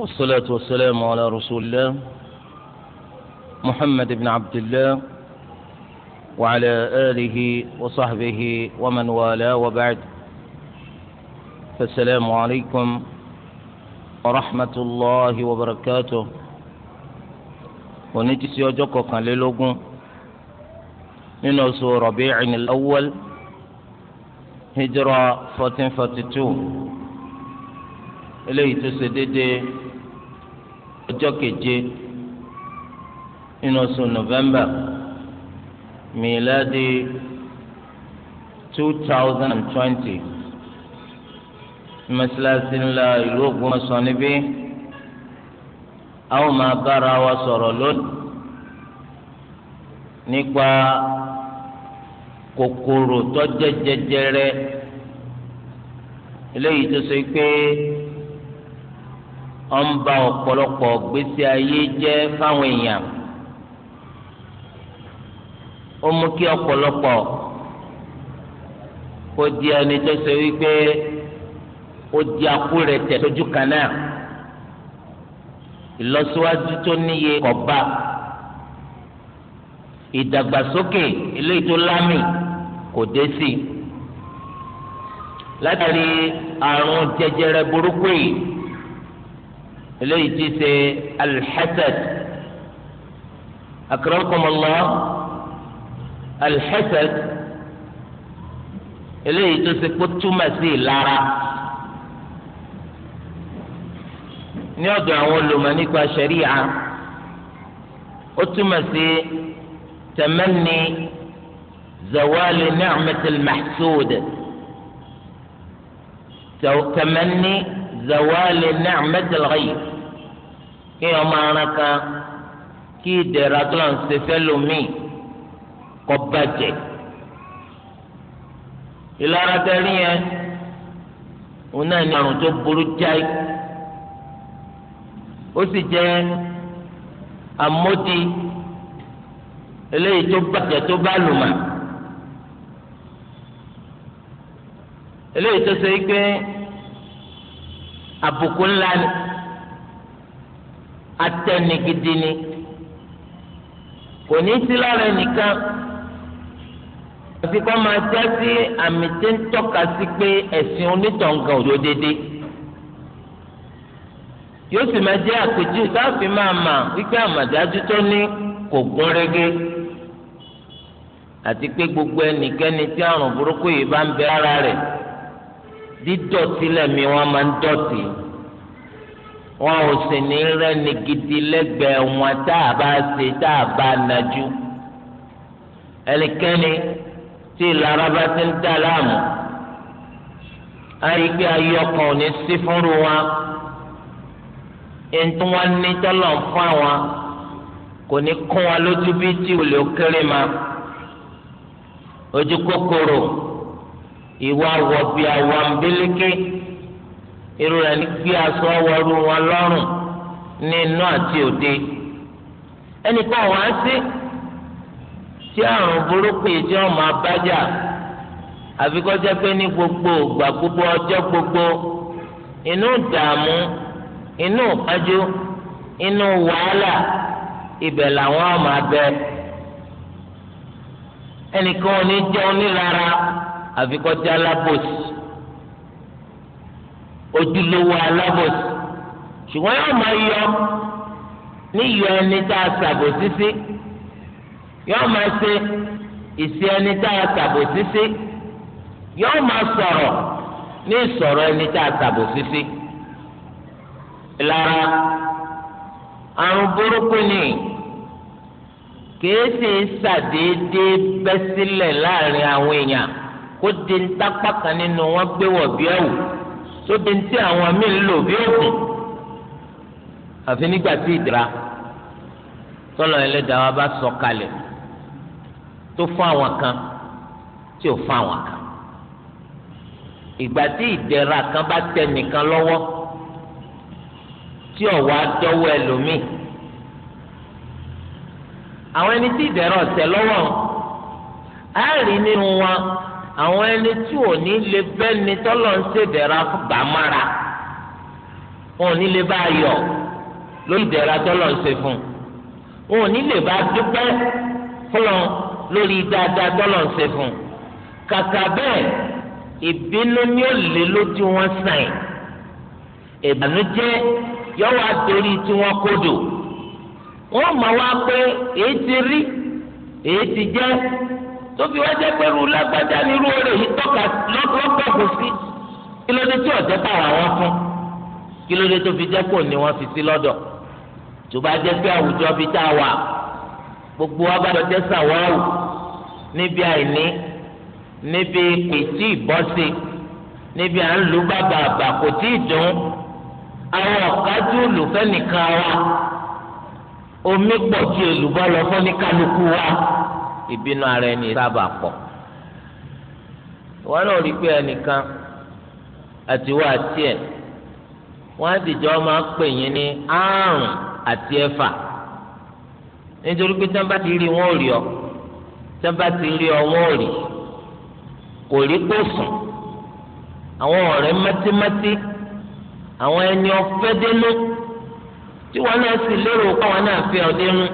والصلاة والسلام على رسول الله محمد بن عبد الله وعلى آله وصحبه ومن والاه وبعد فالسلام عليكم ورحمة الله وبركاته ونجس وجوكو كان للوغون ننوسو ربيع الأول هجرة 1442 eléyìí tó ọjọ́ keje nínú oṣù november miladi two thousand and twenty mọ́sálásí ńlá ìlú Ògbómọ̀ṣọ́ níbí a ó máa bára wa sọ̀rọ̀ lónìí nípa kòkòrò tó jẹ́ jẹjẹrẹ eléyìí tó ṣe pé ọ̀n ba ọ̀pọ̀lọpọ̀ gbèsè ayé jẹ́ fáwọn èèyàn ó mú kí ọ̀pọ̀lọpọ̀ kó di ẹni tó ṣe wípé ó di akú rẹ̀ tẹ̀ lójú kan náà ìlọsíwájú tó níye kọ̀ ìdàgbàsókè eléyìí tó lámì kò dé sí i látàrí àrùn jẹjẹrẹ burúkú yìí eléyìí ti ṣe alḥasad akramakumullah alḥasad eléyìí tó ṣe kó túmọ̀ sí ìlara ní ọ̀dọ̀ àwọn olùmọ̀ nípa ṣẹ̀ríà ó túmọ̀ sí tamanni zawali ni'matil mahsud tamanni zawali ni'matil ghayr. kí ọmọ ara kan kí ìdẹ̀ra tó ń ṣe fẹ́ lómìn kọ́ bàjẹ́ ìlara tẹ́lẹ̀ yẹn òun náà ní àrùn tó burú jáì ó sì jẹ́ àmódi eléyìí tó bàjẹ́ tó bá lùmọ̀ eléyìí tó ṣe é pé àbùkù ńlá ni atẹnigidi ni kò ní sí lára ẹnìkan àti kọ́ máa já sí àmì tí ń tọ́ka sí pé ẹ̀sìn onítọ̀ǹkan òdo déédéé yóò sì máa jẹ́ àpèjú táàfin máa mà wípé àmàdájú tó ní kò gún régé àti pé gbogbo ẹnikẹ́ni tí àrùn burúkú yìí bá ń bẹ ara rẹ̀ dídọ̀tí lẹ̀mí wọn máa ń dọ̀tí wọn ò sì ní rẹ́ni gidi lẹ́gbẹ̀ẹ́ wọn tá a bá ṣe tá a bá najú ẹnikẹ́ni tí ìlara bá ti ń dá láàmú ayé pé ayé ò ní sí fúnru wọn ẹni tí ní tọ́lọ̀ fún àwọn kò ní kún wọn lójú bí tí olè kéré ma ojú kòkòrò ìwà wọ̀bì àwọn àǹbílíkì irú rẹ̀ ní gbé aṣọ wọrú wọn lọ́rùn ní inú àti òde ẹnìkan wá sí tí àrùn burúkú yìí tí wọn máa bájà àfi kọjá pé ní gbogbo ògbà gbogbo ọjọ́ gbogbo inú dààmú inú ìpájú inú wàhálà ibẹ̀ làwọn máa bẹ ẹnìkan ò ní jẹun nílara àfi kọjá lápòsí. ojúlówó alábòsí ṣùgbọ́n yóò máa yọ ní yọ ẹni tá a ya sí yóò máa ṣe ìsì ẹni tá a ṣàbòsí sí yóò máa sọ̀rọ̀ ní ìsọ̀rọ̀ ẹni tá a ṣàbòsí sí. lára àrùn burúkú ni kìí ṣe ṣàdédé bẹ́ láàrin àwọn èèyàn kó di ń tó di ní tí àwọn míì ń lò bí òògùn àfi nígbà tí ìdíra tọ́lọ̀ ẹlẹ́dàá wa bá sọ kalẹ̀ tó fún àwọn kan tí ò fún àwọn kan ìgbà tí ìdẹ̀ra kan bá tẹ nìkan lọ́wọ́ tí ọ̀wá dọ́wọ́ ẹlòmíì àwọn ẹni tí ìdẹ̀ra ọ̀tẹ̀ lọ́wọ́ á rí nínú wọn àwọn ẹni tí ò ní lè bẹ́ni tọ́lọ̀ ń ṣèdẹ̀ra gbà mára wọn ò ní lè bá yọ̀ lórí ìdẹ̀ra tọ́lọ̀ ń ṣe fún wọn ò ní lè bá dúpẹ́ fúnlọ lórí dáadáa tọ́lọ̀ ń ṣe fún kàkà bẹ́ẹ̀ ìbínú ni ó lè lójú wọn sàn ìbànújẹ́ yọwọ́ àtòrí tí wọ́n kó wọ́n mọ̀ wá pé èyí ti rí èyí ti jẹ́ tó fi wá jẹ́ pẹ̀lú lágbájá ní irú oore yìí tọ́ka lọ́gbọ̀gbọ̀ sí kí ló dé tí ọ̀jẹ́ tààrà wọn fún kí ló dé tó fi jẹ́ kó ní wọ́n fi sí lọ́dọ̀ tó bá jẹ́ pé àwùjọ bíi tá a wà gbogbo wa bá jẹ́ sàwáwù níbi àìní níbi pètí ìbọ́sí níbi à ń lu bàbà àbà kò tí ì dùn àwọn ọ̀kájú olùfẹ́ nìkan wa omi pọ̀ kí olùbọ́ lọ fún ní kálukú wa ìbínú ara ẹni sábà pọ̀ wọn náà rí pé ẹnìkan àtiwọ́ àti ẹ̀ wọ́n á dìjọ́ máa pè yín ní àrùn àti ẹ̀fà nítorí pé tán bá ti rí wọn ò rí ọ tán ti rí ọ wọn ò rí kò rí kó sùn àwọn ọ̀rẹ́ mẹ́tímẹ́tí àwọn ẹni ọ̀fẹ́ dénú tí wọ́n náà sì lérò pé àwọn náà fẹ́ ọ dénú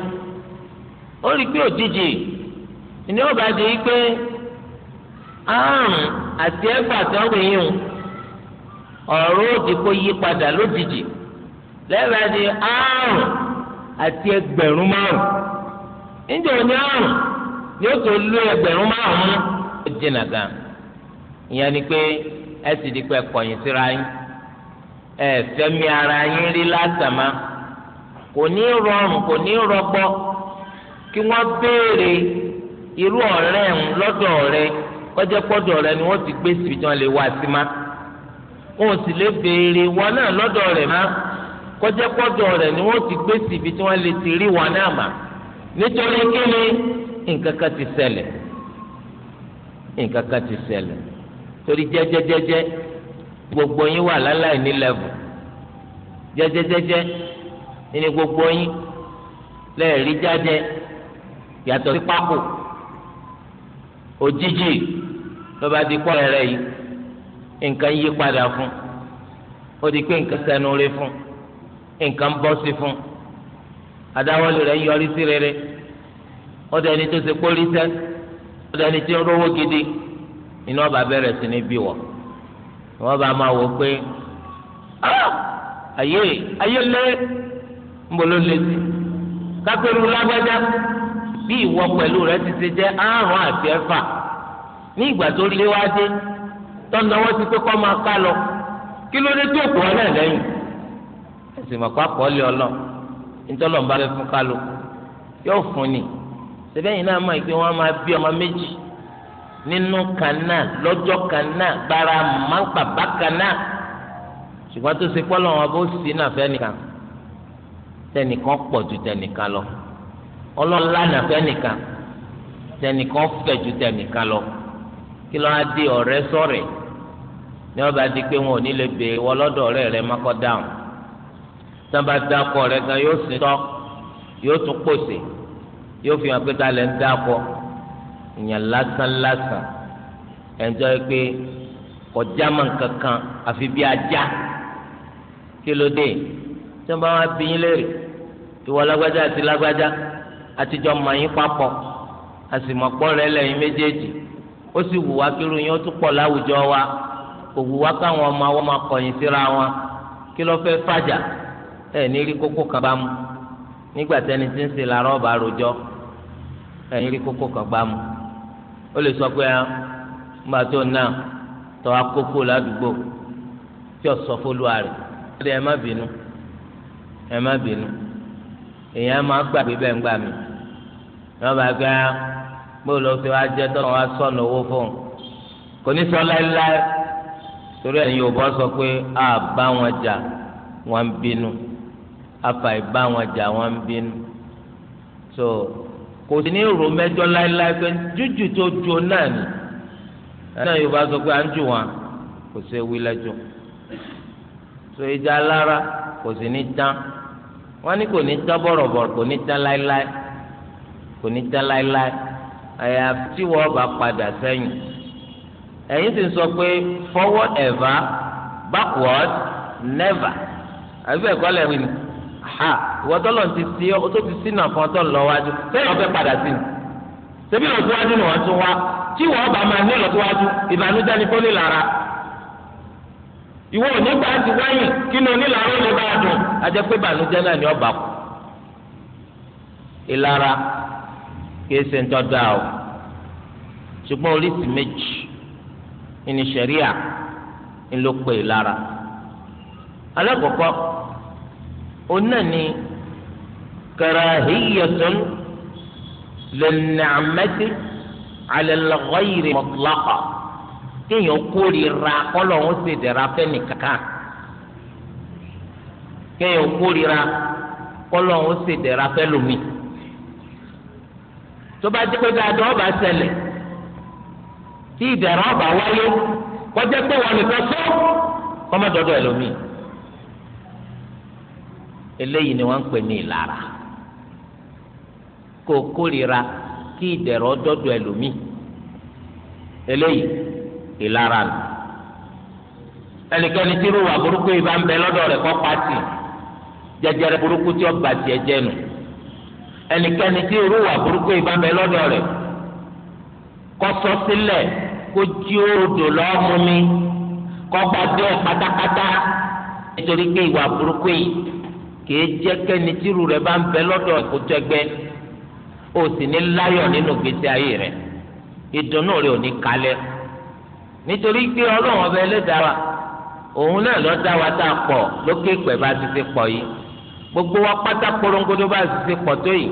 ó rí pé òjijì ìní ọba di ikpe àrùn àti efu tí wọ́n gbìyìn o òdì kò yí padà lójijì lẹ́ẹ̀bà di àrùn àti ẹgbẹ̀rún márùn níjẹ́ òní àrùn ni ó tó lé ẹgbẹ̀rún márùn mú ó jìnnà gan ìyẹn ni pé ẹ sì di pé kọ̀yìn síra yín ẹ ara yín rí lásàmá kò ní rọrùn kò ní rọgbọ kí irú ọ̀rẹ́ ń lọ́dọ̀ ọrịa kọjá pọ́dọ̀ ni wọ́n ti gbé síbi tí wọ́n lè ma sì lè béèrè wọn náà lọ́dọ̀ kọjá pọ́dọ̀ ni wọ́n ti gbé síbi tí wọ́n lè ti rí wọn náà nítorí kíni nǹkan kan ti ṣẹlẹ̀ nǹkan kan ti torí jẹ́jẹ́jẹ́jẹ́ gbogbo yín wà láláì ní lẹ́vù jẹ́jẹ́jẹ́jẹ́ ni gbogbo yín lẹ́ẹ̀rí jáde yàtọ̀ sí pákó. òjijì lọba di kọ́ ẹ̀rẹ́ yìí nǹkan yí padà fún ó di pé nǹkan sẹnu rí fún nǹkan bọ́ sí fún rẹ̀ yọrí sí rere ó dẹni tó ṣe ń rówó gidi iná ọba bẹ̀rẹ̀ sí ní bí wọ̀ wọ́n bá máa wò pé ayé ayé lé bí ìwọ pẹ̀lú rẹ ti ṣe jẹ́ àrùn àti ẹ̀fà ní ìgbà tó lé wá dé tọ́nàwọ́ ti pé kọ́ máa ká lọ kí ló dé tó kù ọ́ lẹ́yìn ẹ̀sìn mọ̀pá kọ́lé ọlọ́ nítorí ọ̀nba fẹ́ fún yóò fún ni náà máa máa bí ọmọ méjì nínú kan lọ́jọ́ kan gbára máńpà ṣùgbọ́n tó ṣe pọ́ lọ. ọlọ́lá nàfẹ́ nìkan tẹnìkan fẹ̀ ju tẹnìkan lọ kí lọ́ọ́ adé ọ̀rẹ́ sọ̀rẹ́ ní ọba di pé wọn ò ní lè bèè wọ lọ́dọ̀ ọ̀rẹ́ rẹ mọ́kọ́ dáhùn tí wọ́n bá dákọ̀ rẹ gan yóò sì tọ́ yóò tún pòsè yóò fi hàn pé ta lẹ̀ ń dákọ̀ ìyẹn lásán lásán ẹ̀ńtọ́ yẹ pé kọjá mọ̀ kankan àfi bí ajá kí ló dé tí wọ́n bá wá bí yín léèrè ìwọ lágbájá àti lágbájá. àtijọ́ mọ̀ yín papọ̀ àsìmọ̀pọ̀ rẹ lẹ́yìn méjèèjì ó sì wù wá kírun yín ó tún pọ̀ wa kò wù wá káwọn ọmọ wọn máa síra wọn kí ló fẹ́ fàjà ẹ̀ ní rí kókó kan bá mu nígbà tí ń la rọ́ọ̀bà rojọ́ ẹ̀ ní rí kókó kan bá mu ó lè sọ pé ẹ ah, nígbà tó tọ́ akókó ládùúgbò tí ò sọ fólúwa rẹ̀ ẹ má bínú ẹ má bínú èèyàn wọn bá gbé ya bóyá lọ sí wa jẹ tọ́lọ́ wa sọ̀nù owó fún kò ní sọ láéláé torí ẹ̀yin ò bọ́ sọ pé a bá wọn jà wọn ń bínú afa ìbá wọn jà wọn ń bínú so kò sí ní rò mẹ́jọ láéláé pé jújù tó ju náà ni ẹnà yóò bá sọ pé à ń jù wọn kò sí ewu lẹ́jọ́ so ìjà alára kò sí ní tán wọn ní kò ní tán bọ̀rọ̀bọ̀rọ̀ kò ní tán láéláé kò ní tán láéláé ẹ̀yà tí wọ́n bá padà sẹ́yìn ẹ̀yin sì ń sọ pé forward ever backward never àbí bẹ́ẹ̀ kọ́ lẹ́wìn ni ha ìwọ tọ́lọ̀ ti sí ọ tó ti sínú àkàn tó ń lọ wájú sẹ́yìn ọ̀fẹ́ padà sí ni ṣebí lọ síwájú ni wọ́n tún wá tí wọ́n bá máa ní lọ síwájú ìbànújẹ́ ni kò ní lára ìwọ nígbà tí wáyìn kí ni onílàárọ̀ ló bá dùn ajẹ́ pé ìbànújẹ́ náà ni ọba kìí ṣe ń tọ́da o ṣùgbọ́n oríṣi méjì ní sẹ̀ríà ń ló pè lára alákọ̀ọ́kọ́ onáà ni karahiyatun lẹ́nàmẹ́tì alẹ́lẹ́gọ́yìrì mọ́tòlákọ̀ kéèyàn kórìíra kọ́lọ̀ ń ṣe dẹ̀ra fẹ́ni kankan kéèyàn kórìíra kọ́lọ̀ ń ṣe dẹ̀ra fẹ́lómi tó bá jẹ́ pé dáadáa ọba ṣẹlẹ̀ tí ìdẹ̀rẹ̀ ọba wáyé kọjá pé wọn nìkan sọ kọ́mọdọ́dọ́ ẹ̀ eléyìí ni wọ́n ń pè ní ìlara kò kórìíra kí ìdẹ̀rẹ̀ ọdọ́dọ́ ẹ̀ lómi eléyìí ìlara nù ẹnikẹ́ni tí irú wà burúkú yìí bá ń bẹ lọ́dọ̀ rẹ̀ kọ́ pàtì jẹjẹrẹ burúkú tí ó gbà tiẹ̀ jẹ́ nù. ẹnikẹni tí irú wà burúkú yìí bá bẹ lọ́dọ̀ rẹ̀ kọ́sọ́ sílẹ̀ kó jí odò lọ́mú mi kọ́ gbàgbé pátápátá nítorí pé ìwà burúkú yìí kìí jẹ́ tí irú rẹ̀ bá ń bẹ lọ́dọ̀ kó o sì ní nínú gbèsè ayé ìdùnnú ò ní nítorí pé wa òun gbogbo wa pátá korongodo bá ti ṣe pọ̀ tó yìí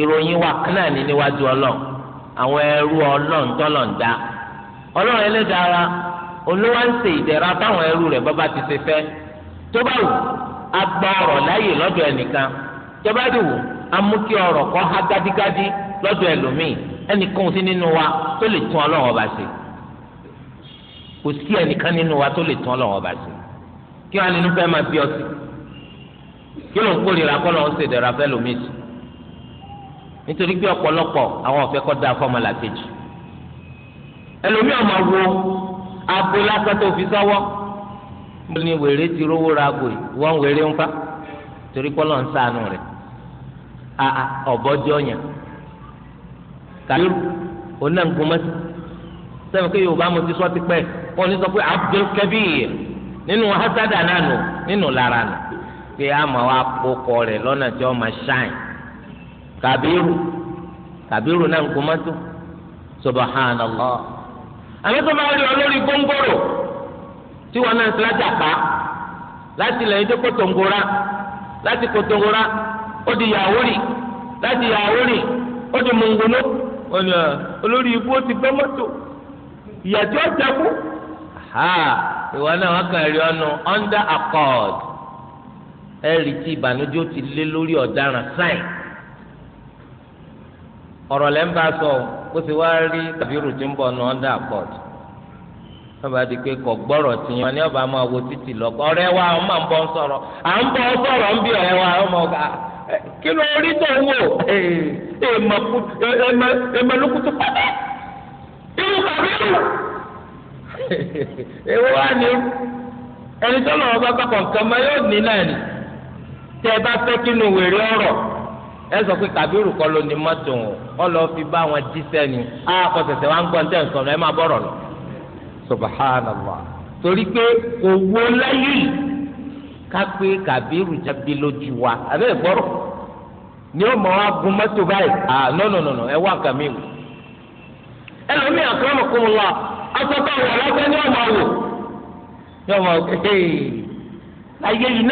ìròyìn wa kánà ní níwájú ọlọ́run àwọn ẹrú ọlọ́run tọ́lọ̀ ń dá ọlọ́run ẹlẹ́dàá olówó ń ṣe ìdẹ̀ra fáwọn ẹrú rẹ̀ bọ́ba ti ṣe fẹ́ tó bá wù agbá ọ̀rọ̀ láàyè lọ́dọ̀ ẹnìkan tó bá dì wù amú kí ọ̀rọ̀ kọ́ há gádígádí lọ́dọ̀ ẹlòmíì ẹnìkan ò sí nínú wa tó lè tún ọlọ́run ọba ṣe kò sí ẹnìkan nínú wa tó lè tún ọlọ́run ọba ṣe kí wọn nínú fẹ́ máa bí ọ sí kí ló ń kórìíra kọ́ lọ́n ṣe dẹ̀ra fẹ́ lómi sí nítorí pé ọ̀pọ̀lọpọ̀ àwọn ọ̀fẹ́ kọ́ da fọ́ọ̀mù làkejì ẹlòmíì ọmọ wo abo lásán tó fi sọ́wọ́ mo ní wèrè ti rówó ra agò yìí wọ́n wèrè ń fa torí pé lọ́n sànù rẹ̀ ọ̀bọ́jọ́ yẹn kàlíru onáǹgbọ́mọ́sí sẹ́mi pé yorùbá mo ti sọ ti pẹ́ wọ́n ní sọ pé Abdul Kabir nínú hasada náà nínú lára nù pé àmọ́ wa kókọ rẹ̀ lọ́nà tí wọ́n máa ṣáìn kàbírù kàbírù náà ń kó mọ́tò subhanallah àmì tó máa rí ọ góńgóró tí wọn náà di yàwó rì láti yàwó di ọ̀nà ah, olórí ó ti mọ́tò ìyàtí náà under accord. ẹ̀rí tí ìbànújẹ́ ti lé lórí ọ̀daràn sáì ọ̀rọ̀ lẹ́ ń bá sọ bó ti wá rí kàbírù tí ń bọ̀ nù ọ́ndà àpọ̀t ọba di pé kò gbọ́rọ̀ tì yàn ní ọba máa wo títì lọ́kọ́ ọ̀rẹ́ wa ọ̀n máa ń bọ́ sọ̀rọ̀ à ń bọ́ sọ̀rọ̀ ń bí ọ̀rẹ́ wa ọmọ ọ̀gá kí ló rí tó tẹ ẹ bá fẹ́ kínú wèrè ọ̀rọ̀ ẹ sọ pé ló ní fi bá wọn jíṣẹ́ ni á kọ tẹ̀sẹ̀ wá ń gbọ́n tẹ̀ ń ẹ lọ. subhanallah torí pé owó láyé kápé kàbírù jábí lójú wa àbẹ́ ni ó mọ̀ wá gun mọ́tò báyìí ah no no no no ẹ wá kàmí ni wò ayé yìí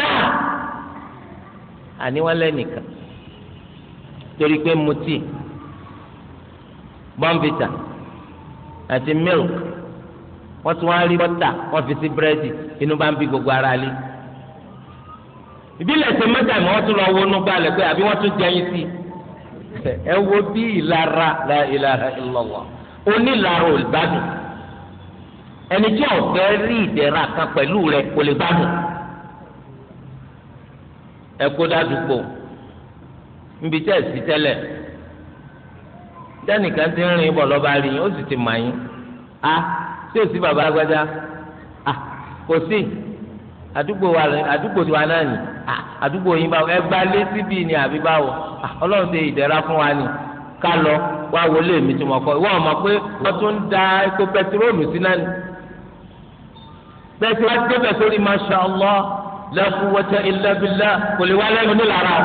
àníwálẹ̀ nìkan torí pé mutí bọ́ǹfìtà àti milk wọ́n tún wá rí bọ́tà wọ́n fi sí búrẹ́dì inú bá ń bí gbogbo ara lé ìbílẹ̀ ṣe mẹ́ta ìmọ̀ wọ́n tún lọ wọnú balẹ̀ pé àbí wọ́n tún jẹyìn sí ẹ wo bí ìlara la ilaha illallah onílara ò gbádùn ẹni tí ọ̀fẹ́ rí ìdẹ̀ra kan pẹ̀lú rẹ̀ kò lè gbádùn. ẹkú dádúgbò níbi tẹ́ ẹ̀ sí nri dánìkan ti rìn ó sì ti mà yín a tí ò sí bàbá a kò sí àdúgbò wa àdúgbò tiwa náà nì a àdúgbò báwo ẹ gba ni àbí báwo a ọlọ́run ṣe fún wa ni ká lọ wá wọlé mi tí mo kọ ìwọ ọmọ pé tún da epo pẹtiróòlù sí náà ni pẹtiróòlù la quwwata illa billah kò lè wá lẹ́nu nílara o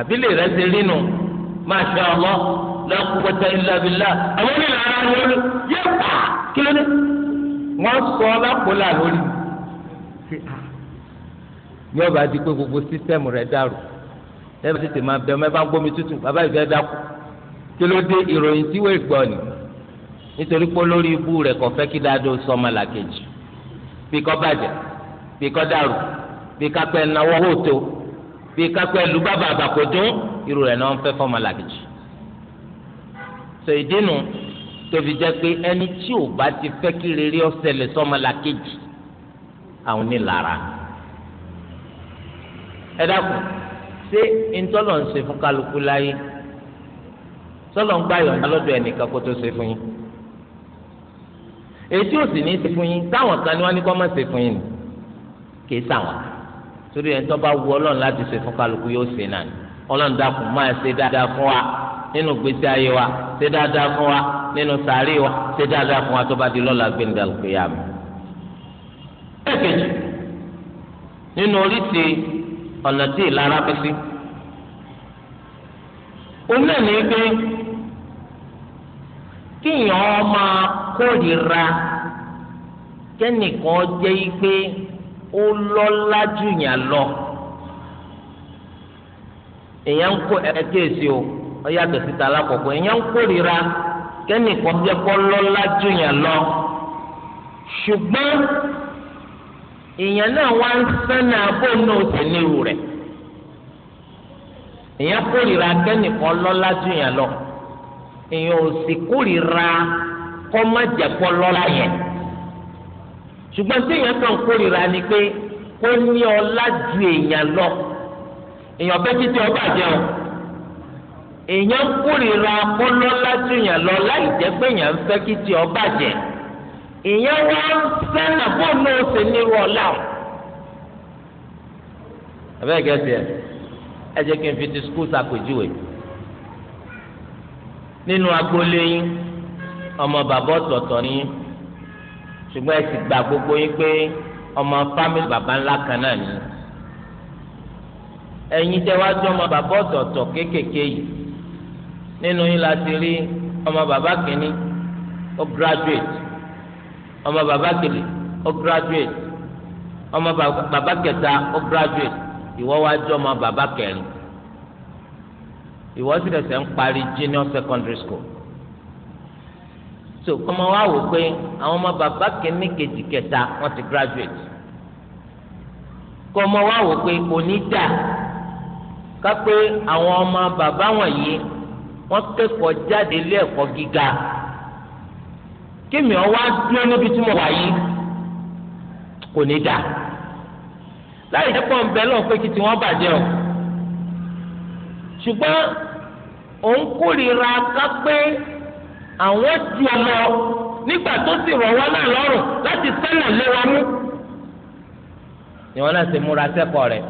àbílẹ̀ rẹ ti rí nu masha Allah la quwwata illa billah àwọn nílara ni olú yẹ pa kí ló dé wọ́n sọ lápòlá lórí yóò ah, bá di pé gbogbo sísẹ́mù rẹ dàrú lẹ́bàá tètè máa bẹ ọmọ ẹ ń gbómi tútù bàbá ìfẹ́ dákú kí ló dé ìròyìn tí wọ́n gbọ́ ni nítorí pé olórí ibú rẹ̀ kọ̀ fẹ́ kí dáadọ́ sọmọ làkejì bí kọ́ bàjẹ́ bí kọ́dàrú bí kápẹ́ náwó hóòtó bí kápẹ́ lu bàbà àbàkòtó irú rẹ̀ náà ń fẹ́ fọ́ọ̀mù làgìjì. sọ ìdínú tóbi jẹ́ pé ẹni tí ò bá ti fẹ́ kí rere ọ̀sẹ̀lẹ̀ sọ́mọ làkejì àwọn onílára. ẹ dákun ṣé ntọ́lọ̀ ń ṣe fún kálukú láyé sọ́lọ̀ ń gbà yọ̀ǹda lọ́dọ̀ ẹnìkan kó tó ṣe fún yín èyí tí ò sì ní í ṣe fún yín táwọn kan ní wọ́n ní kó má ṣe fún yín ni kìí sàwọn torí ẹni tó bá wu ọlọ́run láti ṣe fún kálukú yóò ṣe náà ọlọ́run dákun máa ṣe dáadáa fún wa nínú gbèsè ayé wa ṣe dáadáa fún wa nínú sàárè wa ṣe dáadáa fún wa tó bá di lọ́la gbẹ̀ndà lùkìyàmù. ẹ̀kejì nínú oríṣi ọ̀nà tí ìlara fi sí òun náà ní pé kíyàn máa kórìíra kẹ́nìkan jẹ́ pé. ó lọ́lá yàn lọ èyàn ń kó o ó yàtọ̀ síta alákọ̀ọ́kọ́ èèyàn ń kórìíra kẹ́nìkan jẹ́ kó lọ́lá yàn lọ ṣùgbọ́n èyàn náà wá ń sẹ́nà bóun náà sì nírú rẹ̀ Èyàn kẹ́nìkan yàn lọ ò sì kọ́ kó yẹn. ṣùgbọ́n téèyàn kàn kórìíra ni pé kó ní ọlá ju èèyàn lọ èèyàn fẹ́ títí ọba jẹ́ o èèyàn kórìíra kọ́lọ́lá ju èèyàn lọ láì jẹ́ pé èèyàn fẹ́ títí ọba jẹ́ èèyàn wá ń sẹ́nà bóun náà ṣe nírú ọlá o. àbẹ́rẹ́ gẹ̀ẹ́sì ẹ̀ ẹ jẹ́ kí n fi ti skul ṣàpèjúwe nínú agboolé yín ọmọ bàbá ọ̀tọ̀ọ̀tọ̀ ni yín ṣùgbọ́n ẹ sì gba gbogbo yín pé ọmọ fámìlì bàbá ńlá kan náà ni ẹ̀yin tẹ́ wá jọ ọmọ bàbá ọ̀tọ̀ọ̀tọ̀ kéékèèké yìí nínú yín la ti rí ọmọ bàbá kìíní ó graduate ọmọ bàbá kìíní ó graduate ọmọ bàbá kẹta ó graduate ìwọ wá jọ ọmọ bàbá kẹrin ìwọ sì tẹsẹ̀ ń parí junior secondary school so ọmọ wa wò pé àwọn ọmọ bàbá kìíní kejì kẹta wọ́n ti graduate kọ ọmọ wa wò pé kò ní dà ká pé àwọn ọmọ bàbá wọ̀nyí wọ́n kẹ́kọ̀ọ́ jáde ilé ẹ̀kọ́ gíga kémi ọwọ́ adúlọ́ níbi tí mo wà yìí kò ní dà láì jẹ́ pọ̀ nbẹ lọ́n pé kí tiwọn bàjẹ́ o ṣùgbọ́n òun kórìíra ká pé. àwọn ju ọmọ nígbà tó sì rọ̀ wọ́n náà lọ́rùn láti sẹ́nà lé wọn mú. ni wọn náà ṣe múra sẹ́kọ̀ọ́ rẹ̀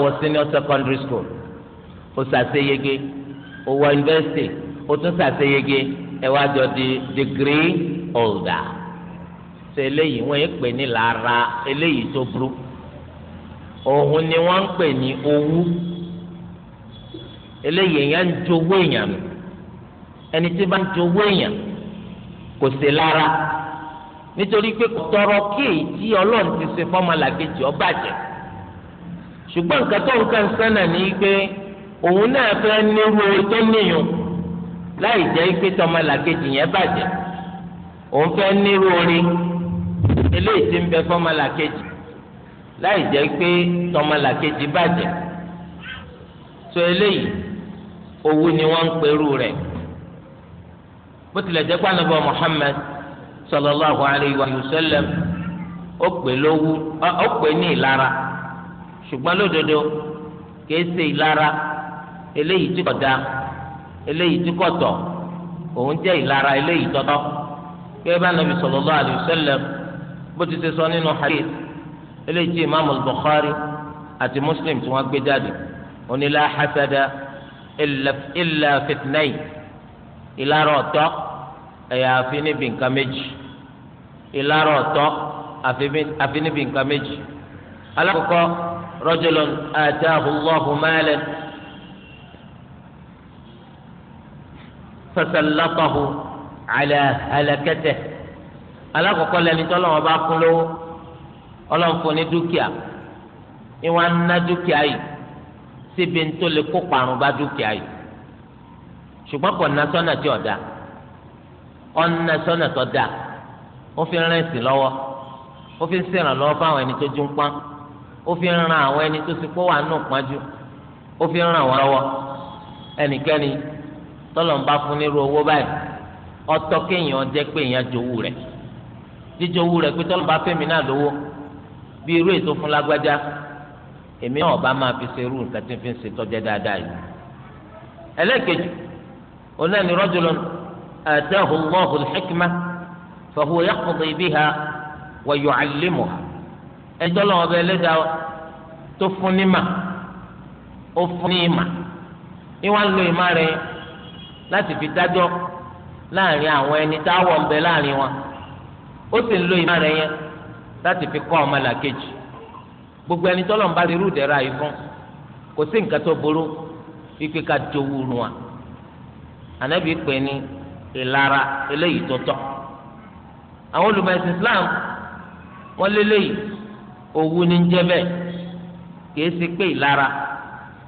wọn senior secondary school ó yege ó wọ university ó tún ṣàṣeyege ẹ wá jọ di degree holder ṣe eléyìí wọn yẹn pè ní lára eléyìí tó burú ni wọn ń pè ní owú eléyìí ẹni tí bá ń jowó èèyàn kò sí lára nítorí pé tọrọ kéèjì ọlọ́run ti ṣe fọ́mọlàkejì ó bàjẹ́ ṣùgbọ́n nǹkan tó nǹkan sánà ní pé òun náà fẹ́ nírú orí tó níyùn láì jẹ́ pé tọmọlàkejì yẹn bàjẹ́ òun fẹ́ nírú orí eléyìí ti ń bẹ fọ́mọlàkejì láì jẹ́ pé tọmọlàkejì bàjẹ́ tó eléyìí owó ni wọ́n ń perú rẹ̀ bó tilẹ̀ jẹ́ pé anabi muhammed sallallahu alayhi wa sallam ó pè lówú ó pè ní ìlara ṣùgbọ́n lódodo kìí ṣe ìlara eléyìí tí kò da eléyìí tí kò tọ́ òun jẹ́ ìlara eléyìí tọ́tọ́ kí ẹ bá sallallahu alayhi wa sallam bó ti ṣe sọ nínú hadith eléyìí tí imaamu bukhari àti muslim tí wọ́n gbé jáde onílà hasada illa fitnayi. ìlara ọ̀tọ̀ ẹ̀yà àfi níbi nǹkan méjì ìlara ọ̀tọ̀ àfi nǹkan méjì alákọ̀ọ́kọ́ rajulun ataahu Allahu maalan fasallatahu ala halakatihi alákọ̀ọ́kọ́ lẹni tí Ọlọ́run bá kún lówó Ọlọ́run fún ní dúkìá ná dúkìá yìí síbi tó lè kó parun bá dúkìá yìí ṣùgbọ́n kò ná sọ́nà tí ọ̀dà ọ̀nà sọ́nà fi rìn sí lọ́wọ́ ó fi ń ṣèrànlọ́wọ́ fáwọn ẹni tó jú fi ń àwọn ẹni tó ti pọ́ wà nù fi ràn wọ́n lọ́wọ́ ẹnikẹ́ni tọ́lọ̀ ń bá fún nírú owó báyìí ọtọ́ kéèyàn jẹ́ pé èèyàn jowú rẹ̀ jíjowú rẹ̀ pé tọ́lọ̀ bá fẹ́mi náà lówó bí irú ètò fi nǹkan tí fi onáni rọ́jùlọ́n àtẹ́hù lọ́hù hikma fọ̀hù yàkùdì bíhà wàyọ̀ àlímù ibi ha, bẹ́ẹ̀ lẹ́dàá tó fún ní mà ó fún ní ìmà ìwọ́n lo ìmà rẹ̀ láti fi dájọ́ láàrin àwọn lati fi gbogbo ẹni tọ́lọ̀ ń bá rí fún kò sí nǹkan tó burú ká wọn anabi pè ní ìlara eléyìí tó tọ́ àwọn olùmọ̀ẹ́sìn islam wọ́n lélẹ́yìí owú ní ń jẹ́ bẹ́ẹ̀ kìí ṣe pé ìlara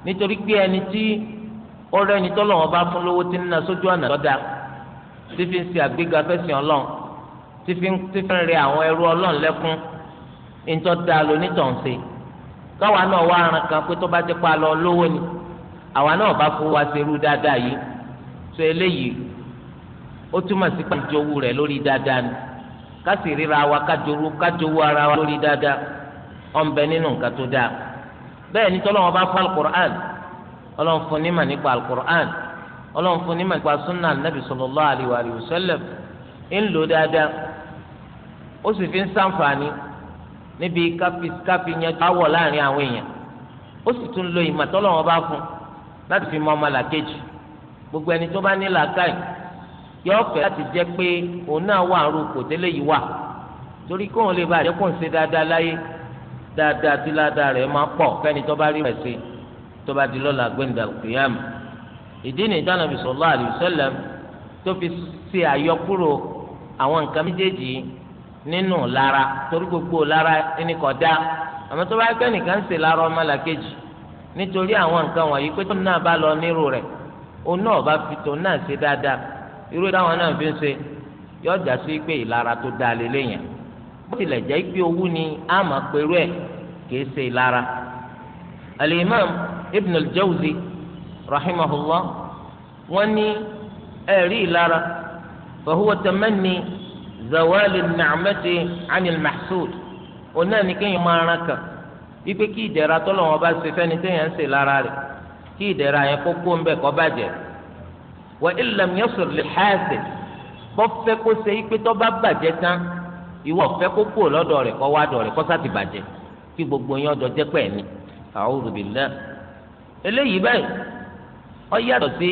nítorí pé ẹni tí ọ̀rẹ́ ẹni tọ́lọ̀ wọn bá fún lówó tí ń na sójú ọ̀nà lọ́dà tí fi ń ṣe àgbéga fẹ́sìn ọlọ́run tí fi ń rẹ àwọn ẹrú ọlọ́run lẹ́kún ńtọ́ da lónítọ̀ọ̀nsẹ̀ káwa náà wá aran kan pé tó bá ti pa lọ lówó ni àwa náà bá fowó wa ṣerú dáadáa yìí sọ eléyìí ó túmọ̀ sí pé rẹ̀ lórí dáadáa ni ká ríra wa kájowó kájowó ara wa lórí dáadáa ọ̀nbẹ nínú nǹkan tó dáa bẹ́ẹ̀ ni tọ́lọ́wọ́n bá fún alukur'an ọlọ́run fún ní nípa alukur'an ọlọ́run fún ní nípa sunna sallallahu alayhi wa sallam ń lò dáadáa ó sì fi ń níbi lo ìmọ̀ tọ́lọ́wọ́n bá fún láti fi mọ ọmọ gbogbo ẹni tó bá ní làákàyè yọ fẹ́ láti jẹ́ pé òun náà wà ń rúkò tẹ́lẹ̀ yìí wà torí kóun lè bá àjẹkùn ṣe dáadáa láyé dáadáa tí ládàá rẹ̀ máa pọ̀ fẹ́ni tó bá rí rẹ̀ ṣe tó bá di lọ́la gbẹ̀ndà kìyàmù ìdí ni ìdánabi sallallahu alaihi wasallam tó fi ṣe àyọkúrò àwọn nǹkan méjèèjì nínú lára torí gbogbo lára ẹni kò dá àmọ́ tó bá kẹ́nìkan ṣe lára ọmọ làkejì nítorí àwọn nǹkan wọ̀nyí pé tó náà bá lọ nírú rẹ̀ òun náà bá fi tòun náà ṣe dáadáa irú táwọn náà fi ń ṣe yóò já sí pé ìlara tó da lélẹ̀ yẹn bó tilẹ̀ jẹ́ pé owó ni a máa pẹ̀lú ẹ̀ kìí ṣe ìlara. al-imam ibn al-jawzi rahimahullah wọ́n ní ẹ̀rí ìlara fa huwa zawali an-ni'mati mahsud òun náà kéèyàn máa rán kàn wípé kí ìdẹ̀ra tọ́lọ́wọ́n bá ṣe fẹ́ni téèyàn ń ṣe lára rẹ̀ kí ìdẹ̀ra yẹn kó kó ń bẹ̀ kó bàjẹ́ wa illam yasir lil hasid bọ́ fẹ́ kó ṣe ipe tó bá bàjẹ́ tán ìwọ fẹ́ kó kó lọ́dọ̀ rẹ̀ kó wá dọ̀ rẹ̀ kó sá ti bàjẹ́ kí gbogbo yẹn ọjọ́ jẹ́ pẹ̀ ní a'udhu billah eléyìí báyìí ó yàtọ̀ sí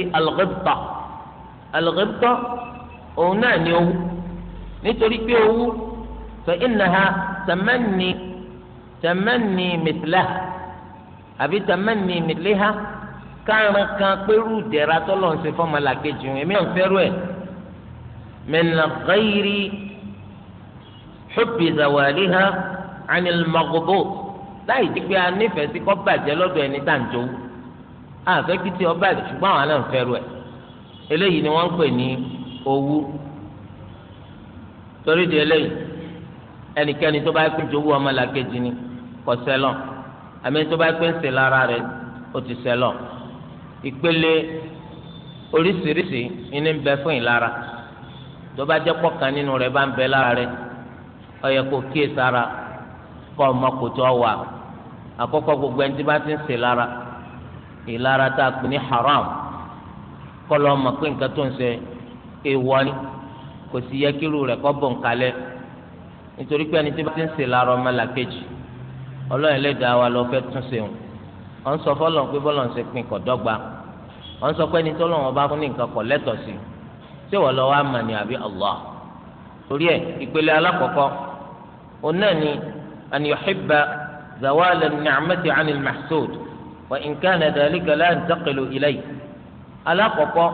al-ghibta òun náà ní owó nítorí pé owó fa innaha tamanni tamanni mithlaha àbí tamanni mithlaha kárán kan pẹ̀lú ìdẹ̀ra tọ́lọ̀ ń ṣe fọ́mọ làkejì wọn èmi náà fẹ́rù ẹ̀ mẹ́nà gáyìrì hubbi zawaliha anil magobo láì jí pé a nífẹ̀ẹ́ sí kọ́ bàjẹ́ lọ́dọ̀ ẹni tá à ń jowú àfẹ́ kí tí ọba rẹ̀ ṣùgbọ́n àwọn náà ń fẹ́rù ẹ̀ eléyìí ni wọ́n ń pè ní owú torí di eléyìí ẹnikẹ́ni tó bá pé jowú ọmọ làkejì ni kò sẹ́lọ̀ àmì tó bá pé ń ṣe lára rẹ̀ ó ti sẹ́lọ̀ ìpele oríṣiríṣi ní ń bẹ fún ìlara tó bá jẹ́ pọ̀kan nínú rẹ̀ bá ń bẹ lára rẹ̀ ó yẹ kó kíyè sára kó ọmọ kò tó wà àkọ́kọ́ gbogbo ẹni tí bá ti ń ṣe lára ìlara tá a pè ní haram kó lọ mọ̀ pé nǹkan tó ń ṣe èèwọ̀ ni kò sì yẹ kí irú rẹ̀ kó bọ̀ nkálẹ̀ nítorí pé ẹni tí bá ti ń ṣe lára ọmọ làkejì ọlọ́run lè dá wa lọ fẹ́ tún ṣe wọn sọ fọlọ pé bọlọ ń ṣe pin kọ dọ́gba wọn sọ pé ẹni tó lọ́wọ́ bá fún ní nǹkan kọ lẹ́tọ̀ọ́ sí ṣé wọ́n lọ́wọ́ àmà ni àbí Allah torí ẹ̀ ìpele alákọ̀ọ́kọ́ òun náà ni an yuhibba zawala ni'mati 'an al-mahsud wa in kana dhalika la yantaqilu ilayhi alákọ̀ọ́kọ́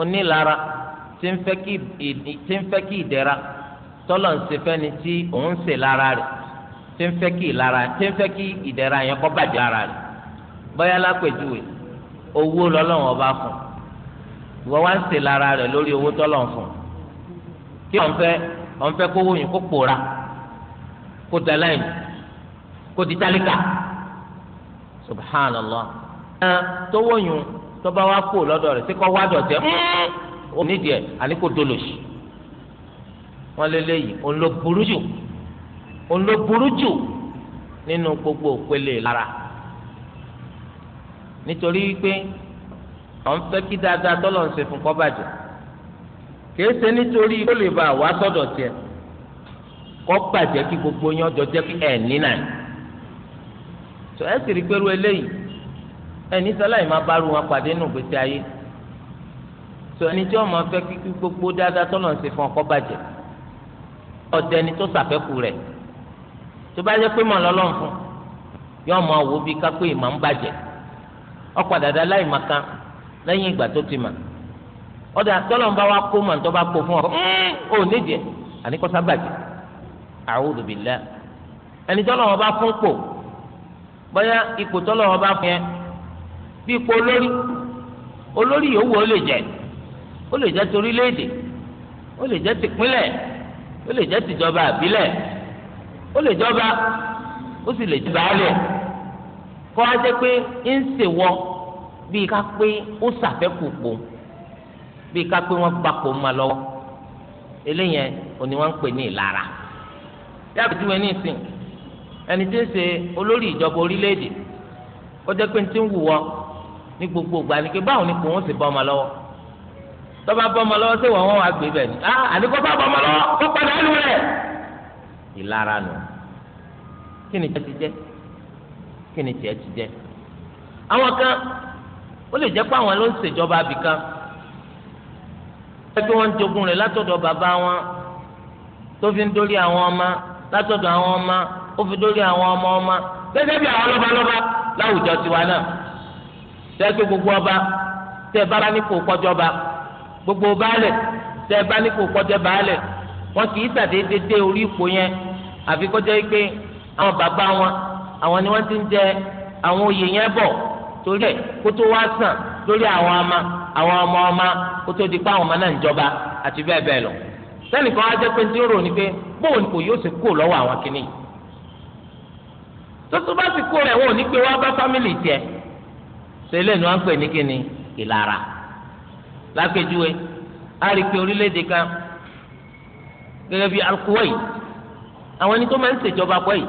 onílara tí ń fẹ́ kí ìdẹ̀ra tọ́lọ̀ ń ṣe fẹ́ni tí òun ń ṣe lára rẹ̀ tí ń fẹ́ kí ìlara yẹn kọ́ bàjẹ́ ara rẹ̀ bóyá lápèjúwe owó lọ́lọ́run ọba fún ìwọ wá ń ṣe lára rẹ̀ lórí owó tọ́lọ́run fún kí wọ́n fẹ́ wọ́n fẹ́ kówó yìí kó pòórá kó dàláyìn kó di tálíkà subhanallah tówó yìí tọ́ba wá kó lọ́dọ̀ rẹ̀ sí kọ́ wá dọ̀tẹ́ ó nídìí ẹ̀ àní kó dolóṣì wọ́n lé léyìí òun ló burú jù òun ló burú jù nínú gbogbo òpele lára nítorí wípé ọ̀n fẹ́ kí dáadáa tọ́lọ̀ ń ṣe fún kó bàjẹ́ kìí ṣe nítorí kó lè bá wá sọ́dọ̀ tiẹ̀ kó bàjẹ́ kí gbogbo yín ọjọ́ jẹ́ pé ẹ̀ nínà ẹ̀ tó ẹ̀ sì rí pẹ̀lú eléyìí ẹ̀ ní sáláì máa bá ru wọn pàdé nù gbèsè ayé tó ẹni tí ọmọ fẹ́ kí gbogbo dáadáa tọ́lọ̀ ń ṣe fún kó bàjẹ́ ọ̀dẹ ni tó ṣàfẹ́kù rẹ̀ tó bá jẹ́ pé mọ̀ lọ́lọ́ fún yọ ọmọ wò bí kápẹ́ ìmọ̀ ń bàjẹ́ ọ̀padà dá láì má kan lẹ́yìn ìgbà tó ti mà ọ̀dà tọ́lọ́n bá wa kó mà tó bá ọ nídìí ẹni tọ́lọ́n fún pò bóyá ipò tọ́lọ́n fún yẹn bí ipò olórí olórí ó lè jẹ ó lè jẹ torílẹ̀èdè ó lè jẹ tìpínlẹ̀ ó lè jẹ kọ́ á jẹ́ pé ń ṣèwọ́ bíi ká pé ó ṣàfẹ́kù pò bíi ká pé wọ́n gbapò ma lọ́wọ́ eléyẹn òní wọ́n ń pè ní ìlara yàtọ̀ tí wọ́n ní ìsìn ẹni tí ń ṣe olórí ìjọba orílẹ̀-èdè ó jẹ́ pé ń ti ń wùwọ́ ní gbogbo ìgbà ni pé báwo ni kò ń sì bọ́ ọmọ lọ́wọ́ tọ́ba bọ́ ọmọ lọ́wọ́ sí wọ́n wọ́n wá gbé bẹ̀ ni ah, àníkọ́ bá bọ́ ọmọ lọ́wọ́ ó padà lù rẹ̀ ìlara nù kí ni jẹ́ ti jẹ́ kí ni tiẹ̀ ti jẹ́ àwọn kan ó lè jẹ́ pé àwọn ló ń ṣèjọba abìkan ẹgbẹ́ wọn ń jogún rẹ̀ látọ̀dọ̀ bàbá wọn tó fi ń dórí àwọn ọmọ látọ̀dọ̀ àwọn ọmọ ó fi dórí àwọn ọmọ ọmọ gẹ́gẹ́ bí àwọn lọ́balọ́ba láwùjọ tiwa náà tẹ́gbẹ́ gbogbo ọba tẹ́ bá bá nípò kọjọba gbogbo baálẹ̀ tẹ́ bá nípò kọjọ baálẹ̀ wọn kì í ṣàdédé dé orí ipò yẹn àfi yìí pé àwọn bàbá wọn àwọn ni wọ́n ti ń jẹ àwọn oyè yẹn bọ̀ torí ẹ̀ kó tó wá sàn lórí àwọn ọmọ àwọn ọmọ ọmọ kó tó di pa àwọn ọmọ náà ń jọba àti bẹ́ẹ̀ bẹ́ẹ̀ lọ sẹ́nìkan á jẹ́ pé tí ó rò ní pé bóun ni kò yóò ṣe kúrò lọ́wọ́ àwọn kìnnìyàn tó tó bá sì kúrò rẹ̀ wọ́n ò ní pé wọ́n bá fámìlì tiẹ̀ ṣe lẹ́nu à ń pè ní kíni ìlara lápèjúwe a rí i pé orílẹ̀-èdè kan gẹ́gẹ́ bíi Al-Kuwait àwọn ẹni tó máa ń ṣèjọba Kuwait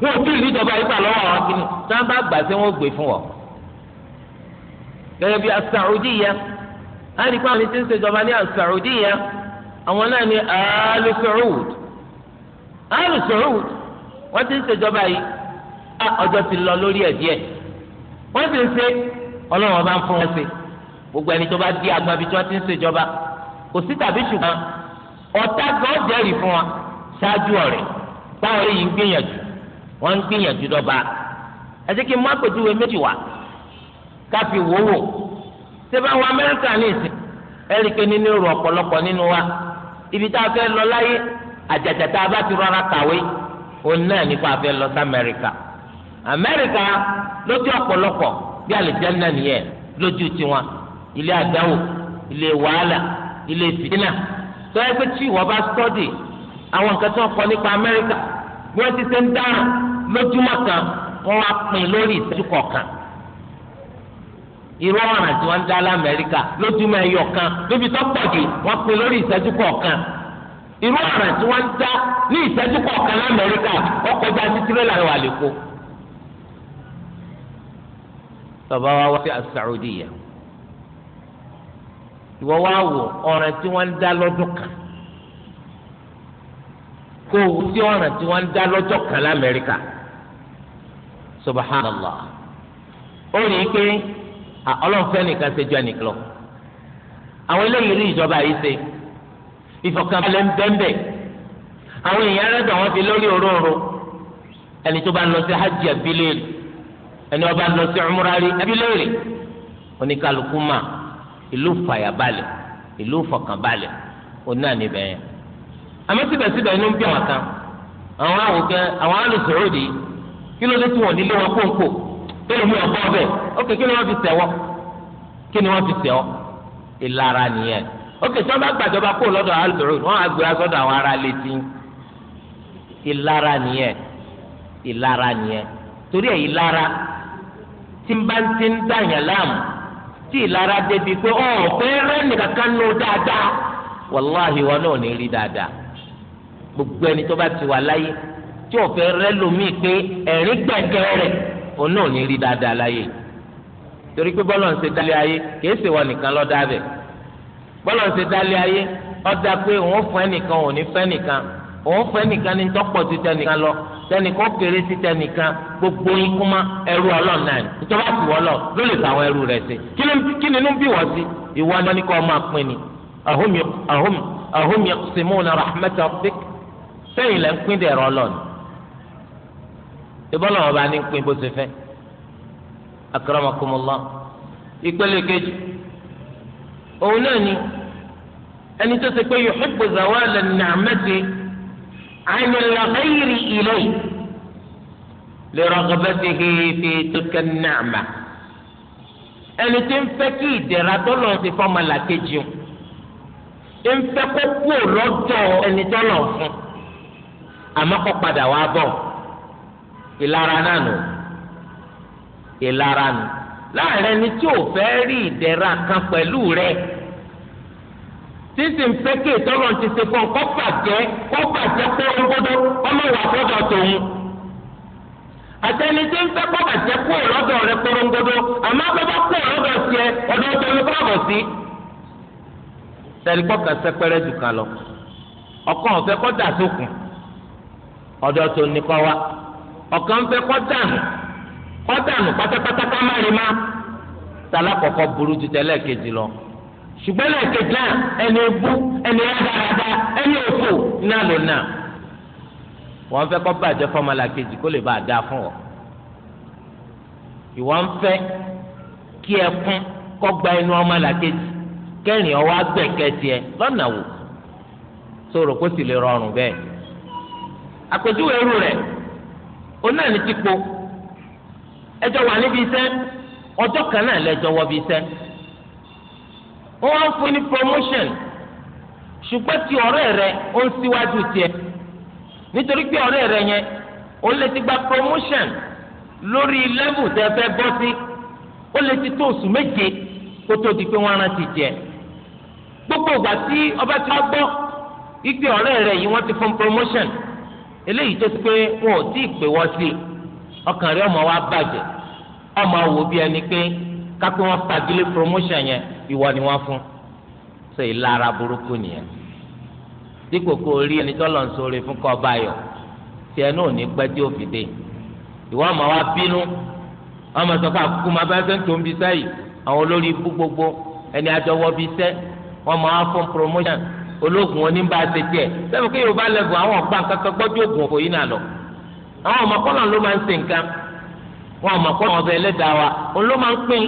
wọn ò tí ì níjọba ìgbà lọ́wọ́ àwọn akínú tí wọ́n bá gbà sí wọn ó gbé fún wọn. gẹ́gẹ́ bí asàrúdìyà àyìnbá àwọn tí ń ṣèjọba ní asàrúdìyà àwọn náà ní àálù sọ̀rọ̀d àálù sọ̀rọ̀d wọ́n ti ń ṣèjọba yìí ọjọ́ ti lọ lórí ẹ̀ díẹ̀ wọ́n ti ń ṣe ọlọ́run ọba ń fún wọn ṣe gbogbo ẹni tó bá di agbábi tí wọ́n ti ń ṣèjọba kò sí tàbí wọ́n ń gbìyànjú dọ́ba àti kí n má pèjúwe méjì wá káfí wòwò sẹ́fẹ̀ àwọn amẹ́ríkà ní ìsìn ẹ̀ríkẹ́ nínú rọ̀ ọ̀pọ̀lọpọ̀ nínú wa ibi tá a fẹ́ lọ láyé àjàjà tá a bá ti rọra kàwé òun náà nípa a fẹ́ lọ sí amẹ́ríkà amẹ́ríkà lójú ọ̀pọ̀lọpọ̀ bí àlùjánnà nìyẹn lójú tiwọn ilé àdáwò ilé wàhálà ilé fìdínà tọ́yẹ́ tí ìwọ bá sọ́ọ̀dì àwọn nǹkan tí wọ́n kọ nípa amẹ́ríkà wọ́n ti ṣe ń dáhùn lójúmọ́ kan wọ́n wá pín lórí ìtẹ́jú kọ̀ọ̀kan irú ọ̀ràn tí wọ́n ń dá lamẹ́ríkà lójúmọ́ ẹyọ kan níbi tó pọ̀ jù wọ́n pín lórí ìtẹ́jú kọ̀ọ̀kan irú ọ̀ràn tí wọ́n ń dá ní ìtẹ́jú kọ̀ọ̀kan lamẹ́ríkà ọkọ̀ já sí tirẹ́là wà lẹ́kọ̀ọ́. bàbá wa wá sí asaudiya ìwọ wá wò ọ̀ràn tí wọ́n ń dá lọ́dún kan kó o sí ọ̀ràn tí wọ́n ń dá lọ́jọ́ kan lamẹ́ríkà. subhanallah ó rí i pé ọlọ́ọ̀fẹ́ nìkan ṣe ju ẹnìkan lọ àwọn eléyìí rí ìjọba yìí ṣe ìfọ̀kànbalẹ̀ ń bẹ́ńbẹ́ àwọn èèyàn rẹ̀ dàn fi lórí òróǹro ẹni tó bá lọ sí hajj abilérì ẹni ọba lọ sí umrari abilérì oníkàlùkù mà ìlú fàyàbalẹ̀ ìlú fọ̀kànbalẹ̀ onáà yẹn àmọ́ síbẹ̀síbẹ̀ inú ń bí àwọn kan àwọn kí ló dé tí wọn nílé wọn kóńkó bẹ́ẹ̀ ló mú ọgbọ́n ok kí ni wọ́n fi tẹ̀wọ́ kí ni wọ́n fi tẹ̀wọ́ ìlara nìyẹn ok tí bá gbàjọba kó lọ́dọ̀ alùpùpù wọ́n á àwọn ará létí torí ìlara tí n bá ti tí ìlara débi ọ̀ nìkan kan nù dáadáa wọn gbogbo ẹni tó bá ti tí ò fẹ́ rẹ́ lómi pé ẹ̀rí gbẹ̀gẹ́ rẹ̀ òun náà ní rí dáadáa láyé torí pé bọ́lọ̀ ń ṣe dálé ayé kìí ṣe wà nìkan lọ́ dá bẹ̀ bọ́lọ̀ ń ṣe dálé ayé ọ̀dà pé òun fún ẹnìkan òun ní fẹ́ nìkan òun fún ẹnìkan ní tọ́pọ̀ ju tẹnìkan lọ tẹnìkan kéré sí tẹnìkan gbogbo ikú ma ẹrú ọlọ́ọ̀ náà ni ìjọba sì wọ́ lọ ló lè fà àwọn ẹrú rẹ̀ sí kí ni bí wọ́n sí ìwọ ni wọ́n ní kọ́ máa pín ni ahum yaqsimuna rahmata rabbik sẹ́yìn lẹ́ ń pín dẹ̀rọ ọlọ́ọ̀ni ìbọ́lọ̀ wọn bá ní pín bó ṣe fẹ́ akramakumullah ìpele kejì òun náà ni ẹni tó ṣe pé yuhibbu zawala ni'mati 'ani al-ghayri ilayhi li raghbatihi fi tilka an-ni'ma ẹni tí ń fẹ́ kí ìdẹ̀ra tọ́lọ̀ ti fọ́mọ làkejì o ń fẹ́ kó kú lọ́dọ̀ ẹni tọ́lọ̀ fún àmọ́ kó padà wá bọ̀ ìlara náà nù ìlara nù láàrin ẹni tí ò fẹ́ rí ìdẹ̀ra kan pẹ̀lú rẹ sísìn pékè tọ́lọ̀ ti ṣe fún ọ kọ́ bàjẹ́ kọ́ bàjẹ́ kó ọgbọ́dọ́ ọlọ́wà fọ́dọ̀ tòun àtẹni tí ń fẹ́ kọ́ bàjẹ́ kó ọlọ́dọ̀ rẹ korongodo àmọ́ akọ́bá kó ọlọ́dọ̀ tiẹ ọdún tó ń kọ́ sí. sẹ́ríkọ́ kan sẹ́pẹ́rẹ́ jù kan lọ ọkọ̀ ọ̀fẹ́ kọ́ dà sókun ọdọ̀ tó ní kọ́ wa ọ̀kan fẹ́ kọ́ dànù kọ́ dànù pátápátá ká má rí má tala kọ̀kọ́ burú ju tẹ́lẹ̀ kejì lọ ṣùgbọ́n lẹ́ẹ̀kejì náà ẹni ebú ẹni rádaràda ẹni òfò náà ló náà wọ́n fẹ́ kọ́ bàjẹ́ fọ́mọlá kejì kó lè bá a dáa fún ọ ìwọ ń fẹ́ kí ẹ kún kọ́ gba ẹnu ọmọlá kejì kẹrin ọwọ́ agbẹ̀kẹ́ tiẹ̀ lọ́nà wò sọ̀rọ̀ kó sì lè rọrùn bẹ́ẹ̀ àpèjúwe irú rẹ̀ náà ní tipo ẹjọ́ wà níbi iṣẹ́ ọjọ́ kan náà lẹ́jọ́ wọ bí iṣẹ́ wọ́n ń fún ní promotion ṣùgbọ́n ti ọ̀rẹ́ rẹ ó ń síwájú tiẹ̀ nítorí pé ọ̀rẹ́ rẹ yẹn ó lè ti gba promotion lórí level tẹ́ fẹ́ bọ́ sí ó lè ti tó oṣù méje kó tó di pé wọ́n rántí tiẹ̀ gbogbo ìgbà tí ọba ti wá gbọ́ ipe ọ̀rẹ́ rẹ yìí wọ́n ti fún promotion eléyìí tó ti pé wọn ò tí ì pè wọ́n sí ọkàn rẹ ọmọ wa bàjẹ́ ọmọ wò bí ẹni pé kápẹ́ wọn fagilé promotion yẹn ìwọ ni wọ́n fún ṣe ìlara burúkú nìyẹn dípò kó o rí ẹni tó lọ ń sọ̀rọ̀ fún kọ́ báyọ̀ tí ẹ náà ní pẹ́ tí ó fi ìwọ ọmọ wa bínú ọmọ sọ fún máa bá sẹ́ńtò ń bí sẹ́yìn àwọn olórí ibú gbogbo ẹni àjọwọ́ bí sẹ́ wọ́n máa fún promotion ológun oníbà ṣe tiẹ̀ sẹ́mi kí yorùbá lẹ́gùn àwọn ọ̀gbà kankan gbọ́dọ̀ ògùn òfò yìí nàlọ́ àwọn ọmọkọ́nà ló máa ń ṣe nǹkan wọn ọmọkọ́nà ọbẹ̀ ẹlẹ́dàá wa a ló máa ń pín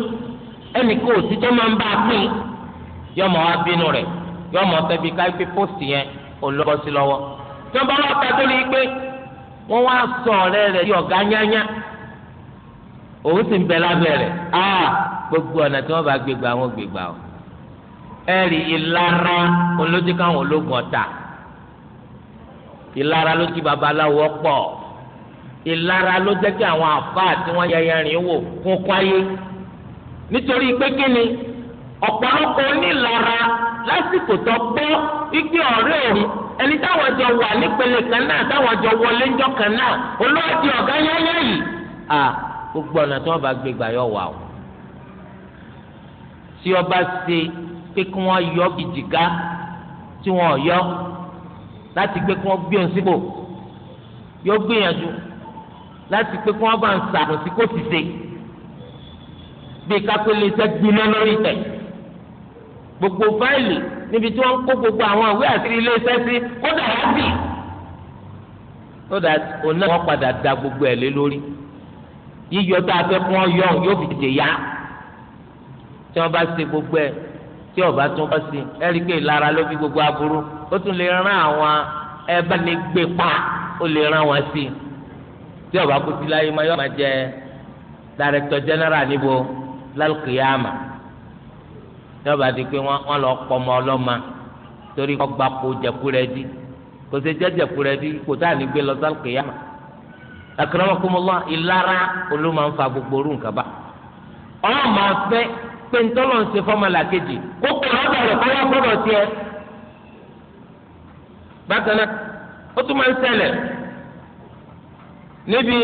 ẹnì kó o máa ń bá a pín yọmọ wa bínú yọmọ tẹbi ká yẹn olùkọ́ sí lọ́wọ́ tí wọ́n ta tó lè pé wọ́n wá sọ òun sì ń bẹ gbogbo ọ̀nà tí wọ́n bá gbégbá wọn gbégbá Eri ìlara olójú káwọn ológun ọ̀tà ìlara ló ti babaláwo pọ̀ ìlara ló jẹ́ kí àwọn àfáà tí wọ́n yẹ yẹrin wò nítorí pé kí ni ọ̀pọ̀lọpọ̀ onílara lásìkò tó gbọ́ igi ọ̀rẹ́ òun ẹni táwọn jọ wà nípele kan náà táwọn jọ wọlé ńjọ kan náà olóòdì ọ̀gá o tí ọba pé kí wọ́n yọ bìjìká tí wọ́n yọ láti pé kí wọ́n gbé òun síbò yóò gbìyànjú láti pé kí wọ́n bá ń sàrùn sí kó sì ṣe bí kápẹ́lẹ́ iṣẹ́ gbiná lórí tẹ̀ gbogbo fáìlì níbi tí wọ́n ń kó gbogbo àwọn ìwé àti ilé iṣẹ́ sí kódà láti so that òun náà padà da gbogbo ẹ̀ lé lórí yíyọ tá a fẹ́ kí wọ́n yọ yóò fi tètè yá tí wọ́n bá ṣe gbogbo ẹ̀ tí ọba tún bọ́ sí ẹ̀rí pé ìlara ló fi gbogbo aburú ó tún lè rán àwọn ẹbá ní gbé pa ó lè rán wọn sí i tí ọba kú sí láyé máa yọ máa jẹ director general níbo lálùkìyàmà tí ọba di pé wọn lọ pọmọ ọlọ́mà torí kọ́ gba kó jẹkulẹ̀ di kò sí jẹjẹkulẹ̀ di kò tá à ní gbé lọ sálùkìyàmà akramakumullah ìlara olóma ń fa gbogbo orú nǹkan bá ọlọ́mà pé ntọ́lọ̀ ń ṣe fọ́mọlà kejì ó kọ̀ lọ́dọ̀ rẹ̀ kọ́lá sọ́dọ̀ tiẹ̀. bákan náà ó tún máa ń ṣẹlẹ̀ níbi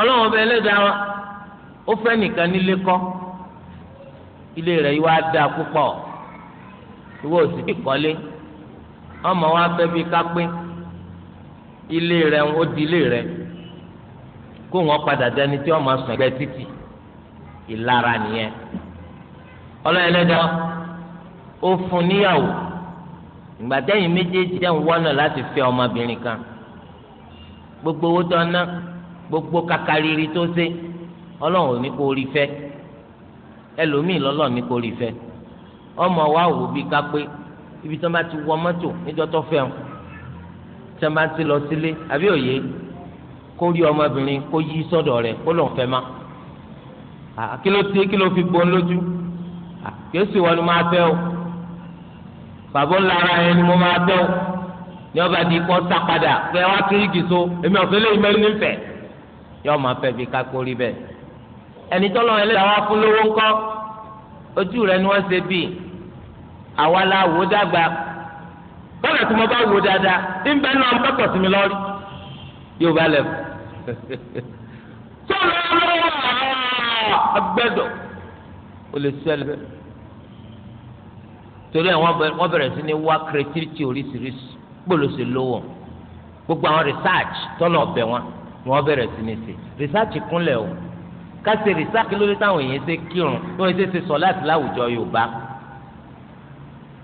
ọlọ́run ọba ẹlẹ́dàá wa ó fẹ́ nìkan nílé kọ́ ilé rẹ̀ yìí wá dáa púpọ̀ ìwọ kọ́lé ọmọ wa fẹ́ bí kápẹ́ ilé rẹ̀ ó di ilé rẹ̀ wọn padà dání tí máa sùn ìlara nìyẹn ọlọ́yìn lẹ́dọ̀ ó fún níyàwó ìgbà tẹ́yìn méjèèjì jẹ́ ń wọ́nà láti fẹ́ ọmọbìnrin kan gbogbo owó tó ná gbogbo kakariri tó ṣe ọlọ́run ò ní kó rí fẹ́ ẹlòmíì lọ́lọ́run ní kó rí fẹ́ ọmọ wa wò bí kápé ibi tí wọ́n bá ti wọ mọ́tò níjọ́ tó fẹ́ wọn tí wọ́n bá ti lọ sílé àbí òye kó rí ọmọbìnrin kó yí sọ́dọ̀ rẹ̀ kó lọ́n fẹ́ máa kí ló ti kí ló fi gbọ́n lójú kéésì wọn ni máa fẹ́ o bàbá ńlá ara yẹn ni mo máa fẹ́ o ní ọba di kọ́ sá padà pé wá tún yìí so èmi ọ̀fẹ́ lè mẹ́rin nífẹ̀ yọ máa fẹ́ bí kákórí bẹ́ẹ̀ ẹni tọ́lọ́ ẹlẹ́dàá wá fún lówó ńkọ́ ojú rẹ ni wọ́n ṣe bíi àwa la wò dàgbà bọ́lá tí mo bá wò dáadáa ń bẹ́ẹ̀ náà ń bẹ́ẹ̀ tọ̀ sí mi lọ́rí yóò bá lẹ̀ fún. sọ́ọ̀lù ọlọ́wọ́ agbẹ́dọ̀ ó lè ṣẹlẹ̀ bẹ́ẹ̀ torí ẹ̀ wọ́n bẹ̀rẹ̀ sí ní wá creativity oríṣiríṣi gbọ́dọ̀ ṣe lówó gbogbo àwọn research tọ́lọ̀ ọ̀bẹ wọn ni wọ́n bẹ̀rẹ̀ sí ní ṣe research kúnlẹ̀ o kásì research lórí táwọn èèyàn ṣe kírun ní wọ́n ṣe ṣe sọ láti láwùjọ Yorùbá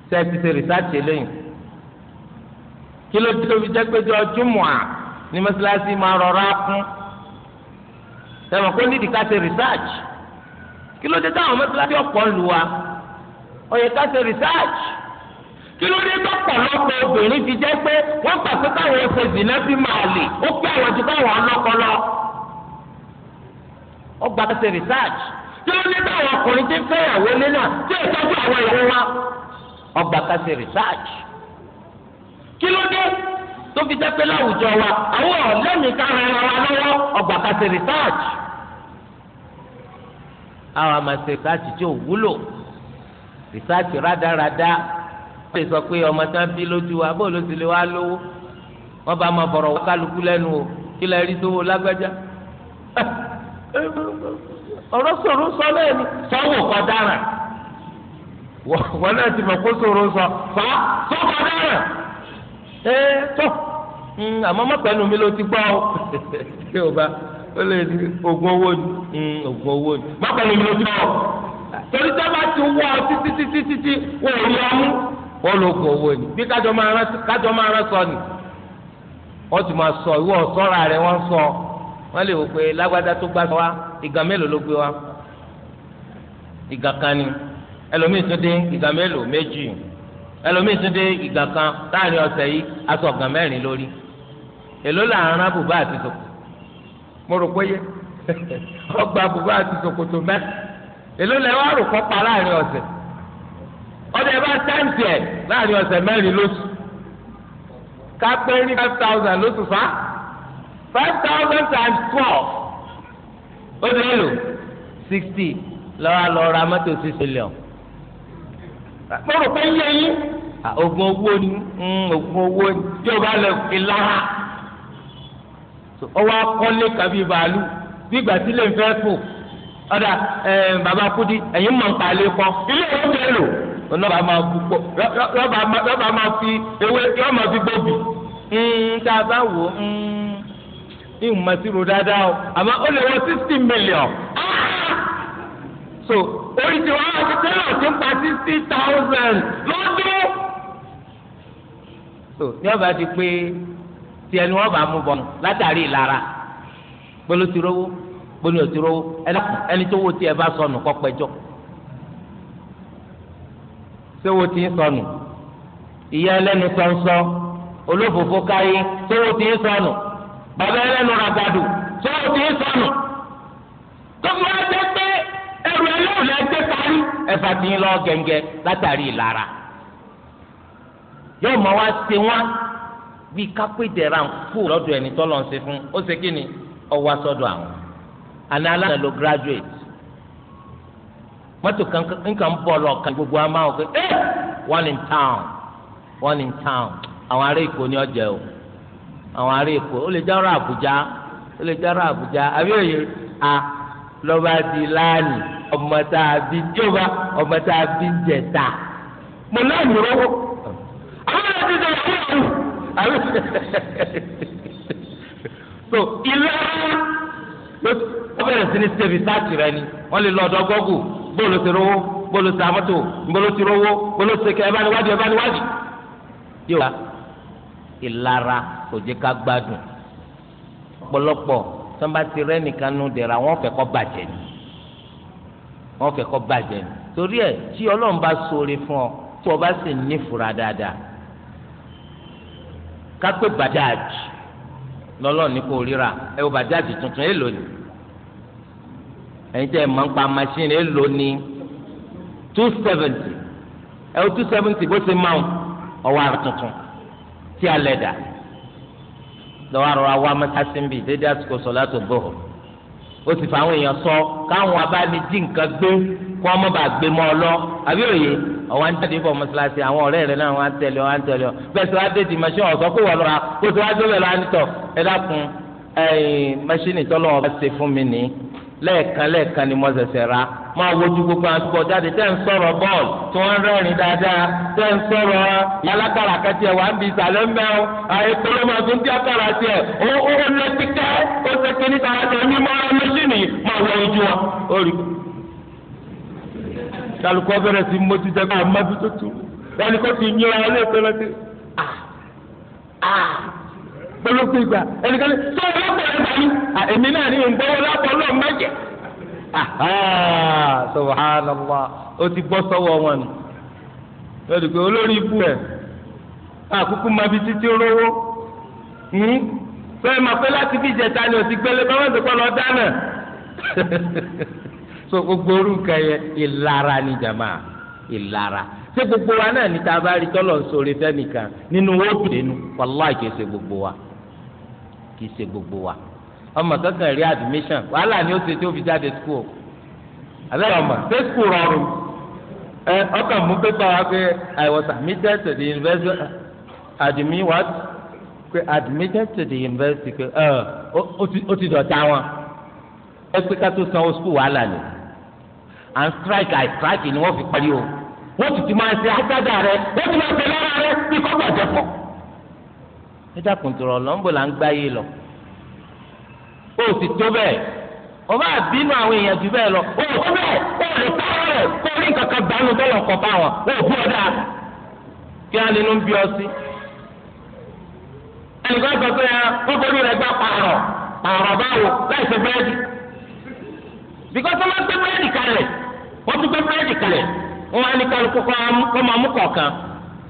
ṣe ṣe research eléyìí kí ló dé tó fi jẹ́ pé jọ júmọ̀ à ní mọ́ṣáláṣí máa rọra kún ẹ̀rọ kó nídìí ká ṣe research kí ló dé táwọn mọ́tíláṣí ọ̀pọ̀ ń lu wa ó yẹ ká ṣe research kí ló dé tọ́pọ̀lọpọ̀ obìnrin ti jẹ́ pé wọ́n gbà pé káwọn ọ̀sẹ̀ zìnà bí máa lè ó pé àwọn ti káwọn ọlọ́kọlọ ó gba ká ṣe research kí ló dé táwọn ọkùnrin ti ń fẹ́yàwó lé náà tí ò tọ́jú àwọn ìyàwó wa ó ká ṣe research kí ló dé tó fi jẹ́ pé láwùjọ wa àwọn ọ̀lẹ́mì kára ara wa lọ́wọ́ ọgbà kàtí research. àwọn àmàṣe káàtì tí ò wúlò research rádaràda wọ́n lè sọ pé ọmọ tí wọ́n bí lójú wa bó ló ti lè wá lówó wọ́n bá máa bọ̀rọ̀ kálukú lẹ́nu o kí lè rí sówó lágbájá. ọ̀rọ̀ sọ̀rọ̀ sọ lẹ́nu sọ́wọ́ kọ́ dáràn wọ́n náà ti mọ̀ kó sọ̀rọ̀ sọ fà sọ́kọ̀ dáràn. ẹ tọ àmọ́ mọ́pẹ́nu mi ló ti ọ ṣé o bá ó lè owó ni oògùn owó ni mọ́pẹ́nu mi ló ti torí ti wọ ọ títí títí títí wọ òye ọmú ó lọ owó ni bí kájọ máa rán kájọ máa rán sọ ni ti máa sọ ìwọ sọ wa ìgbà mélòó ló wa ìgbà kan ni tún ẹlòmíì tún dé ìgbà kan láàrin ọ̀sẹ̀ yìí aṣọ ọ̀gàn mẹ́rin lórí èló là ń rán bùbá àti sòkò mo rò pé yé ọgbà bùbá àti sòkòtò mẹ́rin èló lẹ wá rò kọ́pa láàrin ọ̀sẹ̀ ọdẹ bá táǹtì ẹ̀ láàrin ọ̀sẹ̀ mẹ́rin lóṣù kápẹ́ ní five thousand lóṣù fa five thousand times twelve ó lè lò sixty lọ́wọ́ lọ́ọ́ ra mọ́tò six million. mo rò pé yẹ yín ogun owó ni hmm, ogun owó tí o bá lọ fi lára ọwọ́ akọ́lé kàbí bàálù bí ìgbà tí lè fẹ́ fò ọ̀dà bàbá kudi ẹ̀yin mọ̀ nípa ilé kan ilé yóò fẹ́ lò lọ́ba máa gbogbo lọ́ba máa fi ewé yọ́ máa fi gbòbì hmm, tá a bá wò ó ìmọ̀síro hmm, dáadáa o àmọ́ ó lè wọ sixty million ah! so oríṣiríṣi wọn ti tẹ́lẹ̀ ti ń pa sixty thousand lọ́dún. so ní ọba ti pé tiẹ̀ ni wọ́n bá mú bọ̀ látàrí ìlara ẹni tó wo tiẹ̀ bá sọnù kọ́ pẹjọ́ sówó ti ń sọnù ìyá ẹlẹ́nu sọ́nsọ́ olófòfó káyé sówó ti ń sọnù bàbá ẹlẹ́nu ràgàdù ti ń sọnù pé ẹrù lẹ́gbẹ́ parí ẹ̀fà ti ń lọ látàrí ìlara. yóò máa wá se wọn bí kápẹ́ ìdẹ̀ra ń kú lọ́dọ̀ ẹni tọ́lọ̀ ń ṣe fún ó ṣe kí ni ọwọ́ sọ́dọ̀ àwọn àná aláǹdà ló graduate mọ́tò kan nǹkan bọ̀ lọ́ọ̀kan gbogbo àmà ọ̀kẹ́ eh! one in town one in town àwọn ará èkó ni ọ̀jẹ̀ o àwọn ará èkó ó lè jẹ́ ọ̀rọ̀ àbújá ó lè jẹ́ ọ̀rọ̀ àbújá àbí òye a lọ́ba di láàánì ọmọ tá a bí jọba ọmọ tá a bí jẹ̀ta mo náà ti sọ fún ìlú. so ìlú wọ́n bẹ̀rẹ̀ sí ní sèbi sáàtì rẹ ni wọ́n lè lọ ọ̀dọ̀ gọ́gù bóòlù ti rówó bóòlù ti amọ́tò bóòlù ti rówó bóòlù ti kẹ ẹ̀bániwájú ẹ̀bániwájú. yóò wá ìlara kò jẹ́ ká gbádùn ọ̀pọ̀lọpọ̀ tó ti rẹ́ nìkan nu dẹ̀ra wọ́n fẹ́ kó bàjẹ́ ni wọ́n fẹ́ kó bàjẹ́ ni torí ẹ̀ tí ọlọ́run bá ṣoore fún ọ tí o bá sì nífura dáadáa kápẹ́ bajaj lọ́lọ́ọ̀ ní kò ríra ẹ wo bajaj tuntun ẹ lò ní ẹ̀yin tẹ́ ẹ máa ń pa machine ẹ lò ní two seventy ẹ wo two seventy bó ṣe máa ọwọ́ àrùn tuntun tí a lẹ̀ dà lọ́wọ́ àrùn àwa mẹ́tàsínbì dédé àsìkò sọ̀lá tó gbòòrò ó sì fà àwọn èèyàn sọ káwọn abáni dín nǹkan gbé kọ́ ọmọ bá gbé mọ́ ọ lọ àbí òye ọ̀wá ń tẹ̀lé fọ àwọn ọ̀rẹ́ rẹ náà wọ́n á tẹ̀lé wọ́n á tẹ̀lé ọ bẹ́ẹ̀ sọ wá ti machine ọ̀sọ́ pé wọ́n lọ́ra kó sọ wá dé bẹ̀rẹ̀ ánítọ̀ ẹ dákun machine tọ́lọ́ wọn ṣe fún mi ní lẹ́ẹ̀kan lẹ́ẹ̀kan ni mo ṣẹ̀ṣẹ̀ ra máa wojú gbogbo àwọn àtúkọ̀ jáde tẹ́ ń sọ̀rọ̀ bọ́ọ̀lù tí wọ́n ń rẹ́rìn dáadáa tẹ́ ń sọ̀rọ̀ alákàrà kẹtì ẹ̀ wá ń bi ìsàlẹ̀ ń bẹ́ ọ àìsàn máa tún tí àkàrà tiẹ̀ ó ó lọ ó ṣe kíní tàwọn àti ẹni máa ń lọ sí ni máa wọ ojú wọn. kálukú bẹrẹ sí mójú jẹ́ a àmọ́ tó tu lẹ́nu kó ti yíra ẹ lẹ́sẹ̀ lọ́sẹ̀ ah, ah. polókè gbà ẹnikẹ́ni tó o bá bẹ̀rẹ̀ báyìí èmi náà ní ìgbọ́wọ́ lápọ̀ lọ́ọ̀ mẹ́jẹ̀. Ah, subhanallah ó ti bọ́ wọn títí máa hmm? láti ni ti bá ti lọ so gbogbo orúkọ yẹ ìlara ni jàmá ìlara ṣé gbogbo wa náà ní tá bá rí tọ́lọ̀ sórí fẹ́nìkan nínú wọ́ọ̀dù nínú wàláì kìí ṣe gbogbo wa kìí ṣe gbogbo wa ọmọ kankan rí admission wàhálà ni ó ṣe tí ó fi jáde school àbẹ́rẹ́ ọmọ ṣé school rọrùn ẹ ọkàn mú pépà wa pé I was admitted to the university admi what pé admitted to the university pé ó ti dọ̀tá wọn ẹ pé ká tó sanwó school wàhálà nìyí and strike à strike ni wọ́n fi pari o wọ́n ti ti máa ṣe rẹ wọ́n ti máa ṣe rẹ bí kọ́kọ́ jẹ pọ̀. ẹ dákun tó ń gbá yé lọ ó sì tó bẹ́ẹ̀ ọba àbínú àwọn èèyàn bẹ́ẹ̀ lọ ó tó bẹ́ẹ̀ ó lè tá rẹ̀ kó rí kankan gbanú bẹ́ẹ̀ kọ́ bá wọn ó bú ọ̀dà kí á nínú bí ọ sí. ẹnìkan sọ pé ah, rẹ gbá pààrọ̀ pààrọ̀ báwo láì gbé wọ́n tún gbé búrẹ́dì kalẹ̀ wọ́n wá ní kálukú kọ́ máa mú kọ̀ọ̀kan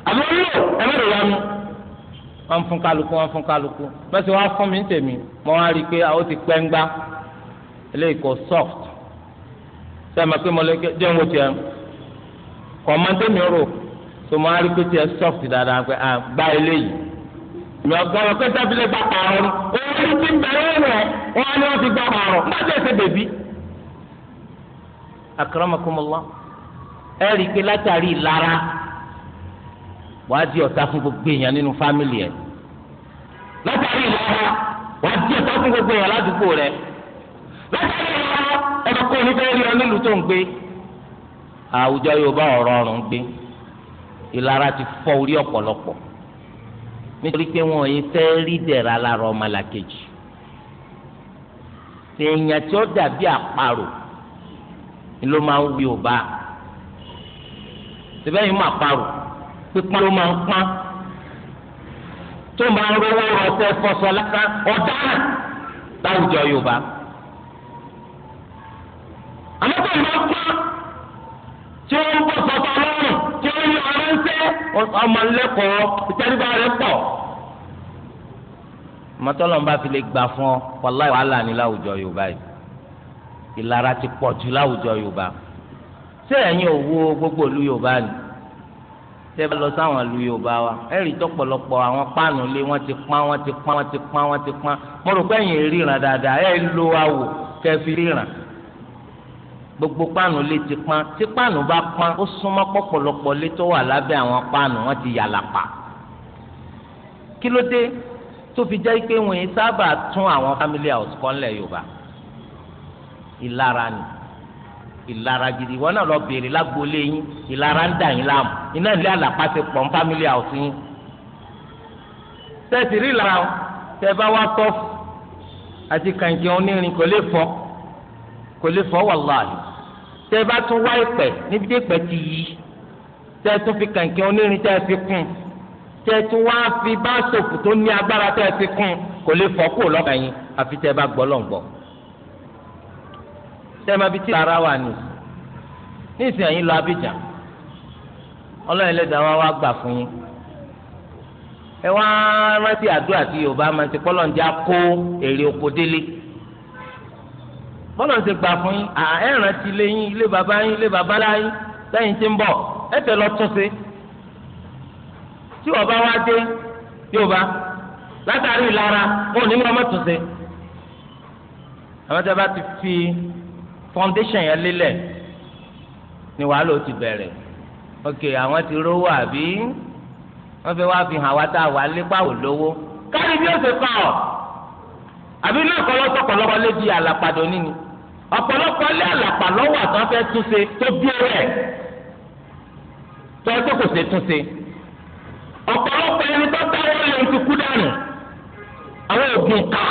àbí wọ́n lò ẹ̀rọ rẹ̀ lọ́nu. wọ́n fún kálukú wọ́n fún kálukú mẹ́sì wọ́n á fún mi tèmi mọ́ wá rí i pé àwọn ti pẹ́ ń gbá eléyìí kò soft sẹ́mi pé mo lè jẹ́ ń wo tiẹ̀ kọ̀mọ́tẹ́ mi rò tó mo wá rí i pé tiẹ̀ soft dáadáa pé à gbá eléyìí mi ò gbọ́ pé tábìlì gbà pààrọ̀ ó rí ti bẹ̀rẹ̀ rẹ̀ wọ́n á ní wọ́n ti gbà pààrọ̀ má akramakumullah ẹ rí i pé látàrí ìlara wàá di ọ̀tá fún gbogbo èèyàn nínú fámìlì ẹ̀ látàrí ìlara wàá di ọ̀tá fún gbogbo èèyàn ládùúgbò rẹ̀ látàrí ìlara ẹ̀rọ kó onífẹ́ rí ọ nílùú tó ń gbé àwùjọ Yorùbá ọ̀rọ̀ ọ̀rùn gbé ìlara ti fọ́ orí ọ̀pọ̀lọpọ̀ nítorí pé wọn ò fẹ́ rí dẹ̀ra lára ọmọ làkejì tí ó dàbí àparò ló máa ń wí òbá síbẹ̀ yìí máa parò pípọ́n ló máa ń pọ́n tó máa ń rówó ọ̀sẹ̀ fọṣọ lásán ọ̀daràn láwùjọ Yorùbá àmọ́ tó máa ń pọ́n tí wọ́n ń bọ̀ sọ́tọ̀ lọ́rùn tí wọ́n yọ ọ̀rẹ́ ń sẹ́ ọmọ lẹ́kọ̀ọ́ ìtẹ́ríba rẹ̀ pọ̀ mọ́tọ́lọ́mbà fi lè gbà fún ọ wàláì wàhálà ní láwùjọ Yorùbá yìí ìlara ti pọ̀ jù láwùjọ yorùbá ṣé ẹ̀yin ò wo gbogbo ìlú yorùbá ni tẹ́ ẹ bá lọ sáwọn ìlú yorùbá wa ẹ rí tọ́pọ̀lọpọ̀ àwọn páànù lé wọ́n ti pọ́n wọ́n ti pọ́n wọ́n ti pọ́n wọ́n ti pọ́n mo rò pé ẹ̀yin ríran dáadáa ẹ lo awò kẹ́ fi ríran gbogbo páànù lé ti pọ́n tí páànù bá pọ́n ó súnmọ́ pọ̀pọ̀lọpọ̀ lé tó wà lábẹ́ àwọn páànù wọ́n ti yàlàpà kí ló dé tó fi jẹ́ pé wọ́n yẹn sábà tún àwọn family house kan yorùbá ìlara ni ìlara gidi wọn náà lọ béèrè lágboolé yín ìlara ń dà yín láàmú iná ilé àlàpà ti pọ̀ ń fámílì àwòsí yín tẹ́sí rí ìlara o tẹ́ bá wá tọ́fù àti kàǹkì onírin kò lè fọ́ kò lè fọ́ wàláhì tẹ́ bá tún wá ìpẹ́ níbi tí ìpẹ́ ti yí tẹ́ tún fi kàǹkì onírin tẹ́ fi kún tẹ́ tún wá fi bá sòfò tó ní agbára tẹ́ fi kún kò lè fọ́ kó lọ́kàn yín àfi tẹ́ bá gbọ́ lọ́ngbọ́n sẹ́ẹ̀ma bíi tí ara wà ní nísìnyí àyìn lọ Abidjan ọlọ́run ẹlẹ́dàá wa wá gbà fún yín ẹ wá rántí àdúrà tí Yorùbá máa ń ṣe kọ́lọ́n jẹ́ kó èrè oko délé bọ́lọ̀ ń ṣe gbà fún yín ẹ rántí ilé yín ilé bàbá yín ilé bàbá láyín lẹ́yìn tí ń bọ̀ ẹ tẹ̀ lọ tún tí ọba wá dé Yorùbá látàrí ìlara wọn ní ní ọmọ tún àwọn tí a bá ti fi foundation yẹn lélẹ̀ ni wàhálà ó ti bẹ̀rẹ̀ ok àwọn ti rówó àbí wọ́n fẹ́ wá fi hàn wá tá a wà lépa ò lówó káàdì bí ó ṣe kọ́ ọ àbí náà kọ́ lọ́sọ̀ pọ̀lọ́pọ̀ lé di àlàpàdé oníni ọ̀pọ̀lọpọ̀ lé àlàpà lọ́wọ́ àtọ́ fẹ́ túnṣe tó bí rẹ̀ tó ẹ tó kò ṣe túnṣe ọ̀pọ̀lọpọ̀ ẹni tó dáwọ́ lẹ́yìn ti kú dànù àwọn òògùn ká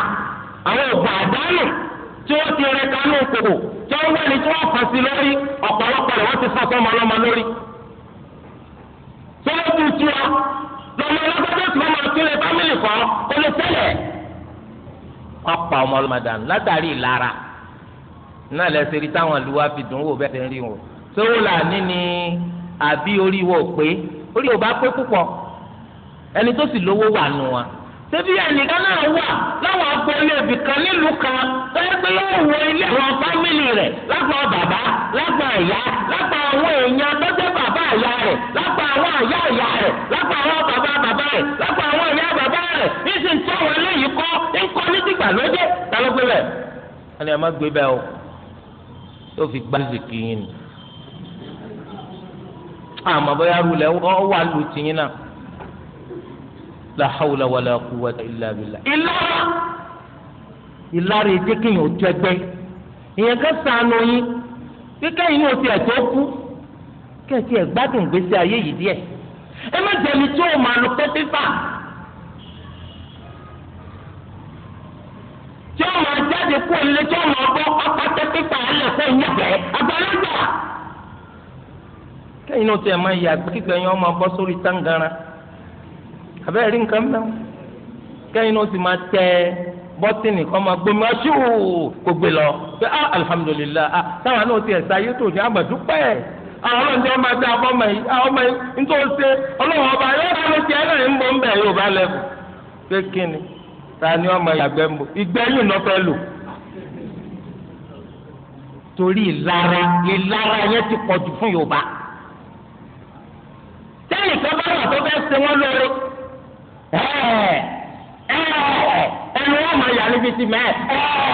àwọn òògùn àdánù tí ó ti rẹ kánú òkòkò tí ó wẹni tí wọn fọsí lórí ọ̀pọ̀lọpọ̀ rẹ̀ wọ́n ti fọsọ́ ọmọ ọlọ́mọ lórí. tí ó ti tu ọ lọ́mọ ọlọ́gbọ́dọ̀ tí wọ́n máa tún lè fámìlì kan ó lè tẹ́lẹ̀. wọ́n pa ọmọ ọlọ́mọ dànù látàrí ìlara náà lẹ́sẹ̀ rí táwọn ìlú wa fi dùn wò bẹ́ẹ̀ ń rí wọn. sówó là ní ni àbí orí wo pé orí ò bá pé púpọ̀ ẹni tó sì lówó wà nù wọn. ṣebí ẹnìkan náà wà láwọn agboolé ibì kan nílùú kan lọ́yẹ́ yóò wọ ilé àwọn fámìlì rẹ̀ lápá bàbá lápá ìyá lápá àwọn èèyàn tó bàbá ìyá rẹ̀ lápá àwọn àyá ìyá rẹ̀ lápá àwọn bàbá bàbá rẹ̀ lápá àwọn ìyá bàbá nísìnyí tí àwọn eléyìí kọ́ ń kọ́ ní dìgbà ta ló gbé bẹ́ẹ̀. a ní a gbé bẹ́ẹ̀ o yóò fi gbá yín ni àmọ́ bóyá rúlẹ̀ ọ la hawla wala quwwata illa billah. ìlara ìlara ètè kéèyàn ó tó ẹgbẹ́ èèyàn kan sànù yín pé kéèyàn ní oṣù ẹ̀tọ́ kú kẹ́ẹ̀tì ẹ̀ gbádùn gbèsè ayé yìí díẹ̀ ẹ má jẹ̀bi tí o máa lọ pẹ́ pípa tí o máa jáde kú ilé tí o máa bọ́ ọ̀pátẹ́ pípa ẹ̀lẹ́ fún ìyàgbẹ́ àgbàlagbà. kẹ́yìn náà tí ẹ máa yà gbẹ́kígbẹ́ yẹn ọmọ bọ́ sórí táǹgàrà abẹ́rẹ́ rí nǹkan mẹ́wọ́ kẹ́yìn náà sì máa tẹ bọ́tìnì kọ́ máa gbé máa ṣú kò gbé lọ pé ah alihamudulilayi ah táwọn náà ti ẹ̀sà yìí tó ní àgbàdúpẹ́ àwọn ah, ọlọ́ọ̀dẹ́ ọmọ adé ah, ọmọ yìí ọmọ yìí nítorí ṣe ọlọ́wọ́ ọba yóò bá ló tiẹ̀ náà ń bọ̀ ń bẹ̀ yóò bá lẹ́bù pé kí ni ta ni ọmọ ìyàgbẹ́ ń bọ̀ ìgbẹ́yìn náà fẹ́ lò torí ìlara ìlara yẹn ti pọ̀jù fún Yorùbá tẹ́lẹ̀ kan bá wà tó fẹ́ ṣe wọ́n lóore ẹ ẹ ẹnu wọn máa yà níbi tí mẹ ẹ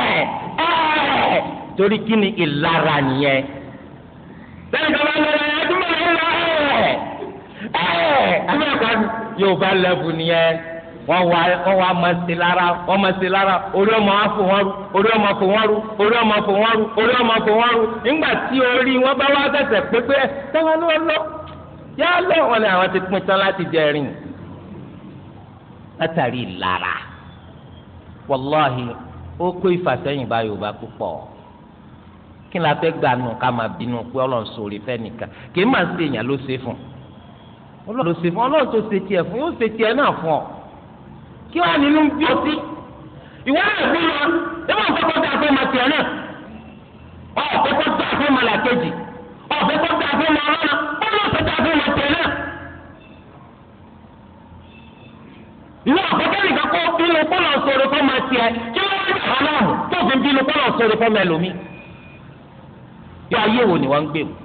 eh, eh, torí kí ni ìlara nìyẹn lẹ́yìn tó bá ń lọ ẹ tó máa lọ ẹ ẹ abẹ́ẹ̀ká yóò bá lẹ́bù nìyẹn wọ́n wá wọ́n wá máa ṣe lára wọ́n máa ṣe lára orí ọmọ rú orí ọmọ rú orí ọmọ rú orí ọmọ rú nígbà tí orí lọ wọn ni àwọn ti tán láti jẹ látàrí ìlara wàláhì ó kó ìfàsẹ́yìn bá yorùbá púpọ̀ kí ni a fẹ́ gbà nù ká máa bínú pé ọlọ́run sòrí fẹ́ nìkan kì í máa ṣe èèyàn ló ṣe fún ọlọ́run ló ṣe fún ọlọ́run tó ṣe tiẹ̀ fún yóò ṣe tiẹ̀ náà fún ọ kí wàá nínú bí o sí ìwọ náà bí lọ ẹ máa fẹ́ kó dáa fún ọmọ tiẹ̀ náà ọ fẹ́ kó dáa fún ọmọ làkejì ọ fẹ́ kó dáa fún ọmọ ọlọ́run ó lọ fẹ́ dáa fún ọmọ tiẹ̀ náà. ìwọ àkọ́kọ́ nìkan kó bínú kọ́lọ̀ sọ̀rọ̀ fún ọmọ tiẹ̀ kí wọ́n fi dà wọ́n láàmú tó fi bínú kọ́lọ̀ sọ̀rọ̀ fún ọmọ ẹlòmí. yọ ayé wo ni wọ́n ń gbé wò.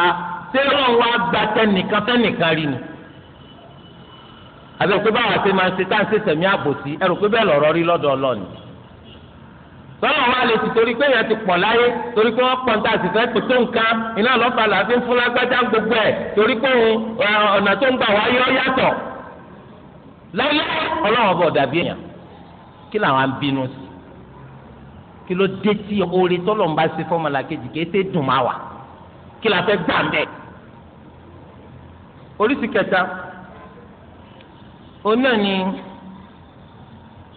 a sẹ́rọ̀ wa gba tẹnìkan tẹnìkan rí ni. àbẹ̀pẹ̀ báwa ṣe máa ń ṣe tá à ń ṣe sẹ̀mí àbòsí ẹ̀rù pé bẹ́ẹ̀ lọ̀rọ̀ rí lọ́dọ̀ ọlọ́ọ̀ni sọ́nà wa lè ti torí pé èèyàn ti pọ̀ láyé torí pé wọ́n pọ̀ ní tàbí fẹ́ pètò nǹkan iná lọ́ba làbí ń fún lágbájá gbogbo ẹ̀ torí pé ọ̀nà tó ń gbà wáyé ọ yàtọ̀ láyé ọlọ́run ọba ọ̀dà bí èèyàn kí làwọn á bínú sí kí ló dé tí oore tọ́lọ̀ ń bá ṣe fọ́mọlá kejì kí ètè dùn máa wà kí la fẹ́ gbà ń oríṣi kẹta òun ni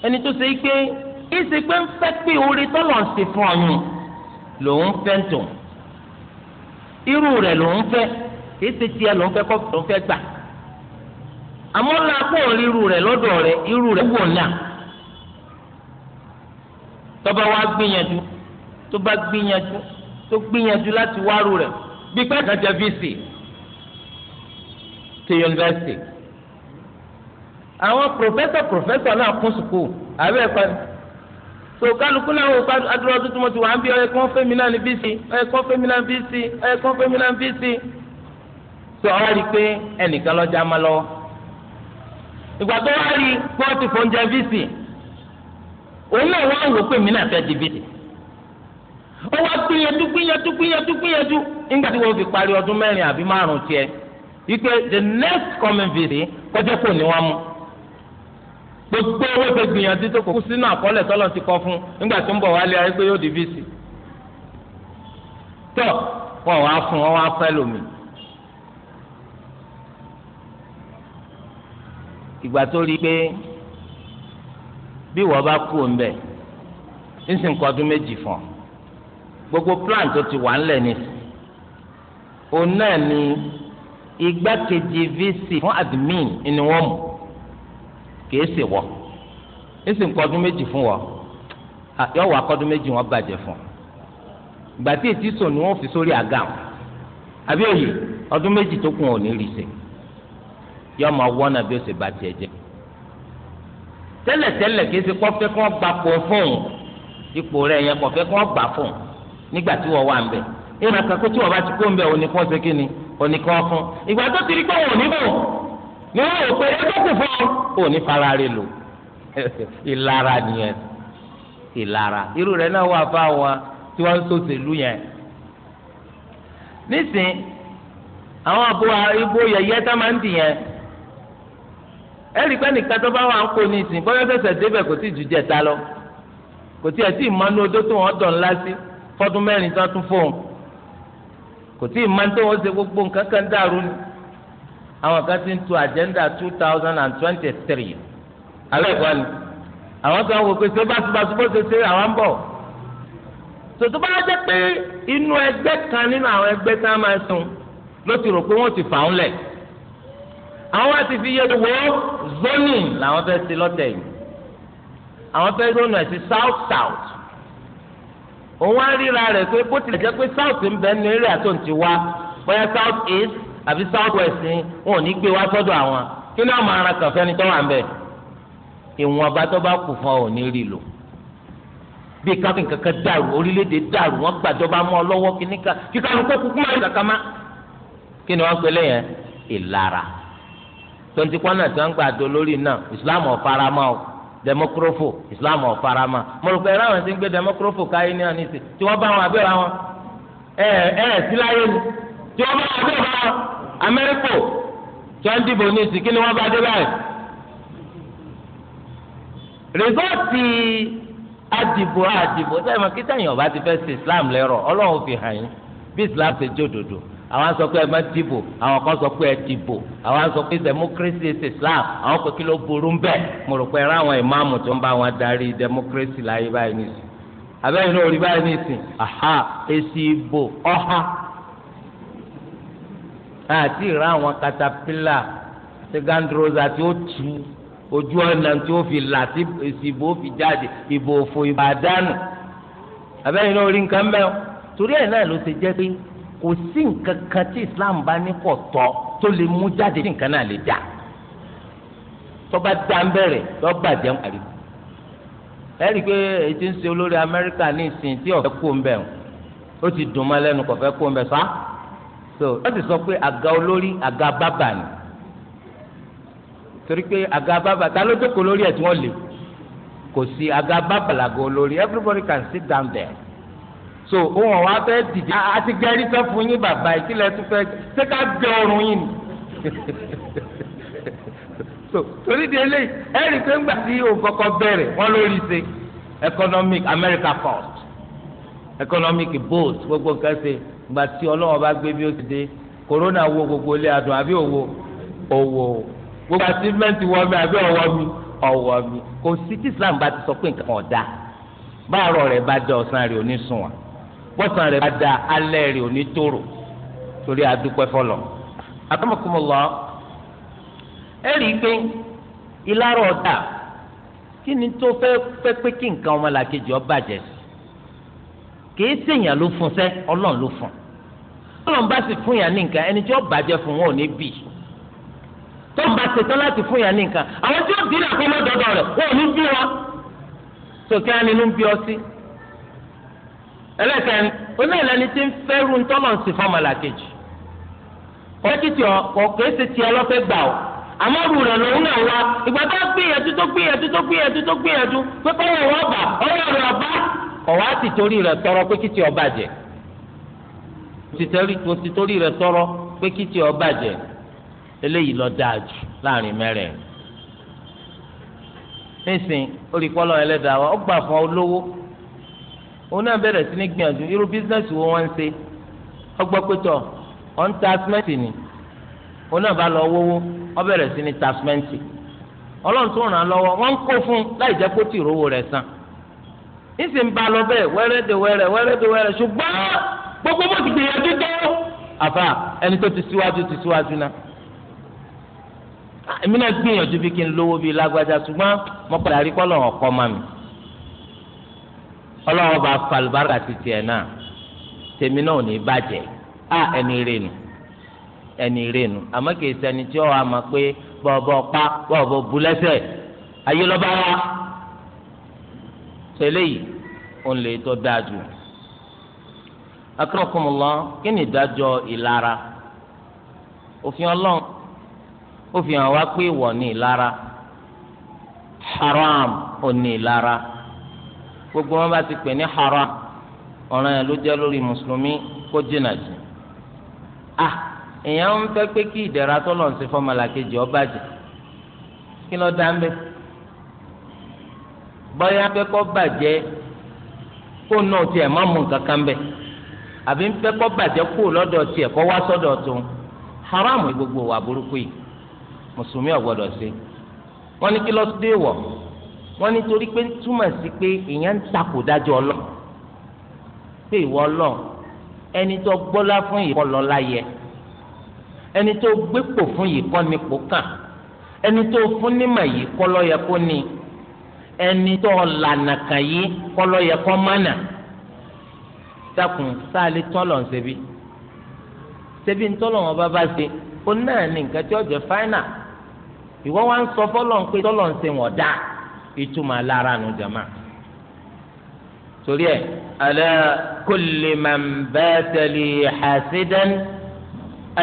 ẹni tó ṣe é pé ìsì pé ń fẹ́ pé orí tọ́lọ̀ ń ṣe fún ọyún lòun fẹ́ ń tàn irú rẹ̀ lòun fẹ́ ìsì tiẹ̀ lòun fẹ́ kọ́ lòun fẹ́ gbà àmọ́ ńlá kó orí irú rẹ̀ lọ́dọ̀ rẹ̀ irú rẹ̀ wò náà tọ́ba wa gbìyànjú tó bá gbìyànjú tó gbìyànjú láti wárú rẹ̀ bí pẹ́ kàn jẹ́ vc ti yunifásitì àwọn pòfẹ́sọ̀ pòfẹ́sọ̀ náà kún sùkúù àbẹ́ tó kálukú náà wò ká adúlọ tó túmọ̀ sí wà á bí ọyẹ kán fẹ́mi náà ní bí sí ọyẹ kán fẹ́mi náà bí sí ọyẹ kán fẹ́mi náà bí sí. sọ wá rí i pé ẹnìkan lọ́jà má lọ́wọ́ ìgbà tó wá rí pọ́ọ̀tì fọ́njà bí sí òun náà wá wò pé mi náà fẹ́ di bí ó wá gbìyànjú gbìyànjú gbìyànjú gbìyànjú nígbà tí wọ́n fi parí ọdún mẹ́rin àbí márùn-ún tiẹ̀ wípé the next coming visit kọjá kò ní wọ́n mú gbogbo owó ṣe gbìyànjú tó kó sínú àkọọ́lẹ̀ tọ́lọ́ ti kọ fún nígbà tó ń bọ̀ wálé ayé pé yóò di bíìsì tọ́ wọn wá fún wọn wá fẹ́ lómi. ìgbà tó rí i pé bí wọ́n bá kú ń bẹ̀ ń sì kọ́ ọdún méjì fún ọ gbogbo plan tó ti wà ńlẹ̀ ni òun náà ni igbákejì vc fún admin ni wọ́n mú kìí sì wọ ní sì ń kọ́ ọdún méjì fún wọ yọ wọ akọ́dún méjì wọn bàjẹ́ fún ìgbà tí ètí sùn ni wọ́n fi sórí àga wọn àbí òye ọdún méjì tó kù wọn ò ní rí ṣe yọ ọmọ wọ́n náà bí ó ṣe bá tiẹ̀ jẹ́ tẹ́lẹ̀tẹ́lẹ̀ kìí ṣe kọ́fẹ́ kọ́ gbà pọ̀ fún ipò rẹ̀ yẹn kọ́fẹ́ kọ́ gbà fún nígbà tí wọ́n wà ń bẹ̀ ìrìnàkà kó tí wọ́n bá ti kó ń bẹ̀ òní kọ́ ṣe kí ni òní kọ́ fún ìgbà tó ti rí pé òní bò ni wọn rò pé ẹgbẹ́ kò fún ọ ò ní fara rẹ lò ìlara nìyẹn ìlara irú rẹ náà wà fáwọn tí wọn ń sòṣèlú yẹn nísìn àwọn àbò ibo yẹyẹ tá máa ń dì yẹn ẹnìkan nìkan tó bá wà ń kó nísìn bọ́yọ́ sẹ̀sẹ̀ débẹ̀ kò tí ì ju jẹta lọ kò tí ì tí ì mọ́nú odó tó wọ́n dọ̀ ńlá sí fọ́dún mẹ́rin tó tún fóun kò tí ì mọ́nú tó wọ́n ṣe gbogbo nǹkan kan dàrú ni àwọn kan ti ń tu agenda two thousand and twenty three alẹ́ ìwà ni àwọn kan wò pé ṣé báṣubàṣu bó ṣe ṣe àwọn ń bọ̀ tòtò bá jẹ́ pé inú ẹgbẹ́ kan nínú àwọn ẹgbẹ́ tá a máa sùn ló ti rò pé wọ́n ti fà ń lẹ̀ àwọn àti fi yẹ wo zoni làwọn fẹ́ ṣe lọ́tẹ̀ yìí àwọn fẹ́ zoni ẹ̀ sí south south òun á ríra rẹ̀ pé bó tilẹ̀ jẹ́ pé south ń bẹ ní eré àtúntì wa bóyá south east àbí south west ni wọn ò ní gbé wá sọ́dọ̀ àwọn kí ni àwọn ará kàfẹ́ ni tọ́wà ń bẹ̀ ìwọ̀nba tó bá kù fún ọ ò ní rí lò bí kápẹ́ kankan dàrú orílẹ̀-èdè dàrú wọ́n gbàjọba mọ́ ọ lọ́wọ́ kí níka kí kálukú kó kúkú máa kàkà má kí ni wọ́n pe lẹ́yìn ìlara tonti kwana tí wọ́n gbà do lórí náà Islam ọ̀farama o democrofo Islam ọ̀farama mo rò pé ẹ̀rọ àwọn ń gbé democrofo káyé ní àníṣe tí wọ́n bá wọn àbẹ́rẹ́ àwọn ẹ̀ẹ́ ẹ̀ẹ́ síláyé ni tí wọ́n bá wà bí ọba amẹ́ríkò tí wọ́n dìbò ní ìsìnkí ni wọ́n bá dé báyìí. rìsọ́ọ̀tì àdìbò àdìbò sẹ́yìn mọ́ kí sẹ́yìn ọba ti fẹ́ ṣe Islam lẹ́rọ̀ Ọlọ́run fi hàn yín bí Islam ṣe jó dòdò àwọn sọ pé ẹ má dìbò àwọn kan sọ pé ẹ dìbò àwọn sọ pé democracy is Islam àwọn kò kí ló burú ń bẹ̀ mo rò pé ẹ ráwọn ìmáàmù tó ń bá wọn darí democracy láyé báyìí nìsín abẹ́yìn náà rí báyìí nìsín aha èsì ìbò ọ̀ha àti ìrà àwọn katapila ti gandrosa tí ó tu ojú ọ̀nà tí ó fi là tí ìsìbò fi jáde ìbò òfò ìbò àdánù abẹ́yìn náà orí nǹkan mẹ́wọ́ torí ẹ̀ náà ló ti jẹ́ pé kò sí nǹkan kan tí Islam bá ní kò tọ́ tó lè mú jáde tí nǹkan náà lè dà tọ́ba dá ń bẹ̀rẹ̀ lọ́ọ́ bàjẹ́ ń parí ẹ rí i pé èyí ti ń ṣe olórí Amẹ́ríkà ní ìsìn tí ọ̀fẹ́ kó ń bẹ̀ ó ti dùn mọ́ lẹ́nu kọ̀fẹ́ kó ń bẹ̀ sá so wọ́n ti sọ pé àga olórí àga bábà ni torí pé àga bábà ta ló jókòó lórí ẹ̀ tí wọ́n lè kò sí àga bábà làgọ́ olórí everybody can sit down there so òun ọ̀wá fẹ́ dìde àti gẹ́rí fẹ́ fún yín bàbá ìkílẹ̀ tún fẹ́ ṣé ká bẹ ọrùn yín ni so torí di eléyìí ẹ rí i pé ńgbà tí òun kọ́kọ́ bẹ̀rẹ̀ wọ́n lórí ṣe economic America first economic bold gbogbo nǹkan ṣe ìgbà tí ọlọ́wọ́ bá gbé bí ó ti dé kòrónà wo gbogbo ilé adùn àbí òwò òwò gbogbo àtìmẹ́ǹtì wọ mi àbí ọwọ́ mi ọwọ́ mi kò sí tí Islam bá ti sọ pé nǹkan ọ̀dà báàrọ̀ rẹ̀ bá da ọ̀sán rẹ̀ òní sùn wọn bọ́sán rẹ̀ bá da alẹ́ rẹ̀ òní tòrò torí adúpẹ́ fọlọ́ àtọmọkùnmọ́lọ́ ẹ rí i pé ìlàrọ̀ ọ̀dà kí ni tó fẹ́ fẹ́ pé kí nǹkan ọmọlàkejì ọ bàjẹ́ sí kì í ṣèyàn ló fún sẹ́ ọlọ́run ló fún un tọ́lọ́n bá sì fún yàn ní nǹkan ẹni tí ó bàjẹ́ fún wọn ò ní bì tọ́lọ́n bá ṣetán láti fún yàn ní nǹkan àwọn tí dín ọ sí. ẹlẹ́kẹ̀rin onílẹ̀ni ti ń fẹ́rù tọ́lọ́n sì fún ọmọlàkejì kọ́kítì ọ̀ kèése tiẹ̀ lọ́fẹ́ gbà ọ́ àmọ́ náà wá ìgbà tó gbìyànjú tó gbìyànjú gbìyànjú tó gbìyànjú pé kọ́wọ́ tìtorí rẹ̀ tọrọ pé kí tí ọ bàjẹ́ eléyìí lọ dáa jù láàrin mẹ́rẹ̀ẹ̀rin nísìn olùkọ́lọ́ ẹlẹ́dàá wa ó gbà fún olówó òun náà bẹ̀rẹ̀ sí ní gbìyànjú irú bísíǹsì wo wọ́n ń ṣe ọgbọ́ pẹ̀tọ̀ ọ̀ ń ta simẹ́ǹtì ni òun náà bá lọ wówó ọ bẹ̀rẹ̀ sí ní ta simẹ́ǹtì ọlọ́run tó ràn án lọ́wọ́ wọ́n ń kó fún láì jẹ́ kó tì rówó rẹ̀ san nísìn bá lọ bẹ́ẹ̀ wẹ́rẹ́ de ṣùgbọ́n gbogbo bó ti gbìyànjú tó àfa ẹni tó ti síwájú ti síwájú náà èmi náà gbìyànjú bí kí n lówó bíi lágbájá ṣùgbọ́n mo padà rí kọ́ lọ́wọ́ ọkọ mọ́ mi ọlọ́wọ́ bá falùbárà ti tiẹ̀ náà tèmi náà ò ní bàjẹ́ á ẹni rèénu ẹni rèénu àmọ́ kìí ṣẹni tí ó wà máa pé bọ́ọ̀bọ́ pa bọ́ọ̀bọ́ bu lẹ́sẹ̀ ayé tẹ́lẹ̀ yìí òun lè tó dáa jù akérèkọmọlọ kí ni ìdájọ́ ìlara òfin Ọlọ́run ó fi hàn wá pé ìwọ ni ìlara haram ò ní ìlara gbogbo wọn bá ti pè ní haram ọ̀ràn yẹn ló jẹ́ lórí mùsùlùmí kó jìnnà jù ah èèyàn ń fẹ́ pé kí ìdẹ̀ra tọ́lọ̀ ń ṣe fọ́mọlàkejì ó bàjẹ́ kí ló dá ń bẹ bọ́yá pé kó bàjẹ́ kó náà tiẹ̀ má mú nǹkan kan bẹ́ẹ̀ àbí ń fẹ́ kọ́ bàjẹ́ kú lọ́dọ̀ tiẹ̀ kọ́ wá sọ́dọ̀ tó haram ni gbogbo wà burúkú yìí mùsùlùmí ò gbọdọ̀ ṣe wọ́n ní kí lọ́sí dé wọ̀ wọ́n ní torí pé túmọ̀ sí pé èèyàn ń takò dájọ́ ọlọ́ pé ìwọ ọlọ́ ẹni tó gbọ́lá fún yìí kọ́ lọ́lá yẹ ẹni tó gbépò fún yìí kọ́ nípò kàn ẹni tó fún nímọ̀ yìí kọ́ lọ́yẹ kó ní ẹni tó lànà kàn yìí kọ́ lọ́yẹ kọ́ mánà dákun sáàlì tọ́lọ̀ ń ṣebí ṣebí ń tọ́lọ̀ wọn bá bá ṣe ó náà ní nǹkan tí ó jẹ́ fáínà ìwọ wá ń sọ fọlọ́ ń pé tọ́lọ̀ ń ṣe wọ́n dá ìtumọ̀ alára nu jama torí ẹ ala kulli man bata li hasidan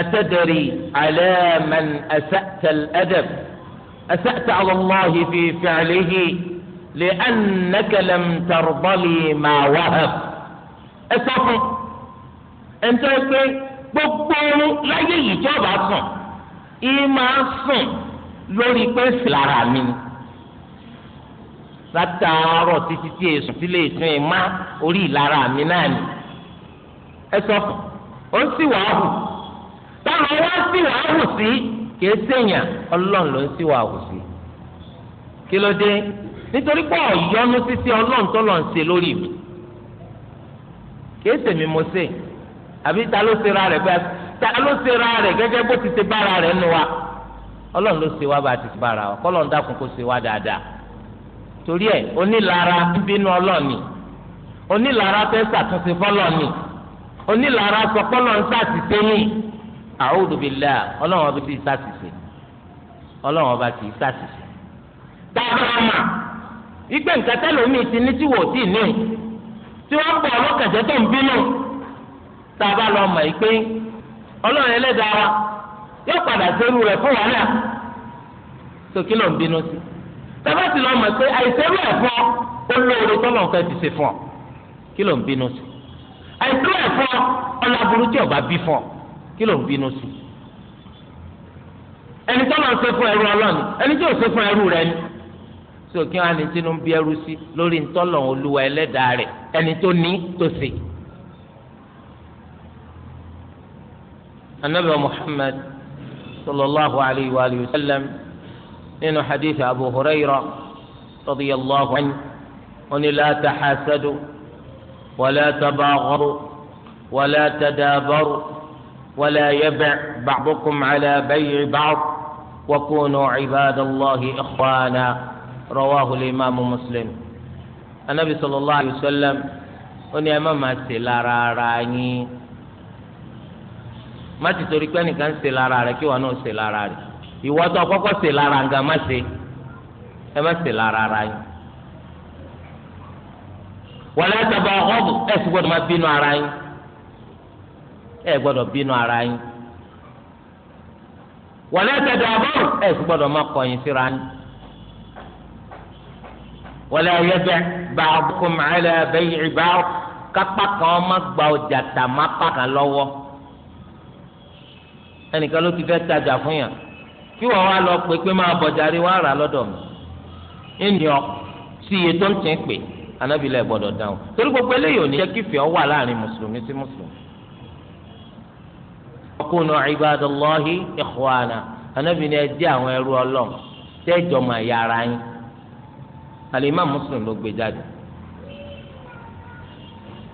atadari ala man asa'ta al-adab asa'ta ala Allahi fi fi'lihi li'annaka lam tarḍa ẹ sọ fún ẹ ń tẹ́ pé gbogbo oorun láyé yìí tí ọba sùn yìí máa ń sùn lórí pé fìlára mi ni látàárọ̀ títí tí èsùn tí lè sùn ẹ̀ má orí ìlara mi náà ni ẹ sọ fún ó sì wàá hù táwọn wá sì wàá hù sí kìí sèyàn ọlọ́run ló ń sì wàá hù sí kí ló dé nítorí pé ọ̀yọ́nu títí ọlọ́run tó lọ́n ṣe lórí mi kìí sèmi mo sè àbí ta ló ṣe ra rẹ̀ bẹ́ẹ̀ ta ló ṣe ra rẹ̀ gẹ́gẹ́ bó ti ṣe bára rẹ̀ nu wa ọlọ́run ló ṣe wá bá a ti bára wa kọ́lọ́run dákun kó ṣe wá dáadáa torí ẹ̀ onílara ń bínú ọlọ́ọ̀ni onílara fẹ́ ṣàtúnṣe fọlọ́ọ̀ni onílara sọ kọ́lọ́run ṣàtìṣe ní a'udhu billah ọba ti ṣàtìṣe ọlọ́run ọba ti ṣàtìṣe. dábàá mà ìgbẹ́ nǹkan tẹ́lẹ̀ omi ti ní tí wò ó tì ní tí wọ́n bọ̀ ọlọ́kàjẹ́ tó ń bínú tá a bá lọ mọ̀ yìí pé ọlọ́run ẹlẹ́dàá wa yóò padà sẹ́rù rẹ̀ fún wàhálà sókè ló ń bínú sí tẹ́fẹ́ sì lọ mọ̀ pé àìsẹ́rù ẹ̀ fún ọ olóore tọ́lọ̀ fẹ́ ti ṣe fún ọ kí ló ń bínú sí àìsẹ́rù ẹ̀ fún ọ ọlọ́burú tí ọba bí fún ọ kí ló ń bínú sí ẹni tọ́lọ̀ ń ṣe fún ẹrú ọlọ́ni ẹni tí ò ṣe fún ẹrú rẹ ni tó kí wọn á ní tínú bí ẹrú sí lórí ntọ́lọ̀ olúwa ẹlẹ́dàá rẹ̀ ẹni tó ní tó sì. anabi muhammad sallallahu alayhi wa sallam nínú hadith abu hurayra radiyallahu anhu oní la taxasadu wala tabaagaru wala tadaabaru wala yabac bacdukum cala bayci bacd wakunu cibaad allahi ikhwaana. rawahu al-imamu muslim anabi sallallahu alayhi wa ó ní ẹ má máa ṣe lára ara yín má ti torí pé ẹnìkan ṣe lára rẹ kí wọn náà ṣe lára rẹ kọ́kọ́ ṣe lára nǹkan má ṣe ẹ má ara yín wọlé ẹsẹ̀bọ̀ ọ̀bù ẹ̀sìn gbọ́dọ̀ má bínú ara yín ẹ̀ gbọ́dọ̀ bínú ara yín wọlé ẹsẹ̀dọ̀ ọ̀bù ẹ̀sìn gbọ́dọ̀ síra yín. wala yẹ́dẹ́ ba'dukum ala bay'i ba'd kápá kan má gba ọjà tà má pa kan lọ́wọ́ ẹnìkan ló ti fẹ́ tajà fún yàn kí wọ́n wá lọ pé pé máa bọ̀jà rí wọ́n rà lọ́dọ̀ mi ènìyàn sí iye tó ń tẹ̀ pé anábìlẹ̀ gbọ́dọ̀ dáhùn torí gbogbo eléyìí ò ní jẹ́ kí ìfẹ́ wà láàrin mùsùlùmí sí mùsùlùmí. ọkùnrin ibadallahi ikhwana anábìlẹ̀ jẹ́ àwọn ẹrú ọlọ́run tẹ́jọ́ máa yára yín àlèmá Muslim ló gbé jáde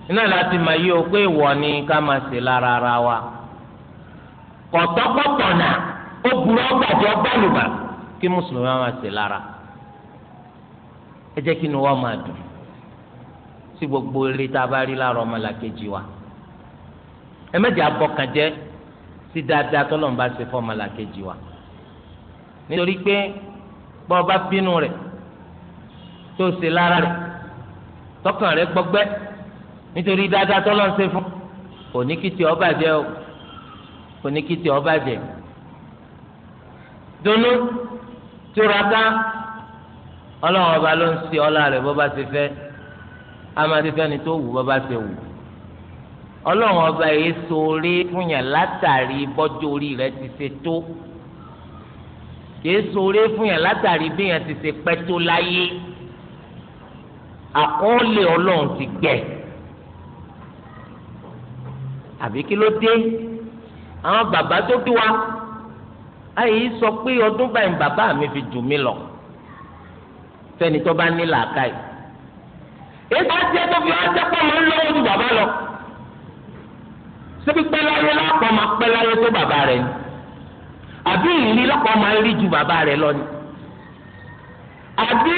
iná láti máa yí o pé ìwọ ni ká máa ṣe lára ara wa kọ̀tọ́kọ̀tọ̀ náà ó burú ọgbàjọ́ bálùbà kí mùsùlùmí máa ṣe lára ẹ jẹ́ kí ni wọ́n máa dùn sí gbogbo eré tá a bá rí lára ọmọlàkejì wa ẹ mẹ́jẹ̀ abọ́kànjẹ́ sí dáadáa tọ́lọ́mùbá ṣe fọ́ ọmọlàkejì wa nítorí pé bọ́ọ̀ bá bínú rẹ̀ tó ṣe lára rẹ̀ tọkàn rẹ̀ gbọgbẹ́ nítorí dáadáa tó lọ́n ṣe fún kò ní kí tiọ́ bàjẹ́ o kò ní kí tiọ́ bàjẹ́ dunu túraká ọlọ́run ọba ló ń ṣe ọlá rẹ̀ bó bá ṣe fẹ́ amadifẹ́ ni tó wù bó bá wù ọlọ́run ọba yìí sóore fún yàn látàrí bọ́jú orí rẹ̀ ti ṣe tó yìí sóore fún yàn látàrí bí yàn ti ṣe pẹ́ tó láyé àkọọ́lẹ̀ ọlọ́run ti gbẹ àbí kí ló dé àwọn bàbá tó bí wa àyè sọ pé ọdún báyìí bàbá mi fi jù mí lọ fẹ́ni tó bá ní làákàyè èyí tó jẹ́ tó fi wá jẹ́ pé òun lọ́wọ́ ju bàbá lọ ṣebí pẹ́láyé lọ́pọ̀ máa pẹ́láyé tó bàbá rẹ̀ ni àbí ìrí lọ́pọ̀ máa rí ju bàbá rẹ̀ lọ ni àbí.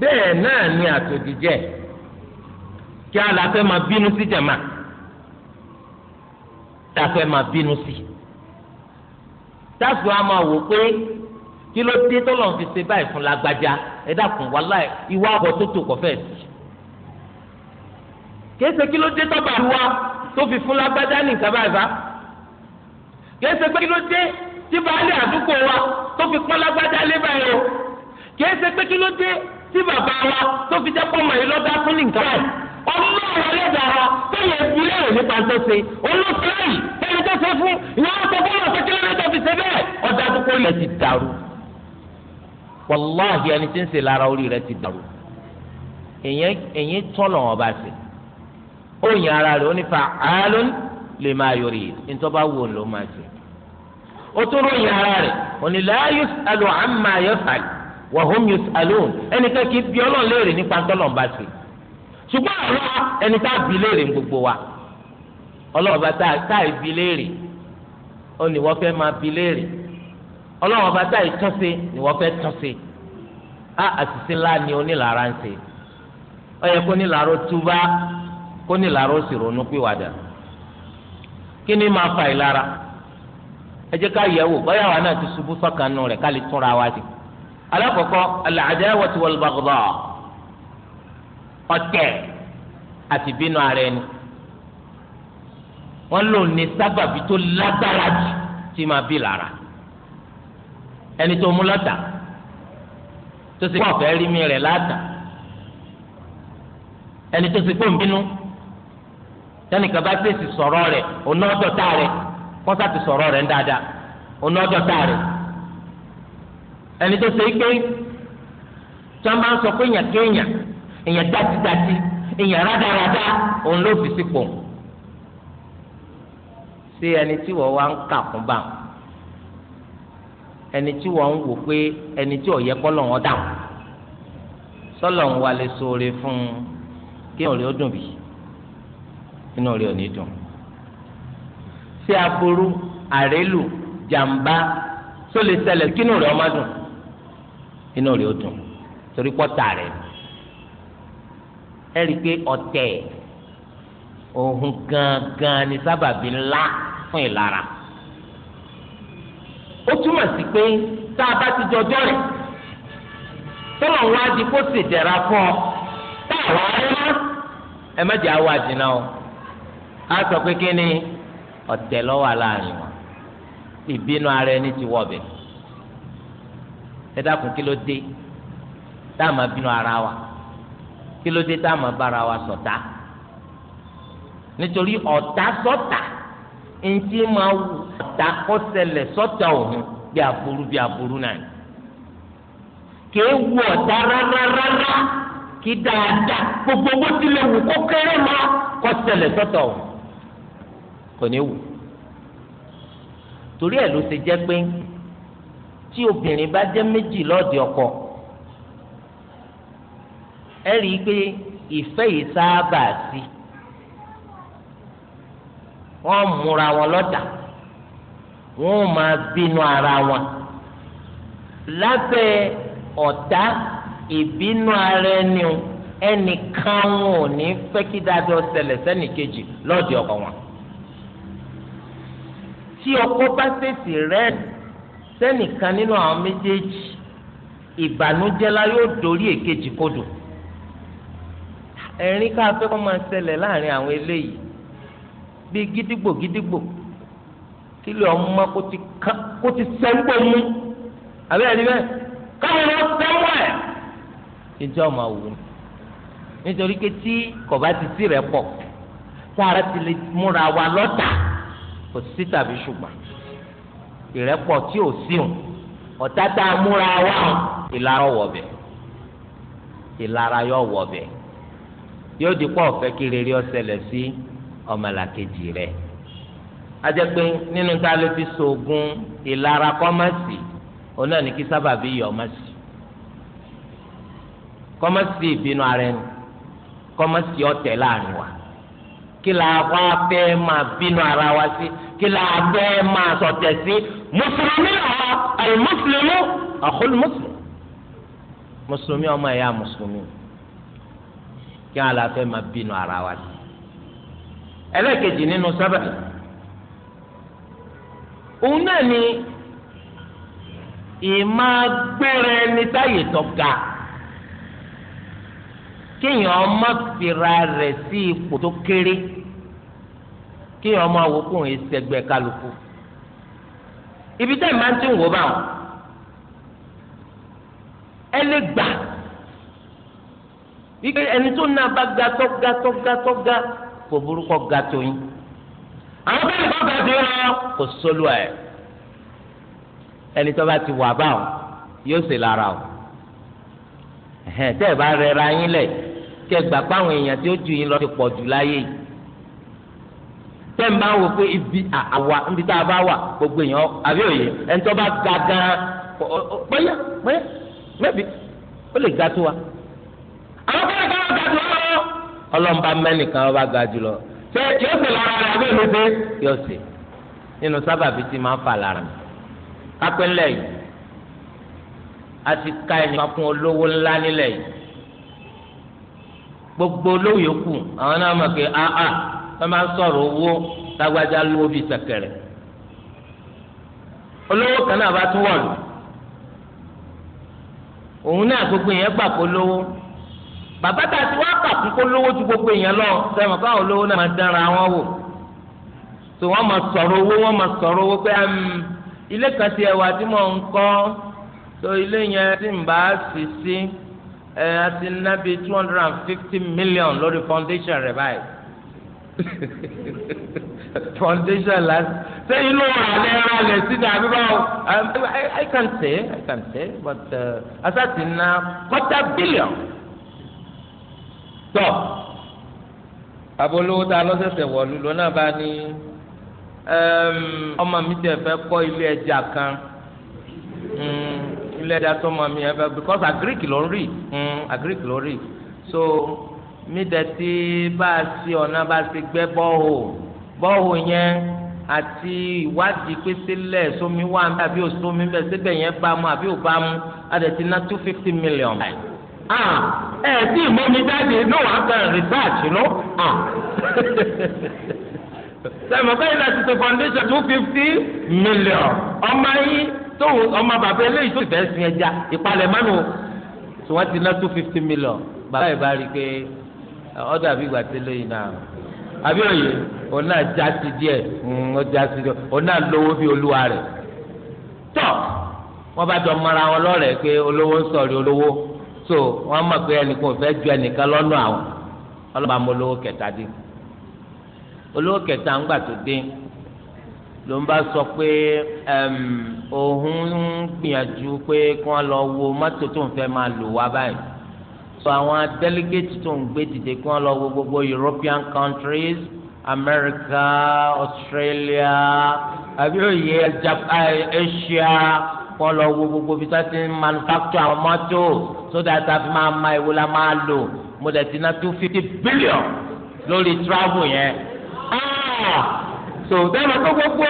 bẹ́ẹ̀ náà ni àtòjì jẹ́ kí aláfẹ́ máa bínú sí jàmá táfẹ́ máa bínú sí táfẹ́ á máa wò pé kí ló dé tó lọ́n fi ṣe báyìí fún lágbájá ẹ dákun wàláì ìwà ọ̀bọ̀ tó tò kọ́ fẹ́ sí kìí ṣe kí ló dé tọ́ba wa tó fi fún lágbájá ní nǹkan báyìí fa pé kí ló dé tí baálé àdúgbò wa tó fi pọ́n lágbájá lé báyìí o kìí pé kí ló dé tí bàbá wa tó fi jẹ́ pọ́nmọ̀ yìí lọ́dá fún ní nǹkan báyìí ọlọ́run ọlọ́dà wa tó yẹ fi léèrè nípa tó ṣe olóṣèlú yìí tẹ́lẹ̀ tó ṣe fún ìyá wọn sọ fún ọ̀sẹ̀ kílódé tó fi ṣe bẹ́ẹ̀ ọ̀dà àdúgbò rẹ̀ ti dàrú wàláhì ẹni tí ń ṣe lára orí rẹ̀ ti dàrú èyí tọ́lọ̀ wọn ṣe ó yin ara rẹ̀ ó ní àálọ́ lè máa yọrí ntọ́ba wo ló máa ṣe wọ hum alone ẹnìkan kì í bí ọlọ́run léèrè nípa ntọ́lọ́run bá ṣùgbọ́n àwọn ẹni tá a bí léèrè gbogbo wa ọlọ́run bá tá a bí léèrè ó ní wọ́n fẹ́ máa bí léèrè a tún wọ́n fẹ́ á àṣìṣe ńlá ni onílàra ń ṣe ó yẹ kó nílàra ó kó fa ìlara ẹ jẹ́ ká wò náà ti ṣubú sọ́kànnù rẹ̀ ká lè túnra alákọ̀ọ́kọ́ al-adawatu wal-baghdha ọ̀tẹ̀ àti bínú ara ẹni wọ́n lò ní sábàbí tó lágbára jù tí máa bí lára ẹni tó mú lọ́tà tó ṣe kọ́ ọ̀fẹ́ rí mi rẹ̀ láta ẹni tó ṣe kó ń bínú bá tẹ̀sí sọ̀rọ̀ rẹ̀ ọ̀nà ọ̀dọ̀ta rẹ̀ kọ́sàtì sọ̀rọ̀ rẹ̀ ń dáadáa ọ̀nà ọ̀dọ̀ta rẹ̀ ẹni tó ṣe é pé tí wọn bá ń sọ pé èèyàn kéèyàn èèyàn dátidàti èèyàn rádaràdá òun ló fi sípò ṣé ẹni tí wọ́n wá ń kà fún bá ẹni tí wọ́n ń wò pé ẹni tí ò yẹ kọ́ lọ́wọ́ dáhùn sọlọ ń wálé sóore fún un kí ọ̀rẹ́ ó dùn bí inú ọ̀rẹ́ ò ní dùn ṣé aburú àrélù jàmbá sólè ṣẹlẹ̀ kí inú ọ̀rẹ́ ọmọ dùn inú rẹ̀ ó dùn torí pọ́tà rẹ̀ ẹ rí i pé ọ̀tẹ̀ ohun gangan ni sábàbí ńlá fún ìlara ó túmọ̀ sí pé tá a bá ti jọjọ́ rẹ̀ tọ́lọ̀ wá di kó sì dẹ̀ra fún ọ tá a wá rí mọ́ ẹ má jẹ́ àwọn àdìnnà o á sọ pé kí ni ọ̀tẹ̀ lọ́wọ́ aláàrin wọn ìbínú ara ẹni ti wọ̀ bẹ́ẹ̀. ẹ dákun kí ló dé tá a máa bínú ara wa kí ló dé tá a máa bára wa ṣọ̀tá nítorí ọ̀tá sọ̀tá ntí máa wù ọ̀tá kọ́sẹ̀lẹ̀ sọ̀tá òun bí aburú bí aburú náà kèé wù ọ̀tá rárárárá kí dáadáa gbogbo bó tilẹ̀ wù kó kéré ma kọ́sẹ̀lẹ̀ sọ̀tá òun kò ní wù torí ẹ̀ ló ṣe jẹ́ pé tí obìnrin bá jẹ́ méjì lọ́ọ̀dì ọkọ ẹ rí i pé ìfẹ́ yìí sábà sí wọ́n múra wọn lọ́tà wọ́n máa bínú ara wọn lábẹ́ ọ̀tá ìbínú ara ẹni o ẹnìkan wọn ò ní fẹ́ kí dáadọ́ ṣẹlẹ̀ sẹ́nìkejì lọ́ọ̀dì ọkọ wọn tí ọkọ bá ṣèṣì rẹ́ẹ̀dì sẹ́nìkan nínú àwọn méjèèjì ìbànújẹ́ la yóò dorí èkejì kodò ẹ̀rín ká fẹ́ kó máa ṣẹlẹ̀ láàrin àwọn eléyìí bíi gídígbò gídígbò kí lè ọmọ kó ti ká kó ti sẹ́ńgbò mú àbí ẹni bẹ́ẹ̀ káwọn ló sẹ́wọ̀ ẹ̀ ìjọ ọmọ wù ní nítorí pé tí kọ̀bá ti sí rẹ̀ pọ̀ tá ti lè múra wa lọ́tà kò sí tàbí ṣùgbọ́n ìrẹ́pọ̀ tí ò síhùn ọ̀tá tá a múra wá ìlara wọ̀bẹ̀ ìlara yọ wọ̀bẹ̀ yóò di pọ̀ ọ̀fẹ́ kí rere ọ̀sẹ̀lẹ̀ sí ọmọlàkejì rẹ̀ ajẹ́pẹ́ nínú tá a lè fi sògùn ìlara kọ́mọ̀sì òun náà ní kí sábàbí yọ ọmọsì kọ́mọ̀sì ìbínú ara ẹni kọ́mọ̀sì ọ̀tẹ̀ láàrin wa kí la wá fẹ́ máa bínú ara wa sí kí la fẹ́ máa sọ̀tẹ̀ sí mùsùlùmí àwọn àlùmùsùlùmí àkọlù mùsùlùmí mùsùlùmí ọmọ ẹ̀yà mùsùlùmí kí wọn àlàáfẹ́ máa bínú ara wa sí. ẹlẹ́ẹ̀kejì nínú sábà òun náà ni ìmágbére ẹni táyè tó ga kéèyàn ọmọ fira rẹ̀ sí ipò tó kéré kéèyàn ọmọ àwòkù ẹ̀sẹ̀gbẹ́ kálukú ibi tẹ́ ẹ̀ máa ń ti ń wò bá wọn ẹ lè gbà wípé ẹni tó náà bá ga tó ga tó ga tó ga kò burúkọ ga tó yín àwọn bẹ́ẹ̀ kọ́ ga tó yín lọ kò sólù ẹ̀ ẹni tó bá ti wà bá yóò ṣe lára o tẹ́ ẹ bá rẹra yín lẹ̀ kí ẹ gbà pé èèyàn tí ó ju yín lọ ti pọ̀ jù láyé yìí tẹ́ǹbà wò pé ibi àwa níbi tá a bá wà gbogbo èèyàn àbí òye ẹni tó bá ga gan pẹ́yà pẹ́yà mẹ́bi ó lè ga tó wa. àwọn kọ́lá kan wọ́n ga jù lọ. ọlọ́mba mẹ́nìkan wọ́n bá ga jù lọ. ṣé yóò ṣe lára rẹ̀ àbí èmi ṣe yóò ṣe nínú sábàbí tí máa ń fà lára mi. kápẹ́ ńlẹ̀ yìí a ti ka ẹnìkan fún olówó ńlá nílẹ̀ yìí gbogbo olówó yòókù àwọn náà mọ̀ pé áá wọn máa ń sọ̀rọ̀ owó lágbájá lówó bíi sẹ̀kẹ̀rẹ̀ olówó kan náà bá tún wọ̀lú òun náà gbogbo èèyàn gbà kó lówó bàbá tá a ti wá kà fún kó lówó ju gbogbo èèyàn lọ sẹ́mi káwọn olówó náà máa dára wọn wò tó wọ́n máa sọ̀rọ̀ owó wọ́n máa sọ̀rọ̀ owó pé ilé kan ti ẹwà tí mò ń kọ́ tó ilé yẹn tí n bá sì sí ẹ àti nábì two hundred and fifty million lórí foundation rẹ̀ báyìí foundation last sẹ́yìn ló wà lẹ́ra lẹ̀ sí ní àbíbáwò I can say I can say but uh, asati na quarter billion tọ́ abolówó ta lọ́sẹ̀sẹ̀ wọ̀lú lọ́nà bá ní um, ọmọ mi tẹ̀ fẹ́ kọ́ ilé ẹja kan hmm, ilé ẹja tó mọ̀ mi ẹ fẹ́ because agric ló ń rí hmm, agric ló ń rí so mídẹ̀tí bá a ṣe ọ̀nà bá a ṣe gbẹ́ bọ́ọ̀hù bọ́ọ̀hù yẹn àti ìwádìí pé sílẹ̀ sómi wà ń bẹ àbí òsómi bẹ síbẹ̀ yẹn bá mu àbí ò bá mu adẹ̀tí ná two fifty million. ẹ ẹ tí ìmọ̀ mi jáde ló wà á bẹ̀rẹ̀ research ló hàn. sẹ́mi ọ̀gá yìí láti ṣe foundation two fifty million ọmọ yìí tó ọmọ bàbá eléyìí tó fẹ́ sin ẹja ìpalẹ̀ mánu tí wọ́n ti ná two fifty million bàbá ìbá ọ̀dọ̀ àbí ìgbà tẹ́lẹ̀ yìí náà àbí òye na náà já sí díẹ̀ ó lówó olúwa rẹ̀ wọ́n bá jọ mara wọn lọ́rẹ̀ẹ́ pé olówó ń sọ̀rí olówó so wọ́n mọ̀ pé ẹnìkan ò fẹ́ ju ẹnìkan lọ́nà àwọn ọlọ́ba mọ olówó kẹta dé olówó kẹta ń gbà tó dé sọ pé òun ń gbìyànjú pé kí wọ́n lọ wo mọ́tò tó ń fẹ́ máa lò so àwọn delegate tó ń gbé dìde kí wọ́n lọ wo gbogbo European countries America Australia àbí òye Asia kọ́ lọ wo gbogbo bí wọ́n ti ń manufacture àwọn mọ́tò so that a fi máa ma ìwo la máa lò mo dẹ̀ ti ná two fifty billion lórí travel yẹn. Ah! so bẹ́ẹ̀ lọ́kọ́ gbogbo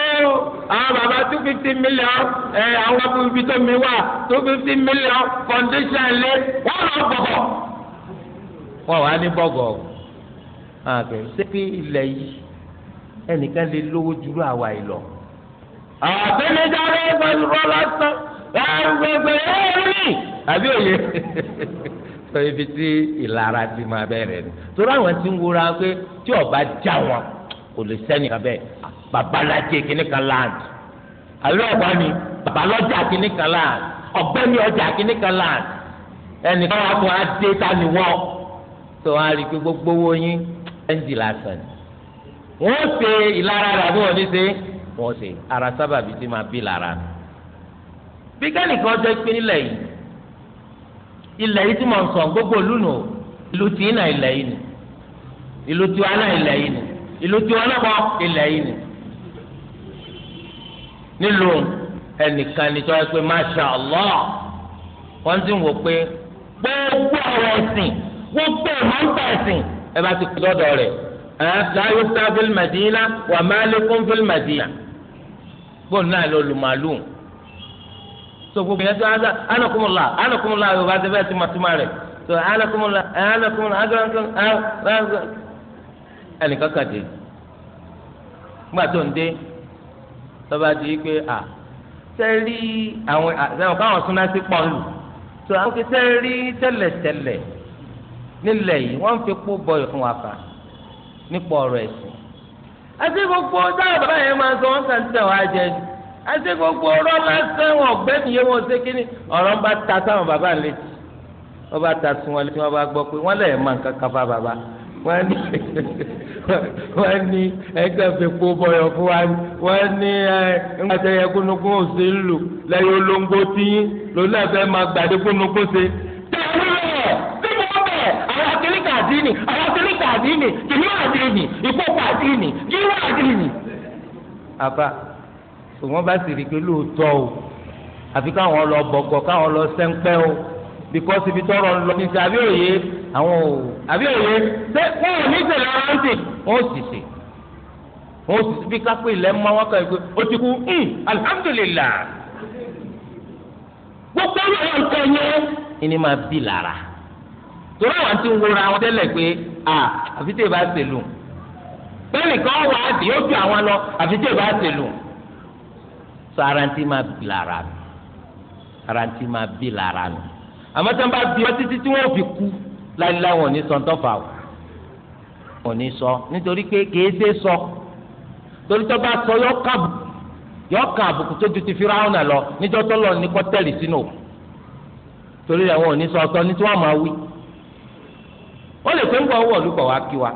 àwọn bàbá two fifty million ẹ àwọn ibi tó mi wà two fifty million foundation lé wọ́n lọ bọ̀bọ̀. wọ́n wá ní bọ́gọ̀ àgbẹ̀ ṣé kí ilẹ̀ yìí ẹnìkan lè lówó jùlọ àwa ìlọ. àbẹ̀mẹjáde gbọ́dọ̀ lásán gbẹgbẹgbẹ ẹ̀rí àbí òye sọ ibi tí ìlara ti máa bẹ̀rẹ̀ ni torí àwọn tí ń wúra pé tí ọba já wọn kò lè sẹ́ni abẹ́ babalájẹ kìíní kan láàánú àlọ́ ọ̀gbá ni babalọ́jà kìíní kan láàánú ọ̀gbẹ́ni ọjà kìíní kan láàánú ẹnìkan wà fún adé ta ni wọ́n tó wá rí i pé gbogbo owó yín ẹ̀ǹdì lásán ni wọ́n ṣe ìlara rẹ̀ àbí wọ́n ní ṣe wọ́n ṣe ara sábà bíi ti máa bí lára bí kẹ́nìkan jẹ́ pé nílẹ̀ yìí ilẹ̀ yìí tí mo sọ gbogbo ìlú ìlú tìǹà ilẹ̀ ìlú tí wọn lọ́kọ́ ilẹ̀ yìí ni nílùú ẹnìkan ni tí wọn pe masha allah wọn ti ń wò pé gbogbo ọ̀rọ̀ ẹ̀sìn gbogbo ìmọ̀ǹtà ẹ̀sìn ẹ bá ti kú lọ́dọ̀ rẹ̀ ẹ láyé sáfìlì mẹ̀dínà wà má lékún fìlì mẹ̀dínà gbọ́n náà lọ lùmàlù so gbogbo yẹn tó ánà anakumula anakumula yorùbá ti fẹ́ẹ́ ti mọ̀túmọ̀ rẹ̀ so anakumula anakumula anakumula ẹnìkan kan dé nígbà tó ń dé lọ́ba di pé à sẹ́rí àwọn àwọn káwọn súná sí pọ̀ lù tó àwọn kí sẹ́rí tẹ́lẹ̀tẹ́lẹ̀ nílẹ̀ yìí wọ́n ń fi kó bọ̀yọ̀ fún wa fà nípa ọ̀rọ̀ ẹ̀sìn. àti gbogbo táwọn bàbá yẹn máa sọ wọn kàn tẹ̀ wá jẹ àti gbogbo ọ̀rọ̀ lásán wọn ọ̀gbẹ́ni yẹn wọn ṣe kíni ọ̀rọ̀ ń bá ta sáwọn bàbá létí wọ́n bá ta sun wọn létí wọ́n bá gbọ́ pé wọ́n lẹ̀ máa ń kankan fa bàbá wọ́n ní ẹgbẹ́ fipó bọ̀yọ̀ fún wa wọ́n ní ẹ ńgbàtẹ́ yẹ kúnukún òsè ń lù lẹ́yìn olóńgbò tíyín lòun náà fẹ́ máa gbàdé kúnukún ṣe. àwọn akérèkà àdínì àwọn akérèkà àdínì kìnìún àdínì ìkókò àdínì kìnìún àdínì. àbá ṣùgbọ́n bá sì rí i pé lóòótọ́ o àfi káwọn lọ bọ̀gọ̀ káwọn lọ sẹ́ńpẹ́ o because ibi tọrọ ń lọ ní sẹ àbí òye àwọn ò àbí òye ṣé wọn ò ní tẹ́lẹ̀ ara ń tì wọn ò sì tì wọn ò sì tì bí kápẹ́ ilẹ̀ mọ́ wọn kàn pé ó ti kú hmm, alhamdulillah gbogbo àwọn nǹkan yẹn ìní máa bì lára torí àwọn tí ń wora wọn tẹ́lẹ̀ pé a àfi tẹ́ bá ṣe lù bẹ́ẹ̀ni kan wà á dì yóò ju àwọn lọ àfi tẹ́ bá ṣe lù sọ ara ti máa bì lára ara ti máa bì lára nù àmọ́ tí wọ́n bá bí wọn títí tí wọ́n fi kú láìláì wọn ò ní sọ ń tọ́fà o ò ní sọ nítorí pé kìí dé sọ torí tó bá sọ yọ ká yọ ká àbùkù tó ju ti Fíráúnà lọ níjọ́ tó lọ ní kọ́tẹ́lì sínú torí rẹ̀ wọn ò ní sọ ọ̀tọ̀ ní tí wọ́n máa wí wọ́n lè pé ń gbọ́ owó ọ̀lùkọ̀ wá kí wa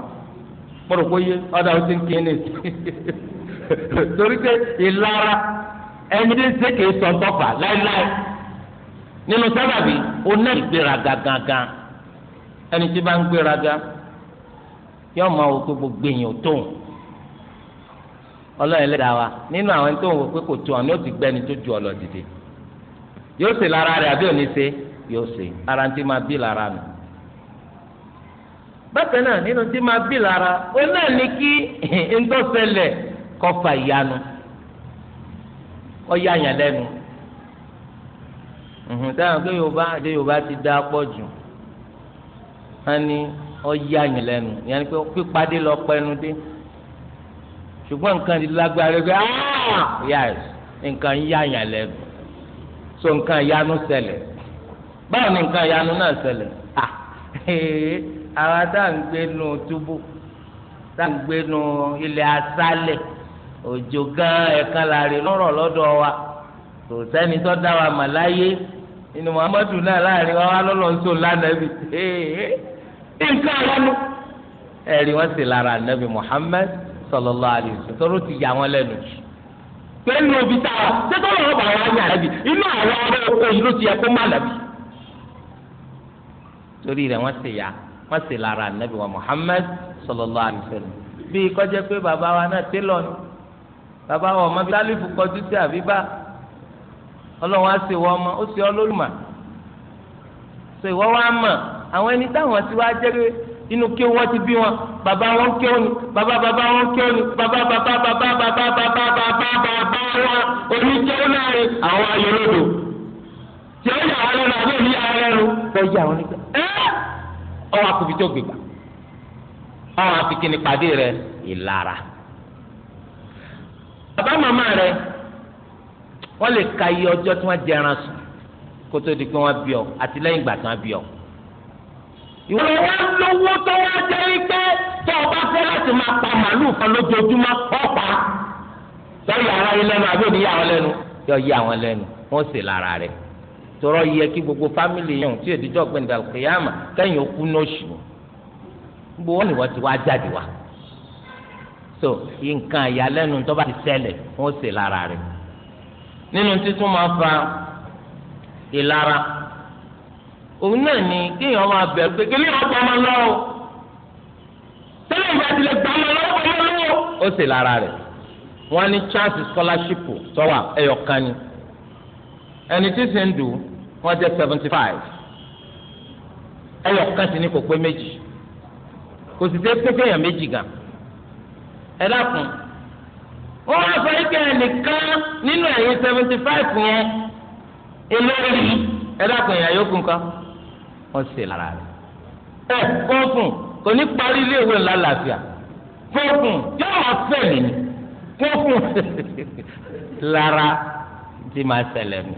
kpọ̀rọ̀ kó yé ọ̀dà ó ti ń kí ní torí pé ìlara ẹni tí ń ṣe kìí sọ ń tọ́fà láìláì. nínú sábàbí oná ìgbéraga gangan ẹni tí bá ń gbéraga yóò máa wò pé gbogbo èèyàn ọlọ́run ẹlẹ́dàá wa nínú àwọn ẹni tó ń wò pé kò tó àwọn ni ó ti gbẹ́ni tó ju ọlọ́ dìde yóò lára ara ti máa bí lára nù. bákan náà nínú ti bí lára ó náà ní kí kọfà ìyanu sáyẹn mhm. pé yorùbá àdé yorùbá ti dá pọ̀ jù wọn ní ọyá yẹn lẹ́nu yẹn ni pé pípadé lọ pẹnu dé ṣùgbọ́n nǹkan ti lágbára pé ah! yas nǹkan yá yẹn lẹ́nu so nǹkan yanu ṣẹlẹ̀ báwo ni nǹkan yanu náà ṣẹlẹ̀ ah tá táà ń gbé nu túbú táà ń gbé nu ilẹ̀ asálẹ̀ òjò gan ẹ̀ka láre lọ́rọ̀ lọ́dọ̀ wa kò sẹ́ni tó dá wa mà láyé inú muhammadu náà láàrin wa wá lọ́lọ́ ń sọ lánàbí nǹkan lọ́nu ẹ̀rí wọ́n sì lára nàbí muhammad sallallahu alaihi wasallam tọ́lọ́ ti yà wọ́n lẹ́nu jù pẹ̀lú òbí tá a tẹ́tọ́ lọ́wọ́ bá wa yà nàbí inú àwọn ọmọ òun ló ti yẹ kó má nàbí. torí rẹ̀ wọ́n sì yà wọ́n sì lára nàbí wa muhammad sallallahu alaihi wasallam bí kọjá pé bàbá wa náà tẹ́lọ̀ ni bàbá wa ọmọ ọlọ́run á ṣe ìwọ ọmọ ó ṣe lólùmọ̀ ṣe wa mọ̀ àwọn ẹni táwọn ti wá jẹ́ pé inú kí wọ́n ti bí wọn bàbá wọn kí ó bàbá bàbá wọn kí bàbá bàbá bàbá bàbá bàbá bàbá bàbá wọn oníjẹ́ náà ni àwọn ayọ̀lódò tí ó yà wọn lọ́nà àbí ìyá rẹ̀ ló lọ yà wọn nígbà ẹ́ ọwọ́ tó ni wọ́n lè ka iye ọjọ́ tí wọ́n jẹran sùn kó tó di pé wọ́n bí ọ àti lẹ́yìn ìgbà tí wọ́n bí ọ. ìwọ wọn lówó tó wá jẹ́ wípé tó o bá fẹ́ láti máa pa màálùú kan lójoojúmọ́ ọ̀pá lọ́ọ́ yà ara yín lẹ́nu àbí òní yà wọ́n lẹ́nu yọ yà wọ́n lẹ́nu wọ́n sì lára rẹ̀ tọrọ yẹ kí gbogbo fámìlì yẹn tí èdèjọ́ gbẹ̀ndà kìyàmà kẹ́yìn okú n'oṣù gbogbo wọn ni wọ́n so nǹkan ìyàlẹ́nu tó bá ti ṣẹlẹ̀ wọ́n nínú títún máa fa ìlara òun náà ni kéèyàn máa bẹ̀rù pé kíní ọgbà máa lọ o tẹ́lẹ̀ ìgbà tí lè gbà máa lọ́wọ́ máa lọ́wọ́ ó sì lára rẹ̀ wọ́n ní chance scholarship tọ́wà ẹ̀yọ̀kan ni ẹni tí sì ń dùn wọ́n jẹ́ seventy five ẹyọkan sì ni kò pé méjì kò sì dé pé kéèyàn méjì gan ẹ dákun wọ́n wá sọ ike nínú ẹ̀yìn seventy five yẹn elórí ẹ̀dàkùn ìyá yókù nǹkan wọ́n sì lára rẹ̀ ẹ̀ fọ́ọ̀kùn kò ní parí ilé ìwé ńlá làásìá fọ́ọ̀kùn yóò wá fẹ́ẹ̀lì ni fọ́ọ̀kùn lára ti máa ṣẹlẹ̀ mi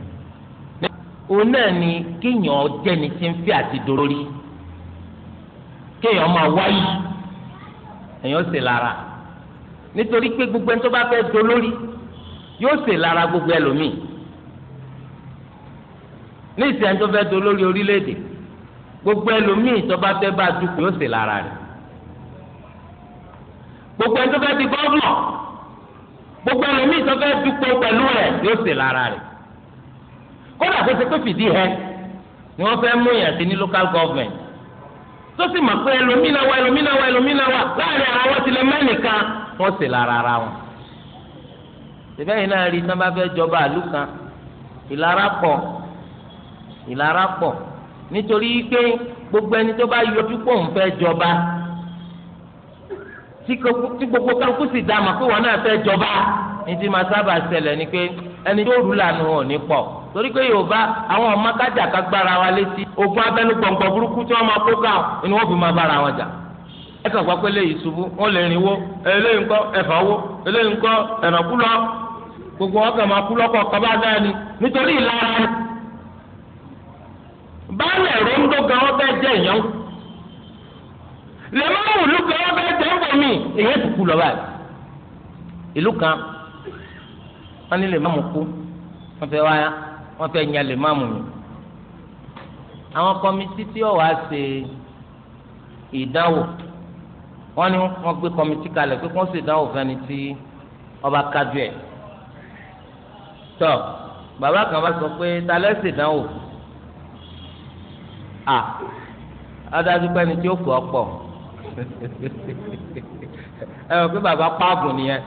òun náà ni jẹ́ni tí ń fi àti dorí máa nítorí pé gbogbo ẹni tó bá fẹ́ dolórí yóò ṣe lára gbogbo ẹlòmíì ní ìsìn ẹni tó fẹ́ dolórí orílẹ̀-èdè gbogbo ẹlòmíì tó bá fẹ́ bá dúkù yóò ṣe lára rẹ̀ gbogbo ẹni tó fẹ́ di gọ́ọ̀nà gbogbo ẹlòmíì tó fẹ́ dúpọ̀ pẹ̀lú rẹ̀ yóò ṣe lára rẹ̀ kódà kó ṣe pé fìdí hẹ ni wọ́n fẹ́ mú yàn sí ní local government tó sì mọ̀ pé ẹlòmíì náà wà ẹlòmíì náà wà ẹlòmíì náà wà láàrin àwọn tilẹ̀ mẹ́nìkan wọ́n sì lára ara wọn. síbẹ̀ yìí náà rí iná bá fẹ́ jọba àlù kan ìlara pọ̀ ìlara pọ̀ nítorí pé gbogbo ẹni tó bá yọjú pọ̀ ń fẹ́ jọba tí gbogbo kálukú sì dá a mọ̀ pé wọn náà fẹ́ jọba ní ti máa sábà ṣẹlẹ̀ ni pé ẹni tó rú lànà wọn ò ní pọ̀ torí pé yorùbá àwọn ọmọ kájà kágbára wa létí ogun abẹnú burúkú tí wọ́n máa kó ká ni wọ́n fi máa bára wọn jà ẹsẹ̀ ọ̀pá pé léyìí ṣubú wọ́n lè rìn wó eléyìí ńkọ́ ẹ̀fọ́ wó eléyìí ńkọ́ ẹ̀nà kúlọ́ gbogbo wọn kàn máa kú lọ́kọ̀ kọ́bá náà ni nítorí ìlara rẹ̀ báyọ̀ ròńdó gan wọ́n bẹ́ẹ̀ jẹ́ lè má wùlú gan wọ́n bẹ́ẹ̀ jẹ́ ńkọ́ mi èyí ti kú lọ báyìí ìlú kan wọ́n ní lè má mú kú wọ́n fẹ́ wáyà wọ́n fẹ́ yan lè má mú mi àwọn kọ́mítì tí ó wàá ṣe wọ́n ní wọ́n gbé kọ́mítì kalẹ̀ pé wọ́n sì dáwọ́ fẹ́ni tí ọba kájú ẹ̀ tọ́ bàbá kan bá sọ pé ta lẹ́sìn ìdánwò à adájú pé ẹni tí ó kù ọ pọ̀ ẹ rò pé bàbá páàgùn nìyẹn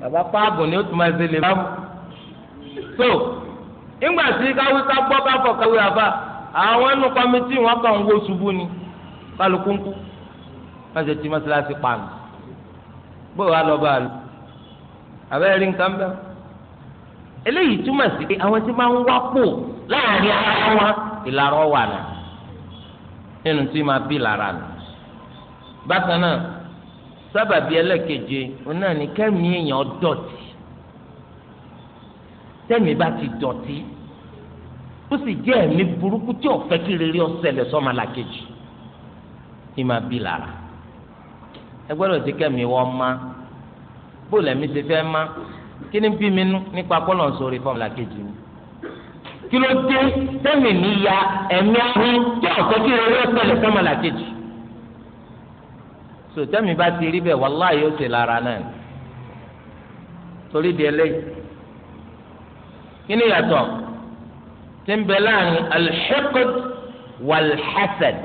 bàbá páàgùn ni ó tún máa ṣe lè bá so ìgbà tí káwí ká gbọ́ ká fọ̀ káwí àbá àwọn ẹnu kọ́mítì wọn kàn ń wó ṣubú ni kálukú ń kú má ṣe ti mọ́ṣáláṣí pa mi bó wa lọ bá a lò àbẹ́rẹ́ rí nǹkan bẹ́ẹ̀. eléyìí túmọ̀ sí pé àwọn tí máa ń wápò láàrin ara wọn ìlara wà nà nínú tí máa bí lára nù. bákan náà sábàbí ẹlẹ́keje òun náà ní kẹ́mi èèyàn dọ̀tí tẹ́mi bá ti dọ̀tí ó sì jẹ́ ẹ̀mí burúkú tí ò fẹ́ kí rere ó ṣẹlẹ̀ sọ́mọlàkejì ní máa lára ẹ gbọ́dọ̀ ti kẹ́mi wọ́n má bóòlù ẹ̀mí ti fẹ́ má kí ni bí mi nú nípa kọ́nà sórí fọ́ọ̀mù làkejì mi kí ló dé tẹ́mi mi ya ẹ̀mí ọ̀hún tí ọ̀kọ́ kí ló rẹ́ pẹ̀lẹ́ fọ́ọ̀mù làkejì so tẹ́mi bá ti rí bẹ́ẹ̀ wàláyé ó ti lára náà torí di eléyìí kí ni yàtọ̀ tí ń bẹ láàrin alḥiqd wàlḥasad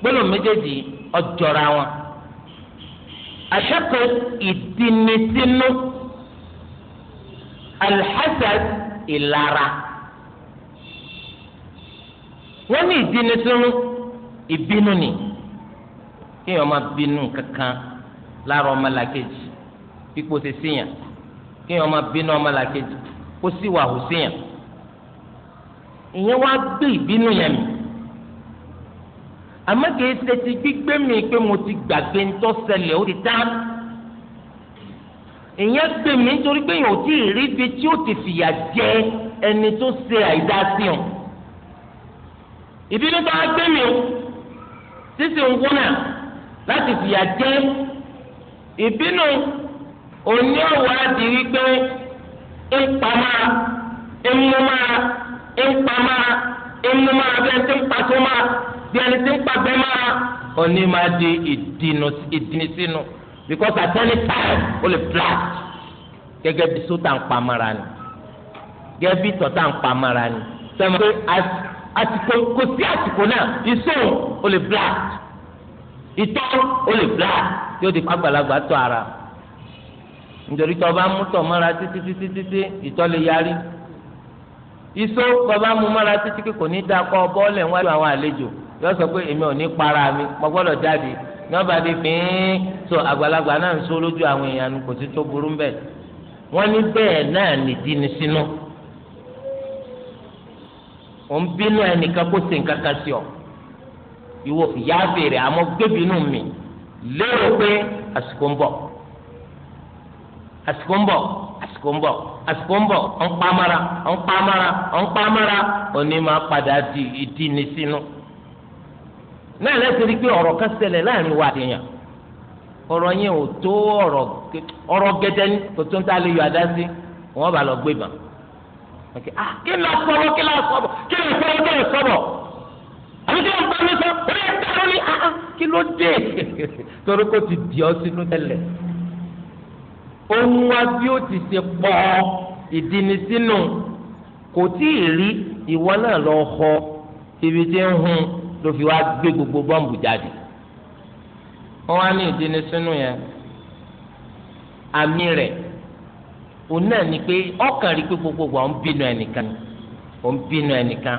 gbọ́dọ̀ méjèèjì ọjọ́ra wọn àṣekọ ìdínisínú alhasad ìlara wọn ní ìdínisínú ìbínú ni kéèyàn máa bínú kankan lára ọmọ làkejì pípò ṣe síyàn kéèyàn máa bínú ọmọ làkejì kó sì wà hù síyàn ìyẹn wá gbé ìbínú yẹn mi àmọ́ kìí ṣe ti gbígbé mi pé mo ti gbàgbé ń tọ́ ṣẹlẹ̀ ó ti tán ìyẹn gbé mi nítorí pé yòó tí ì rí ibi tí ó ti fìyà jẹ ẹni tó ṣe àìdá sí ọ ìbínú bá gbé mi o sísè ń wúnà láti fìyà jẹ ìbínú òní ọ̀wọ́ àti wípé ń pa máa ń mú máa ń pa máa ń mú máa bẹ́ẹ̀ ń pa tó máa. bí ẹni tí ń pàgbẹ́ mára máa di ìdìní sínú because at any time ó lè blast gẹ́gẹ́ bí sótà ń pa mara ni gẹ́gẹ́ bí tọ́tà ń pa mara ni sẹ́mi pé àsìkò kò sí àsìkò náà iṣẹ́ ó lè blast ìtọ́ ó lè blast yóò di pàgbàlagbà tọ́ ara nítorí tí ọba mú tọ̀ mọ́ra títí títí títí ìtọ́ lè yarí iṣó tọba mú mọ́ra títí kò ní dáa yọ sọ pé èmi ò ní para mi mo gbọ́dọ̀ jáde nọ́mbà di fín so àgbàlagbà náà ń so lójú àwọn èèyàn kò sí tó burú mbẹ wọn ní bẹ́ẹ̀ náà nìdí ni sínú ò ń bínú ẹnìkan kó ṣe nǹkan kan sí ọ ìwọ ìyá béèrè àmọ́ gbébinú mi lérò pé àsìkò ń bọ̀ àsìkò ń bọ̀ àsìkò ń bọ̀ àsìkò ń bọ̀ ọ̀n pamara ọ̀n pamara ọ̀n pamara òní máa padà di ìdí ni sínú náà lẹ́sìn rí pé ọ̀rọ̀ kan ṣẹlẹ̀ láàrin wa àtẹ̀yàn ọ̀rọ̀ yẹn ò tó ọ̀rọ̀ ọ̀rọ̀ gẹ́gẹ́ ní kò tó ń ta lè yọ àdá sí wọ́n bá lọ gbé bàn. Ah, kí ni asọ́bọ̀ kí ni asọ́bọ̀ kí ni asọ́bọ̀ kí ni asọ́bọ̀ àbí kí ni asọ́bọ̀ mi sọ ó yẹ káró ní ah, ah kí ló dé torí kò ti dì ọ́ sínú tẹ́lẹ̀ ohun wa bí ó ti ṣe pọ̀ ìdíni sínú kò tí ì rí ìwọ náà lọ họ ibi tí ń hun ló fi wá gbé gbogbo bọ́ǹbù jáde wọ́n wá ní ìdíni sínú yẹn àmì rẹ̀ òun náà ni pé ọkàn rí pé gbogbo wa ń bínú ẹnìkan òun bínú ẹnìkan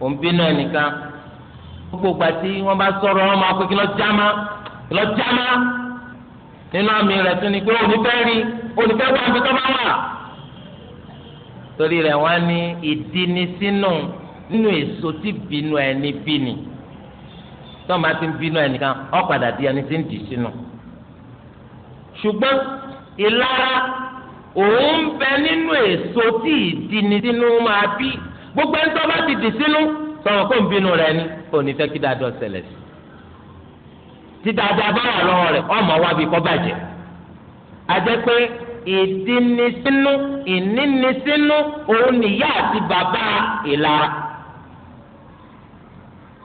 òun bínú ẹnìkan gbogbo ìgbà tí wọ́n bá sọ̀rọ̀ ọmọ akékin lọ jámá lọ jámá nínú àmì rẹ̀ tún ni pé òun fẹ́ rí òun fẹ́ wá ibi tó bá wà torí rẹ̀ wọ́n á ní ìdíni sínú nínú èso tí bínú ẹni bíni tó máa ti ń bínú ẹnìkan ó padà di ẹni tí ń dì sínú. ṣùgbọ́n ìlara òun bẹ nínú èso tí ìdíni sínú máa bí gbogbo ẹni tó bá ti dì sínú sọ̀rọ̀ kó ń bínú rẹ ni kò ní fẹ́ kí dáadọ́ ṣẹlẹ̀ sí. tí dáadáa bá wà lọ́wọ́ rẹ̀ ọmọ wa bí kọ́ bàjẹ́. a jẹ́ pé ìdíni sínú ìníni sínú òun nìyá àti bàbá ìlara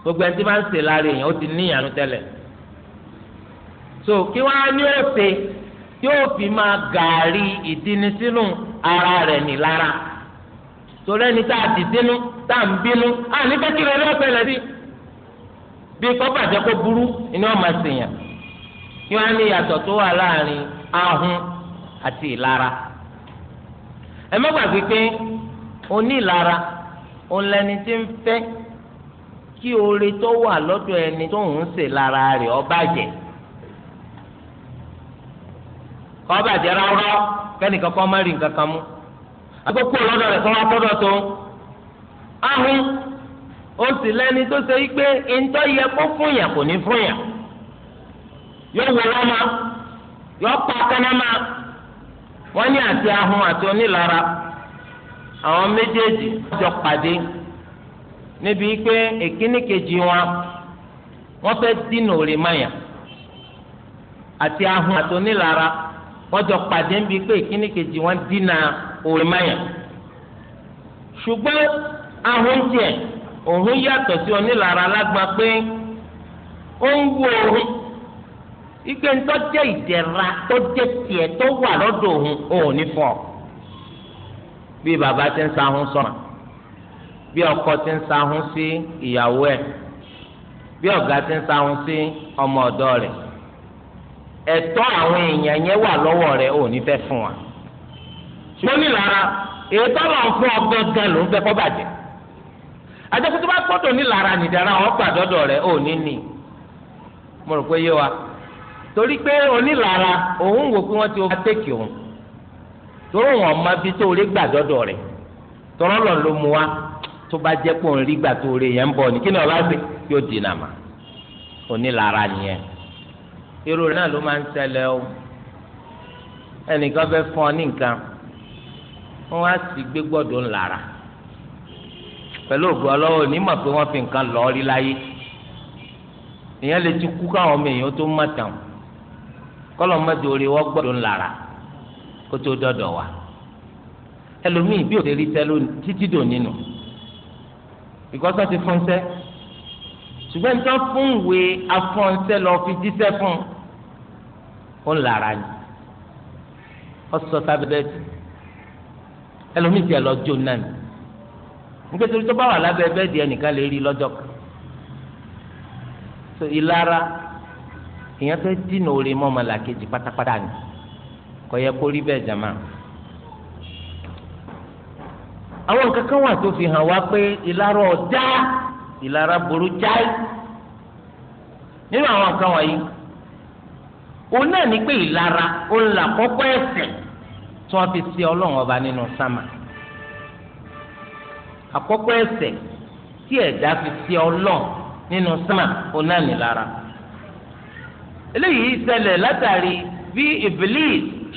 gbogbo ẹni tí bá ń ṣe lára èèyàn ó ti níyànú tẹ́lẹ̀ so kí wọ́n á ní òsè yóò fi máa gàárì ìdínisínú ara rẹ̀ ní lára torí ẹni tá a dì sínú tá a ń bínú a ní fẹ́ kí rẹ̀ lọ́sẹ̀ lẹ́sìn bí kọ́pà jẹ́ kó burú ni wọ́n máa sèyàn kí wọ́n á ní ìyàtọ̀ tó wà láàrin ahun àti ìlara ẹ má gbàgbé pé onílara òun lẹni tí ń fẹ́ kí oore tó wà lọ́dọ̀ ẹni tó ń ṣe lára rẹ̀ ó bàjẹ́ kó bàjẹ́ ráúrọ́ kẹ́nìkan kọ́ má rí nǹkan kan mú àkókò lọ́dọ̀ rẹ̀ kọ́ wá tọ́dọ̀ tó ahun ó sì lẹ́ni tó ṣe wípé ntọ́ yẹ kó fún yàn kò ní fún yàn yóò wọ yóò pa kánámà ní àti ahun àti níbi pé èkíní kejì wọn wọn fẹ́ dínà òrè mayà àti ahun àtònílára wọn jọ pàdé níbi pé èkíní kejì wọn dínà òrè mayà ṣùgbọ́n ahun tiẹ̀ òun yàtọ̀ sí onílára lágbà pé ó ń òun ike ń tọ́jẹ́ ìdẹ̀ra tó jẹ́ tó wà lọ́dọ̀ òun òun ní bí bàbá ti ń sa bí ọkọ ti ń sahun sí ìyàwó ẹ̀ bí ọ̀gá ti ń sahun sí ọmọ ọ̀dọ̀ rẹ̀ ẹ̀tọ́ àwọn èèyàn yẹn wà lọ́wọ́ rẹ̀ ò ní fẹ́ fún wa ṣùgbọ́n nílara èyí tó lọ fún ọ gangan ló ń fẹ́ kọ́ bàjẹ́ àjẹkùtù bá gbọ́dọ̀ nílara nìdára wọn gbàdọdọ rẹ̀ ò ní nì mo rò pé yé wa torí pé onílara òun wò pé wọ́n ti wá tẹkì òun torí wọn ọmọ bíi tó rí gbàdọdọ rẹ̀ tọrọ ló mu wa tó bá jẹ́ pò ń rí gbà tó rè yẹn ń bọ̀ ní kí ni ọba ṣe yóò dènà mà onílara nìyẹn irú rẹ̀ náà ló máa ń ṣẹlẹ̀ o ẹnìkan fẹ́ fún ọ ní nǹkan wọ́n á sì gbé gbọ́dọ̀ ńlára pẹ̀lú ògùn ọlọ́wọ́ onímọ̀ pé wọ́n fi nǹkan lọ́ọ́ rí láyé èèyàn lè ti kú káwọn ọmọ èèyàn tó má tàn kọ́lọ̀ mọ́tò orí wọ́n gbọ́dọ̀ ńlára kó tó dọ́dọ̀ wa ẹlòmíì bí òṣèré tẹ́ lónìí títí dò nínú. No ìkọ́sọ́ ti fún sẹ́ ṣùgbọ́n ní tán fún ìwé afọ́nsẹ́ lọ fi jíṣẹ́ fún ó ń lára ni ó sọ sábẹ́bẹ́ẹ̀tì ẹlòmíì tiẹ̀ lọ jó náà ni nítorí tó bá wà lábẹ́ bẹ́ẹ̀dì ẹnìkan lè rí lọ́jọ́ kan so ìlara èèyàn fẹ́ dínà orí mọ́ ọmọlàkejì pátápátá ni kò yẹ kó rí bẹ́ẹ̀ jàmáà. àwọn nǹkan wà fi hàn wá pé ìlara ọjà ìlara burú jáì nínú àwọn nǹkan wọ̀nyí òun náà ní pé ìlara òun là kọ́kọ́ ẹ̀ṣẹ̀ tí wọ́n fi ṣe ọlọ́run ọba nínú sámà àkọ́kọ́ ẹ̀ṣẹ̀ tí ẹ̀dá fi ṣe ọlọ́run nínú sámà òun náà eléyìí ṣẹlẹ̀ látàrí bí ẹni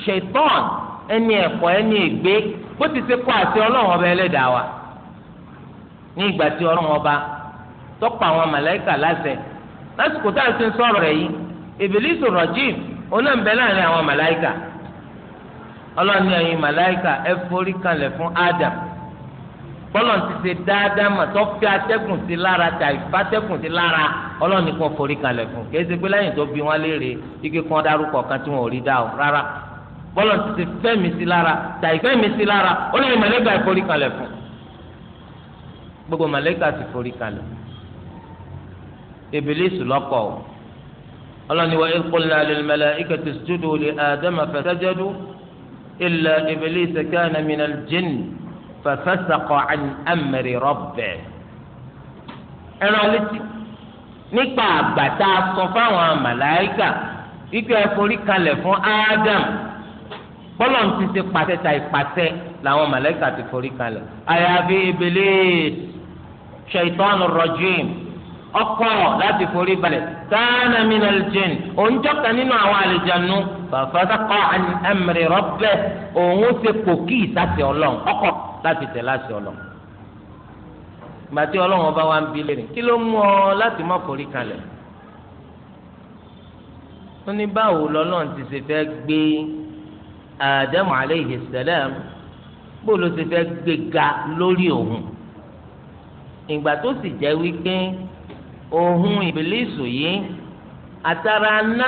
ẹ̀kọ́ ẹni ègbé bó ti ṣe kọ́ àti ọlọ́run ọba ẹlẹ́dàá wa ní ìgbà tí ọlọ́run ọba tọ́pọ̀ àwọn màláìkà láṣẹ lásìkò tá a ti ń sọ̀rọ̀ rẹ̀ yìí ìbílísù rọ̀jìm onáǹbẹ̀ láàrin àwọn màláìkà ọlọ́run ẹ̀yin màláìkà ẹ forí kanlẹ̀ fún Adam bọ́lọ̀ ti ṣe dáadáa mà tó fi atẹ́gùn sí lára tà sí lára forí fún ike kan dárúkọ kan tí ò bọ́lọ̀ ti ti fẹ́ mi sí lára tà ìfẹ́ mi sí lára ó lè màlẹ́kà ìforí kalẹ̀ fún gbogbo màlẹ́kà ti forí kalẹ̀ Ìbílísì lọ́kọ̀ o ọlọ́ni wa idh qulna lil mala'ikati isjudu li Adama fasajadu illa Iblisa kana minal jinni fafasaqa an amri rabbih ẹran létí nípa àgbàtà sọ fáwọn màláìkà wípé ẹ kalẹ̀ fún Ádámù bọ́lọ̀ ń ti ṣe pàṣẹ ta ìpàṣẹ làwọn màlẹ́kà ti forí kalẹ̀ àyàfi Iblis ṣèitọ́nù rọ́jìm ọkọ̀ láti forí balẹ̀ kana minal jinn òǹjọ́ka nínú àwọn àlejànú fafasaqa an amri rabbih òun ó ṣe kòkí ìtàsí ọlọ́run ọkọ̀ láti tẹ̀ láti ọlọ́run gbàtí ọlọ́run ọba wa ń bi lẹ́nu kí ló mú ọ láti má forí kalẹ̀ ó ní báwo lọ́lọ́run ti ṣe fẹ́ gbé Ádámù aleyhi sẹlẹm bó ti fẹ́ gbéga lórí òun ìgbà tó sì jẹ́ wípé òun ìbílísù yìí àtàrà aná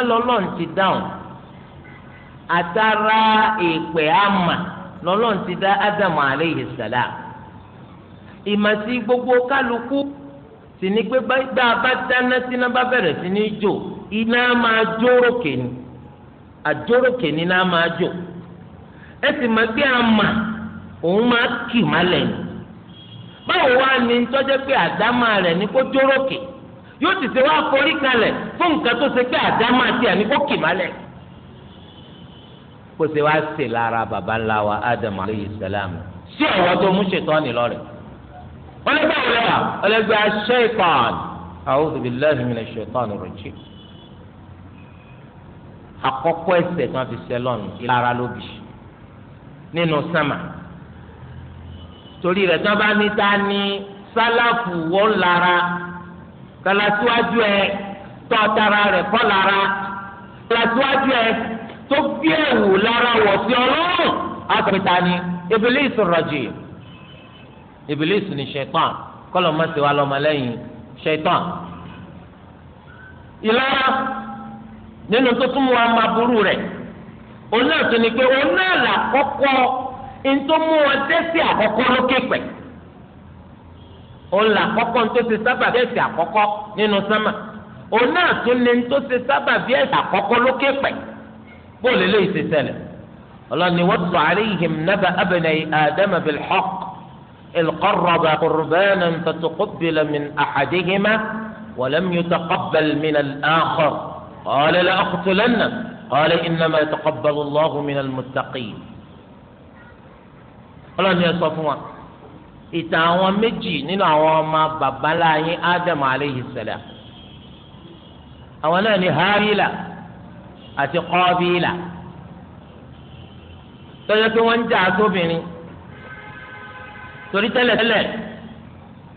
ti dáhùn àtàrà ìpè àmà ti dá Ádámù aleyhi sẹlẹm ìmọ̀sí gbogbo kálukú sì ní pé bá a bá dáná síná bá bẹ̀rẹ̀ sí ní jò iná máa ẹ sì máa gbé àmà òun máa kì má lẹ́yìn báwo wá ní tọ́jẹ́ pé àdámà rẹ̀ ní kó jórókè yóò ti ṣe wá forí kalẹ̀ fún nǹkan tó ṣe pé àdámà tiẹ̀ ní kó kì má lẹ̀ kó ṣe wá ṣe lára baba ńlá wa Adam aleyhi salam sí ọ̀wọ́ tó mú ṣètọ́ ni lọ́rẹ̀ ọlẹ́gbẹ́ ọ̀rẹ́wà ọlẹ́gbẹ́ aṣẹ́ìtàn a'udhu billahi minash shaitani rajim àkọ́kọ́ ẹ̀ṣẹ̀ tí wọ́n fi ṣe lọ́nù ìlara lóbi nínú sánmà torí rẹ̀ tí wọ́n bá ní ta ni sálàfù wọ́n lára kàlàsíwájú ẹ tọ́tara rẹ̀ kọ́ lára kàlàsíwájú ẹ tó gbé ẹ̀wù lára wọ̀ sí ọlọ́run àpẹta ni Iblis rajim Iblis ni ṣẹ̀tàn kọ́lọ̀ má ti wá lọ́mọlẹ́yìn ṣẹ̀tàn ìlara nínú tó tún wà máa burú rẹ̀. òun náà tún ni pé òun náà là kọ́kọ́ ntó mú wọn dẹ́sí àkọ́kọ́ lókè pẹ̀ òun là kọ́kọ́ ntó ti sábà bí dẹ́sí àkọ́kọ́ nínú sámà òun náà tún ni ntó ti sábà bí dẹ́sí àkọ́kọ́ lókè pẹ̀ bóòlù eléyìí ti ṣẹlẹ̀ ọlọ́ni wọ́n sọ àríyìn nàbà abẹ́nẹ́ àdàmà bẹ̀rẹ̀ xọ́k ìlqọ́rọ̀bà kùrùbẹ́nà ntòtòkóbìlà min àhàdéhìmá wàlámiyùtàkọ́bẹ̀l min àlàkọ́ ọ̀lẹ́lẹ́ ọ̀kùtùlẹ́nà. قال إنما يتقبل الله من المتقين ọlọ́run ni ẹ sọ fún wa ìtàn àwọn méjì nínú àwọn ọmọ babaláyé ádámù aleyhi sẹlẹ̀ àwọn náà ni hábílà àti kọ́bílà tọ́jú pé wọ́n ń jà sóbìnrin torí tẹ́lẹ̀tẹ́lẹ̀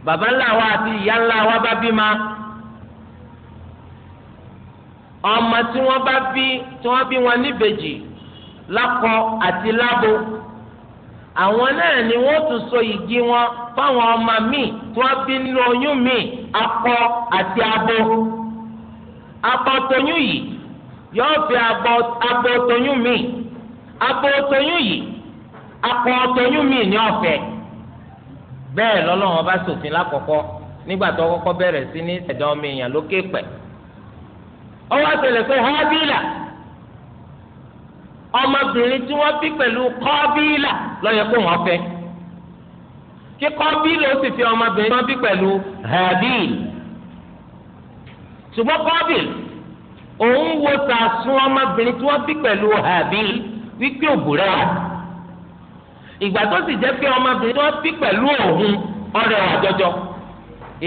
baba ńlá wa àti ìyá ńlá wa bá bí ma ọmọ tí wọ́n bá bí tí wọ́n bí wọn níbejì lákọ àti lábo àwọn náà ni wọ́n tún so igi wọn fáwọn ọmọ míì tí wọ́n bí nínú oyún míì akọ àti abo akọ tóyún yìí yóò fi abo abo tóyún míì abo tóyún yìí akọ tóyún míì ní ọ̀fẹ́ bẹ́ẹ̀ lọ́lọ́run ọba ṣòfin lákọ̀ọ́kọ́ nígbà tó kọ́kọ́ bẹ̀rẹ̀ sí ní ẹ̀dá ọmọ èèyàn lókè pẹ̀ ọwọ́ àtẹlẹ pé hábìlà ọmọbìnrin tí wọ́n bí pẹ̀lú kọ́bìlà lọ́yẹ kó wọ́n fẹ́ kí kọ́bìlà ó sì fi ọmọbìnrin tí wọ́n bí pẹ̀lú hábìl ṣùgbọ́n kọ́bìl òun wo sàásùn ọmọbìnrin tí wọ́n bí pẹ̀lú hábìl wípé òbúrẹ́ wà ìgbà tó sì jẹ́ pé ọmọbìnrin tí wọ́n bí pẹ̀lú òun ọ̀rẹ́ wà jọjọ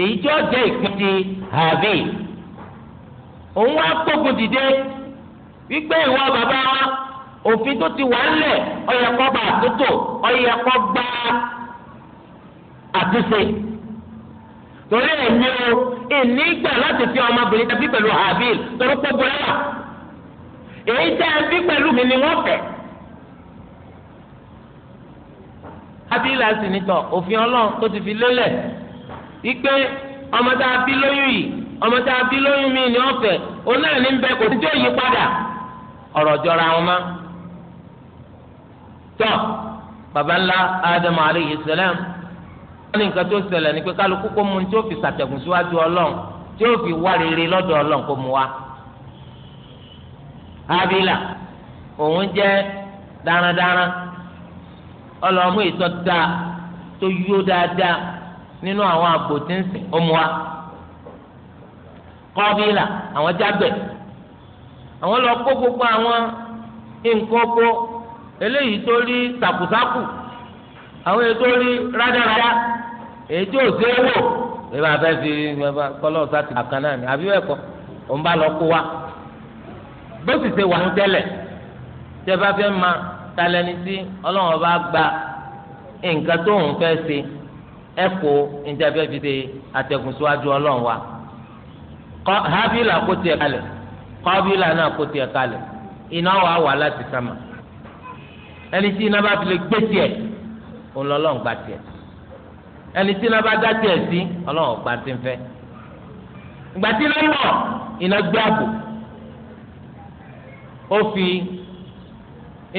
èyí tí ó jẹ́ ìpín ti hábìl òun wá gbógun dìde wípé ìwọ bàbá wa òfin tó ti wà ńlẹ̀ ọ̀yẹ̀kọ́ bá àtúntò ọ̀yẹ̀kọ́ gbá àtúnṣe torí ẹ̀mí o ìní gbà láti fi ọmọbìnrin tẹ́bí pẹ̀lú habil torí pé bọ́lá èyí tẹ́ ẹ bí pẹ̀lú mi ni wọ́n fẹ́. habil àti nìtọ̀ òfin ọlọ́run tó ti fi lélẹ̀ wípé ọmọ tá a bí lóyún yìí ọmọ tá a bí lóyún mi ní ọ̀fẹ́ òun náà ní bẹ kò yí padà ọrọ jọra wọn má. tọ́ baba ńlá Ádámù alayhi salam wọ́n ní nǹkan tó ṣẹlẹ̀ ní pé kálukú kó mu tí ó fi síwájú tí ó fi wá rere abila òun darandaran tó yó dáadáa nínú àwọn tí ń sìn ó mu kọ́bílà àwọn jábẹ̀ àwọn lọ kó gbogbo àwọn nǹkan oko eléyìí tó rí sàkùsàkù àwọn èyí tó rí rádaràdá èyí tó ṣe é wò bí wàá fẹ́ fi kọ́lọ́ sátì àkànnà ni àbí bẹ́ẹ̀ kọ́ òun bá lọ kó wa bó sì ṣe wà ń tẹ́lẹ̀ tẹ́ bá fẹ́ máa talẹni tí ọlọ́run bá gba nǹkan tó ń fẹ́ ṣe ẹ níta fẹ́ fi ṣe àtẹ̀gùn síwájú ọlọ́run wa habila kó tiẹ̀ kalẹ̀ kọ́bílà náà kó tiẹ̀ kalẹ̀ iná wà wà láti sama ẹni tí iná bá fi lè gbé tiẹ̀ ọlọ́lọ́n gba tiẹ̀ ẹni tí iná bá dá tiẹ̀ sí ọlọ́wọ́n gba ti ń fẹ́ gbàtí iná lọ iná gbé àbò ó fi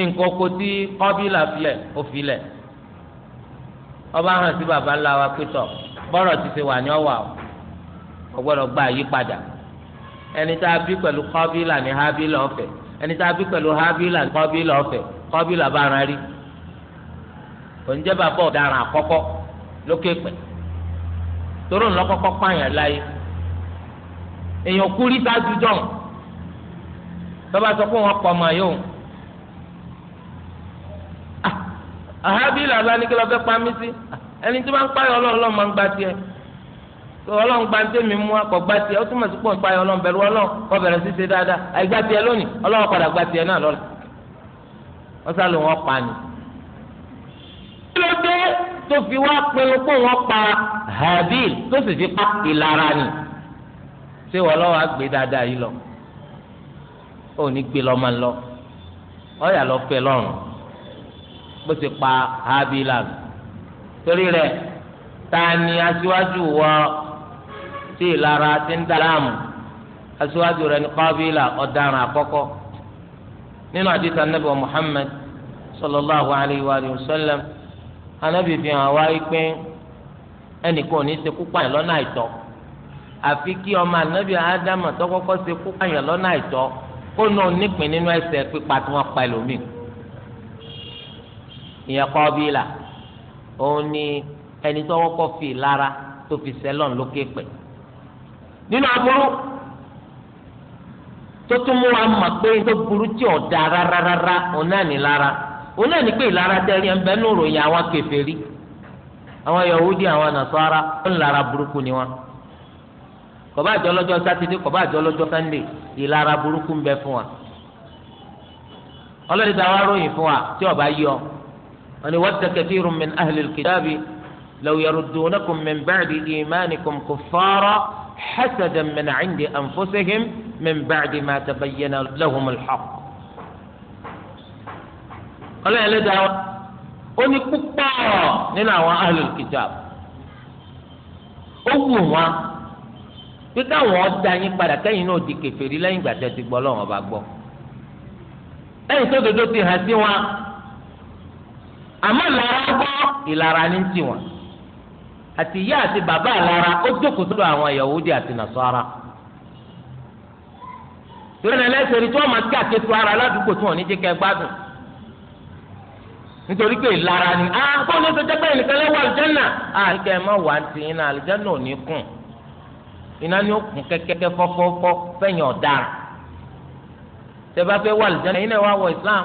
nǹkan oko tí kọ́bílà filẹ̀ ó filẹ̀ ọba hàn sí baba ńlá wa pé tọ̀ bọ́rọ̀ ti ṣe wà ní ọ̀wà o kò gbọ́dọ̀ gba àyípadà ẹni tá a bí pẹ̀lú kọ́bílà ní hábílà ọ̀fẹ́ ẹni tá a bí pẹ̀lú hábílà ní kọ́bílà ọ̀fẹ́ kọ́bílà bá ara rí oúnjẹ bàbá ọ̀daràn àkọ́kọ́ lókè pẹ̀ toró ńlọ́kọ́kọ́ pààyàn láyé èèyàn kú rí sáájú jọ̀ tọ́ba sọ pé wọ́n pọ̀ ọmọ yòó ah, hábílà bá ní kí lọ́ọ́ fẹ́ pa mí sí ẹni tí wọ́n ń pààyàn ọlọ́ọ̀lọ́ máa ń gba tiẹ̀ ọlọ́run gba tẹ́mi mú akọ gba tiẹ̀ ó túmọ̀ sí pọ̀ nípa ọlọ́run bẹ̀rù ọlọ́run kọ́ bẹ̀rẹ̀ sí ṣe dáadáa àìgbà tiẹ̀ lónìí ọlọ́run padà gba tiẹ̀ náà lọ́la wọ́n sá ló wọ́n pa ni. kí ló dé tó fi wá pinnu pé wọ́n pa Habil tó sì fi pa ìlara ni ṣé wọ́n lọ́wọ́ á gbé dáadáa yìí lọ ó ní gbé lọ́ọ́ máa lọ ọ yà lọ fẹ́ lọ́rùn bó ti pa Habil lánàá torí rẹ̀ ta ni aṣíwájú wọ́ọ́ sí ìlara tí ń dàlámù aṣíwájú rẹ̀ ní Qabila ọ̀daràn àkọ́kọ́ nínú àdìsá nàbẹ Muhammad sallallahu alayhi wa sallam anábì fi hàn wá pé ẹnìkan ò ní ṣekú pààyàn lọ́nà àìtọ́ àfi kí ọmọ anábì ádámà tó kọ́kọ́ ṣekú pààyàn lọ́nà àìtọ́ kó nà onípín nínú ẹsẹ̀ pípa tí wọ́n pa ẹlòmíì ìyẹn Qabila òun ni ẹni tó fi ìlara tó fi sẹ́lọ̀n lókè pẹ̀lú nínú aburú tó tún mú wa mọ̀ pé tó burú tí ò da rárára òun náà ní lára òun náà ní pé ìlara tẹ́lẹ̀ ẹ̀ ń bẹ́ẹ̀ nù ròyìn àwọn kèfèrí àwọn Yahudi àwọn Nasara ó ń lara burúkú ni wọn kọba àjọ lọ́jọ́ sátidé kọba àjọ lọ́jọ́ sannde ìlara burúkú ń bẹ fún wa ọlọ́dẹ tá a wá ròyìn fún wa tí ọba yọ wọn ni wadda kathirun min ahlil kitabi law yaruddunakum min ba'di imanikum kuffara. حسدا من عند أنفسهم من بعد ما تبين لهم الحق ọlọ́run يا wa أني ní púpọ̀ nínú àwọn ahlul kitab ó wù wọn pé káwọn ọ̀dà yín padà kẹ́yìn náà di kèfèrí lẹ́yìn ìgbà tẹ́ ti gbọ́ ọlọ́run ọba gbọ́ lẹ́yìn tó dodo ti hàn sí wọn àmọ́ ìlara gbọ́ ìlara ní tiwọn. àti ìyá àti bàbá àlára ó jókòó àwọn àti torí rí tí wọ́n máa ara ládùúgbò tí wọ́n ní gbádùn nítorí pé ìlara ni a ah, kó a ní kẹ́ ẹ má wà á ti àlùjẹ́nà ò ní kùn iná ó kún kẹ́kẹ́kẹ́ fọ́fọ́fọ́ ọ̀daràn tẹ́ Islam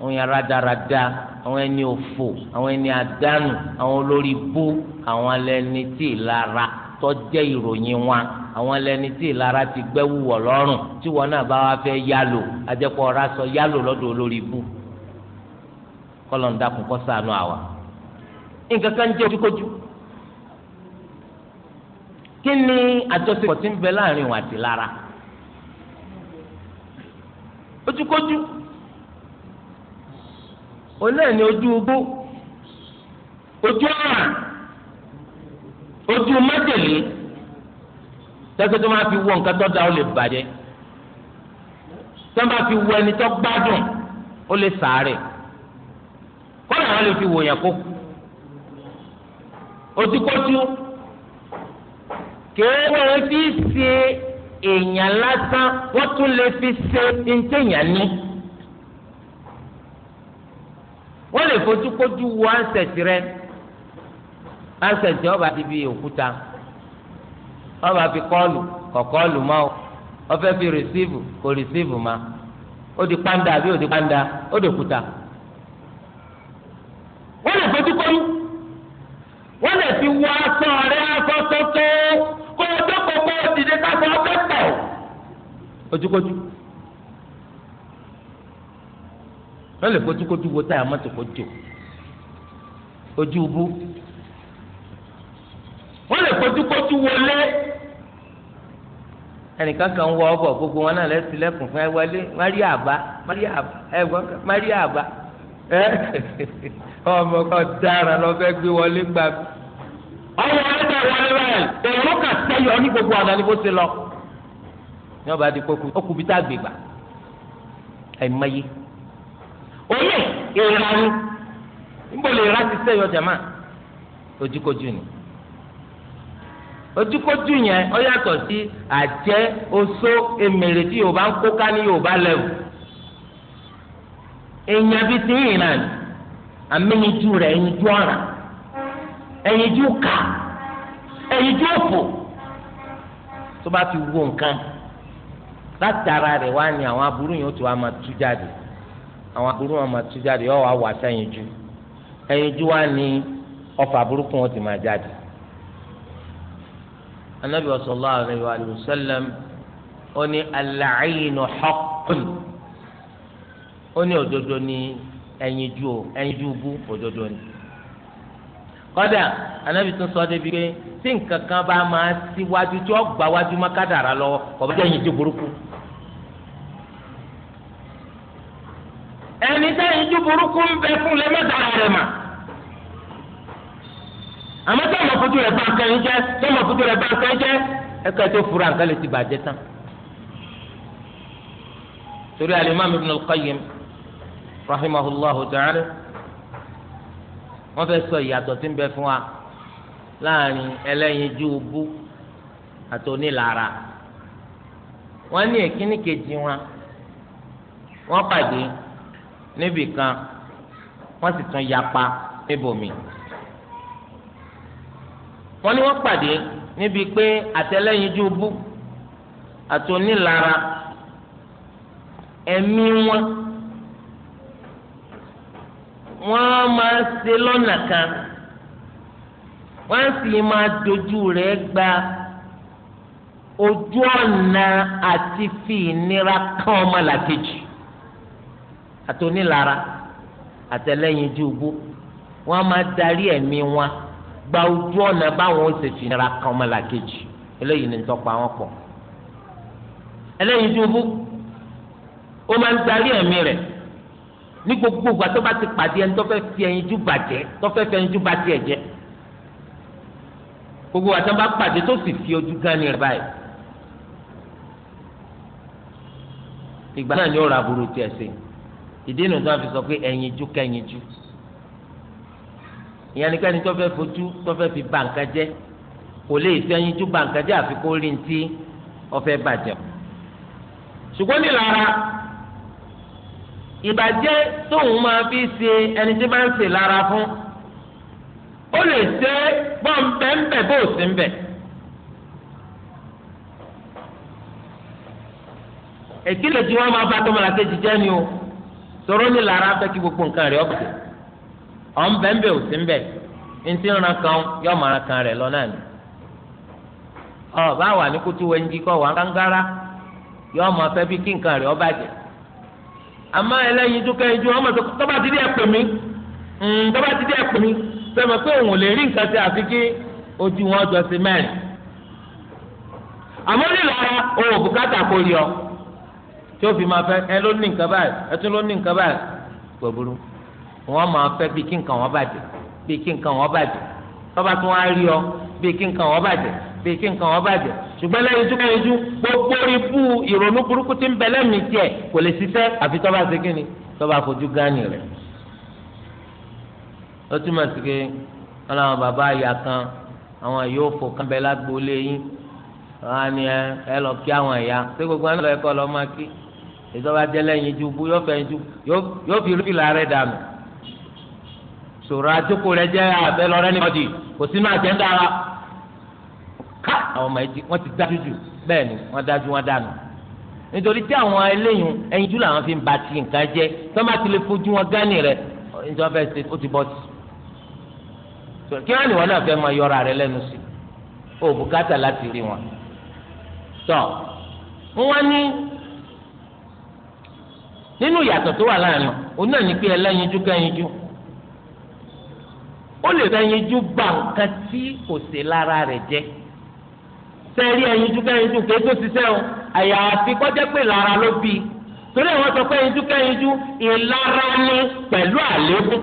àwọn yẹn rádaràda àwọn ẹni òfò àwọn ẹni àdánù àwọn olórí bú àwọn alẹ́ni tí ìlara tọ́jẹ́ ìròyìn wọn àwọn alẹ́ni tí ìlara ti gbẹ́ wúwọ̀ lọ́rùn tí wọn náà bá wá fẹ́ yálò ajẹ́pọ̀ ọ̀rá sọ yálò lọ́dọ̀ olórí bú kọ́lọ̀ ń dákun kọ́ sànú nǹkan kan jẹ́ ojúkójú kí ni àjọṣepọ̀ tí ń bẹ láàrin wọn lára ojúkójú òun náà ní ojú ugbó ojú ọ̀rà ojú májèlé tẹ́sí tó máa fi wọ nǹkan tó da ó lè bàjẹ́ tó máa fi wọ ẹni tó gbádùn ó lè sàárẹ̀ kọ́lá wọn lè fi wò yẹn kó ojúkọ́jú kèé wọn fi ṣe èèyàn lásán wọ́n tún lè fi ṣe ní téèyàn ní wọ́n lè fojúkojú wo ansẹ̀tì rẹ ansẹ̀tì ọba ti bi òkúta ọba fi kọ́ọ̀lù kọ̀kọ́ọ̀lù mọ́ ọfẹ́ fi rìsíìfù kò rìsíìfù ma ó di pàǹdà àbí ó di pàǹdà ó di òkúta wọ́n lè fojúkojú wọ́n lè fi wọ aṣọ rẹ aṣọ tó tó kó o dọ́kọ̀ọ́ kó o dìde ká sọ ọ́ fẹ́ tẹ̀ ojúkojú. wọ́n lè kótókótó wo táyà mọ́tò kó jò ojú bú wọ́n lè kótókótó wọlé ẹnìkan kan wọ ọbọ gbogbo wọn náà lẹsí lẹkùn fún ẹ wọlé mari àbá mari àbá ẹ gbọ́n mari àbá ẹ ọmọ kan dára lọ fẹ́ gbé wọlé gbà mí. ọwọ́ ẹgbẹ́ wọlé báyìí èrò kà sẹ́yọ ní gbogbo ọ̀nà ni bó ṣe lọ. ní ọba àdìpọ̀ kù ọkùnrin tá a gbè ẹ̀ máa yé. omi ìranu níbo lè ra ti sẹ́yọ jama ojúkojú ni ojúkojú yẹn ó yàtọ̀ sí àjẹ́ oṣó emèrè tí yorùbá ń kó ká ní yorùbá lẹ́wù èèyàn bíi ti yìn náà amínitú rẹ̀ ẹ̀yinjú ọ̀ràn ẹ̀yinjú kà ẹ̀yinjú òfò tó bá ti wo nǹkan látara rẹ̀ wá ní àwọn aburú yẹn ó ti wá máa àwọn aburú wọn máa tú jáde ọwọ àwọ àtẹyìn ju ẹyin ju wa ni ọfà burúkú wọn ti máa jáde. anabi sallallahu alayhi wa sallam ó ní al-'aynu haqqun ó ní òdodo ní ẹyin ju o ẹyin ju bú òdodo ní. kọ́dà anabi tún sọ débi pé tí nǹkan kan bá máa síwájú tí ó gbà wájú má kádàrá lọ kọ́ bá jẹ́ ẹyin ju burúkú. burúkú ń bẹ fún lẹ́mọ̀ dára rẹ̀ mà. àmọ́ tí ọmọ fojú rẹ̀ bá ń kẹ́yìn jẹ́ tí ọmọ fojú rẹ̀ bá ń kẹ́yìn jẹ́ ẹ̀ka tó fura nǹkan lè ti bàjẹ́ tán. torí alimami ibn al-qayyim ta'ala wọ́n fẹ́ sọ ìyàtọ̀ tí ń bẹ fún wa láàrin àti wọ́n ní kejì níbì kan wọ́n sì tún yapa níbòmí. wọ́n ní wọ́n pàdé níbi pé àtẹlẹ́yinjú bú àti onílara ẹ̀mí wọn wọ́n máa ṣe lọ́nà kan wọ́n sì máa dojú rẹ̀ gba ojú ọ̀nà àti fi ìnira kan ọmọlàkejì àtònílara àtẹlẹyìn dùbú wọn máa darí ẹ̀mí wọn gba ojú ọ̀nà báwọn ó ṣe fìnira kan ọmọlàkejì eléyìí ni ń tọpa wọn pọ̀ ẹlẹ́yìn dùbú ó máa ń darí ẹ̀mí rẹ̀ ní gbogbo ìgbà tó bá ti pàdé ẹni tó fẹ́ fi ẹyin jú bàjẹ́ tó fẹ́ fi ẹyin jú bá tiẹ̀ tó sì fi ojú gani rẹ̀ báyìí ìgbà náà ni ó ra burú tiẹ̀ sí ìdí inú tó wọ́n fi sọ pé ẹ̀yin jú kẹ́yin jú ìyẹn ni kẹ́ni tó fẹ́ fojú tó fẹ́ fi bà nǹkan jẹ́ kò lè fi ẹ̀yin jú bà nǹkan jẹ́ àfi kó rí ntí ọfẹ́ bàjẹ́ ṣùgbọ́n nílara ìbàjẹ́ tóun máa fi ṣe ẹni tí bá ń ṣe lára fún ó lè ṣe bọ́ǹbẹ̀ǹbẹ̀ bó sì ń bẹ̀. èkìlẹ̀ tí wọ́n máa bá tọmọlàkejì jẹ́ ni o tóró ni lára fẹ́ kí gbogbo nǹkan rẹ̀ ọ̀bùtẹ̀ ọ̀n bẹ́ńbẹ́ ò sí ń bẹ̀ ntí ran kan yọ màrán kan rẹ̀ lọ náà ni ọ̀ bá wà ní kútu wẹ́ńjì kọ́ wà kángárá yọ ọmọ fẹ́ bí kí nǹkan rẹ̀ ọ̀bàjẹ́ àmọ́ ẹlẹ́yin tó kẹ́yìn ju ọmọ tó bá ti dé ẹ̀pẹ̀ mi tó bá ti dé ẹ̀pẹ̀ mi sẹ́mi pé òun ò lè rí nǹkan ṣe àfi kí ojú wọn jọ sí mẹ́rin àmọ́ nílò ara òun ò kò yọ tí ó fi máa fẹ́ ẹ ló ní nǹkan báyìí ẹ tún ló ní nǹkan báyìí gbọ̀gbọ̀rú wọ́n máa fẹ́ bí kí nǹkan wọn bàjẹ́ bí kí nǹkan wọn bàjẹ́ tọ́ba tún wá rí ọ bí kí nǹkan wọn bàjẹ́ bí kí nǹkan wọn bàjẹ́ ṣùgbọ́n lẹ́yìn tún lẹ́yìn tún gbogbo ibú ìrònú burúkú ti ń bẹ lẹ́mìí tiẹ̀ kò lè ṣiṣẹ́ àfi tọ́ba ṣe kí ni tọ́ba fojú gánì rẹ̀ ó túmọ̀ sí pé ọlọ́run bàbá àyà kan àwọn yóò fò kán bẹ lágbó lẹ́yìn wọn á ní ẹ lọ kí àwọn ẹ̀yà pé gbogbo wọn lọ ẹ̀kọ́ lọ máa kí ìjọba jẹlẹ yín ju bú yóò fẹ yín ju yóò fi rúbìlà rẹ dànù sòrò àtúkò rẹ jẹ abẹ lọrẹ ní ọdì kò sínú àjẹndà wa ká àwọn ọmọ ẹjì wọn ti dájú jù bẹ́ẹ̀ ni wọn dájú wọn dànù nítorí tí àwọn eléyìí ẹyin jù làwọn fi ń ba ti nǹkan jẹ tọ́ba ti lè fojú wọn gánì rẹ ìjọba fẹ́ ṣe ó ti bọ́ sí kí wọn ni wọn náà fẹ́ máa yọra rẹ lẹ́nu sí o bùkátà láti rí wọn tọ́ wọn ní nínú ìyàtọ̀ tó wà láàrin òun náà ní pé ẹlẹ́yinjú kẹ́yinjú ó lè kẹ́yinjú bá nǹkan tí kò sí lára rẹ̀ jẹ́ sẹ́ẹ̀rí ẹyinjú kẹ́yinjú kéé tó ṣiṣẹ́ o àyàfi kọjá pé lára ló bí i torí àwọn sọ pé ẹyinjú kẹ́yinjú ìlara ni pẹ̀lú àléébù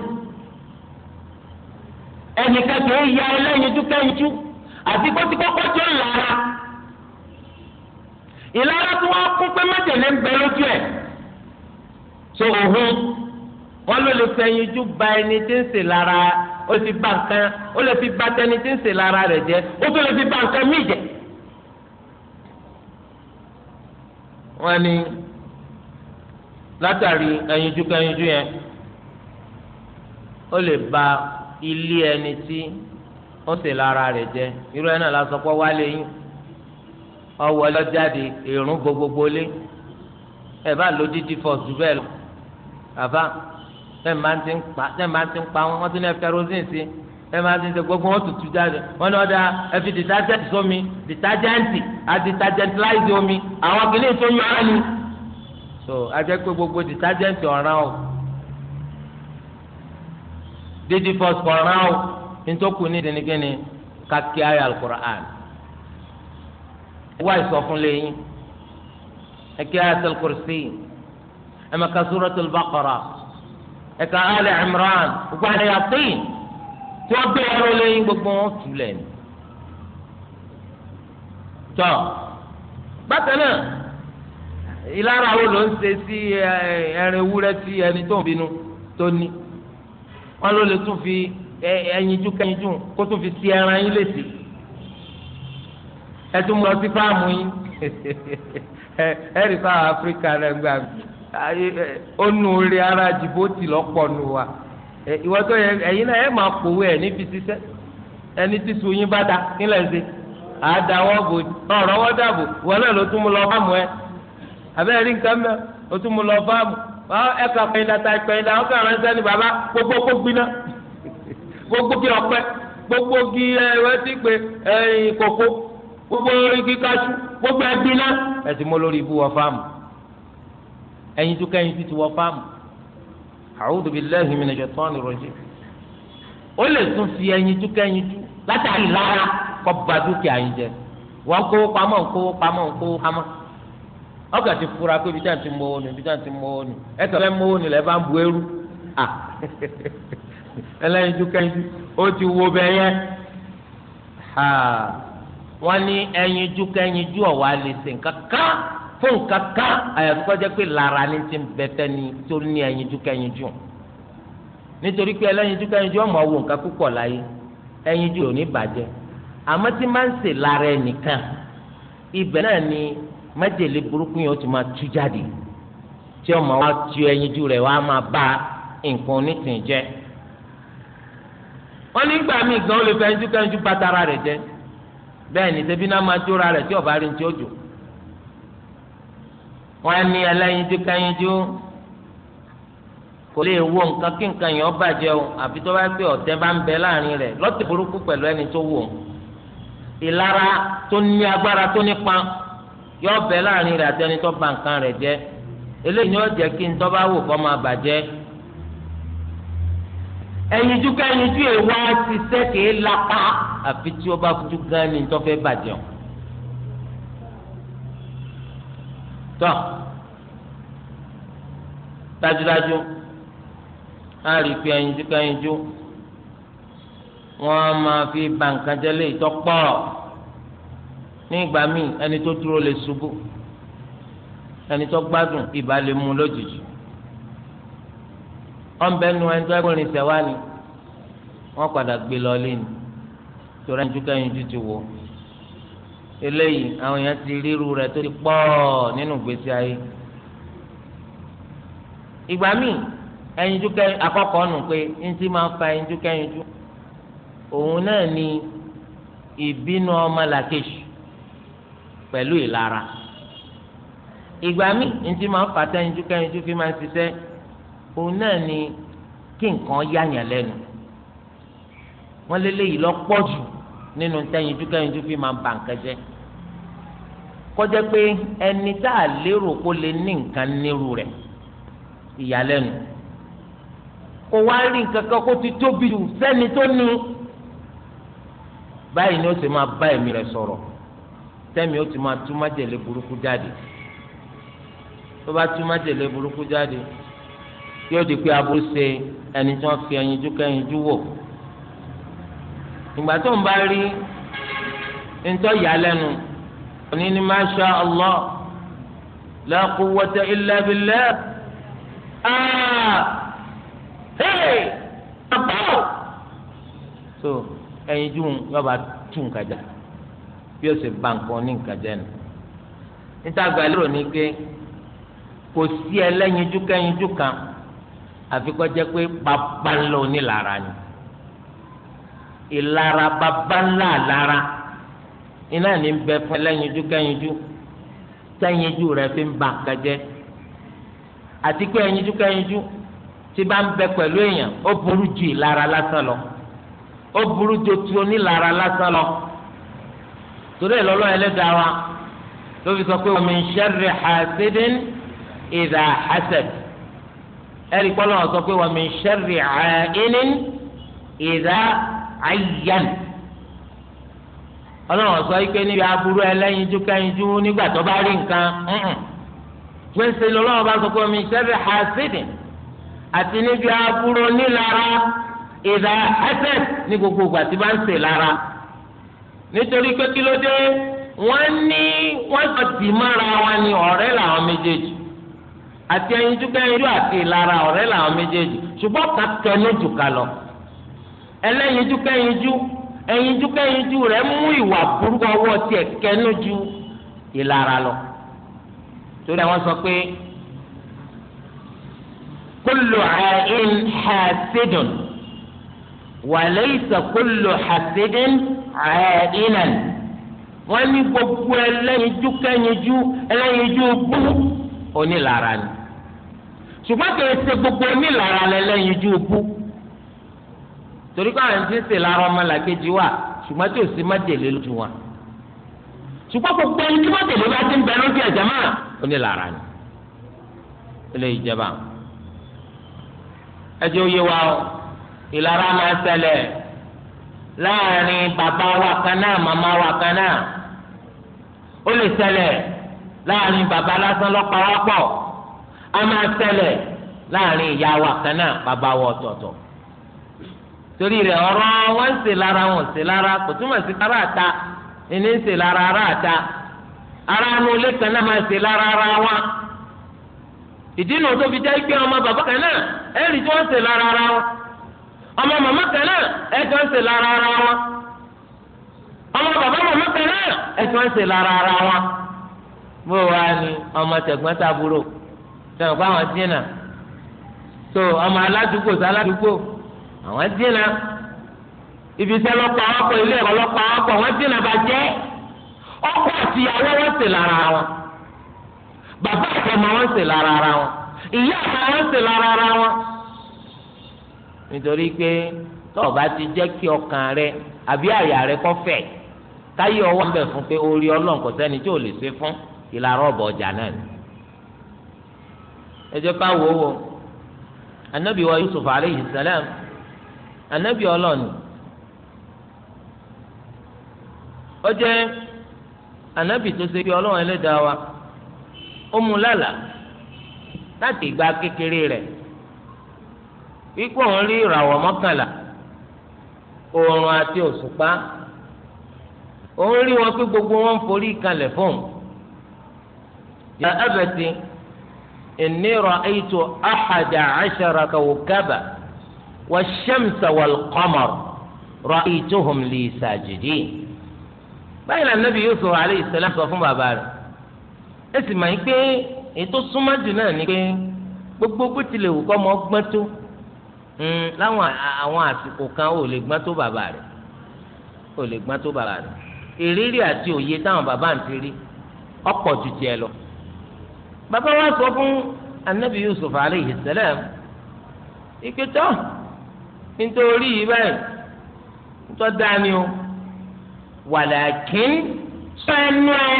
ẹnìkan kìí ya ẹlẹ́yinjú kẹ́yinjú àti kó ti kọ́kọ́ tó ìlara tí wọ́n kún pé májèlé ń bẹ lójú ẹ̀ so òhun wọn ló lè fẹyinjú ba ẹni tí ń sè lára ó ti ba nǹkan ó lè fi ba tẹni tí ń sè lára rẹ̀ jẹ́ ó tó lè fi ba nǹkan míì jẹ́. wọn ní látàrí ẹyinjú kẹyinjú yẹn ó lè ba ilé ẹni tí ó sè lára rẹ̀ jẹ́ irú ẹ náà la sọ pé wálé yín ọwọ́ ọlọ́jáde èrún gbogbogbò lé ẹ bá lójú dífọ̀sù bẹ́ẹ̀ lọ àfa tẹ́ẹ̀ máa ti ń pa tẹ́ẹ̀ máa ti ń pa wọn wọ́n ti ní ẹ̀fẹ́rọ́sìn sí ẹ máa ti ṣe gbogbo wọn tutù jáde wọn ni wọn da ẹ fi detergent sómi detergent àti detergentilize omi àwọn kìnìún tó yọ ọ ni. so ajẹ́ pé gbogbo detergent ọ̀ràn o dídí fọ́s ọ̀ràn o nítòkù ní ìdínigínní kakí ayé alukur'an wá ìsọfúnlẹ̀ yín ẹ kí ayé alukur'an sí i ẹ máa ka suratul baqara ẹ ka ali imran gbogbo àlẹ yàtìn tí wọ́n gbé ẹrọ lẹ́yìn gbogbo wọn tù lẹ́nu. tọ́ bákan náà ìlara wo ló ń ṣe sí ẹrin ewúrẹ́ tí ẹni tó ń bínú tó ní wọ́n ló lè tún fi ẹyinjú kẹyinjú kó tún fi ti ẹran yín lèsì ẹ tún mú lọ sí fáàmù yín ẹ ẹ rí fáwọn áfíríkà rẹ gbà mí onúure ara jìbòtì lọ́pọ̀ wa ìwọ tó yẹ ẹ̀yin náà ẹ̀ máa pòwé ẹ̀ níbi ṣiṣẹ́ ẹni tí sun yín bá da nílẹ̀ ṣe àdáwọ́ bò ọ̀rọ̀ wọ́n dàbò wọn náà ló tún mu lọ fáàmù ẹ abẹ́rẹ́ nǹkan mẹ́ o tún mu lọ fáàmù ẹ kà pẹ̀yìn dàtà ìpẹ̀yìn dàtà ọkọ̀ ránṣẹ́ ni bàbá gbogbo kó gbiná gbogbo kí ọ̀pẹ gbogbo kí ẹ wẹ́ sí pé ẹ̀yìn kòkó gbogbo orí kíkáṣú gbogbo ẹ̀gbiná ẹ̀ ti mú lórí ibú wọ fáàmù ẹyin tó kẹyìn títí wọ fáàmù a'udhu billahi minash shaitani rajim ó lè tún fi ẹyin tó kẹyìn tó látàrí lára kọ ba dúkìá yín jẹ wọn kówó pamọ́ kówó pamọ́ kówó pamọ́ ọgà ti fura pé ibi tí a ti mọ ònù ibi tí a ti mọ ònù ẹ tọ́ fẹ́ mọ ònù lẹ́ bá ń bu eru ẹlẹ́yin tó kẹyìn tó ó ti wo bẹ́ẹ̀ yẹn wọ́n ní ẹyin tó kẹyìn tó ọ̀wá lè sè kankan fóun kankan àyàfi kọjá pé lára ni ti ń bẹ fẹni tó ní ẹyinjú kẹyinjú nítorí pé ẹlẹ́yinjú kẹyinjú ọmọ wò nǹkan púpọ̀ láyé ẹyinjú ò ní bàjẹ́ àmọ́ tí máa ń sè lára ẹnìkan ibẹ̀ náà ni májèlé burúkú yẹn ó ti máa tú jáde tí ọmọ wa tu ẹyinjú rẹ̀ wá máa bá nǹkan onítìǹ jẹ́ wọ́n nígbà míì gan ó lè fẹ́ ẹyinjú kẹyinjú bá tara rẹ̀ jẹ́ bẹ́ẹ̀ ni tẹ́bí náà máa jóra rẹ̀ tí ọ̀bá rí ní tí ó jò wọn á ní aláyinjú káyinjú kò lè wo nǹkan kí nǹkan yẹn ó bàjẹ́ o àfi tó bá gbé ọ̀tẹ̀ bá ń bẹ láàrin rẹ̀ lọ́tẹ̀ burúkú pẹ̀lú ẹni tó wò ó ìlara tó ní agbára tó nípa yọ bẹ láàrin rẹ̀ àti ẹni tó bà nǹkan rẹ̀ jẹ́ eléyìí ni ó jẹ́ kí n tó bá wò kọ́ máa bàjẹ́ ẹyinjú káyinjú èèwọ̀ ti sẹ́kẹ̀ẹ́ lápá àfi tí ó bá fojú gan ni tó fẹ́ bàjẹ́ o. tọ́ dájúdájú á rí i pé ẹyinjú kẹyinjú wọ́n máa fi ba nǹkan jẹ́ lé ìtọ́pọ̀ ní ìgbà míì ẹni tó dúró lè ṣubú ẹni tó gbádùn ìbá lè mú lójijì ọ̀nbẹ́nu ẹni tó ẹgbẹ́rin sẹ́wá ni wọ́n padà gbé lọ lé ni torí ẹyinjú kẹyinjú ti wò eléyìí àwọn èèyàn ti ríru rẹ̀ tó ti pọ̀ nínú ìgbésí ayé ìgbà míì ẹyinjú kẹ àkọ́kọ́ nù pé ntí máa fa ẹyinjú kẹyinjú òun náà ni ìbínú ọmọ làkejì pẹ̀lú ìlara ìgbà míì ntí máa fa tẹyinjú kẹyinjú fi máa ṣiṣẹ́ òun náà ni kí nǹkan yáyàn lẹ́nu wọn lé léyìí lọ pọ̀ jù nínú tẹyinjú kẹyinjú fi máa ń ba nǹkan jẹ́ kọjá pé ẹni tá a lérò kó lè ní nǹkan nírú rẹ̀ ìyàlẹ́nu kò wá rí nǹkan kan kó ti tóbi jù sẹ́ni tó ní báyìí ni ó sì máa bá ẹ̀mí rẹ̀ sọ̀rọ̀ tẹ́mi ó ti máa tú májèlé burúkú jáde tó bá tú májèlé burúkú jáde yóò di pé aburú ṣe ẹni tí wọ́n fi ẹyinjú kẹyinjú wò ìgbà tó ń bá rí ntọ́ yà lẹ́nu òní ni masha allah la quwwata illa billah aa ah! hey abawo so ẹyin dùn yọba tún nǹkajà bí o sì ba nǹkan ní nǹkajà nù níta gbàlérò ní pé kò sí ẹlẹ́yinjú kẹ́yinjú kan àfikọ́ jẹ́ pé babalọ́ nílara ni ìlara bàbá ńlá lára iná ní bẹ fún ẹlẹ́yinjú kẹ́yinjú tẹ́yinjú rẹ fi ń ba nǹkan jẹ́ àti pé ẹyinjú kẹ́yinjú tí bá ń bẹ pẹ̀lú èèyàn ó burú ju ìlara lásán lọ ó burú ju tu onílara lásán lọ torí ìlọ́lọ́ ẹlẹ́dàá wa ló fi sọ pé wa min sharri hasidin idha hasad ẹ̀rí pọ́lọ́ sọ pé wa min sharri ainin idha hasad ayyan ọlọ́run sọ pé níbi aburú ẹlẹ́yinjú kẹ́yinjú nígbà tó bá rí nǹkan gbèsè lọ́wọ́ bá sọ pé omi ṣẹ́fẹ̀ hasidin àti níbi aburú nílara ìdá ẹsẹ̀ ní gbogbo ìgbà tí bá ń ṣe lára nítorí pé kí ló dé wọ́n ní wọ́n sọ tì mára wa ni ọ̀rẹ́ làwọn méjèèjì àti ẹyinjú kẹ́yinjú àti ìlara ọ̀rẹ́ làwọn méjèèjì ṣùgbọ́n kàkẹ́ ní jùkà lọ ẹlẹ́yinjú kẹ́yinjú ẹ̀yinjú kẹ́yinjú rẹ̀ mú ìwà burúkú ọwọ́ tiẹ̀ kẹ́nu ju ìlara lọ. torí àwọn sọ pé kullu a'in hasidun wa laysa kullu hasidin a'inan wọ́n ní gbogbo ẹlẹ́yinjú kẹ́yinjú ẹlẹ́yinjú bú onílara ni ṣùgbọ́n kì í ṣe gbogbo onílara lẹ́lẹ́yinjú bú torí pé àwọn ti ń sè lára ọmọ làkejì wa ṣùgbọ́n tí ò sí májèlé lójú wa ṣùgbọ́n gbogbo ẹni tí májèlé bá ti ń bẹ lójú ẹ̀jẹ̀ máa ó ní lára ni ilé ìjẹba ẹjẹ òye wa o ìlara máa ṣẹlẹ̀ láàrin bàbá wa kan náà màmá wa kan náà ó lè ṣẹlẹ̀ láàrin bàbá lásán lọ́pàá wa pọ̀ a máa ṣẹlẹ̀ láàrin ìyá wa kan náà bàbá wa ọ̀tọ̀ọ̀tọ̀. torí rẹ̀ ọrọ wọn ṣe lara wọn ṣe lára kò túmọ̀ sí ara àta ẹni ń ṣe ara àta ara nu ilé ara wa ìdí nu tó fi jẹ́ pé ọmọ bàbá kan náà ẹ̀rì tí ara wọn ọmọ màmá kan náà ara wa ọmọ bàbá màmá kan náà ẹ̀jọ̀ ara wa ni ọmọ tẹ̀gbọ́n tàbúrò tẹ̀gbọ́n àwọn tó ọmọ àwọn dínà ibi iṣẹ́ lọ́pàá wọn pọ̀ ilé ẹ̀kọ́ lọ́pàá wọn pọ̀ wọ́n dínà bàjẹ́ ọkọ àti ìyàwó wọn sì lára wọn bàbá àti ọmọ wọn sì lára ara wọn ìyá àti ọmọ wọn sì lára ara wọn. nítorí pé tó o bá ti jẹ́ kí ọkàn rẹ àbí àyà rẹ kọ́ fẹ̀ táyé ọwọ́ ń bẹ̀ fún pé orí ọlọ́run kò sẹ́ni tí ò lè ṣe fún ìlara ọ̀bọ̀ ọjà náà ni. ẹ jẹ́ ká wò ó wò anábìwá Yusuf aleyhi salam. anabi ọlọ́ni ó jẹ́ anabi tó ṣe pé ọlọ́run ẹlẹ́dàá wa ó mú lálàá láti ìgbà kékeré rẹ̀ wípé òun rí ìràwọ̀ mọ́kànlá àti òṣùpá òun rí wọn pé gbogbo wọn ń forí kalẹ̀ fún un yà abẹ́tì inni ra'aytu ahada والشمس والقمر رأيتهم qamar ra'aytuhum li sajidin. báyìí lànà nàbí Yusuf alayhi salam sọ fún bàbá rẹ̀ ẹ sì máa ń pé ètò súnmọ́jù náà ni pé gbogbo bó tilẹ̀ wù kọ́ mọ́ gbọ́n tó hmm, láwọn àwọn àsìkò kan ò lè gbọ́n tó bàbá rẹ̀ ò lè gbọ́n tó bàbá rẹ̀ ìrírí àti òye táwọn bàbá ń ti ọ̀pọ̀ ju tiẹ̀ lọ. bàbá wa sọ fún anabi Yusuf alayhi salam ìpè nítorí yìí báyìí nítorí dání o wàlàkín sọ ẹnu ẹ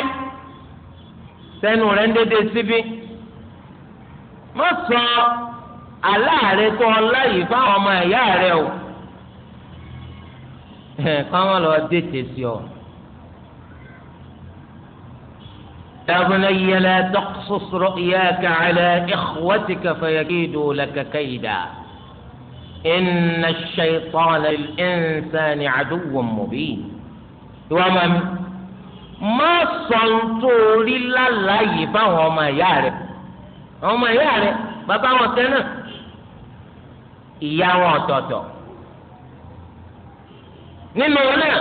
sẹnu rẹ ń dédé síbí má sọ aláàárẹ̀ tó ọlá yìí fáwọn ọmọ ẹ̀yà rẹ o káwọn lọ dètè sí ọ. يا لا تقصص رؤياك على إخوتك فيكيدوا لك كيدا inna ash-shaytana lil-insani aduwwun mubin ìwà máa mi má sọ nítorí lálàyé fáwọn ọmọ ìyá rẹ àwọn ọmọ ìyá rẹ bàbá wọn kẹ náà ìyá wọn ọ̀tọ̀ọ̀tọ̀ nínú náà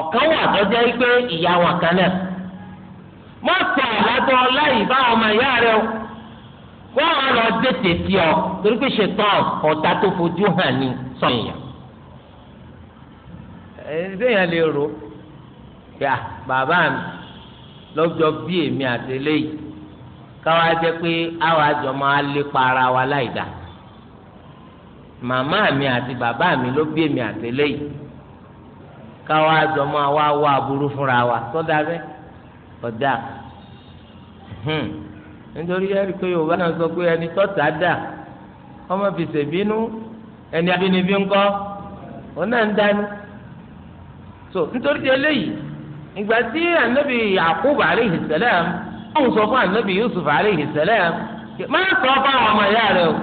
ọ̀kan wà tọ́jọ́ pé ìyá wọn kan náà má sọ àlátọ́ láyé fáwọn ọmọ ìyá rẹ o wọ́n á lọ tètè sí ọ torí pé ṣètàn ọ̀tá tó fojú hàn ní sọ̀yìn. ẹ̀ẹ́dẹ́yìn lè rò yà ah, bàbá mi lọ́jọ́ bí èmi àti eléyìí káwá jẹ́ pé àwọn àjọ máa lépa ara wa láì dá màmá mi àti bàbá mi ló bí èmi àti eléyìí káwá àjọ máa wá wá aburú fúnra wa sọ́dá bẹ́ẹ̀ ọ̀dà. Hmm nítorí ẹ̀rí pé yorùbá náà sọ pé ẹni tọ́ta dà ọmọ fi ṣèbínú ẹni abínibí ńkọ́ òun náà ń dání so nítorí ti eléyìí ìgbà tí ànábì Yakub alayhi salam ọ̀hún sọ fún ànábì Yusuf alayhi salam má sọ fáwọn ọmọ ìyá rẹ o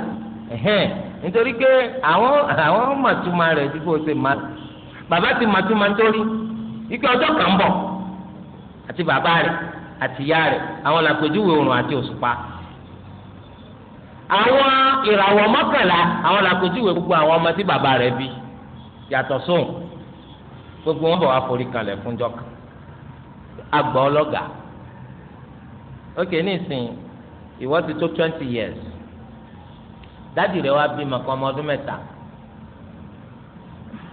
ẹ̀hẹ́n nítorí pé àwọn àwọn màtúmá rẹ̀ tí kò ṣe má bàbá ti màtúmá nítorí ike ọjọ́ kan bọ̀ àti bàbá rẹ̀ àti ìyá rẹ̀ àwọn làpèjúwe òrùn àti òṣùpá àwọn ìràwọ̀ mọ́kànlá àwọn làpèjúwe gbogbo àwọn ọmọ tí bàbá rẹ̀ bí yàtọ̀ sóun gbogbo wọn bọ̀ wá forí kalẹ̀ fúnjọ́ kan àgbà ọlọ́gà ókè nísìnyí ìwọ ti tó twenty years dádì rẹ̀ wá bímọ kan ọmọ ọdún mẹ́ta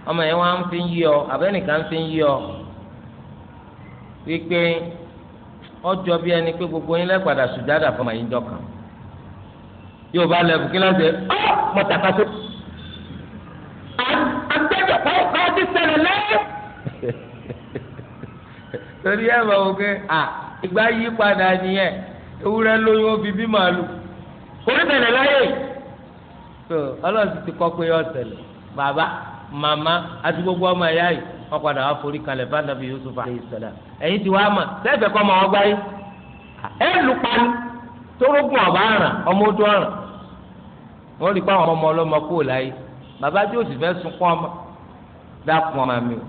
ọmọ yẹn wá ń fi yí ọ àbẹ́nìkan ń fi yí ọ wípé ọjọ́ bí ẹni pé gbogbo yín lẹ́gbàdà sùjádà fún màá yín jọ kàn yóò bá lẹ́bù kí lọ́sẹ̀ ọ́ mọ̀tàkàtó àgbẹ̀jọ̀ kọ́ ti ṣẹlẹ̀ lẹ́yìn. torí ẹ bá wọ́n pé à ìgbà yí padà nìyẹn ewúrẹ́ lóyún ó fi bí màálù orí bẹ̀rẹ̀ láyè ọlọ́run ti kọ́ pé ọ̀sẹ̀ lẹ̀ bàbá màmá àti gbogbo ọmọ ẹ̀yà yìí wọn padà wá forí kalẹ̀ bá nàbí Yusuf alayhi ẹ̀yin ti wá mà sẹ́fẹ̀ kọ́ torógùn ọ̀bá ọmọ odò àràn wọ́n rí ọmọ ọlọ́mọ kú láyé bàbá tí ó fẹ́ sunkún ọmọ dákun ọmọ mi o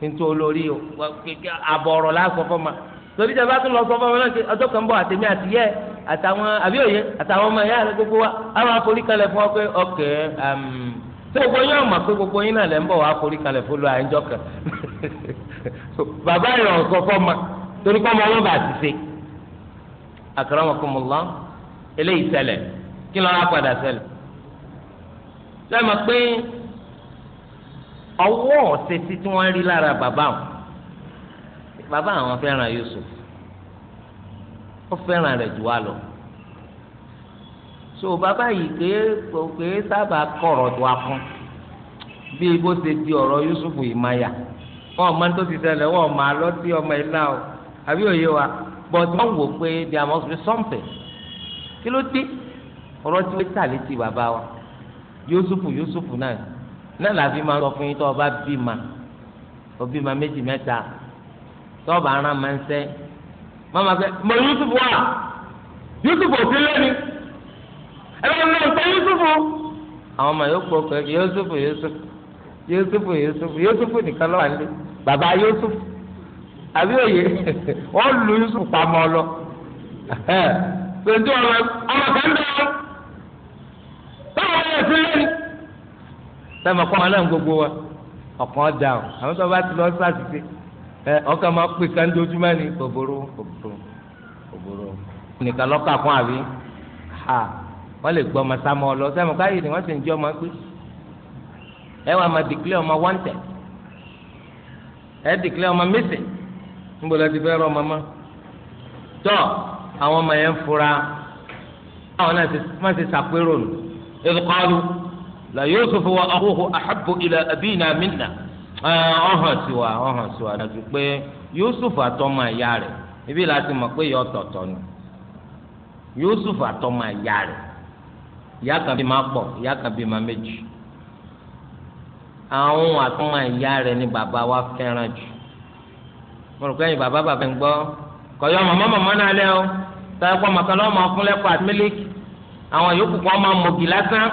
nítorí olórí o àbọ̀rọ̀ lásán fọ́ ma torí tún lọ sọ ọjọ́ kan bọ̀ àtẹ̀mí àtàwọn àtàwọn ọmọ gbogbo wa àwọn fún ọ pé ọkẹ́ um, ṣé gbogbo yín àmọ̀ pé gbogbo yín náà lẹ́ ń bọ̀ wá forí kalẹ̀ fúlọ́ àyíjọ́ kan bàbá ìrọ̀rùn kọ́kọ́ ma torí kọ́ ọmọ ọlọ́ba àti ṣe akramakumullah eléyìí ṣẹlẹ̀ kí lọ́ra padà ṣẹlẹ̀ sẹ́mi pé ọwọ́ ọ̀sẹ̀ tí wọ́n rí lára bàbá wọn bàbá àwọn fẹ́ràn Yusuf ó fẹ́ràn rẹ̀ jù wá lọ so bàbá yìí ké ké sábà kọ̀rọ̀ tó a kún bí ibo ṣe di ọ̀rọ̀ Yusuf ìmáyà wọn ọmọ tó ti ṣẹlẹ̀ wọn ọmọ alọ́ sí ọmọ iná o àbí òye wa but wọn wò pé there must be something kí ló dé ọ̀rọ̀ tí wọ́n tà létí bàbá wa Yusuf Yusuf náà náà làfi máa sọ fún yín tó ọba bí ma òbí ma méjì mẹ́ta tó ọba aràn máa ń sẹ́ mọ́mọ́ fẹ́ mọ Yusuf wa Yusuf ò sí lẹ́nu. ẹ̀rọ náà tẹ Yusufu. àwọn ọmọ yóò pọ̀ pé Yusufu Yusufu Yusufu Yusufu Yusufu nìkan baba Yusufu àbí òye lu Yusufu pamọ́ lọ. pèntì ọ̀rọ̀ ọmọ kan bẹ́ẹ̀ báwo ni èsì lẹ́nu. sẹ́mi ọkọ ọmọ náà gbogbo wa dà àwọn bá ti lọ ọkọ pè ni kòbóró kòbóró kòbóró nìkan fún àbí wọ́n lè gbọ́ ọmọ sámọ́ ọ lọ káyé ni wọ́n sì ń jẹ́ ọmọ gbé ẹ wà máa ọmọ ẹ dìklẹ́ ọmọ níbo la ti rọ ọmọ àwọn ọmọ yẹn fura àwọn náà má ti sàpérò nù la Yusufu wa akhuhu ahabbu ila abina minna ọ̀hàn sí wa sí wa dájú pé Yusuf àtọmọ ibi láti pé yọ ni Yusuf àtọmọ ìyá kan bí máa pọ̀ ìyá kan bí máa méjì àwọn àtúmọ̀ ìyá rẹ̀ ni bàbá wa fẹ́ràn jù mo rò pé ẹ̀yin bàbá bàbá ń gbọ́ kọ̀yọ́ màmá màmá náà lẹ́ o táyà pọ̀ màkà lọ́wọ́ máa fún lẹ́kọ̀ọ́ àti mílíkì àwọn yòókù kan máa mọ̀gì lásán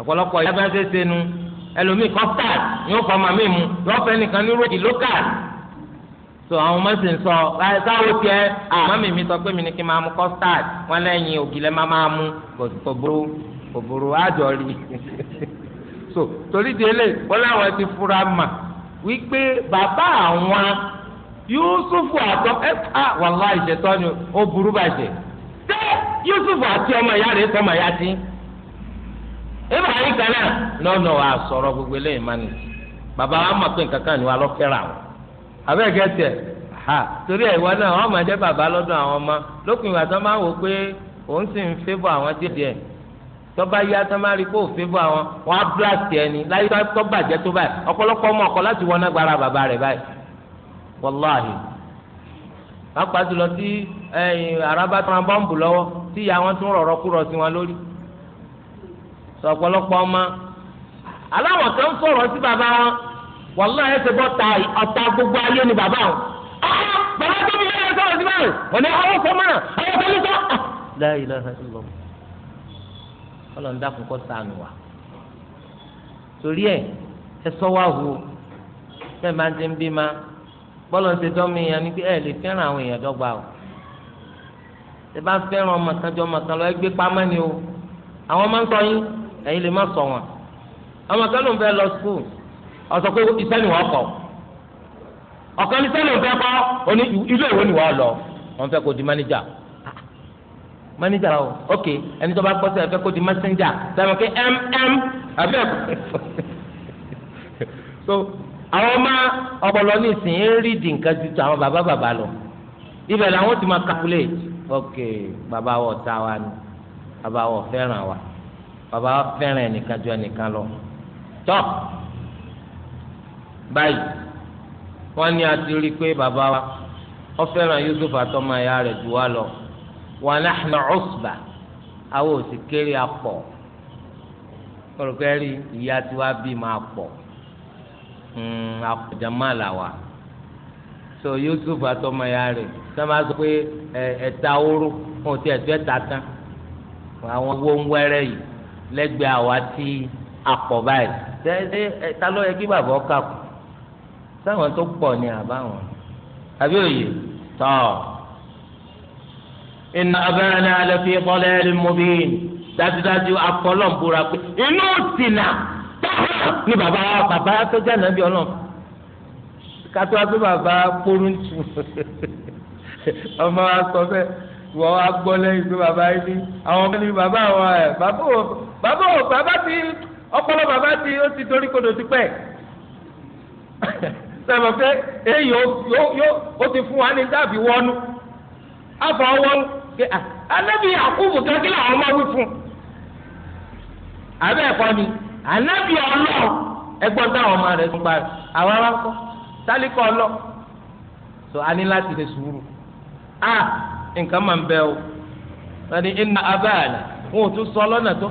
ọ̀pọ̀lọpọ̀ ìyá bá ń ṣe ṣe nu ẹlòmíì kan pàd yóò fọ màmí mu yóò nìkan ní ròdì lókàl so àwọn ọmọ sì ń sọ báwo tiẹ̀ àmọ́ ah. mi mi sọ pé mi ni kí n máa mu custard wọn lẹ́yìn ògìlẹ̀ máa máa mu kò burú kò so torí délé wọn làwọn ti fura mà wípé bàbá àwọn Yusufu àtọ ẹ á wàhálà ìṣètọ́ ni ó burú bàjẹ́ ṣé Yusufu àti ọmọ ìyá rẹ̀ sọmọ ìyá tí ìbá yín kan náà lọ́nà àsọ̀rọ̀ gbogbo eléyìí máa nìyí bàbá wa mọ̀ pé nǹkan kan ni wà lọ́fẹ́ràn àwọn. abẹ́ẹ̀kẹ́ tiẹ̀ ha torí ẹ̀ náà wọ́n máa jẹ́ bàbá lọ́dọ̀ àwọn ọmọ lókùn ìgbà tó máa wò pé òun sì ń àwọn díẹ̀ tọ́ba yá tó máa rí kó àwọn wọ́n á blast ẹni láyé tó bàjẹ́ tó báyìí ọ̀pọ̀lọpọ̀ ọmọ ọkọ láti wọná gbára bàbá rẹ̀ báyìí jùlọ tí araba tó ra lọ́wọ́ tí ìyá wọn tún rọ̀rọ̀ kúrọ̀ sí wọn lórí wàhálà ẹ ṣe bọ́ ta ọ̀tá gbogbo ayé ni bàbá àwọn. Ah, ah, bàbá tó bí bẹ́ẹ̀ sọ̀rọ̀ sí báyìí wọ́n ní àwọn fọmọ́ náà àwọn fọmọ́ sọ. Ah, la ilaha illallah ọlọ́run dákun kọ́ sànù wa torí ẹ ẹ sọ wá hu bẹ́ẹ̀ máa ti ń bí ma bọ́lọ̀ ṣe dọ́mi yẹn ni ẹ lè fẹ́ràn àwọn èèyàn dọ́gba o ṣe bá fẹ́ràn ọmọ kan jọ ọmọ kan lọ ẹgbẹ́ pamọ́ ni o àwọn máa ń sọ yín ẹ̀yin lè má sọ wọn ọmọ kan ló ń fẹ́ lọ school ọsọ pé iṣẹ́ ni wọ́n kọ̀ ọ̀kan iṣẹ́ ni wọ́n fẹ́ kọ́ oní ilé ìwé ni wọ́n lọ wọ́n fẹ́ kó di mánéjà mánéjà o ok ẹni tó bá gbọ́ sẹ́yìn fẹ́ kó di mẹ́sẹ́njà sẹ́yìn pé mm àbí ẹ̀kọ́ so àwọn ọmọ ọpọlọ ní ìsìn ń rí di nǹkan ju àwọn bàbá bàbá lọ ibẹ̀ làwọn ti máa calculate ok bàbá wọ̀ ta wa ni bàbá wọ̀ fẹ́ràn wa bàbá fẹ́ràn ẹnìkan ju ẹnìkan lọ tọ́ báyìí wọ́n ní àti rí i pé bàbá wa ó fẹ́ràn Yusuf àtọmọ ìyá rẹ̀ jù wá lọ wa nahnu usba àwọn ò sì kéré apọ̀ olùkẹ́rì ìyá tí wàá bí máa pọ̀ àpọ̀jàmá hmm, làwà so Yusuf àtọmọ ìyá rẹ̀ sábà sọ pé ẹ̀ta oró wọn ò tí ẹ̀tọ́ ẹ̀ta tán àwọn owó ń wẹ́rẹ́ yìí lẹ́gbẹ̀ẹ́ àwa tí apọ̀ báyìí tẹ́ ẹ ta ló yẹ kí bàbá ọ kà kù sáwọn tó pọ̀ ní àbáwọn àbí òye tọ́ iná abẹ́rẹ́ni alẹ́fi bọ́lẹ́rì mọ́bìn dájúdájú akọlọ́ǹbura pé inú tìǹà ni bàbá bàbá tó jẹ́ nàbí ọlọ́run kátó wá pé bàbá kórúntù ọmọ wa sọ bẹ́ẹ̀ wọ́n wá gbọ́ lẹ́yìn pé bàbá yìí ní àwọn ọmọ ní bàbá wọn ẹ̀ bàbá ò bàbá ti ọpọlọ bàbá ti ó ti dorí kodò ti pẹ́ sẹ́wọ̀n pé èyí o ti fún wa ní dábì wọnú àfọ̀ wọnú pé anábì àkúbù kankí làwọn máa wí fún abẹ́ ẹ̀kọ́ ni anábì ọlọ́ọ̀ ẹgbọ́n táwọn ọmọ rẹ̀ tún gbà àwọn ọlọ so a ní láti lè sùúrù a nǹkan máa ń bẹ o wọ́n ní ìnà wọn ò tún sọ lọ́nà tó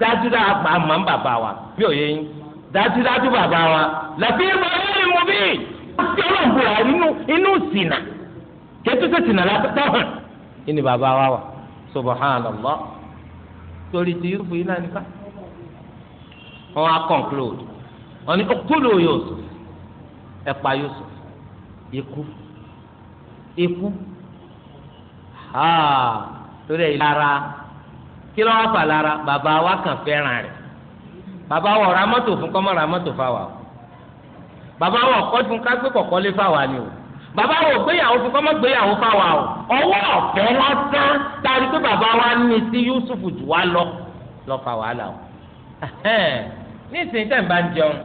dájúdájú àgbà àmà ń bàbá wa bí òye yín dájúdájú bàbá wa làbí ìmọ̀ ẹ̀rí mu bí ọ̀sẹ̀ ọlọ́ọ̀bù wa inú sìnà kẹ́tùtù sìnà látọ̀ hàn ìní bàbá wa wà subhanallah torí ti yúrùbù yìí náà nípa wọn á conclude wọn ni okulu Yusuf ẹ pa Yusuf ikú ikú ha torí ẹ̀ yára kí ló wá fà lára bàbá wa kàn fẹ́ràn rẹ̀ bàbá wa ra mọ́tò fún kọ́mọ́ ra mọ́tò fáwa o bàbá wa ọkọ fún kágbé kọ̀kọ́ lé fáwa ni o bàbá wa ògbéyàwó fún kọ́mọ́ gbéyàwó fáwa o ọwọ́ ọ̀fẹ́ lásán tari pé bàbá wa ní sí Yusuf jù wá lọ lọ fa wàhálà o ní ìsìn tẹ̀ ń bá ń jẹun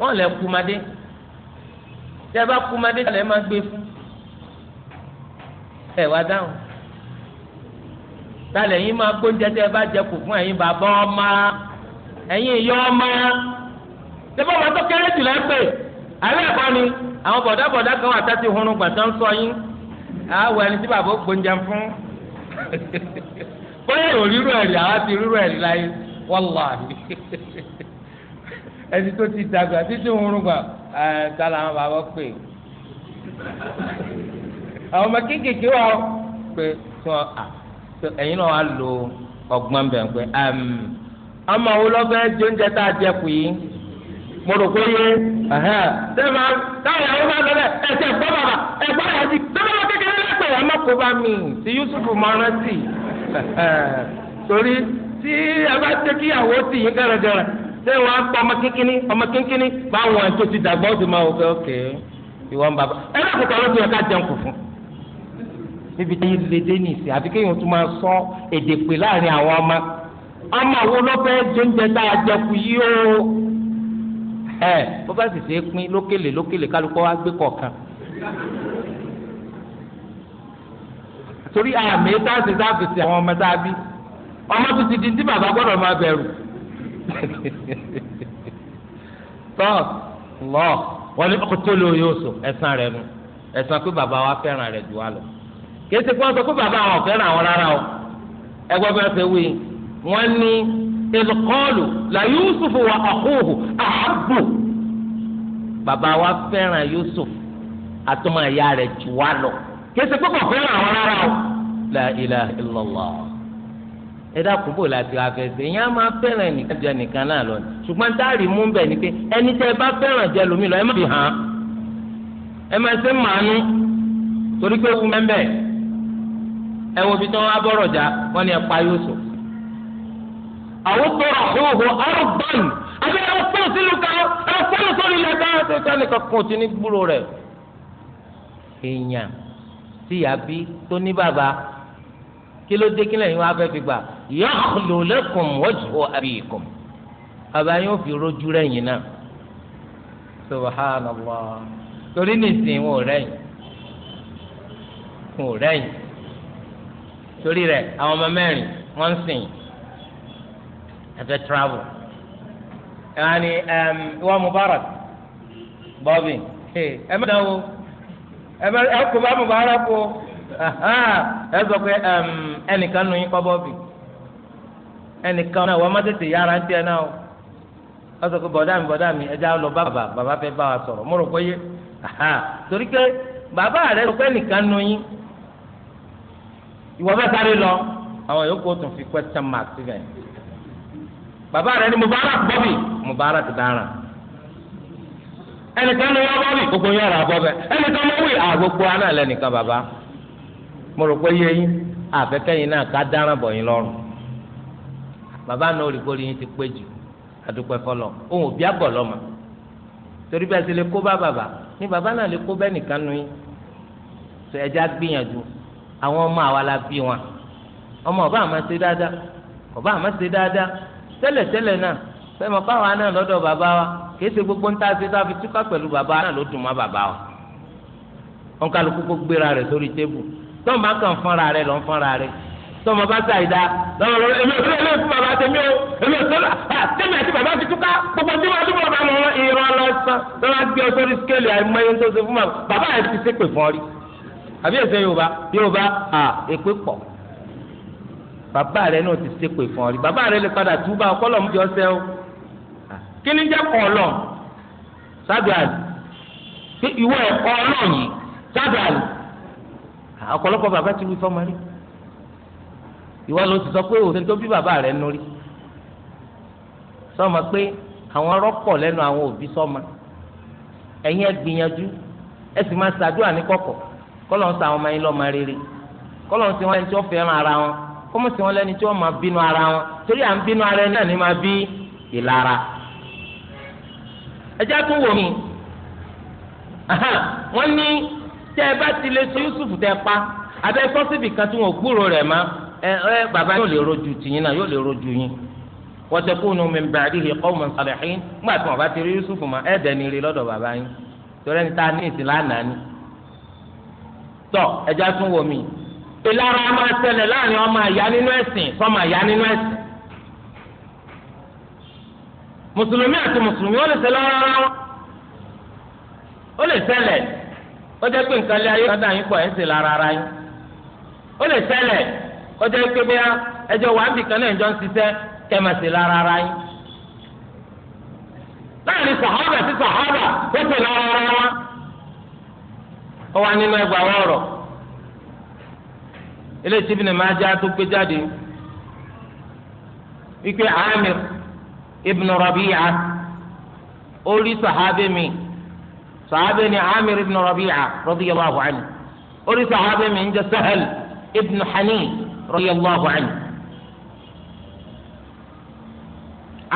wọ́n lè kumadé tẹ́ bá kumadé tẹ̀ lẹ́ máa gbé fún ẹ̀ wá dáhùn. talẹ̀ yín máa gbóúnjẹ tẹ́ ẹ bá jẹ kù fún ẹ̀yin bàbá ọmọ ẹ̀yin ìyá ọmọ tẹ́fọ́ wọn tó kéré jù lẹ́pẹ́ alẹ́ ẹ̀kọ́ ni àwọn bọ̀dábọ̀dá kan wà tẹ́tí gbàtàn sọ yín àwọ̀ ẹni tí bàbá fún bóyá ẹ̀rí ti ẹ̀rí láyé ẹni tó ti dàgbà títí gbà ẹ̀ bàbá pè àwọn ọmọ kéékèèké wà ẹ̀yin náà wà lò ọgbọ́n bẹ̀ pé ọmọ wo lọ́fẹ́ jẹ oúnjẹ tá a jẹ kù yìí mo rò pé yé sẹ́fà táwọn ìyàwó bá lọ bẹ́ẹ̀ ẹ̀sẹ̀ bàbà ẹ̀gbọ́n yà sí sẹ́fà kékeré lẹ́pẹ̀ ọmọ kò bá mi Yusuf torí tí bá tẹ kí yín ṣé wàá ọmọ kínkínní ọmọ kínkínní báwọn ti dàgbà ó máa wò pé níbi tí ilé dé nìsí àfi kéèyàn tún máa sọ èdè pè láàrin àwọn ọmọ ọmọ àwọn olófẹ́ jóúnjẹ tá a jẹkù yìí o ẹ bó bá sì ṣe é pín lókèlè lókèlè kálukọ wá gbé kọ̀ọ̀kan torí àmì táàsì sáfìsì àwọn ọmọ tá a bí ọmọ tó ti di tí bàbá gbọ́dọ̀ máa bẹ̀rù tọ́ lọ wọlé ọkọ̀ tó lóyún oṣù ẹ̀sán rẹ̀ nu ẹ̀sán pé bàbá wa fẹ́ràn rẹ̀ jù wá lọ. kìí ṣe kí wọ́n sọ pé bàbá àwọn rárá o ẹgbẹ́ bí ṣe wí la Yusuf wa akóhù àhábù bàbá wa fẹ́ràn Yusuf àtọ́mọ̀ ìyá rẹ̀ jù wá lọ kìí ṣe àwọn rárá o la ilaha illallah ẹ láti máa fẹ́ràn jẹ nìkan náà lọ ṣùgbọ́n mú ni pé ẹni ẹ bá fẹ́ràn jẹ lómi lọ ẹ ẹ wo bí tí wọ́n á bọ̀rọ̀ jà wọ́n ní ẹ pa Yusuf. àwọn tọrọ hóhó ọrọ bọ́ọ̀lù àbí ẹ fọ́ sílùú kan ẹ fọ́ sórí ilẹ̀ kan ṣe ká nìkan kún ti ní gbúrò rẹ̀. èèyàn tíyà bí tó ní bàbá kí ló dé kí lẹ́yìn wá fẹ́ fi gbà yakhlu lakum wajhu abikum bàbá yóò fi rojú rẹ̀yìn náà subhanallah torí nìsín wọn ò rẹ̀yìn wọn ò rẹ̀yìn torí rẹ̀ àwọn ọmọ mẹ́rin wọ́n ń sìn ẹ fẹ́ travel yaani iwa mubarak bọ́ọ̀bì ẹ mẹ́ta wo ẹ kò bá mubarak o ẹ sọ pé ẹnìkan nù yín pa bọ́ọ̀bì ẹnìkan náà wọ́n má tètè yára ń tiẹ̀ náà o wọ́n sọ pé bọ̀dá mi bọ̀dá mi ẹja lọ bá bàbá bàbá fẹ́ bá wa sọ̀rọ̀ mo rò pé yé torí pé bàbá rẹ sọ pé ẹnìkan nù yín ìwọ fẹ́ sáré lọ àwọn yòókù tún fi question mark síbẹ̀ bàbá rẹ ni mubarak bọ́bì mubarak dáràn ẹnìkan ló wá bọ́bì gbogbo yóò rà bọ́bẹ̀ ẹnìkan ló wì àgbogbo aná lẹ́nìkan bàbá mo rò pé yé yín àfẹ́kẹ́yìn náà ká dáràn bọ̀ yín lọ́rùn bàbá náà olùkórè yín ti pé jù àdúpẹ́ fọlọ́ òun ò bí àgọ̀ torí bẹ́ẹ̀ sì lè kó bá bàbá ni bàbá náà lè kó bẹ́ẹ̀ nìkan nu yín ẹja gbìyànjú àwọn ọmọ àwa la bí wọn ọmọ ọba àmọ́ ṣe dáadáa ọba àmọ́ ṣe dáadáa tẹ́lẹ̀tẹ́lẹ̀ náà fẹ́mi ọba wa náà lọ́dọ̀ bàbá wa kìí ṣe gbogbo ń ta ṣe tá a fi túká pẹ̀lú bàbá náà ló dùn mọ́ bàbá wa wọn kálukú kó gbéra rẹ̀ sórí tébù tọ́ ma kàn fọ́nra rẹ̀ lọ́n fọ́nra rẹ̀ tọ́ ma bá ta ìdá lọ́wọ́ lọ́wọ́ èmi ò sílẹ̀ fún bàbá tèmi o èmi ò sílẹ̀ tèmi àti bàbá ti túká gbogbo tí wọ́n dúró bàbá lọ́wọ́ ìrọ̀ lọ́sàn lọ́wọ́ gbé ọ sórí skéèlì àìmọye tó ṣe fún bàbá bàbá yẹn ti ṣépè fún ọ rí àbí ẹsẹ yorùbá yorùbá à èpè pọ̀ bàbá rẹ náà ti ṣépè fún ọ rí bàbá rẹ lè padà túbà ọkọlọ mú jọ sẹ o kí ni jẹ kọ ọlọ sábìà pé ìwọ ẹkọ ọlọ yìí sábìà ọ̀pọ̀lọpọ̀ bàbá ti wí fọmọ rí ìwọ ló ti sọ pé òsè tó bí bàbá rẹ nù rí sọmọ pé àwọn rọpò lẹ́nu àwọn òbí sọmọ ẹ̀yin ẹ gbìyànjú ẹ sì máa ṣàdúrà ní kọ̀kọ̀ kọ́lọ̀ ń sa àwọn ọmọ yín lọ́mọ rere kọ́lọ̀ ń sin wọn lẹ́ni tí wọ́n fẹ́ràn ara wọn kọ́mọ̀ sin wọn lẹ́ni tí wọ́n máa bínú ara wọn torí à ń bínú ara ẹni náà ni máa bí ìlara. ẹjẹ́ tún wò mí wọ́n ní tẹ́ ẹ bá ti lè so Yusuf tẹ́ pa abẹ́ sọ́sibì kan tí wọ́n gbúrò rẹ̀ mọ́ ẹ ẹ bàbá yóò lè rojú tìyín náà yóò lè rojú yín wọ́tẹ̀kùnú mi bàdí hi qawman salihin nígbà tí wọ́n bá ti rí Yusuf mọ́ ẹ̀ẹ́dẹ̀ ni rí lọ́dọ̀ bàbá yín torí ẹni tá a ní ìsìn lánàá ni. tọ ẹja tún wò mí ìlara máa ṣẹlẹ̀ láàrin ọmọ àyà nínú ẹ̀sìn sọmọ àyà nínú ẹ̀sìn mùsùlùmí àti mùsùlùmí ó lè ṣẹlẹ̀ rárá O ó lè ṣẹlẹ̀ ó jẹ́ pé nǹkan lé ayé kan pọ̀ ẹ̀ ń ṣe ara yín ó lè ṣẹlẹ̀ ó jẹ́ pé bóyá ẹjọ́ wà ń bì kan náà ń yín láàrin sàhábà sí sàhábà ó ṣe ó wà nínú ẹgbà ọ̀rọ̀ eléyìí tí Ibn Majah tó gbé jáde wípé Amir ibn Rabi'a orí sàhábẹ́ mi sàhábẹ́ ni Amir ibn Rabi'a radiyallahu anhu ó rí sàhábẹ́ mi ń sahel Sahal ibn Hanif radiyallahu anhu.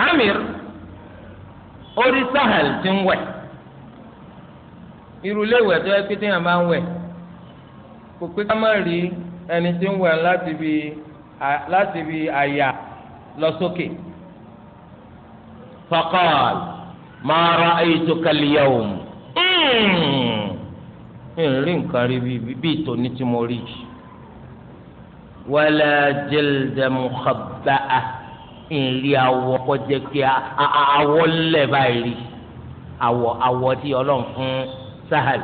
Amir ó rí Sahal ti ń wẹ̀. irú ilé ìwẹ̀ tó yẹ pé téèyàn máa ń wẹ̀ kò pé ká má rí ẹni tí ń wẹ̀ láti bi láti bi àyà lọ sókè. faqal ma ra'aytuka al-yawm hmm. rí nǹkan rí bí ìtòní tí mo rí wala jilda mukhabba'a ìrì awọ kọjá pé awọ lẹ̀ báyìí awọ awọ tí ọlọ́run fún sahal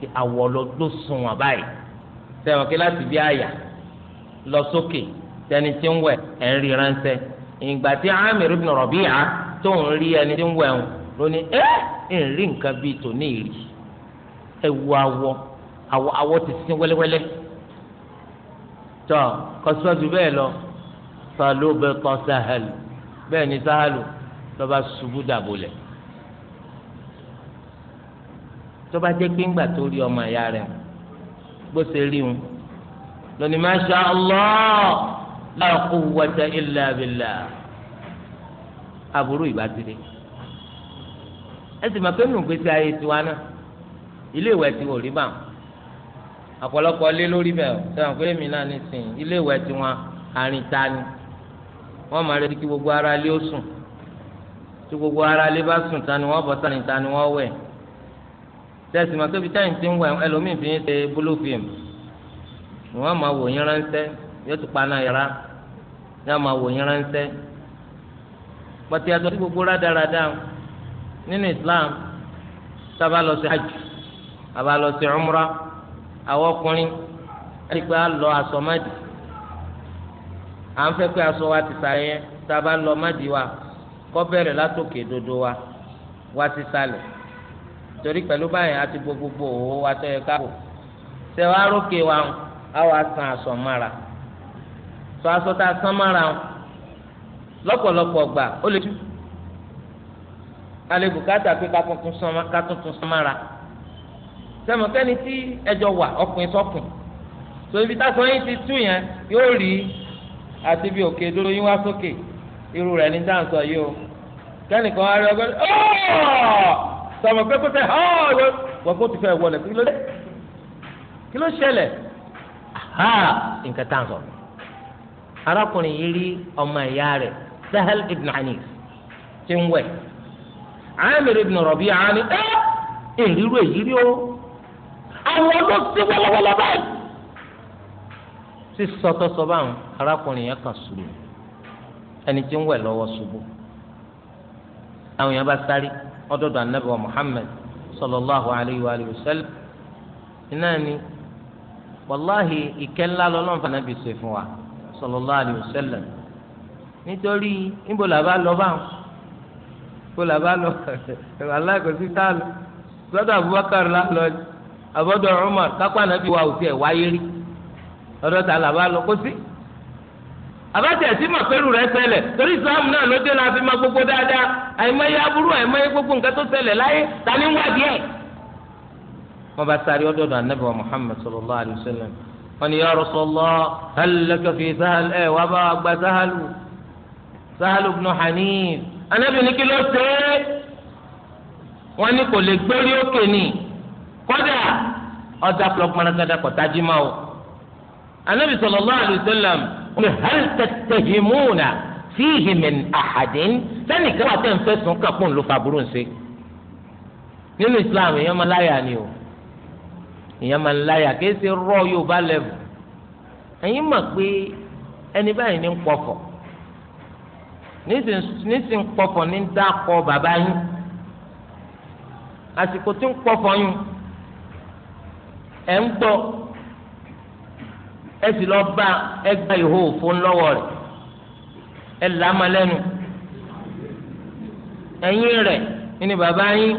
ti awọ lọ ló sùn wọn báyìí sẹwọn kí láti bí àyà lọ sókè tẹni tí ń wẹ ẹ ń rí ránṣẹ́ ìgbà tí amir ibn rabi'a tó ń rí ẹni tí ń wẹ ń lónìí ẹ ń rí nǹkan bíi tòní rí ẹ wo awọ awọ awọ ti sin wẹ́lẹ́wẹ́lẹ́ tọ kọsíwájú bẹ́ẹ̀ lọ falobẹ kọ sahal bẹ́ẹ̀ ni sahal lọba ṣubú dàbò lẹ. tọ́ba jẹ́ pé ńgbà tó rí ọmọ ìyá rẹ̀ bó ṣe rí un lónìí masha Allah la quwwata illa billah aburú ìbátiri ẹ sì máa kẹ́nu gbèsè ayé tiwa náà ilé ìwẹ̀ tí wò rí bá wọn ọ̀pọ̀lọpọ̀ lé lórí bẹ́ẹ̀ sọ̀rọ̀ pé èmi náà nísìnyí ilé ìwẹ̀ tí wọn àrìn ta ni wọ́n máa retí kí gbogbo ara lé ó sùn tí gbogbo ara lé bá sùn ta ni wọ́n bọ́ sàrìn ta ni wọ́n wẹ̀ tẹ̀sí ma tóbi táyì ti ń wẹ̀ ẹlòmíì fi ń ṣe búlú fíìmù wọ́n máa wò yín ránṣẹ́ yóò tún pa náà yàrá yóò máa wò yín ránṣẹ́ pàtẹ́ àtọ́ gbogbo rádaràdà nínú Islam sábà lọ sí hajj àbá lọ sí umra ẹni pé a lọ aṣọ mádì à ń fẹ́ wa ti sàlẹ̀ yẹn a wa kọ́ bẹ̀rẹ̀ látòkè dodo wa wá sí torí pẹ̀lú báyìí a ti bo gbogbo òwò wa tó yẹ ká bò ṣe wá rókè wa ń a wá san aṣọ mára sọ aṣọ tá a san mára ń lọ́pọ̀lọpọ̀ gbà ó lè tú alẹ́ bùkátà pé ká tuntun san mára sẹ́mọ̀kẹ́ni tí ẹjọ́ wà ọkùnrin sọ́kùn so ibi táṣọ yín ti tú yẹn yóò rí àti bí òkè dúró yín wá sókè irú rẹ̀ ní dáǹsọ̀ yìí o kẹ́nìkan wá rí ọgbẹ́ ọ́ọ́ sọmọ pé kó sẹ ọ wọn kó ti fẹ́ wọlé kí ló dé kí ló ṣẹlẹ̀ ha nǹkan tá à ń sọ arákùnrin yìí rí ọmọ ìyá rẹ̀ Sahel ibn anis ti ń wẹ̀ Amir ibn Rabi'a ni ẹ èrírú èyí rí o àwọn ló ti wọlọwọlọ báyìí sísọtọsọ báwọn arákùnrin yẹn kan sùn ẹni tí ń wẹ̀ lọ́wọ́ ṣubú àwọn yẹn bá sáré ọdọdọ anabi wa muhammed sallallahu alayhi wa sallam iná ni wàláhì ìkẹ́ ńlá lọ́lọ́run fún anabi ṣe fún wa sallallahu alayhi wa sallam nítorí níbo là bá lọ báwọn níbo là bá lọ aláìkọsí tá a lọ sọ́dọ̀ abubakar la lọ abọdọ umar kápá anabi wa òfin ẹ wáyé rí ọdọ tá a là bá lọ kó sí àbátẹ̀ tí màpẹ́rù rẹ̀ ṣẹlẹ̀ torí islam náà ló dé láti máa gbogbo dáadáa àìmọye aburú àìmọye gbogbo nǹkan tó ṣẹlẹ̀ láyé ta ni wá díẹ̀. wọ́n bá sáré ọdọọdọ anabi wa muhammed sallallahu alayhi wa sallam wọ́n ní ya rasulullah hal laka fi sahal ẹ wàá bá wa gba sahalu sahalu ibn hanif anabi ní kí ló ṣe é wọ́n ní kò lè gbérí òkè ni kódà ọjà pọlọpọlọ kọta jí anabi sallallahu alayhi wa sallam ní hal tattahimuna fihi min ahadin sẹ́nìkan wà tẹ̀ ń fẹ̀sùn kàpọ̀ ń lo fàbúrò ń ṣe nínú Islam èèyàn máa láyà ni o èèyàn máa láyà kìí ṣe rọ Yorùbá lẹ́vù ẹ̀yin mọ̀ pé ẹni báyìí ní ń pọ̀fọ̀ nísìnyí pọ̀fọ̀ ní ń bàbá yín àsìkò tí ń pọ̀fọ̀ yín ẹ̀ ń gbọ́ ẹ sì lọ bá ẹ gba ìhó òfun lọ́wọ́ rẹ̀ ẹ làámà lẹ́nu ẹ̀yìn rẹ̀ ni bàbá yín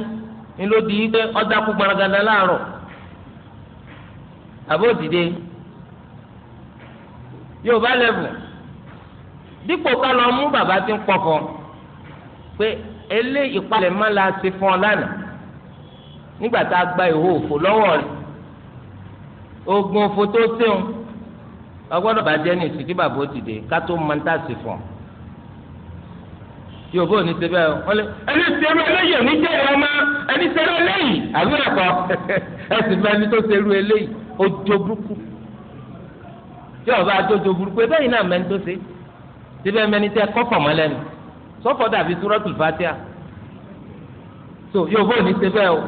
ni ló di pé ọ̀dàkú gbaragada láàárọ̀ àbó dìde yóò bá lẹ́bù dípò ká lọ mú bàbá tí ń pọkọ pé elé ìpalẹ̀ má la ṣe fún ọ lánàá nígbà tá a gba ìhó òfò lọ́wọ́ rẹ̀ oògùn òfò tó ṣeun ọgbọ́dọ̀ bàjẹ́ ní ìsìnkí bàbá ó ti dé ká tó máa ń tà sí fún ọ. yóò bó ní sebẹ́ ọ wọ́n lé ẹni serú eléyìí òní jẹ́ ìrọ̀ ọmọ ẹni serú eléyìí àbí ẹ̀kọ́ ẹ̀sìn bẹ́ẹ̀ ni tó serú eléyìí ó burúkú tí ọba àjọjọ burúkú ẹ bẹ́ẹ̀ náà mẹ́ni tó ṣe síbẹ̀ mẹ́ni tẹ́ kọ́fọ̀ mọ́lẹ́nu sọ́fọ̀ dàbí súrọ́tù fatia so yorùbá ò ní ṣe bẹ́ẹ̀ o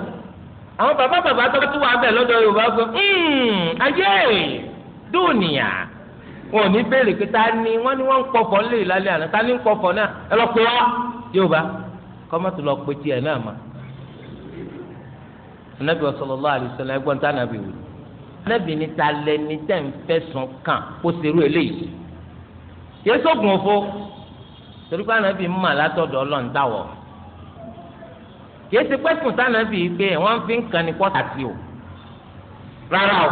àwọn bàbá bàbá tó tún wà bẹ́ẹ̀ wọn ò ní béèrè pé ta ni wọn ní wọn ń pọ̀fọ̀ ńlẹ̀ ìlàlẹ̀ àná ta ni ń pọ̀fọ̀ náà ẹ lọ pé wá yóò bá kọ́mọ́tò lọ pé tiẹ̀ náà ma. anabi sallallahu alaihi wasallam ẹgbọ́n tá anabi wò anabi ni ta lẹni tẹ́ ń fẹ̀sùn kàn kó serú eléyìí yẹ sọ́gun òfo torí pé anabi ń mà látọ̀dọ̀ ọlọ́run táwọ̀ kì pẹ́sùn tá anabi gbé wọ́n fi ń kàn ní kọ́tà sí o rárá o.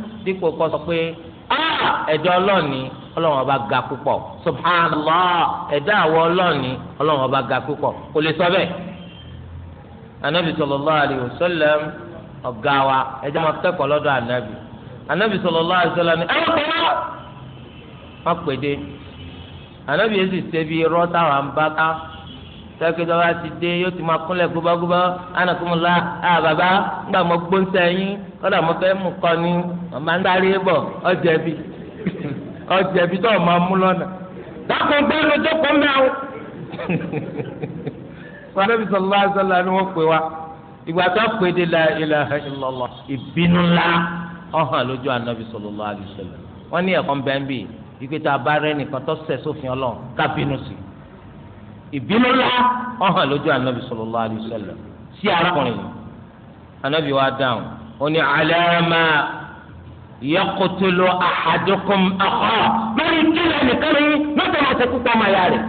dípò kọ́ sọ pé ẹ̀dá ọlọ́ọ̀ni ọlọ́run ọba ga púpọ̀ subhanallah ẹ̀dá àwọ ọlọ́ọ̀ni ọlọ́run ọba ga púpọ̀ kò lè sọ bẹ́ẹ̀. anabi sallallahu alayhi wa sallam ọ̀gá wa ẹ̀dá máa kẹ́kọ̀ọ́ lọ́dọ̀ anabi anabi sallallahu alayhi wa sallam wọ́n anabi yẹn sì ṣe wà ń sẹ́kẹ́tọ́ bá ti dé yóò ti máa kúnlẹ̀ gbọ́bọ́gbọ́ ánàkúnmọ́lá à bàbá ńgbà mọ́ gbóńsẹ̀ yín kọ́dà mọ́ fẹ́ mú kọ́ ni màmá ń darí bọ̀ ọ̀jẹ̀bi ọ̀jẹ̀bi tó máa mú lọ́nà. dákun gbẹ́nu tó kọ́ mẹ́wọ́. wọn lóbi sọlá sọlá ni wọn pè wá ìgbà tó pè dé la ilaha illallah ìbínú ńlá ọ̀hàn lójú anabi sallallahu alaihi wasallam wọn ní ẹ̀kọ́ mbẹ́ńbì ìgbé tá a bá rẹ́ ìbínú ńlá ọ̀hàn lójú anabi sallallahu alaihi wasallam sí arákùnrin yìí anabi wa dáhùn ó ní alama yaqtulu ahadukum akhahu lórí kílẹ̀ nìkan ní mọ́tò máa ṣe púpọ̀ máa yá rẹ̀.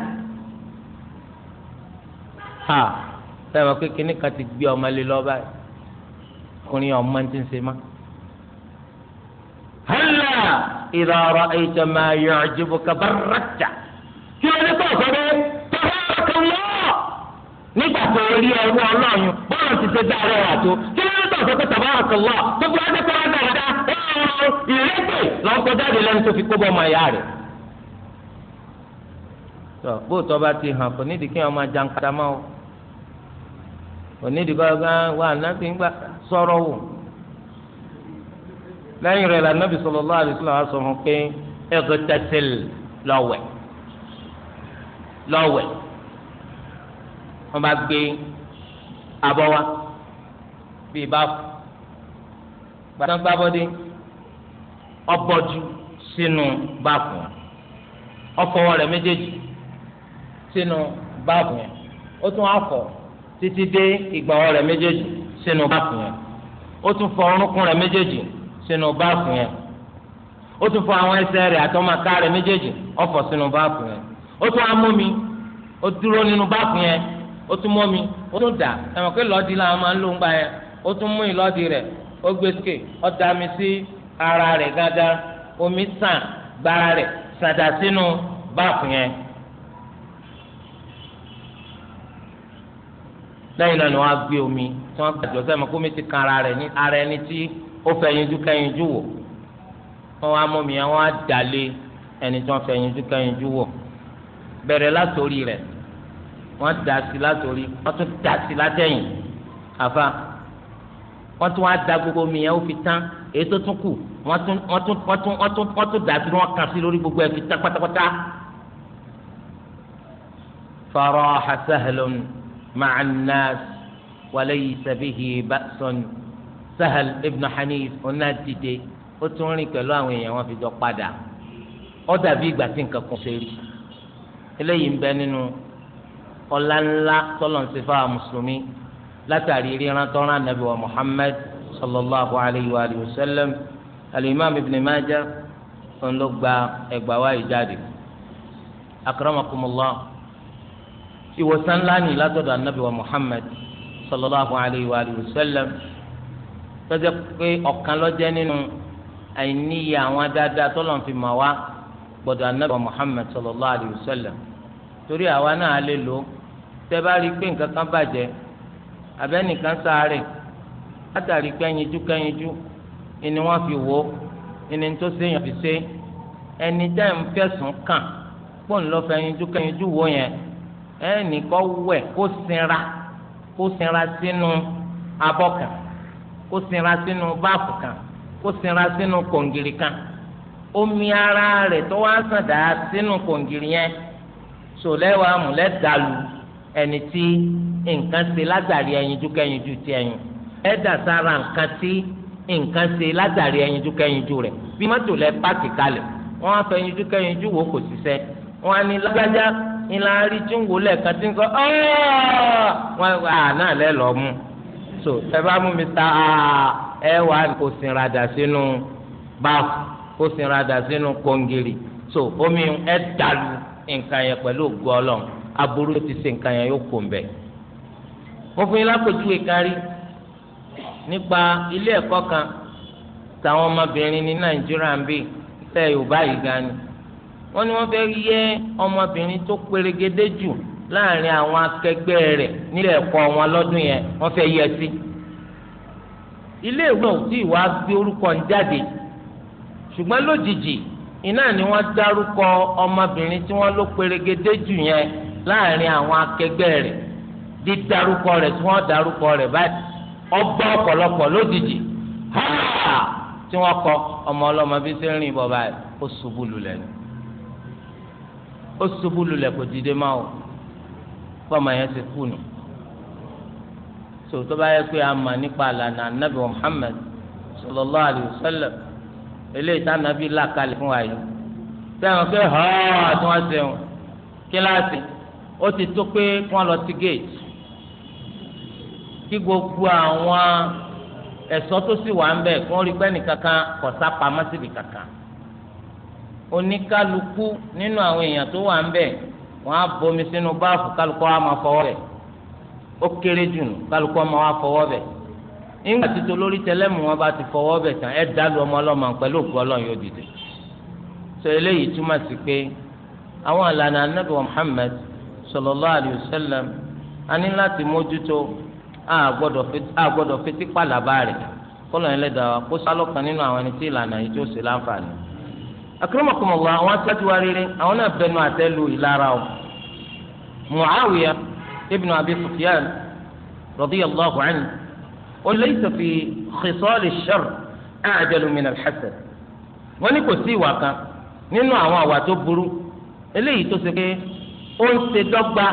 ha sábà pé kíní kan ti gbé ọmọ lé lọ́ba ọkùnrin ọmọ ti ń ṣe má. hàlà idha ra'ayta ma yu'jibuka barrakta kí ló dé kó o bẹ́ẹ̀ nígbà tó rí ẹrú ọlọ́run bọ́ọ̀lù ti ṣe dáre wà tó kí ló ń tọ̀ sọ́kọ́ tabarakallah tó fi wájú kọ́ ọ́nà ọ̀dá ẹ̀rọ ìrẹ́pẹ̀ lọ́kọ́ jáde lẹ́nu tó fi kó bọ́ ọmọ ìyá rẹ̀. tọ́ bóòtọ́ bá ti hàn kò nídìí kí wọ́n máa jan kata máa kò nídìí kọ́ wà nábì ń gbà sọ̀rọ̀ wò. lẹ́yìn rẹ̀ lànàbì sallallahu alaihi wasallam sọ fún pé ẹ̀gọ́tẹ̀tẹ̀l lọ́wẹ̀ lọ́wẹ̀ wọ́n bá gbé abọ́ wa bíi báfù gbàtàn gbàbọ́dé ọbọ̀jú sínú báfù wọn ọfọwọ́ rẹ̀ méjèèjì sínú báfù yẹn ó tún afọ títí dé ìgbàwọ́ rẹ̀ méjèèjì sínú báfù yẹn ó tún fọ orúnkún rẹ̀ méjèèjì sínú báfù yẹn ó tún fọ àwọn ẹsẹ̀ rẹ̀ àtọmọká rẹ̀ méjèèjì ọfọ sínú báfù yẹn ó tún amómi ó dúró nínú báfù yẹn ó tún mọ́ mi ó tún dà ẹ̀mọ̀ pé lọ́ọ̀dì làwọn máa ń lò ń gbà yẹn ó tún mú ìlọ́ọ̀dì rẹ̀ ó gbé sókè ó da mi sí ara rẹ̀ gángan omi sàn gbára rẹ̀ sàdà sínú báàfù yẹn. lẹ́yìn náà ni wọ́n á gbé omi tí wọ́n gbàdúrà sẹ́yìn mọ́ kó mi ti kan ara rẹ̀ ní ara ẹni tí ó fẹ̀yìnjú kẹ̀yìnjú wò wọ́n á mú mi yẹn wọ́n á dàlé ẹni tí wọ́n fẹ̀yìnjú kẹ̀yìnjú wò bẹ̀rẹ̀ látòrí rẹ̀ wọ́n da sí látòrí wọ́n tún da sí látẹ̀yìn àfa wọ́n tún wá da gbogbo omi yẹn ó fi tán èyí tó tún kù wọ́n tún wọ́n tún wọ́n tún wọ́n tún wọ́n tún da sí wọ́n kàn sí lórí gbogbo ẹ̀ fi tán pátápátá. faraha sahlun ma'a nnas walaysa bihi ba'sun sahel ibn hanif onadide ó tún rìn pẹ̀lú àwọn èèyàn wọ́n fi jọ padà ó dàbí ìgbà tí nǹkan kan ṣe rí eléyìí ń bẹ nínú ọlá ńlá tọ́lọ̀ ń sefa mùsùlùmí látàrí ríran tọ́ran nàbí wa muhammad sallallahu alayhi wa sallam alimami ibn majah ń lọ gba ẹgbàá wa ìjáde akramakumullah ìwòsàn ńlá ni látọ̀dọ̀ anabi wa muhammad sallallahu alayhi wa sallam tọ́jọ́ pé ọ̀kan lọ́jẹ́ nínú àìníye àwọn dáadáa tọ́lọ̀ ń fi mà wá gbọ́dọ̀ anabi wa muhammad sallallahu alayhi wa sallam torí àwa náà lè lò ó tẹ́ bá rí i pé nǹkan kan bàjẹ́ abẹ́nìkan sáré látàrí kẹ́yinjú kẹ́yinjú ni wọ́n fi wò ó ẹni tó séyàn fi sé ẹni dá ń fẹ̀sùn kàn kó ń lọ fẹ̀yinjú kẹ́yinjú wò yẹn ẹnì kan wẹ̀ kó sinra kó sinra sínú abọ́ kan kó sinra sínú báàfù kan kó sinra sínú kòǹgìrì kan omi ara rẹ̀ tó wá sàn dá sínú kòǹgìrì yẹn sòlẹ́wà àmúlẹ́ dàlù ẹni tí nǹkan ṣe látàrí ẹyinjú kẹyinjú ti ẹyin ẹ̀dà sára nǹkan tí nǹkan ṣe látàrí ẹyinjú kẹyinjú rẹ̀ bí mọ́tò lẹ páàkì kalẹ̀ wọ́n á fẹ́ ẹyinjú kẹyinjú wò kò ṣiṣẹ́ wọ́n á ní lágbájá ńlá tí ń wò lẹ́ẹ̀kan tí ń kọ́ wọ́n á ah, náà lẹ́ mú so ẹ bá mú mi ta ah, ẹ wà kò sinra dà sínú báàfù kò sinra dà sínú kòǹgìrì so omi ẹ dàlù. nǹkan yẹn pẹ̀lú ògo ọlọ́run aburú ti ṣe nǹkan yẹn yóò kó ń bẹ̀. mo fún yín lápèjúwe kárí nípa ilé ẹ̀kọ́ kan táwọn ọmọbìnrin ní nàìjíríà ń bì ilẹ̀ yorùbá yìí gan ni wọ́n ní wọ́n fẹ́ yẹ ọmọbìnrin tó perégedé jù láàrin àwọn akẹgbẹ́ rẹ̀ nílé ẹ̀kọ́ wọn lọ́dún yẹn wọ́n fẹ́ yẹ sí. ilé ìwé òtí ìwà gbé orúkọ ń jáde ṣùgbọ́n lójijì iná ni wọn dárúkọ ọmọbìnrin tí wọn ló perégedé jù yẹn láàrin àwọn akẹgbẹ́ rẹ̀ dídárúkọ rẹ̀ tí wọ́n dárúkọ rẹ̀ báyìí ọgbà ọpọlọpọ lójijì háà tí wọ́n kọ ọmọ ọlọ́mọ bí ṣe ń rìn bọ̀ báyìí ó ṣubú ni ó ṣubú kò dìde máa o fọmọ yẹn ti kú anabi Muhammad sallallahu alayhi wa eléyìí tá nàbí là kalẹ̀ fún wa yìí sẹ́wọ̀n pé họ́ọ́ tí wọ́n sẹ́wọ̀n kíláàsì ó ti tó pé kí wọ́n lọ sí géètì kí gbogbo àwọn ẹ̀sọ́ tó sì wà ń bẹ̀ kí wọ́n rí pẹ́ nìkankan kò sá pamọ́ síbi kankan oníkálukú nínú àwọn èèyàn tó wà ń bẹ̀ wọ́n á bomi sínú báàfù kálukú wa máa fọwọ́ bẹ̀ ó kéré jù kálukú wa máa fọwọ́ bẹ̀ nígbà tí tolórí tẹlẹmù wọn bá ti fọwọ́ bẹ̀ tán ẹ dàlú ọmọ ọlọ́mọ pẹ̀lú òkú ọlọ́run yóò dìde sọ eléyìí túmọ̀ sí pé àwọn àlànà anábì Muhammad sallallahu alayhi wa sallam a láti mójútó a fetí pàlàbà rẹ̀ kọ́lọ̀ yẹn lẹ́dàá wa kó sálọ́kan nínú àwọn ẹni tí ìlànà yìí ṣe láǹfààní. àwọn aṣáájú wa rere àwọn náà bẹnu lu ìlara o Muawiya Abi وليس في خصال الشر أعجل من الحسد wọ́n ní kò sí ìwà kan nínú àwọn àwà tó burú eléyìí tó ṣe pé ó ń ṣe dọ́gba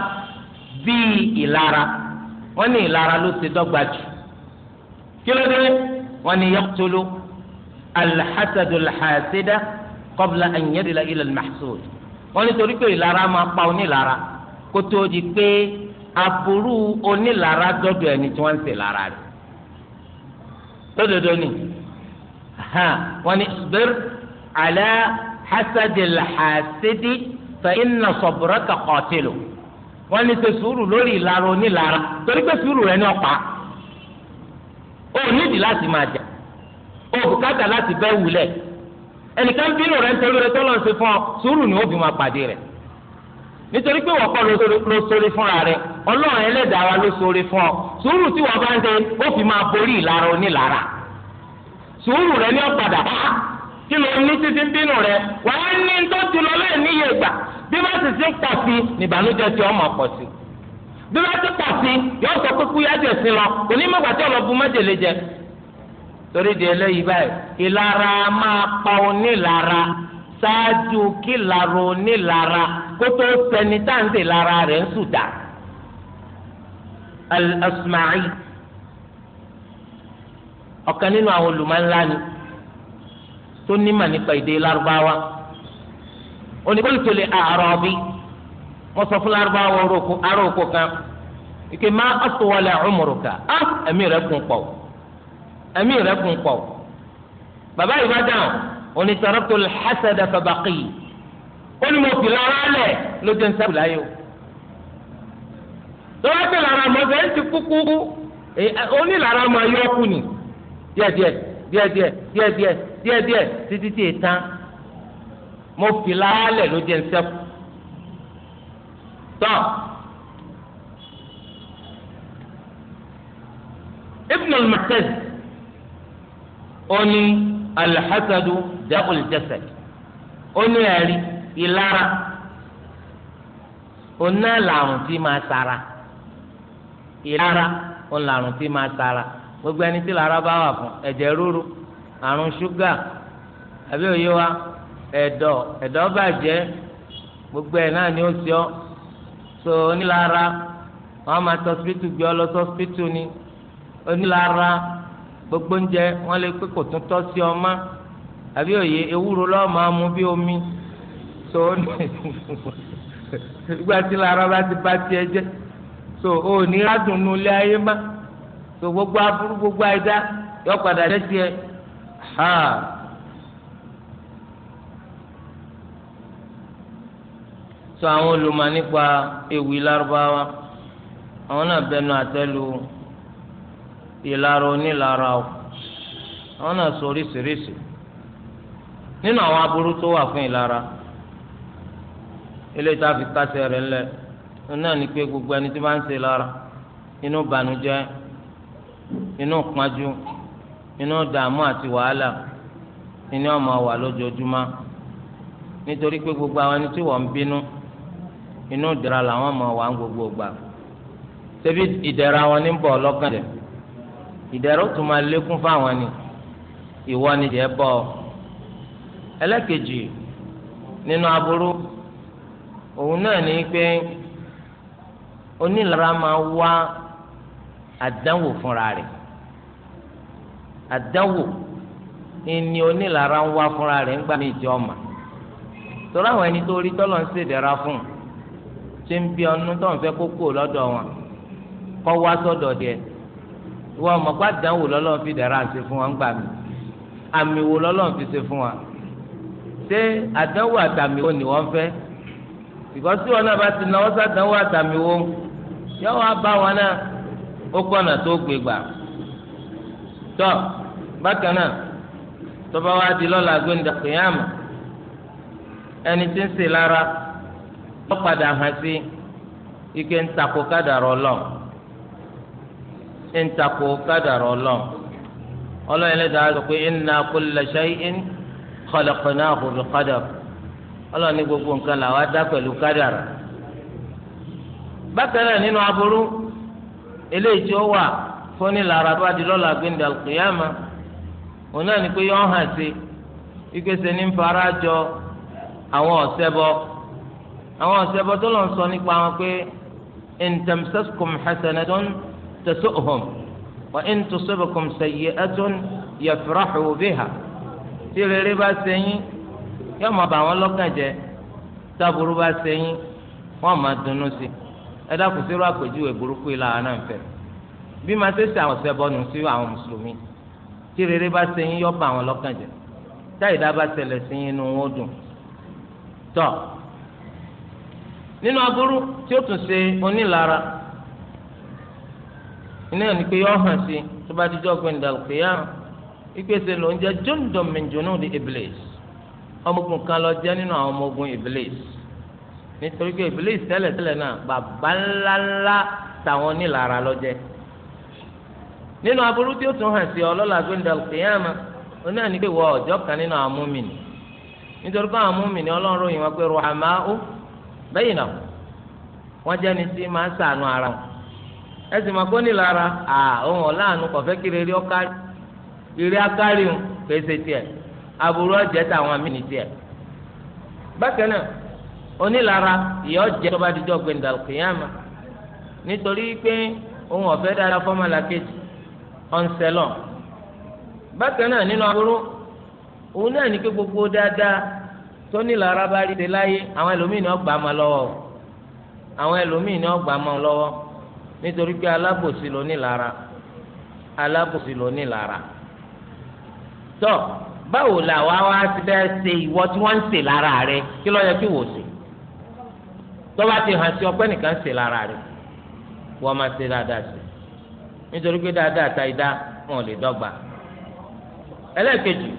bíi ìlara wọ́n ní ìlara ló ṣe dọ́gba jù kí ló dé wọ́n ní yaqtulu alḥasadu alḥasida qabla an yadila ila wọ́n ní torí pé ìlara máa pa onílara kó tó di pé aburú onílara dọ́dọ̀ ẹni tí wọ́n ń ṣe lára rẹ̀ lódodo ni wọ́n ní isbir ala hasadil hasidi fa inna sabraka qatilu wọ́n ní ṣe sùúrù lórí ìlara onílara torí pé sùúrù rẹ̀ ní ọ̀pá ó nídìí láti máa jà ó bùkátà láti bẹ́ wulẹ̀ ẹnìkan bínú rẹ̀ nítorí rẹ̀ tọ́lọ̀ ń ṣe fún ọ sùúrù ni ó fi máa pàdé rẹ̀ nítorí pé wọ́n kọ́ ló sórí fúnra rẹ̀ ọlọ́run ẹlẹ́dàá wa ló ṣoore fún ọ sùúrù tí wọ́n bá ń ṣe ó fi máa borí ìlara onílara rẹ ní ọ̀padà bá kí ló ní títí bínú rẹ wàá ní tó ti lọ gbà bí wọ́n sì ti ń pọ̀ sí nìbànújẹ́ tí ọmọ pọ̀ sí bí wọ́n ti pọ̀ sí sọ pa onílara ṣáájú kí ìlara sẹni táǹtì rẹ̀ ń al-asma'i ọ̀kan nínú àwọn olùmọ̀ńlá ni tó nímọ̀ nípa èdè lárúbáwá onígbàlùtò lè àárọ̀ bí wọ́n sọ fún lárúbáwá aróko kan ike má ọ̀tọ̀wọlẹ̀ ọ̀mùrùkà á ah, ẹ̀mí rẹ̀ kún pọ̀ ẹ̀mí rẹ̀ kún pọ̀ bàbá yìí bá dáhùn onítọ̀rọ̀tò hasada fabaqi ó ní mo ló dé ń tọ́lá pé lára mọ̀ ṣe ń ti kúkú oní lára mọ̀ yọ kú ni díẹ̀díẹ̀ díẹ̀díẹ̀ díẹ̀díẹ̀ díẹ̀díẹ̀ títí tí ètàn mo fi láálẹ̀ ló jẹ́ ń sẹ́kù tọ́ ibn al-Mu'taz oni alḥasadu da'ul jasad oni ẹ̀rí ìlara oná làrùn tí máa sara ìlara òun làrùn tí máa tara gbogbo ẹni tí lara bá wà fún ẹ̀jẹ̀ ríru àrùn ṣúgà àbí òye wa ẹ̀dọ̀ ẹ̀dọ̀ bàjẹ́ gbogbo ẹ̀ náà ni ó sọ so onílara wọn máa tọ sípítù gbé ọ lọ sọ ni onílara gbogbo oúnjẹ wọn lè pé kò tún tọ́ sí ọ mọ́ àbí òye ewúro máa mu bí omi so bá ti bá tiẹ̀ jẹ́. so o ní adùnnú ilé ayé má so gbogbo aburú gbogbo àìdá yọ padà dé tiẹ̀ ha. so àwọn olùmọ̀ nípa ewì lárúbáwá àwọn náà bẹnu àtẹ́lu ìlara onílara o àwọn náà sọ oríṣiríṣi nínú àwọn aburú tó wà fún ìlara ilé tá a fi kásẹ̀ rẹ̀ ńlẹ̀ náà ni pé gbogbo ẹni tó bá ń ṣe lára inú bànújẹ́ inú pọ́njú inú dààmú àti wàhálà inú ọmọ wà lójoojúmọ́ nítorí pé gbogbo àwọn ẹni tí wọ́n ń bínú inú ìdẹ̀ra làwọn ọmọ wà ń gbogbo gbà ṣebí ìdẹ̀ra wọn ní bọ̀ lọ́kàn jẹ ìdẹ̀ra ó tún máa lékún fáwọn ni ìwọ ni jẹ́ bọ́ ẹlẹ́kejì nínú aburú òun náà ní pé onílara máa wá àdánwò fúnra rẹ̀ àdánwò ni onílara ń wá fúnra rẹ̀ ń gbà mí ìjọ ọmọ torí àwọn ẹni tó rí tọ́lọ̀ ń ṣèdẹ́ra fún un ṣé ń bí ọdún tó ń fẹ́ kó kúrò lọ́dọ̀ wọn kọ́ wá sọ́dọ̀ díẹ̀ ìwọ ọmọ gbà dánwò lọ́lọ́run fi dẹ̀ra ṣe fún wa ń gbà mí àmì wo lọ́lọ́run fi ṣe fún wa ṣé àdánwò àtàmì wo ni wọ́n fẹ́ ìkọ́sí wọn náà bá ti náwó sàdánwò àtàmì wo yọ wá bá wọn náà ó kọ́nà tó gbé gbà tọ́ bákan náà tọ́ba wa di lọ́la gbẹ̀ndà kìyàmù ẹni tí ń ṣe lára wọ́n padà hàn sí ike ń takò kádàrọ̀ lọ́n ń takò kádàrọ̀ lọ́n ọlọ́run ẹlẹ́dàá sọ pé inna kulla shay'in khalaqnahu bi qadar ọlọ́run ní gbogbo nǹkan làwọn á dá pẹ̀lú kádàrọ̀ bákan náà nínú aburú eléyìí tí ó wà fún ní lára tó bá di lọ́la gbẹ̀ndẹ̀ àlùkìyàmà òun náà ni pé yọ̀ hàn sí ìgbésẹ̀ ní nfara jọ àwọn ọ̀sẹ́bọ àwọn ọ̀sẹ́bọ tó lọ́n sọ nípa wọn pé intamsaskum hasanatun tasu'hum wa intusibukum sayyi'atun yafrahu biha tí rere bá sẹ́yìn yóò máa bà wọ́n lọ́kàn jẹ́ táburú bá sẹ́yìn wọ́n máa dunnú sí i ẹ dákun sí irú àpèjúwe burúkú yìí làwọn náà ń fẹ́ bí máa ṣe ṣe àwọn ọ̀sẹ̀ bọ́nu sí àwọn mùsùlùmí tí rere bá ṣe yín yọ́ bá àwọn lọ́kàn jẹ́ táyìdá bá ṣẹlẹ̀ sí yín inú wọn ó dùn tọ́ nínú aburú tí ó tún ṣe onílara iná ní pé yọ hàn sí tó bá dijọ́ gbẹ̀ndà òkèèyà ìpèsè ló ń jẹ́ jundum min iblis ọmọ ogun kan lọ jẹ́ nínú àwọn ọmọ ogun iblis. nítorí pé Iblis tẹ́lẹ̀tẹ́lẹ̀ náà bàbá ńláńlá tàwọn nílara lọ́jẹ́ nínú aburú tí ó tún hàn sí ọlọ́lá gbẹ̀ndà kìyàmà ó náà ní pé wọ ọjọ́ kan nínú àwọn múmìnì nítorí pé àwọn múmìnì ọlọ́run ròyìn wọn pé ruhamau bẹ́yìn náà wọ́n jẹ́ni tí máa ń sànù ara wọn ẹ sì máa gbọ́ nílara à òun ọ̀làánú kọ̀fẹ́ kiri eré ọ̀kárí eré akárí òun kèé ṣe tiẹ̀ aburú ọ̀jẹ̀ tàwọn amínì onílara ìyọ́ jẹ́ tó bá dijọ́ gbẹ̀ndà kìyàmà nítorí pé òun ọ̀fẹ́ dára fọ́mọ́lá kejì ọ̀nsẹ̀lọ̀ bákan náà nínú aburú òun náà ní pé gbogbo dáadáa tó nílara bá rí de láyé àwọn ẹlòmíì ni wọ́n gbà á ma lọ́wọ́ àwọn ẹlòmíì ni wọ́n gbà á ma nítorí pé alábòsí ló alábòsí ló nílara báwo làwa wá ti bẹ́ẹ̀ ṣe ìwọ tí wọ́n ń ṣe lára rẹ kí ló yẹ kí wò sí tọ́ba ti hàn sí ọpẹ́ nìkan ṣe lára rẹ̀ wọ́n máa ṣe dáadáa sí nítorí pé dáadáa ta idá wọn ò lè dọ́gba. ẹlẹ́ẹ̀kejì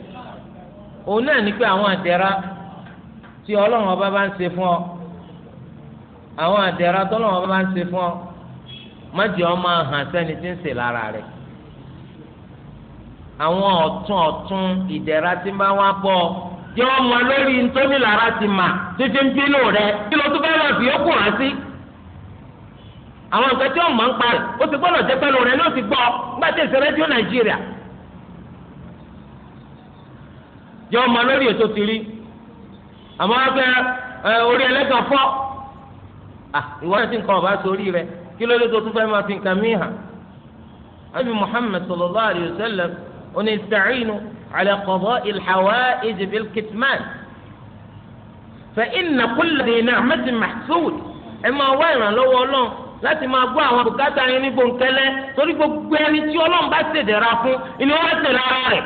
òun náà ní pé àwọn àdẹ́ra tí ọlọ́run ọba bá ń ṣe fún ọ àwọn àdẹ́ra tọ́lọ́run ọba bá ń ṣe fún ọ má ọ máa hàn sẹ́ni tí ń ṣe lára rẹ̀ àwọn ọ̀tún ọ̀tún ìdẹ̀ra tí ń wá bọ́ ọ. jẹ́ ọmọ lórí ntọ́nilára ti mà títí ń bínú rẹ kí ló tún fẹ́ lọ fi ókùn rán sí. àwọn nǹkan tí ọmọ ń parẹ́ ó ti gbọ́dọ̀ jẹ́ pẹ́lú rẹ o ti gbọ́ gbàtẹ́ sí rédíò nàìjíríà. jẹ́ ọmọ lórí ètò ti rí àmọ́ ẹgbẹ́ orí ẹlẹ́gàn fọ́ ìwádìí nǹkan ọ̀bá sórí rẹ kí ló dé tó tún fi nǹkan mí hàn. Muhammad wa sallam على قضاء الحوائج بالكتمان فإن كل ذي نعمة محسود إما وين لو الله لا máa gbọ́ àwọn bùkátà yẹn ní gbòǹkẹ́lẹ́ torí gbogbo ẹni tí ọlọ́run bá ṣèdèrà fún ni wọ́n ṣe lára rẹ̀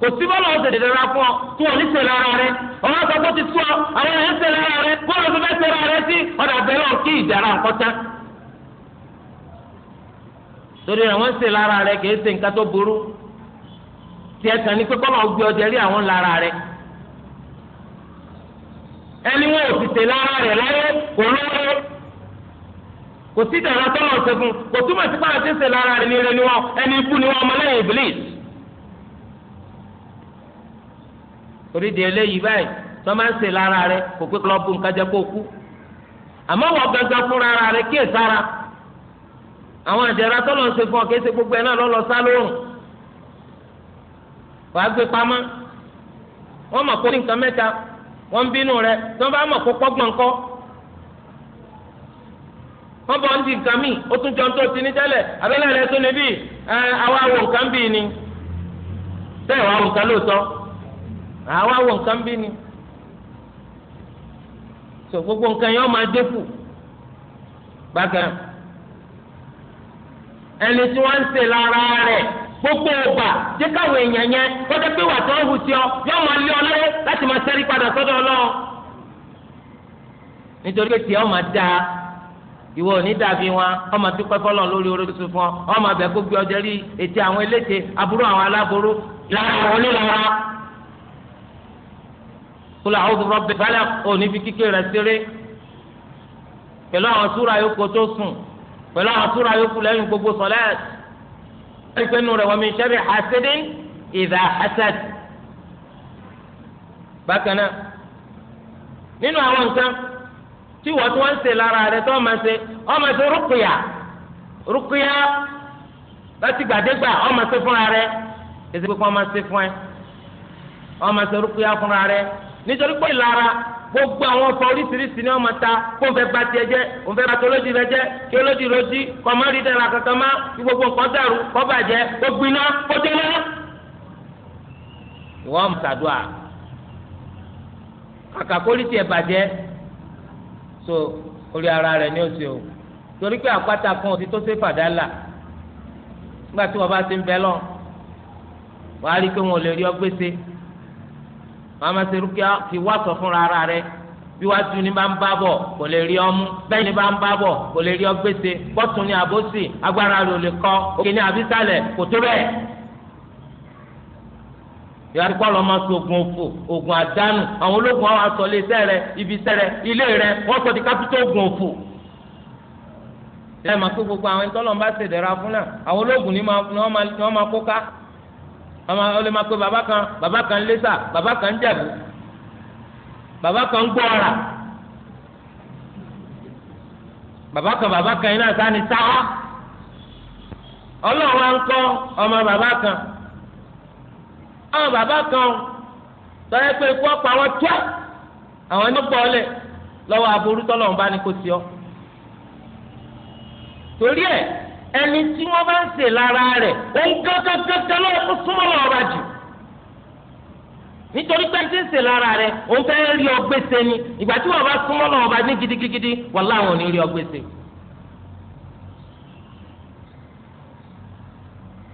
kò sí bọ́lá ọ̀sẹ̀ ṣèdèrà fún ọ tí wọ́n ní ṣe lára rẹ̀ ọ̀rọ̀ sọ pé ó ti sú ọ àwọn èèyàn ṣe lára rẹ̀ bọ́lá ọ̀sẹ̀ fẹ́ ṣe lára rẹ̀ sí ọ̀dà bẹ́ẹ̀ náà kí ìjà ara nǹkan tán. torí rẹ̀ wọ́n ń ṣe lára rẹ̀ kì í ṣe nǹkan tó burú tiẹ̀ kàn ní pé kọ́nà gbé ọjà rí àwọn lára rẹ ẹni wọn ò sì ṣe lára rẹ̀ láyé kò lóore kò sí ìdára tọ́lọ̀ ọ̀sẹ̀ fún kò túmọ̀ sí pàrọ̀ tí ń ṣe lára rẹ̀ ní ire ni wọn ẹni ibú ni wọn ọmọlẹ́yìn àwọn àjẹrà tó lọ ń ṣe fún ọ ṣe gbogbo ẹ náà lọ lọ sá lóhùn wàá gbé kó ní nǹkan mẹ́ta wọn ń bínú rẹ tí wọ́n bá mọ̀ kó kọ́gbọ̀n kọ́ wọ́n bọ̀ ń di nǹkan míì ó tún jọ ń tó ti ní rẹ tó níbí àwa wo nǹkan ni bẹ́ẹ̀ wá ẹni tí wọ́n ń ṣe lára gbogbo ọgbà jẹ́ káwọn èèyàn yẹn kọjá pé wà tó ń hù sí ọ yóò máa lé ọ lé láti máa sẹ́rí padà sọ́dọ̀ ọlọ́run. nítorí pé ọ ma da ìwọ ò ní dàbí wọn ọ ma dúpẹ́ fọlọ́ lórí orí tuntun fún ọ ọ máa bẹ̀ kó gbé ọjọ́ rí ètè àwọn eléte aburú àwọn aláboró lára àwọn onílára. kúlọ̀ àwọn òdùnrọ̀ bẹ̀rẹ̀ òní fi kíkẹ́ rẹ̀ ṣeré pẹ̀lú àwọn súra yòókù tó sùn pẹ̀lú àwọn súra yòókù lẹ́yìn gbogbo sọ̀lẹ́ ẹ̀ríkẹ́ nù rẹ̀ wa min sharri hasidin idha hasad. bákan náà nínú àwọn nǹkan tí wọ́n ti wọ́n ń ṣe lára rẹ̀ tó máa ṣe wọ́n máa ṣe rúkìá rúkìá láti gbàdégbà wọ́n ṣe fúnra rẹ̀ èsì pé wọ́n máa ṣe fún ẹ wọ́n ṣe rúkìá fúnra rẹ̀ nítorí pé ìlara gbogbo àwọn ọ̀fọ̀ oríṣiríṣi ni wọ́n máa ta kó n fẹ́ ba tiẹ̀ jẹ́ n fẹ́ ba tó lódì rẹ jẹ́ kí olódì rẹ jí kọ́ má rí dára kankan má kí gbogbo nǹkan dàrú kọ́ bàjẹ́ kó gbiná kó délé. ìwọ ń ṣàdúrà kàkà kó rí tiẹ̀ bàjẹ́ so orí ara rẹ̀ ni ó o torí pé àpáta kan ò ti tó ṣe fàdálà nígbà tí wọ́n bá ti ń bẹ lọ wàá rí i pé wọn ò lè rí ọ gbèsè màá se ṣe rúkìá fi wá sọ fúnra ara rẹ bí wàá tu ni bá ń bá bọ̀ kò lè rí ọmú bẹ́ẹ̀ ni bá ń bá bọ̀ kò lè rí ọgbẹ́sẹ̀ bọ́tún ni àbósì agbára rẹ̀ ò lè kọ́ òkè ni àbísàlẹ̀ kò tó bẹ́ẹ̀. ìyàrá kọ́ lọ́ máa sọ̀gùn òfò ògùn àdánù àwọn ológun àwọn asọ̀lẹ̀ iṣẹ́ rẹ̀ ibi iṣẹ́ rẹ̀ ilé rẹ̀ wọ́n sọ ti kápítọ̀ ògùn òfò. ẹ máa kó gbogbo àwọn ẹni tọ́lọ́ ọmọ ọlẹ́ máa pe bàbá kan Baba kan lẹ́sà Baba kan jẹ̀bú Baba kan gbọ́ Baba kan Baba kan iná sani sáá ọlọ́run á ń kọ́ ọmọ Baba kan ọmọ Baba kan tọ́lẹ́ pé ikú ọ̀pọ̀ àwọn tó àwọn ẹni gbọ́ ọlẹ̀ lọ́wọ́ aburú tọ́lọ́run bá ní sí ọ torí ẹ̀. ẹni tí wọ́n bá ń sè lára rẹ̀ òun gángangangan lọ́wọ́ kó súnmọ́ lọ́wọ́ ọba jù nítorí pé tí ń sè lára rẹ̀ òun fẹ́ rí ọgbẹ́ ni ìgbà tí wọ́n bá súnmọ́ lọ́wọ́ bá ní gidigidi wọ́n láwọn ò ní rí ọgbẹ́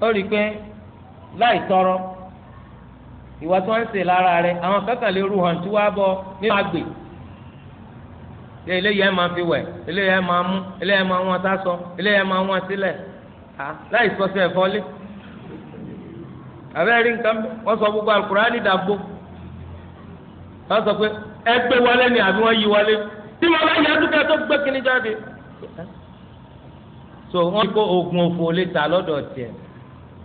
ó rí i pé láì tọrọ ìwà eléyìí ẹ máa fi wẹ̀ eléyìí ẹ máa mú eléyìí ẹ máa wọn sásọ eléyìí ẹ máa wọn sílẹ̀ láì sọsẹ ẹ̀fọ́lé àbẹ́rẹ́ rí nǹkan wọ́n sọ gbogbo alukurani dàgbò wọ́n sọ pé ẹ gbé wọlé ni àbí wọ́n yí wọlé tí wọ́n bá yẹ dúkẹ́ tó gbé kíní jáde so wọ́n kó oògùn òfò lè ta lọ́dọ̀ tiẹ̀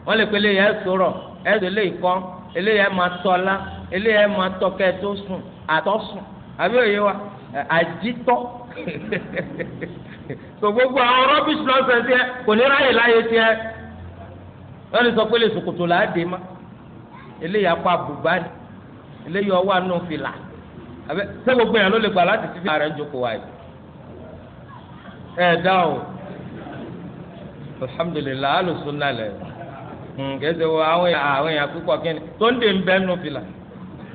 wọ́n lè pe eléyìí ẹ sọ̀rọ̀ ẹ sọ eléyìí kọ́ eléyìí ẹ máa tọ́lá eléyìí ẹ máa tọ́kẹ́ tó sùn àtọ́sùn àbí òye wa àjítọ́ so gbogbo àwọn rubbish nonsense yẹ kò ní ráyè láyé tiẹ̀ wọ́n lè sọ pé lè sòkòtò là á dé ma eléyìí apá bùbá ni eléyìí ọwọ́ àánú fìlà àbẹ sẹ gbogbo yẹn ló lè gbà láti ti fi ààrẹ ń jókòó wáyé ẹ dá o alhamdulilayi alùsùnà lẹ hmm, kẹsẹ wo àwọn yẹn àwọn yẹn akókò akẹni tó ń dè ń bẹ nù fìlà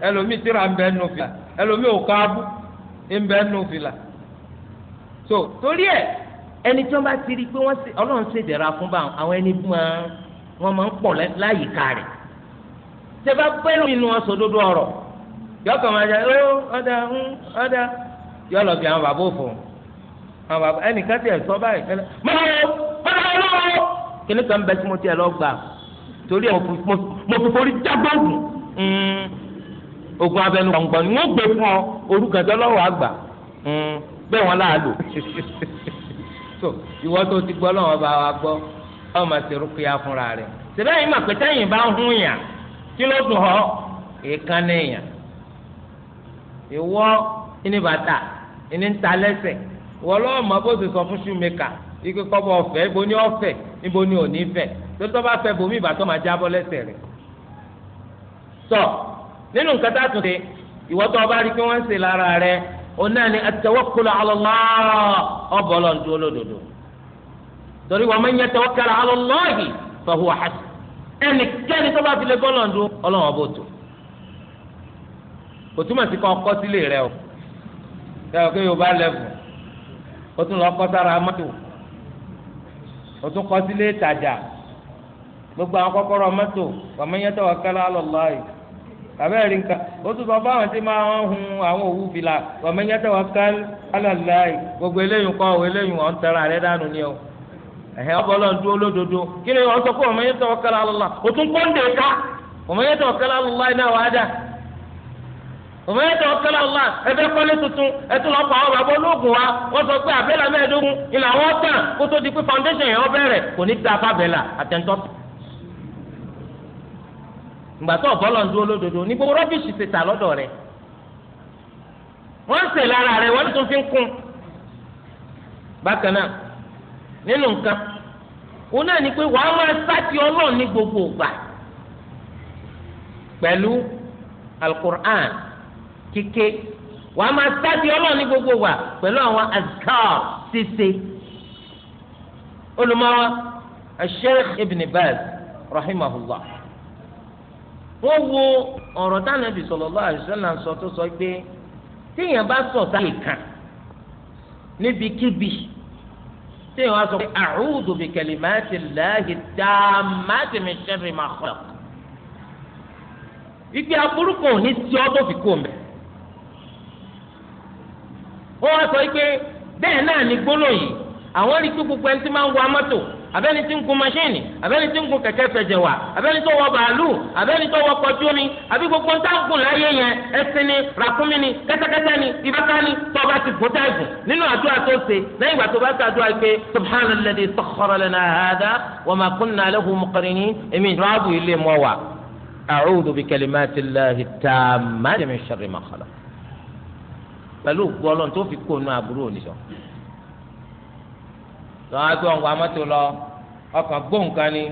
ẹlòmíì tíra ń bẹ nù fìlà ẹlòmíì ò káàbù ńbẹ nù fìlà so torí ẹ ẹni tí wọn bá ti rí i pé wọn Ọlọ́run ṣe dẹ̀ra fún bá àwọn ẹni máa wọn máa ń pọ̀ láyìíká rẹ tẹbá pẹ̀lú inú wọn sọ dodo ọ̀rọ̀ yọ kàn máa jẹ ẹ ọdà ń ọdà yọ lọ bí àwọn bàbá òfò àwọn bàbá ẹnìkan tiẹ̀ sọ báyìí kẹlẹ máa wọ máa wọ kíní kan bẹ tí mo tiẹ̀ lọ gbà torí ẹ mo fi forí jágbóògùn. Hmm ogun abẹnú gbọ̀ngbọ̀n ni wọ́n gbé fún ọ orúkẹ̀tọ́ lọ́wọ́ àgbà hmm, bẹ́ẹ̀ wọ́n láàlò so ìwọ tó ti gbọ́ lọ́wọ́ bá wa gbọ́ ọ máa ṣe rúkìá fúnra rẹ̀ síbẹ̀ yìí mà pé táyìn bá ń hún yàn kí ló dùn ọ́ èèkan ní yàn ìwọ ní bàtà ní ń lẹ́sẹ̀ ìwọ lọ́wọ́ mọ bó ti sọ fún ṣùmẹ́kà ike kọ́ ọ̀fẹ́ ibo ní ọ̀fẹ́ ibo ní òní fẹ́ tó tó bá fẹ́ bomi ìbàtọ́ máa jábọ́ lẹ́sẹ̀ rẹ̀ tọ́. So, nínú nǹkan tá a tún ṣe ìwọ tó o bá rí i pé wọ́n ń ṣe lára rẹ o náà ni at-tawakkul ala Allah ọ̀bọ̀ lọ́n dúró lódodo torí wa man yatawakkal ala Allah fa huwa hasbuh ẹnikẹ́ni tó bá fi lè bọ́ọ̀lù ọ̀dún ọlọ́run ọba òtò kò túmọ̀ sí kọ́ ọkọ́ sílé rẹ o sẹ́wọ́n pé yorùbá lẹ́fù o tún lọ kọ́ sára mọ́tò o tún kọ́ sílé ìtajà gbogbo àwọn kọ́kọ́rọ́ mọ́tò wa man yatawakkal ala Allah abẹ́rẹ́ rí nǹkan ó tún sọ tí máa ń hun àwọn òwú fìlà ọ̀mẹ́yẹ́tẹ̀ wọn ká alàlàyé gbogbo eléyìí kọ́ ọ̀ eléyìí wọn ń tẹ̀ra dànù ni o ẹ̀hẹ́ ọba ọlọ́run dúró lódodo kí ni wọ́n sọ pé ọ̀mẹ́yẹ́tẹ̀ wọn o tún kọ́ńdé ká ọ̀mẹ́yẹ́tẹ̀ wọn kálá lọ́la iná wàá dà ọ̀mẹ́yẹ́tẹ̀ wọn kálá lọ́la ẹgbẹ́ kọ́lé tuntun ẹtú ìgbà tó ọ̀bọ́lọ̀ ń dúró lódodo ní gbogbo rọ́bìṣì ti tà lọ́dọ̀ rẹ̀ wọ́n ń sè lára rẹ̀ wọ́n tún fi ń kún bákan náà nínú nǹkan òun náà ni pé wàá máa sáti ọlọ́run ní gbogbo ìgbà pẹ̀lú alukur'an kíké wàá máa sáti ọlọ́run ní gbogbo ìgbà pẹ̀lú àwọn azkar ṣíṣe olùmọ̀wá Sheikh Ibn Baz rahimahullah wọ́n wo ọ̀rọ̀ tánàbì sallallahu alaihi wasallam sọ tó sọ pé téèyàn bá sọ sáyè kan níbikíbi téèyàn wá sọ pé a'udhu bi kalimati llahi tammati min sharri ma khalaq ìgbé aburú kan ò ní tí ọ tó fi kó mbẹ ó wá sọ pé bẹ́ẹ̀ náà ní gbólóyìn àwọn rí pé gbogbo máa ń wa mọ́tò abẹ́ni tí ń kun mọ́ṣíìnì abẹ́ni tí ń kun kẹ̀kẹ́ fẹ̀jẹ̀wà abẹ́ni tó wọ bàálù abẹ́ni tó wọ kọjú omi àbí gbogbo ntàkùn láyé yẹn ẹṣin ni ràkúnmí ni kẹ́tẹ́kẹ́tẹ́ ni ìbáká ni tọ́ba ti gùn táìgùn nínú àdúrà tó ṣe lẹ́yìn ìgbà tó bá ṣe àdúrà pé subhana alladhi sakhkhara lana hadha wa ma kunna lahu muqrinin èmi ìdúràbù ilé mọ́ wa a'udhu bi kalimati llahi tammati lọ́wọ́ á gbé ọ̀nwá mọ́tò lọ ọkàn gbóǹkan ni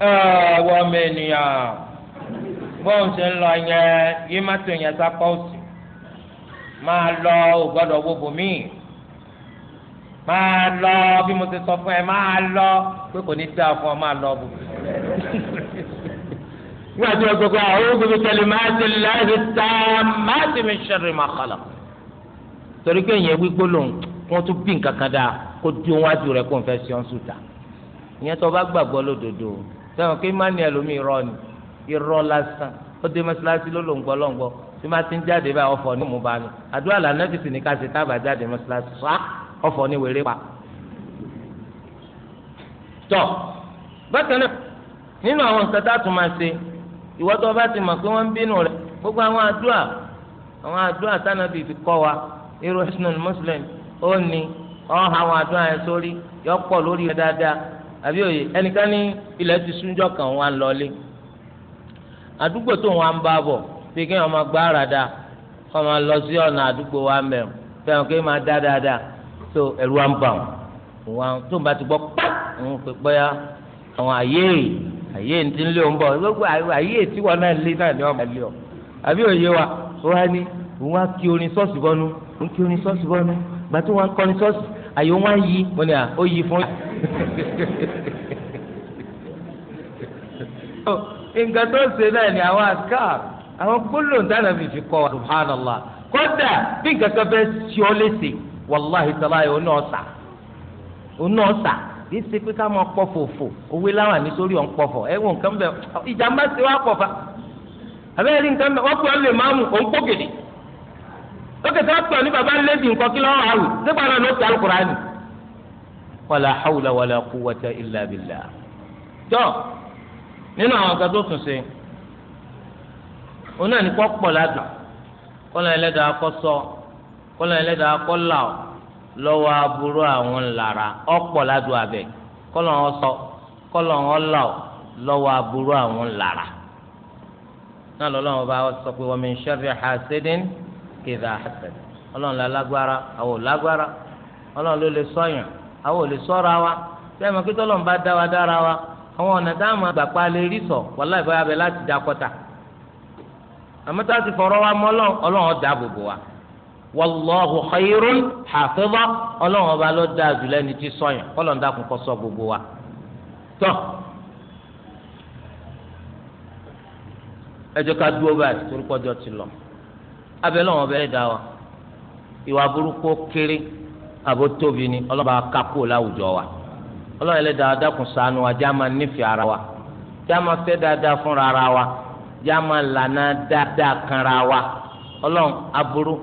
ẹ wọ́n mi ènìyàn bóun ṣe ń lọ yẹn yí mọ́tò yẹn sápá òsì máa lọ ò gbogbo míì máa lọ bí mo ti sọ fún ẹ máa lọ pé kò ní dáa fún ọ máa lọ bò nígbà tí wọ́n gbogbo àwọn olùgbòmí tẹ́lẹ̀ máa ti láti ta máa ti mi ṣẹ̀rì máa kàlà torí pé èèyàn wí gbólóhùn wọ́n tún bí nǹkan kan dáa kó dún wájú rẹ kó n fẹ́ sion sùtà ìyẹn tó bá gbàgbọ́ lódodo sẹ́wọ̀n kí má ní ẹlòmíì irọ́ ni irọ́ lásán ó dé mọ́ṣáláṣí ló ló ń gbọ́ ló ń gbọ́ tí má ti ń jáde báyìí ọ̀fọ̀ ní mú ba ni àdúrà lànà fìsì ní ká ṣe tábà jáde mọ́ṣáláṣí fa ọ̀fọ̀ ní wèrè pa. tọ́ bákan náà nínú àwọn nǹkan tá a tún máa ṣe ìwọ tó bá ti mọ̀ pé wọ́n ń bínú rẹ̀ gbogbo àwọn àdúrà àwọn àdúrà tánàbì fi kọ́ wa irú ẹ̀sìn wọn ha àwọn àdúrà yẹn sórí yọ pọ̀ lórí rẹ dáadáa àbí òye ẹnìkan ní ilẹ̀ ti súnjọ́ kan wọn lọlé àdúgbò tó wọn ń bá bọ̀ bí kí wọn máa gbá àràdà wọn máa lọ sí ọ̀nà àdúgbò wa mẹ́rin fẹ́ràn kí máa dá dáadáa tó ẹ̀rù wa ń bà wọn tó bá ti gbọ́ pá òun pè pẹ́yà àwọn àyè àyè ti ń lé òun bọ̀ gbogbo àyè tí wọn náà lé náà ni wọn máa lé ọ àbí òye wa wọn á ní òun á kí orin ṣọ́ọ̀ṣì bọ́nu òun kí orin ṣọ́ọ̀ṣì bọ́nu gbàtí wọn kọrin ṣọ́ọ̀ṣì àyè wọn yí mo ní à ó yí fún yìí. nǹkan tó ṣe náà ni àwọn askar àwọn gbólóhùn dáná fi fi kọ́ subhanallah kódà bí nǹkan kan fẹ́ ṣe ọ́ léṣe wàláhi sàlàyé ó náà sà ó náà sà kì ṣe pé ká máa pọ̀ òwe láwọn nítorí ọ̀ ń ẹ wọ nǹkan bẹ́ẹ̀ ìjàmbá ti wá pọ̀ fa àbẹ́rẹ́ nǹkan bẹ́ẹ̀ wọ́n pè lè máa mú òun pọ̀ gèdè lókè tí wọ́n pè ọ́ ní baba lẹ́sìn nǹkan kí lọ́wọ́ àrùn nígbà náà ló ti alukurani. wàlà hawla wàlà quwwata illa billah. jọ nínú àwọn nǹkan tó tún ṣe òun náà ní kó pọ̀ ládùn kọ́lá ẹlẹ́dàá kọ́ sọ kọ́lá ẹlẹ́dàá kọ́ là ọ́ lọ́wọ́ aburú àwọn ńlára ọ̀pọ̀ ládùn abẹ kọ́lá wọn sọ kọ́lá lọ́wọ́ aburú àwọn ńlára. náà lọ́lọ́wọ́ bá sọ pé wa min sharri hasidin. idha haddad ọlọ́run la àwọn ò lágbára ló lè àwọn wa lè rí sọ wàláì bá abe láti dá kọta. àmọ́ a ti fọ̀rọ̀ wa mọ́ ọlọ́run ọ̀dà àbòbò wa wallahu khayrun hafiza ọlọ́run ọba ló dáa jù lẹ́ni tí sọ̀yàn dákun gbogbo wa lọ. abẹ́lẹ́ wọn bẹ́ẹ̀ dá wa ìwà burúkú kéré àbó tóbi ni ọlọ́ba kákó láwùjọ wa ọlọ́run ẹlẹ́dàá dákun ṣàánú wa já máa nífẹ̀ẹ́ ara wa já máa fẹ́ dáadáa fúnra ara wa já máa lànà dáadáa kanra wa ọlọ́run aburú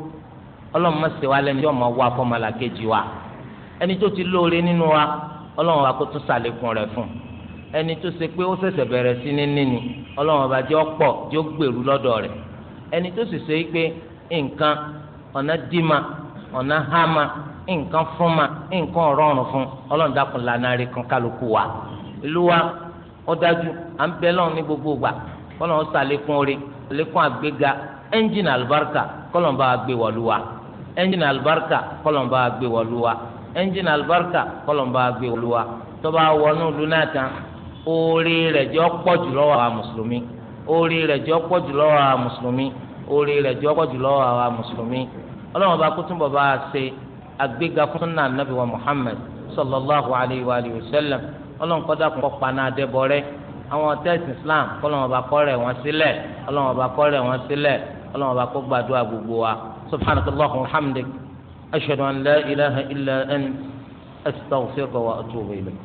ọlọ́run má ṣe wa lẹ́ni tí ọmọ wa fọmọlá kejì wa ẹni tó ti lóore nínú wa ọlọ́run wa kó tún ṣàlékún rẹ̀ fún ẹni tó ṣe pé ó ṣẹ̀ṣẹ̀ bẹ̀rẹ̀ sí ní níní ọlọ́run ọba jẹ́ ọ̀pọ̀ jẹ́ ó gbèrú lọ́dọ̀ rẹ̀ ẹni tó sì ṣe é pé nǹkan ọ̀nà dìímà ọ̀nà hàmà nǹkan fúnma nǹkan ọ̀rọ̀rùn fún ọlọ́run dákun lànà rẹ̀ kan wa ìlú ọ ó dájú à ń bẹ na ní gbogbo ìgbà kọ́lọ́n ó sàlékún orí lékún àgbéga ẹ́ńjìnì àlùbáríkà kọ́lọ́n bá wa ẹ́ńjìnì àlùbáríkà kọ́lọ́n bá wa ẹ́ńjìnì orí rẹ̀ jọ ọkọ̀ jùlọ àwa mùsùlùmí ọlọ́run ọba kútùn bàbá ṣe àgbéga fún náà nàbí wa muhammed sallallahu alayhi wa sallam ọlọ́run kọ́ dàkún kọ́ paná adébọ̀rẹ́ àwọn tẹ́sí islam kọ́lọ́run ọba kọ́ rẹ̀ wọ́n sílẹ̀ ọlọ́run ọba kọ́ rẹ̀ wọ́n sílẹ̀ ọlọ́run ọba kọ́ gbàdúrà gbogbo wa subhanaka wa hamdik ashhadu an la ilaha illa ant astaghfiruka wa atubu ilayk.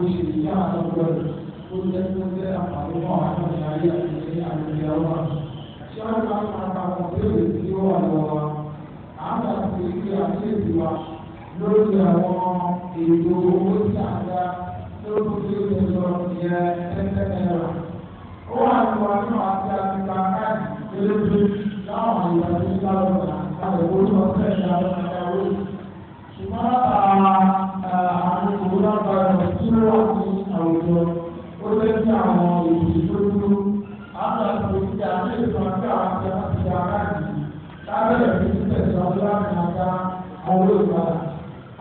ṣe ìyá àtọ́gbọ́ rẹ̀ tó jẹ́ tó jẹ́ àpàlùmọ́ àwọn ìyáyé àti àgbègbè ọmọ. Ṣáàlù àpapọ̀ àpàbẹ̀rẹ̀ tí ó wà lọ́wọ́ àgbà ti rí àkíyèsí wa lórí àwọn ètò owó tí a ga lórí tí ó ti lọ yẹ ẹgbẹ́ náírà. Ó wà lọ́wọ́ náà àti àgbà káàdì lórí láwọn ìgbà tí ó bá lọ́wọ́ àti àwọn owó tó ń àwọn ìṣòro lágbára tí ó wà ní àwùjọ ó jẹ́ kí àwọn èyí tó dúró àtàkùn ìdí àti ìfọ̀nkí àwọn ìjọba ti dá káàkiri lábẹ́rẹ́ fi ń tẹ̀síwájú láti máa dá owó ìpadà.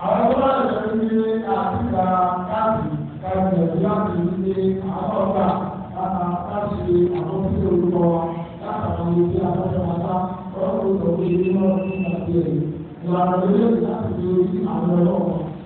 àwọn tó bá lè fi ní àtìgbà káàkiri káàkiri ẹ̀dí láti ní àwọn ọgbà láti àwọn tí olùkọ́ látàkùn ìdí àwọn ìjọba ta ọ̀rọ̀ tó sọ pé ìdí náà ti ń tàbí ẹ̀yìn. ìlànà ìlú láti fi àwọn ọlọ́wọ́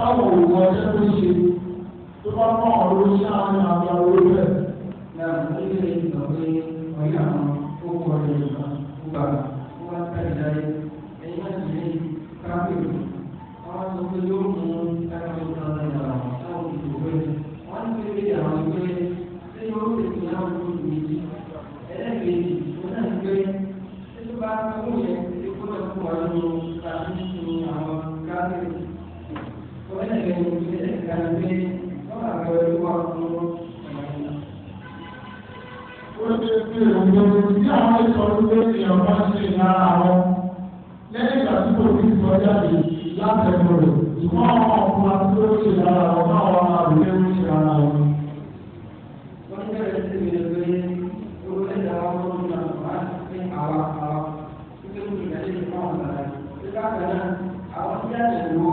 táwọn òwò ọjọ́ tó ṣe tó bá mọ́ ọ̀rọ̀ sáàánú àti àwòrán rẹ̀ náà ní ilé ìgbà pé ọ̀yà àwọn ó kọ́ ọ̀rọ̀ ìgbà ó gbà ó wá tẹ̀lé láyé ẹ̀yìn láti lè káfíìn àwọn sọ pé yóò mú ẹ̀rọ tó tán náírà táwọn ìdìbò rẹ̀ wọ́n ti rí àwọn ìgbé tí yóò tètè láwọn náà tó bá tó yẹ àwọn tí a lè lo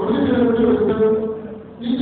oníṣẹ́ ojú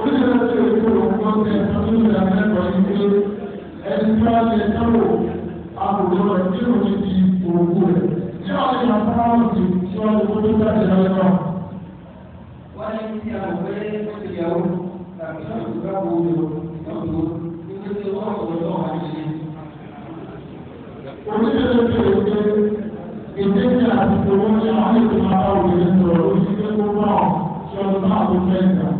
oníṣẹ́lẹ̀ tí o ti rò wọ́n tẹ ọdún ìlà mẹ́tọ̀ yìí pé ẹni tí wọ́n lè tọ́wọ́ àbùdó rẹ̀ tí o ti di òkú rẹ̀ tí wọ́n lè máa fọ́nrán òsì tí wọ́n lè kótó jáde lọ́wọ́ náà. wọ́n ní kí àwọn pé ó ti yàwó tàbí láti bá wo ìyàwó nígbà tí wọ́n ọ̀rọ̀ lọ́wọ́ àti oníṣẹ́lẹ̀ tí o ti ìdíje àti ìdòwò ní àwọn ìgbìmọ̀ àwọn òbí ń sọ̀rọ̀ oníṣẹ́ gbogbo àwọn ṣọ̀rọ̀ náà tó fẹ́ ń gbà.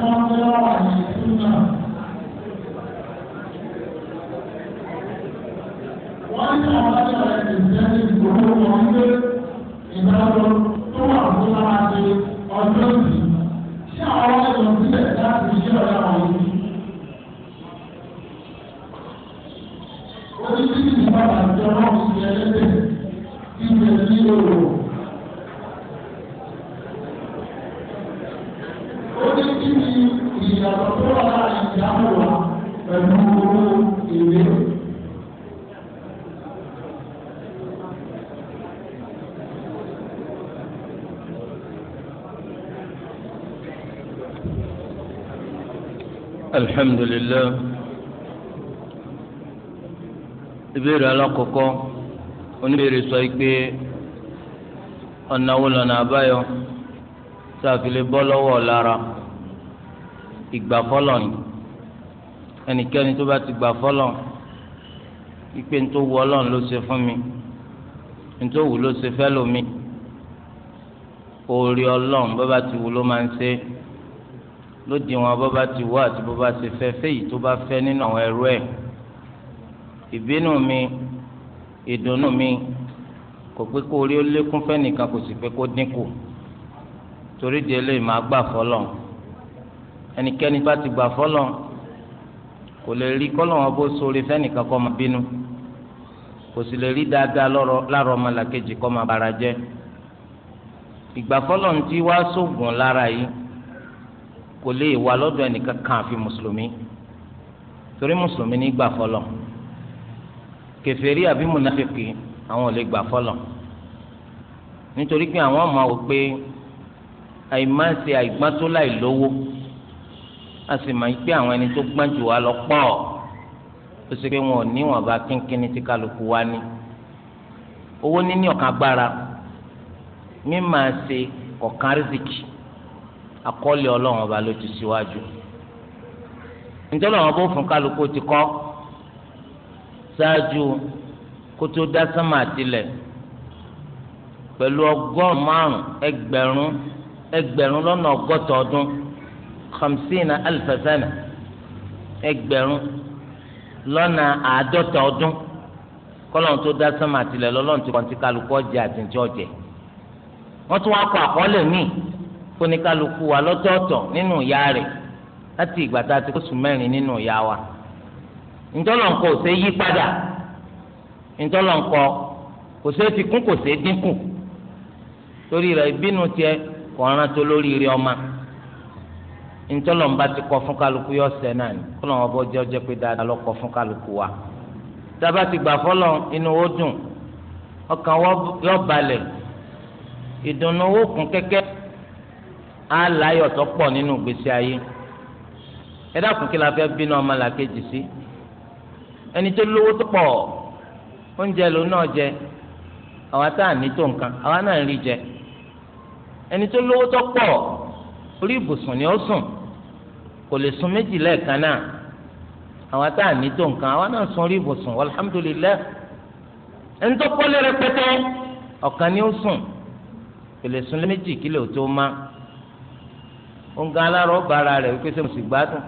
Allah. الحمد لله ìbéèrè alákọ̀ọ́kọ́ oníbèrè sọ pé ọ̀nà wo lọ́nà àbáyọ sàfilẹ̀ bọ́ lọ́wọ́ lára ìgbà fọlọ́ ni ẹnikẹ́ni tó ipe ń tó wù ọlọ́run ló ṣe fún mi ń tó wù ló ṣe fẹ́ lómi oore ọlọ́run bó bá ti wù ló máa ń ṣe lódì wọn bó bá ti wá àti bó bá ti fẹ́ fẹ́yìí tó bá fẹ́ nínú àwọn ẹrú ẹ̀ ìbínú mi ìdùnnú mi kò pé kó orí ó lékún fẹ́nìkan kò sì pé kó dínkù torí di eléyìí máa gbà fọlọ́ ẹnikẹ́ni bá ti gbà fọlọ́ kò lè rí kọ́lọ́wọ́n bó sórí fẹ́nìkan kó máa bínú kò sì lè rí dáadáa lọ́rọ̀ láàrọ̀ ọmọlàkejì kó máa bara jẹ́ ìgbà fọlọ́ ti wá sóògùn lára yìí kò lè wà lọ́dọ̀ ẹnìkan kan àfi mùsùlùmí torí mùsùlùmí ní gbà fọlọ́ kèfèrí àbí mùnàfíkì àwọn ò lè gbà fọlọ́ nítorí pé àwọn ọmọ wò pé àìmáṣe àìgbọ́n tó láì lówó a sì máa ń pé àwọn ẹni tó gbọ́n jù wá lọ pọ̀ ó sì pé wọn ò ní wọn kínkínní tí kálukú wá ní owó níní ọ̀kan agbára mímàá ṣe rìsíkì akọ́lẹ̀ ọlọ́run ọba ló ti síwájú nítorí àwọn bó fún kálukú ti kọ́ ṣáájú kó tó dá sánmà tilẹ̀ pẹ̀lú ọgọ́rùn márùn ẹgbẹ̀rún ẹgbẹ̀rún lọ́nà ọgọ́ta ọdún khamsina alifasana ẹgbẹ̀rún lọ́nà àádọ́ta ọdún kọ́lọ́n tó dá sánmà tilẹ̀ lọ́lọ́run ti kọ́ ti kálukú ọjà àti ntí ọjẹ́ wọ́n tún wá kọ́ àkọọ́lẹ̀ míì. fúnikálukú wa lọ́tọ̀ọ̀tọ̀ nínú ìyá rẹ̀ láti ìgbà tá a ti mẹ́rin nínú ìyá wa ntọ́lọ́nkọ kò ṣe yí padà kò ṣe fi kún kò ṣe dínkù torí rẹ̀ ìbínú tiẹ̀ kò lórí ti kọ fún kálukú yọ fún kálukú wa dábàá ti gbà inú ó dùn ọkàn wọ́ yọ balẹ̀ ìdùnnú á láyọ̀ tó pọ̀ nínú ìgbésí ayé ẹ dákun kí la fẹ́ bínú ọmọ làkejì sí ẹni tó lówó tó pọ̀ oúnjẹ ló náà jẹ àwa tá à ní tó nǹkan àwa náà ń rí jẹ ẹni tó lówó tó pọ̀ orí ibùsùn ni ó sùn kò lè sùn méjì lẹ́ẹ̀kan náà àwa tá à ní tó nǹkan àwa náà sùn orí ibùsùn alhamdulilayi ẹni tó pọ́lé rẹpẹtẹ ọ̀kan ni ó sùn kò lè sùn méjì kí lè tó máa ònkan alárò bára rẹ̀ wípé sẹ́ mo sì gbádùn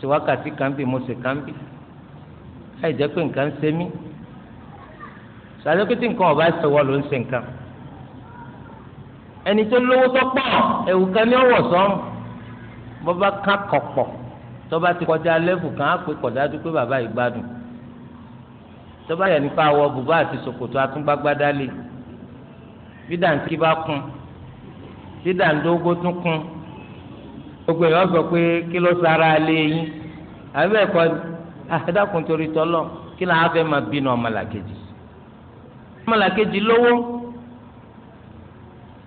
sì wákàtí kan bí mo sì kan bí láì jẹ́ pé nǹkan ń ṣe mí sàlẹ́kìtì nǹkan ọ̀bá ṣèwọ́ ló ń ṣe nǹkan ẹni tó lówó tó pọ̀ ẹ̀wù kan ní ọ̀wọ̀ sọ́run bọ́bá ká kọ̀pọ̀ tọ́ba ti kọjá lẹ́fù kan á pè kọ̀dájú pé bàbá yìí gbádùn tọ́ba yẹn nípa awọ bùbá àti ṣòkòtò atúngbágbádá bí dàǹtí bá kún bí dàǹdógó tún kún gbogbo èèyàn sọ pé kí ló sara lé yín àbí ẹ̀kọ́ àdákùn ah, torí tọ́lọ̀ kí ló hàn fẹ́ máa bínú ọmọlàkejì ọmọlàkejì lówó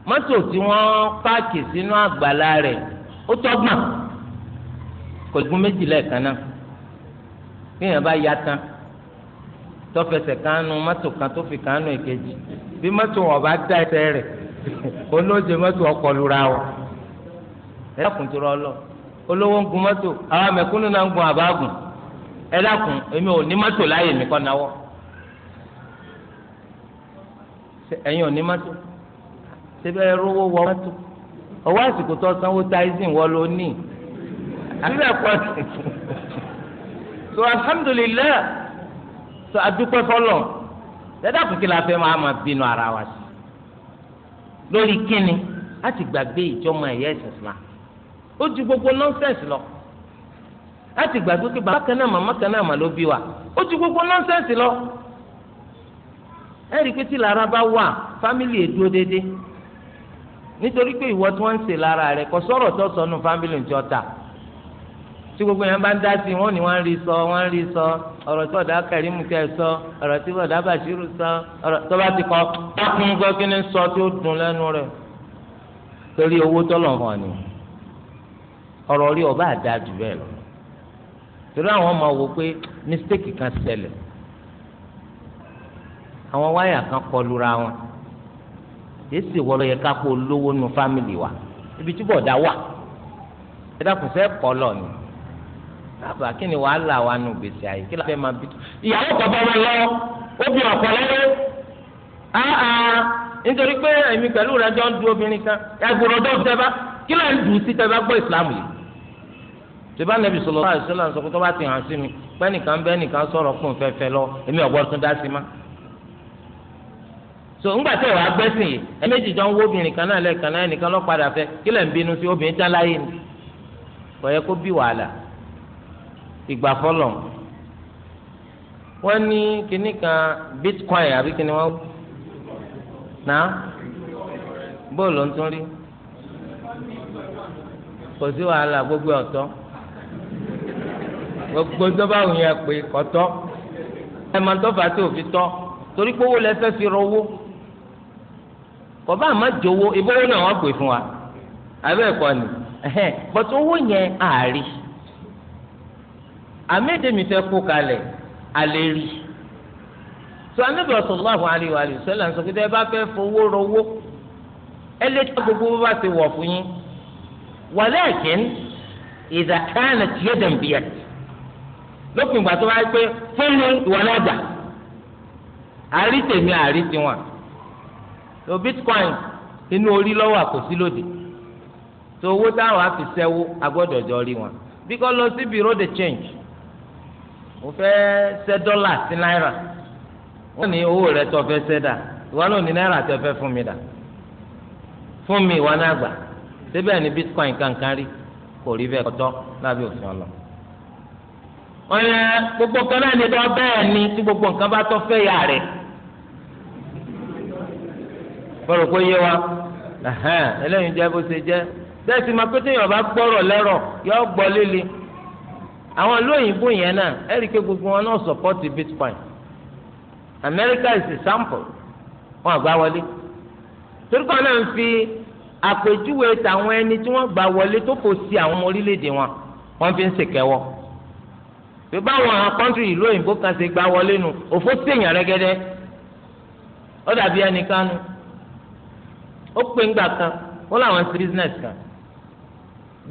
mọ́tò tí wọ́n páàkì sínú àgbàlá rẹ̀ ó tọ́gbọ̀n kò gún méjì lẹ́ẹ̀kan náà bí èèyàn bá ya tán tọ́fẹsẹ̀ kánú mọ́tò kan tó fi kánú èkejì bí mọ́tò wọn bá dá ẹsẹ̀ rẹ̀ kó ló jẹ lura wọn ẹ dákun tó rọ lọ olówó ń gun mọ́tò àwọn mẹ̀kúnnù náà ń gun àbáàgùn ẹ dákun èmi ò ní mọ́tò láyè mi kọ́ náwọ́ ẹ̀yin ò ní mọ́tò síbẹ̀ ẹ rówó wọ mọ́tò ọwọ́ àsìkò tó sanwó táìsìn wọ́n ló ní àbíbẹ̀ pọ̀ sí so alhamdulillah so adúpẹ́ fọlọ́ ẹ dákun kí la fẹ́ máa ma bínú ara wa sí lórí kíni láti gbàgbé ìjọ́mọ ẹ̀yẹ ìsìn ó ju gbogbo nọ́ńsẹ̀nsì lọ láti gbàgbé pé bàbá kan náà màmá kan náà mà ló bí wa ó ju gbogbo nọ́ńsẹ̀nsì lọ ẹ̀rí pé tí lára bá wà fámìlì èdúró déédéé nítorí pé ìwọ tí wọ́n ń ṣe lára rẹ̀ kò sọ̀rọ̀ tó sọnù fámìlì ń jọta tí gbogbo yẹn bá ń dá sí wọn ni wọ́n ń rí sọ wọ́n ń rí sọ ọ̀rọ̀ tí ọ̀dà kẹrìmù sọ ọ̀rọ̀ tí ọ̀dà bàṣírù sọ ọ̀rọ̀ tó bá ti kọ dákun gbọ́ kí ni sọ tó dùn lẹ́nu rẹ̀ torí owó tọ́lọ̀ ni ọ̀rọ̀ rí ọba àdá jù bẹ́ẹ̀ lọ torí àwọn máa wò pé mistake kan ṣẹlẹ̀ àwọn wáyà kan kọlura wọn èsì wọlé yẹ ká kó lówó nu fámìlì wa ibi tí bọ̀dá wà ẹ dákun sẹ́ kọ́ lọ ni bàbá kí ni wàhálà wa nù gbèsè àyè kí la fẹ́ máa bí tu ìyàwó kan bá wọn lọ obìnrin ọ̀pọ̀ Ah ah. nítorí pé èmi pẹ̀lú rẹ̀ jọ ń du obìnrin kan ẹ̀gbọ́n ọdọ́ tẹ́ bá kí ló ń dùn sí tẹ́ bá gbọ́ ìsìlámù yìí sèbá nàbì sọlọ láì sọlọ àti sọkòtò bá ti hàn sí mi pé nìkan bẹ́ẹ̀ nìkan sọ̀rọ̀ kún fẹ́fẹ́ lọ èmi ọ̀gbọ́n tún dá sí ma. so ńgbà tẹ̀ wá gbẹ́sìn yìí ẹ méjì jọ ń wo obìnrin kan náà lẹ́ẹ̀kan náà ẹnìkan lọ́ padà fẹ́ kí lẹ̀ ń bínú sí obìnrin tán láyé ni kò yẹ kó bí wàhálà ìgbà fọlọ̀ wọ́n ní kinní kan bitcoin àbí kinní wọn ná bóòlù ń tún rí kò sí wàhálà gbogbo ọ̀tọ̀ gbogbo tó bá wù yẹn pé kọ́tọ́ ẹ máa tó fà tó fi tọ́ torí pé owó lẹ fẹ́ fi rọwó kọ́bá àmọ́ jowó ìbówó náà wọ́n pè fún wa abẹ́ ẹ̀kọ́ ni bọ́tú owó yẹn àárí àmẹ́dẹ̀mí fẹ́ kó kalẹ̀ alẹ́ rí sọ anábì sallallahu alaihi wa sallam sọ pé ẹ bá fẹ́ fowó rọwó ẹ lé tó gbogbo bá ti wọ̀ fún yín walakin idha kanat yadan biyad lópin ìgbà tó wáyé pé fúnni ìwọ náà jà àrí tèmi àrí tiwọn so bitcoin inú orí lọ́wọ́ àkòsí lòdì so owó táwọn àfi sẹ́wó agbọ́dọ̀ jọ rí wọn bí kò lọ sí bureau de change mo fẹ́ ṣẹ́ dọ́là sí náírà wọ́n ní owó rẹ̀ tó fẹ́ ṣẹ́ dà ìwọ náà ní náírà tó fẹ́ fún mi dà fún mi ìwọ náà gbà síbẹ̀ ni bitcoin kankan rí kò rí bẹ́ẹ̀ kọ́tọ́ lábẹ́ òfin ọlọ́run wọn yẹ gbogbo nǹkan náà ní dọ́ bẹ́ẹ̀ ni tí gbogbo nǹkan bá tọ́ fẹ́ yà rẹ̀ fọlọ́ kó yé wa eléyìí jẹ́ bó ṣe jẹ́ bẹ́ẹ̀ sì máa pété yọ̀ọ̀bá gbọ́rọ̀ lẹ́rọ̀ yọ̀ọ́ gbọ́ líle àwọn olóyìnbó yẹn náà ẹ̀rí pé gbogbo wọn náà sọ̀pọ́tì bitcoin America is a sample wọn àgbá wọlé torí kan náà ń fi àpèjúwe tàwọn ẹni tí wọ́n gbà wọlé tó kò sí àwọn ọmọ orílẹ̀ wọn fi ń ṣèkẹ́wọ́ pé báwọn kọ́ńtì ìlú òyìnbó kan ṣe gbá wọlé nu òfó tèèyàn rẹ́gẹ́dẹ́ ó dàbí ẹnìkan nu ó pé ńgbà kan ó láwọn ṣe business kan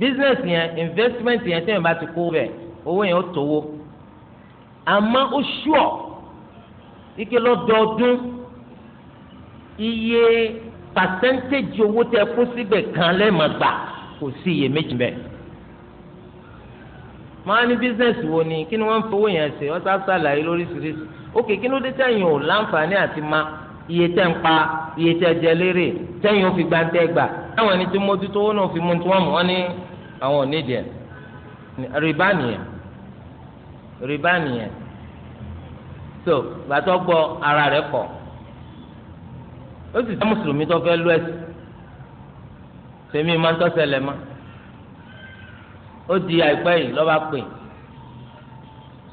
business yẹn investment yẹn tẹ́yìn bá ti kó bẹ̀ owó yẹn ó tówó àmọ́ ó ṣùọ́ ike lọ́dọọdún iye percentage owó tẹ kó síbẹ̀ kan lẹ́ẹ̀mọ́gbà kò sí iyèméjì bẹ́ẹ̀ wọn á ní bísíǹsì wo ni kí ni wọn ń fowó yẹn ṣe wọn sá ṣàlàyé lóríṣiríṣi ókè kí ló dé tẹ̀yìn ò láǹfààní àti ma iye tẹ́ ń pa iye tẹ́ jẹ lérè tẹ̀yìn ò fi gba tẹ́ gbà táwọn ẹni tí mójútó wọn náà fi mú tí wọn mú wọn ní àwọn onídìí ẹ rìbá nìyẹn rìbá nìyẹn so gbàtọ gbọ́ ara rẹ̀ kọ̀ ó sì jẹ mùsùlùmí tó fẹ́ lọ ẹsìn tèmi máa ń tọ́sẹ̀lẹ̀ ó di àìpẹ́ yìí lọ́ba pè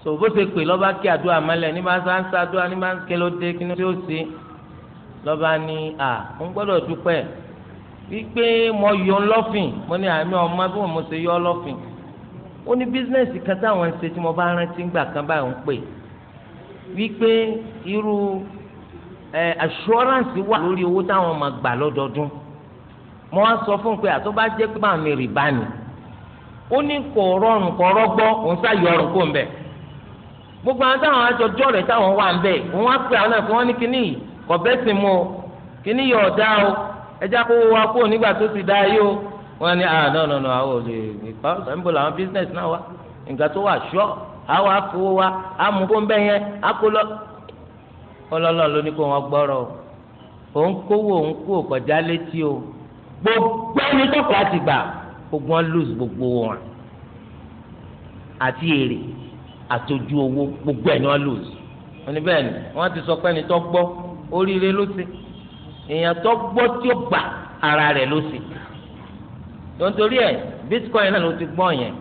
so bó ṣe pè lọ́ba kí àdúrà mọ́lẹ̀ ní máa ń ṣàdúrà ní máa ń ké ló dé kí ni ó ṣe lọ́ba ní à ń gbọ́dọ̀ dúpẹ́ wípé mo yọ ọlọ́fìn mo ní àmì ọmọ bí mo ṣe yọ ọlọ́fìn ó ní bísíǹnẹ̀sì kan táwọn ń ṣe tí mo bá rántí ńgbà kan báyìí ń pè wípé irú assurance wà lórí owó táwọn máa gbà lọ́dọọdún mo wá sọ fún un pé àtọ́ pé báwọn mi ni. ó ní kò rọrùn kò rọgbọ́ òun ọrùn ń gbogbo àwọn táwọn àjọjọ́ rẹ̀ táwọn wà ń bẹ̀ òun náà ní yìí o yìí o ẹja o wọn ní ah no no no àwọn ò lè nípa làwọn business náà nǹkan tó wà àwọn wa ń yẹn ọlọ́lọ́ ló ní kó wọn gbọ́rọ̀ gbogbo wọn lose gbogbo wọn àti èrè àtòjú owó gbogbo ẹ̀ ni wọ́n lose wọ́n ní bẹ́ẹ̀ ni wọ́n ti sọ pé ẹni tó gbọ́ oríire ló ṣe èèyàn tó gbọ́ tí ó gbà ara rẹ̀ ló ṣe nítorí ẹ̀ bitcoin náà ló ti gbọ́ yẹn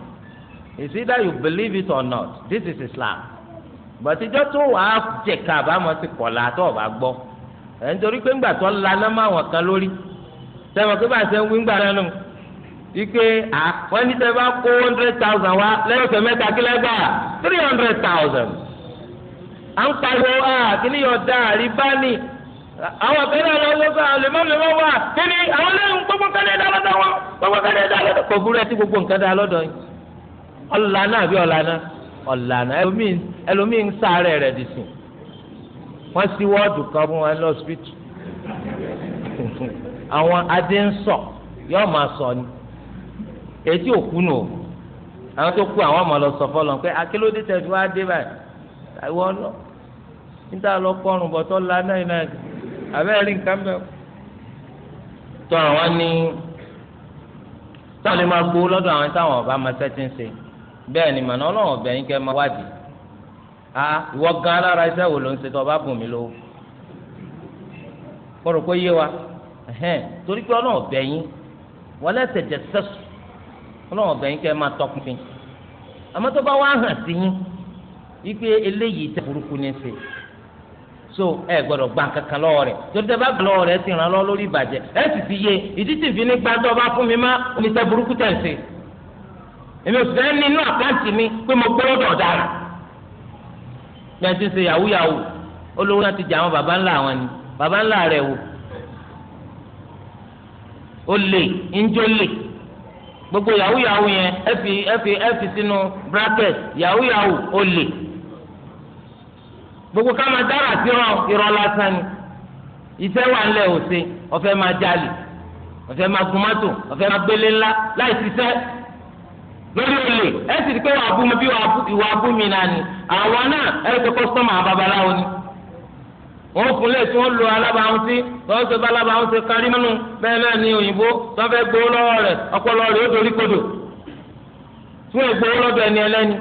it's either you believe it or not this is Islam But bàtijọ́ tó wàá jẹ̀ka àbámọ̀ ti kọ̀la tó o bá gbọ́ ẹ̀ nítorí pé ńgbà tó lanà máa wọ̀n kan lórí sẹ́wọ̀n pé bá a ṣe ń wí ńgbà náà nù ike à wọn ní sẹ bá kó hundred thousand wá lẹ́yìn ọ̀sẹ̀ mẹ́ta kí lẹgbà three hundred thousand à ń pariwo à kíní yọ da àríbá ni àwọn akẹ́rẹ́ àwọn ọlọ́sọ àwọn lèmọ́lèmọ́ wà kíní àwọn lẹ́yìn gbogbo nǹkan dá lọ́dọ̀ wọn gbogbo nǹkan dá lọ́dọ̀ kò burú ẹtí gbogbo nǹkan dá lọ́dọ̀ yìí ọ̀lànà àbí ọ̀lànà ọ̀lànà ẹlòmíì ń sáré rẹ̀ dì sùn wọ́n sí wọ́ọ̀dù kan fún wọn lọ́sibítù àwọn adé ń sọ yọ́ọ̀ máa sọ ni ètí òkú nù àwọn tó kú àwọn ọmọ lọ sọ fọlọ pé akélódé tẹsí wá dé báyìí àìwọ lọ níta lọ kọrùn bọ tọ la náà náà nǹkan tọ àwọn máa gbó lọ́dọ̀ àwọn táwọn ni màná ọlọ́run ọ̀bẹ yín kẹ́ máa wádìí a ìwọ gan alára iṣẹ́ wo ló ń ṣe ọba bùn mí lówó kọ́rọ̀ kó yé wa torí pé ọlọ́run yín wọlé ẹsẹ̀ ọlọ́run ọ̀bẹ yín kẹ́ máa tọpinpin àmọ́ tó bá wá hàn sí yín wípé eléyìí tẹ burúkú ní ṣe so ẹ gbọ́dọ̀ gba kankan lọ́wọ́ rẹ̀ torí tẹ bá gbà lọ́wọ́ rẹ̀ ti ràn lọ lórí ìbàjẹ́ ẹ sì ti yé ìdí tì fi ní gbàdọ bá fún mi má omi tẹ burúkú tẹ ṣe èmi òsì fẹ́ nínú àkáǹtì mi pé mo gbọ́ lọ́dọ̀ ọ̀daràn bí a ti ṣe yahoo yahoo olówó náà ti jẹ àwọn baba ńlá àwọn ni baba ńlá rẹ̀ wò ó lè ń jó lè gbogbo yahoo yahoo yẹn ẹ fi ẹ fi ẹ fi sínú bracket yahoo yahoo ó lè gbogbo ká máa dára sí ràn irọ́ lásán ni iṣẹ́ wà ńlẹ̀ òsè ọ̀fẹ́ máa jalè ọ̀fẹ́ máa gun mọ́tò ọ̀fẹ́ máa gbélé ńlá láì ṣiṣẹ́ lórí olè ẹ sì rí pé wàá bú mi bí wàá bú ìwà bú mi náà ni àwọn náà ẹ rí pé kọ́sítọ́mù babaláwo ni. òkun lè tún lo alábàáhùn Balaba lọ́wọ́ sọ bá alábàáhùn ṣe bẹ́ẹ̀ náà ni òyìnbó wọ́n fẹ́ gbowó lọ́wọ́ rẹ̀ ọpọlọ rẹ̀ ó dorí kodò tún ègbowó lọ́dọ̀ ẹni ẹlẹ́ni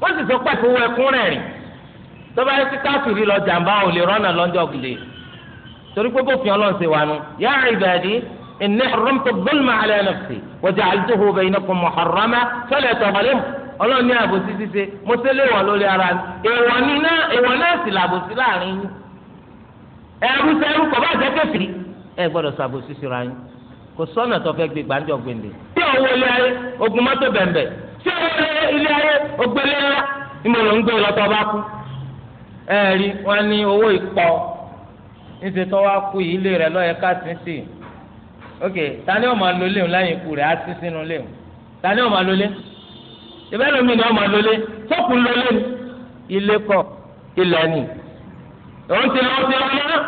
wọ́n sì sọ ẹkún rẹ̀ rìn lọ jàǹbá ò lè rọ́nà lọ́jọ́ torí pé bófin wà nù yá ìbàdí ọlọ́run ní àbòsí ṣíṣe mo ṣe léwọ̀ lórí ara mi èèwọ̀ ni náà èèwọ̀ náà sì làbòsí láàrin yín ẹrú sẹ́rú kọ̀ bá jẹ́ kẹfìrí ẹ gbọ́dọ̀ ṣàbòsí síra yín kò sọ́nà tó fẹ́ gbé gbàǹjọ gbèǹde. ṣé owó ilé ayé ogun mọ́tò bẹ̀m̀bẹ̀ ṣé owó ilé ayé ògbélé ńlá ìmọ̀ràn ń gbé lọ́tọ̀ bá kú. ẹ rí wọn ní owó ìpọ níṣẹ́ tó wá kú yìí ilé rẹ̀ lọ́yẹ ká ok ta ni ó máa lọ léwu lẹ́yìn á sí sínú léwu ta ni ó e lómi ni ọmọ lólé sọ́kùn lólé ni ilé kọ ilẹ̀ ni òun ti lọ sí ọmọ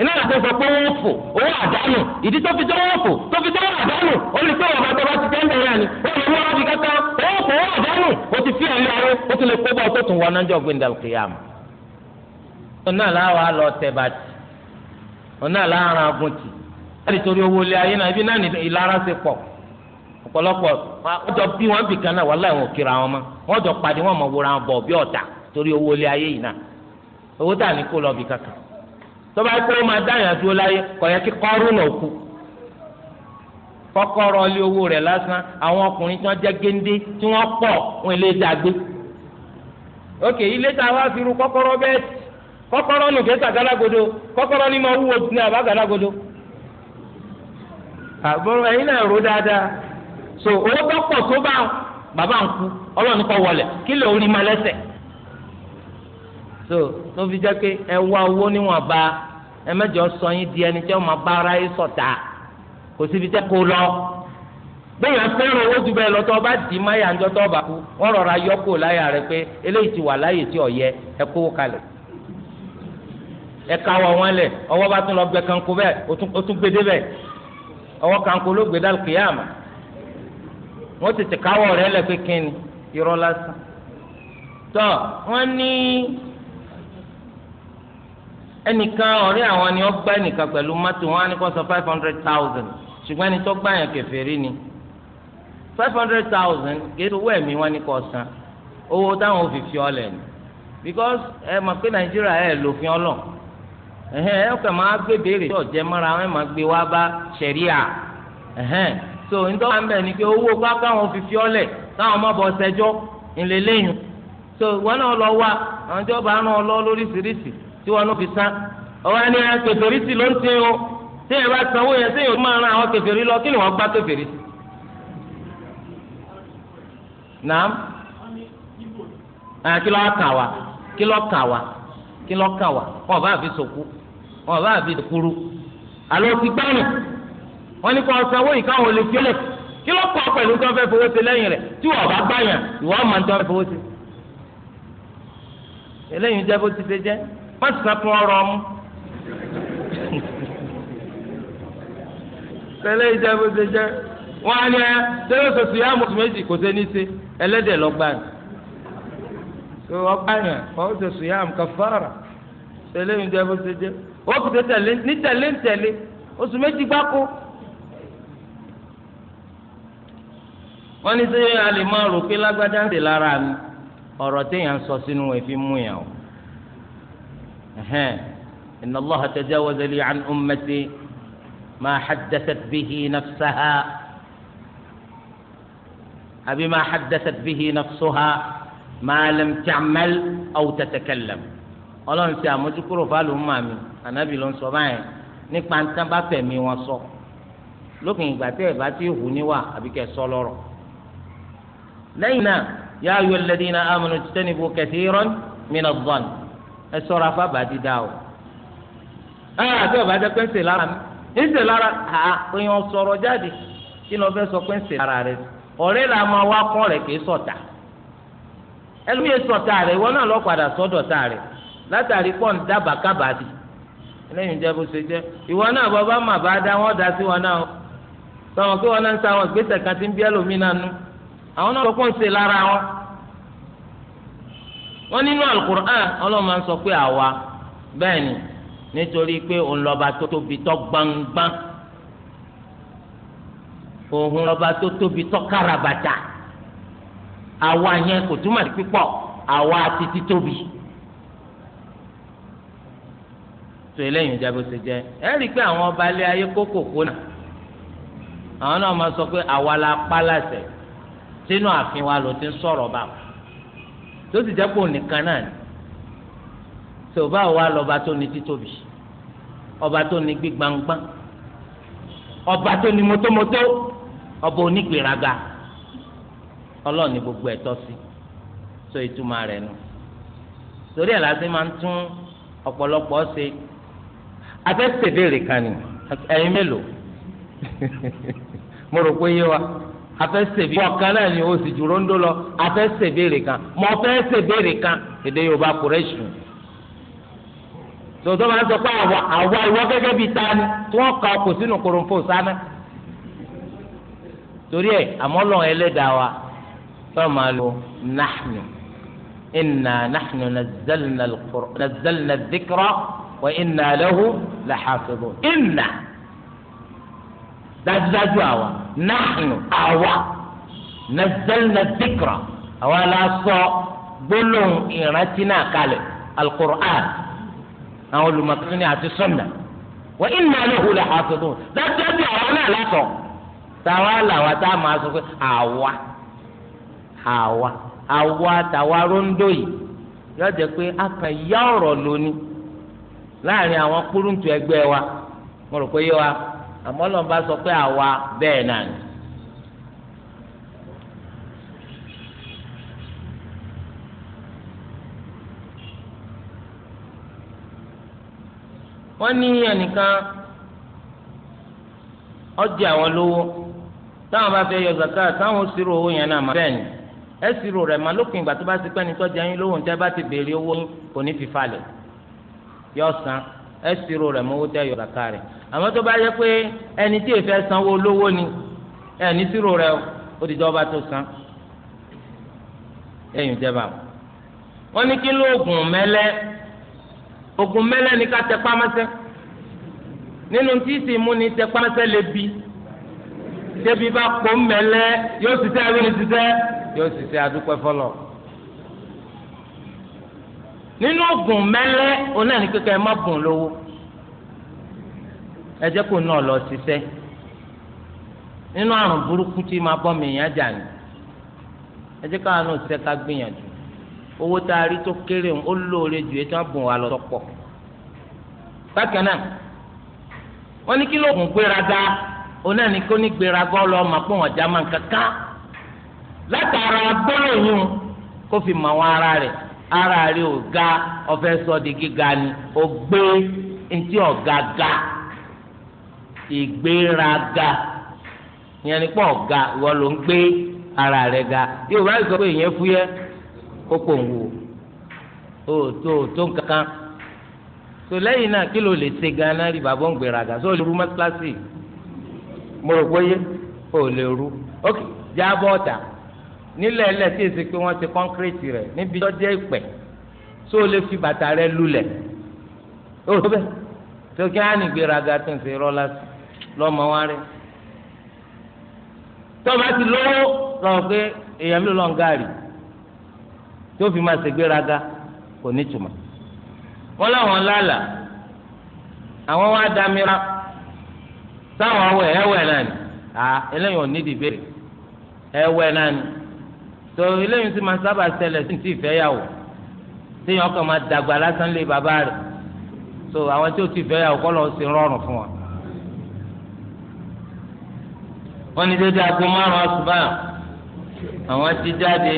iná àti sọ pé wọ́n fò owó àdánù ìdí tó fi tó wọ́n fò tó fi tó wọ́n àdánù ó lè tó ọ̀rọ̀ ti tẹ́ńdẹ̀ rẹ̀ ni ó lè mú ọ́n di owó fò owó àdánù ó ti fi ó ọ tó tún wọn náà jọ òun náà láwa lọ bàtì òun náà láti torí ọ̀pọ̀lọpọ̀ wọ́n bí wọ́n bì kan náà wàláhì wọn ò wọn wọ́n pàdé wọn mọ̀ bí torí owó ilé ayé yìí náà owó tà ní kó lọ bì kankan tọ́ba yìí kó máa dáyàn láyé owó rẹ̀ lásán àwọn ọkùnrin tí jẹ́ géńdé tí wọ́n pọ̀ wọn dàgbé ok ilé tá a wá fi ru kọ́kọ́rọ́ bẹ́ẹ̀ kọ́kọ́rọ́ nù so owó tó pọ̀ tó bá bàbá ń kú ọlọ́run kọ́ wọlé kí lẹ́sẹ̀ so ló fi jẹ́ pé ẹ wá owó ba ẹ mẹ́jọ sọ yín di ẹni tí wọ́n máa bá ara yín sọ̀tà kò síbi tẹ́ kó lọ bẹ́ẹ̀ yẹn fẹ́ràn owó ju bẹ́ẹ̀ o dì í má yà ń jọ tó kú wọ́n rọra yọ kó láyà rẹ pé eléyìí ti wà láyè tí ò yẹ ẹ kó kalẹ̀ ẹ wọn lẹ̀ ọwọ́ bá tún lọ gbẹ kanko wọ́n tètè káwọ́ rẹ̀ lẹ́pẹ́ kínni irọ́ lásán. tọ́ wọ́n ní ẹnìkan ọ̀rẹ́ àwọn ni wọ́n gbá ẹnìkan pẹ̀lú mọ́tò wọn á ní kó sọ five hundred thousand ṣùgbọ́n ẹni tó ni five hundred thousand gẹ́gẹ́ owó wọn ní kó san owó táwọn ò fi fi ọ because ẹ mọ̀ pé nàìjíríà ẹ̀ ẹ̀hẹ́n ẹ̀ kàn máa gbé béèrè tí ọ̀jẹ̀ mọ́ra máa gbé wá bá ṣẹ̀ríà ẹ̀hẹ́n so nítorí wọn bẹ̀ ni pé owó káká wọn fi fi ọlẹ̀ káwọn ọmọ bọ̀ ṣẹjọ́ ńlẹ́lẹ́yìn so wọn náà lọ wá àwọn tí wọn bá rán ọ lọ lóríṣiríṣi tí wọn ló fi sá ọwọ́ ẹni ẹ kẹfẹ́rì sí ló ń sin o tí ẹ bá sanwó yẹn tí yóò máa ran àwọn kẹfẹ́rì lọ kí ni wọ́n gbá kẹfẹ́rì sí. nàám ah, kí ló kà wá kí ló kà wá kí ló kà wá wọn bá fi sòkú wọn bá fi kúrú àlọ́ ti gbẹ́rùn wọ́n ní kó sanwó yìí káwọn lè fi lẹ̀ kí ló kọ́ pẹ̀lú tó ń fẹ́ fowó sí lẹ́yìn rẹ̀ tí wọ́n bá gbàyàn ìwọ máa ń tó ń fẹ́ fowó sí. eléyìí jẹ́ bó ti ṣe jẹ́ wọ́n sì sàn fún ọrọ̀ ọmú. tẹ́lẹ̀ ìjẹ́ bó ṣe jẹ́ wọ́n á ní ẹ tẹ́lẹ̀ sọ̀tún yá mọ̀tún méjì kò sé ní ṣe ẹlẹ́dẹ̀ lọ́gbà oṣù méjì gbáko wọ́n ní sẹ́yìn a lè máa rò pé lágbájá ń tè lára mi ọ̀rọ̀ téèyàn sọ sínú èéfín mú yàn o. إن الله تجاوز لي عن أمتي ما حدثت به نفسها أبي ما حدثت به نفسها ما لم تعمل أو تتكلم ọlọ́run ṣe àmójúkúrò fáàlùmọ́ àmì ànábì ló ń sọ báyìí nípa ń tán bá fẹ̀mí wọn sọ lópin ìgbà tẹ́ ẹ̀ bá ti hù níwà àbí kẹ́ sọ lọ́rọ̀ lẹ́yìn náà yā ayyuhalladhīna āmanū ijtanibū kathīran mina adh-dhann ẹ sọ̀rọ̀ afá bàdí dá o. àti ah, ọ̀bá jẹ́ pé ń sè lára mi ń sè lára ha èèyàn sọ̀rọ̀ jáde kí ló fẹ́ sọ pé ń lára rẹ ọ̀rẹ́ là máa wá kọ́ rẹ̀ kì í sọ̀tà ẹlòmíye sọ̀tà rẹ̀ ìwọ náà lọ padà sọ́dọ̀tà rẹ̀ látàrí pọ́ǹ dábàá kábàdì lẹ́yìn jẹ́ bó ṣe jẹ́ ìwọ náà bàbá mà bá dá wọ́n dá sí wọn náà sọ̀rọ̀ pé wọn náà ń sa àwọn ìgbésẹ̀ kan tí ń bí ẹlòmíì náà àwọn náà lọ́kọ́ ń ṣe lára wọn wọn nínú alukur'an ọlọ́run máa ń sọ pé àwa bẹ́ẹ̀ ni nítorí pé òun lọ́ba tó tóbi tó gbangban òun lọ́ba tó tóbi tó kárabàtà àwa yẹn kò túmọ̀ sí pípọ̀ àwa títí tóbi. tó eléyìí jábọ̀ ṣe jẹ́ ẹ rí i pé àwọn ọba ilé ayé kókòkò náà àwọn náà máa sọ pé àwa la pa láṣẹ sínú ààfin wa ló ti ń sọ̀rọ̀ báwọn tó sì jẹ́ pé ònìkan náà ni tòbá wa lọ́ba tó ní títóbi ọba tó ní gbígbangban ọba tó ní mótómótó ọba onígbèraga ọlọ́ọ̀ni gbogbo ẹ̀tọ́ sí so ìtumọ̀ rẹ̀ nù torí ẹ̀ láti máa ń tún ọ̀pọ̀lọpọ̀ ṣe afẹ́sẹ̀bẹ̀rẹ̀ kan ni ẹ̀yin mélòó mo rò pé yé wa afẹsẹbi ọ̀kan náà ni o sì ju rondo lọ afẹsẹbẹrẹ kan mọ afẹsẹbẹrẹ kan èdè yorùbá kúrẹsì tòótọ́ máa ń sọ pé àwa àwa ìwọ gẹ́gẹ́ bíi ta ni tí wọ́n ka ọkọ̀ sínú koronfo sáná torí ẹ̀ àmọ́ ẹlẹ́dàá wa yóò máa lo nahnu inna nahnu nazzalna dhikra wa inna lahu lahafidhun inna dájúdájú àwa nahnu àwa nazzalna dhikra àwa la sọ gbólóhùn ìrántí náà kalẹ̀ alukur'an àwọn olùmọ̀tò ní àti sunna wa inna lahu lahafidun dájúdájú àwa náà lásọ tàwa làwa tá a máa sọ pé àwa àwa àwa tàwa róńdó yìí yóò jẹ pé a kàn yá ọ̀rọ̀ lónìí láàrin àwọn kúrúntù ẹgbẹ́ wa mo rò pé yé wa àmọ́ lọ́n bá sọ pé àwa bẹ́ẹ̀ náà ni. wọ́n ní ẹnìkan ọjà àwọn lówó táwọn bá fẹ́ yọ zakat táwọn ṣírò owó yẹn náà máa bẹ́ẹ̀ ni ẹ ṣírò rẹ̀ máa lópin ìgbà tó bá ti pẹ́ ni tọ́jà yín lówó níta bá ti béèrè owó yín kò ní fi falẹ̀ yọ san ẹ ṣírò rẹ̀ mọ́wó tẹ́ yọ zakat rẹ̀ àmọ́ tó bá yẹ pé ẹni tí èèfẹ́ sanwó olówó ni ẹni sírò rẹ ó di dọ́ba tó san ẹ̀yìn jẹba wọn ní kí ló oògùn mẹ́lẹ́ oògùn mẹ́lẹ́ ni ká tẹ pámẹ́sẹ́ nínú tí sì mú ni tẹ pámẹ́sẹ́ lè bi débi bá pò mẹ́lẹ́ yóò ṣiṣẹ́ àbí ní ṣiṣẹ́ yóò ṣiṣẹ́ adúpẹ́ fọlọ́ nínú oògùn mẹ́lẹ́ onáà ní kékeré má gùn lówó. ẹ jẹ́ náà lọ ṣiṣẹ́ nínú àrùn burúkú tí máa bọ́ mi yàn jà ní ẹ káwọn náà ṣiṣẹ́ ká gbìyànjú owó tá a rí tó kéré ń ó lóore ju ètò ààbò wa lọ sọpọ̀ bákan náà wọ́n ní kí ló kún gbéraga òun ní kó ní ara rẹ̀ ara rẹ̀ ò ga ọ̀fẹ́ ni gbé ntí ìgbéraga ìyẹn ni pọ̀ ga ìwọ ló ń gbé ara rẹ ga yóò bá sọ pé ìyẹn fúyẹ́ ó pò ń wò ó tó tó kankan tó lẹ́yìn náà kí ló lè ṣe ganan rí bàbá ń gbéraga sóò lè rú mọ́tíláṣí mo rò bóyá ó lè rú ok jábọ̀ ọ̀tà nílẹ̀ ẹlẹ̀ tí èsì pé wọ́n ti kọ́ńkírẹ́tì rẹ̀ níbi tó jẹ́ ìpẹ́ sóò lè fi bàtà rẹ lulẹ̀ ó tó bẹ́ẹ̀ tó kí á nìgbéraga tó ń ṣe rọ́ lásìkò lọ́mọ wa rẹ̀ tọ́ba ti lówó lọ́wọ́ pé èèyàn mi lọ́n gaari tó fi máa ṣègbéraga kò ní tùmọ̀ wọ́n láwọn lálà àwọn wá da mìíràn táwọn awọ ẹ̀wẹ̀ náà ni à eléyìí ò ní dìbèrè ẹ̀wẹ̀ náà ni tó eléyìí sì máa sábà ṣẹlẹ̀ sí ti ìfẹ́ yàwó téèyàn kàn máa dàgbà lásán lé bàbá rẹ̀ tó àwọn tí ó ti ìfẹ́ yàwó kọ́ lọ́ọ́ sí rọrùn fún wa. wọ́n ní dédé aago márùn àsùbá àwọn ti jáde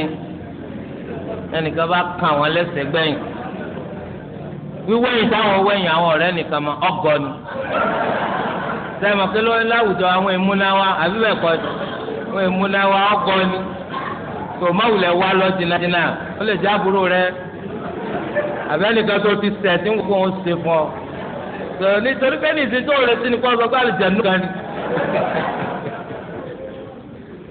ẹnìkan bá kàn wọ́n lẹ́sẹ̀ gbẹ̀yìn wíwẹ̀yìn táwọn wẹ̀yìn àwọn ọ̀rẹ́ nìkan mọ ọgọ ni sẹ́mi pé lóyún láwùjọ àwọn ìmúnáwá àbí bẹ́ẹ̀ kọ́ àwọn ìmúnáwá ọgọ ni tó máwùlẹ̀ wá lọ jìnnàjìnnà ó lè jẹ́ àbúrò rẹ àbẹ́nìkan tó ti sẹ̀ tí ń kó ń ṣe fún ọ nítorí pé ní ìsìn tó rẹ sí ni kó sọ pé àlùjẹ̀ nù kan ni.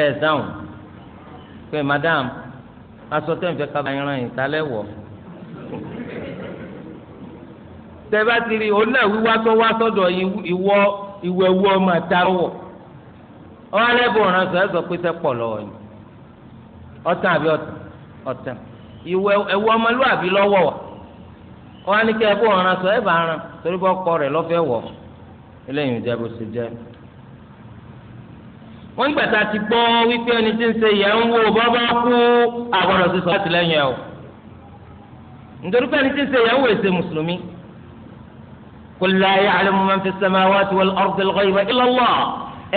ẹ dáhùn pé madam aṣọ tẹ̀ ń fẹ́ ká báyìí ràn yín kálẹ̀ wọ̀ tẹ́bá ti rí òun náà wíwá tó wá sọ́dọ̀ ìwọ ìwọ ẹ̀wú ọmọ àtàwọ̀ ọ̀hún alẹ́bùn ránṣọ ẹ̀ sọ pé tẹ́ pọ̀ lọ́wọ́ yìí ọ̀tàn àbí ọ̀tàn wa ẹ̀bùn ẹ̀ bá torí bọ́ rẹ̀ lọ́fẹ́ wọ́n ń gbàtà ti gbọ́ wípé ẹni tí ń ṣe yẹn ń wò bọ́bá kú àgbọ̀dọ̀ sí sọ láti lẹ́yìn ẹ̀ o nítorí pé ẹni tí ń ṣe yẹn ń wò èsè mùsùlùmí qul la ya'lamu man fi samawati wal ardi al-ghayba illa Allah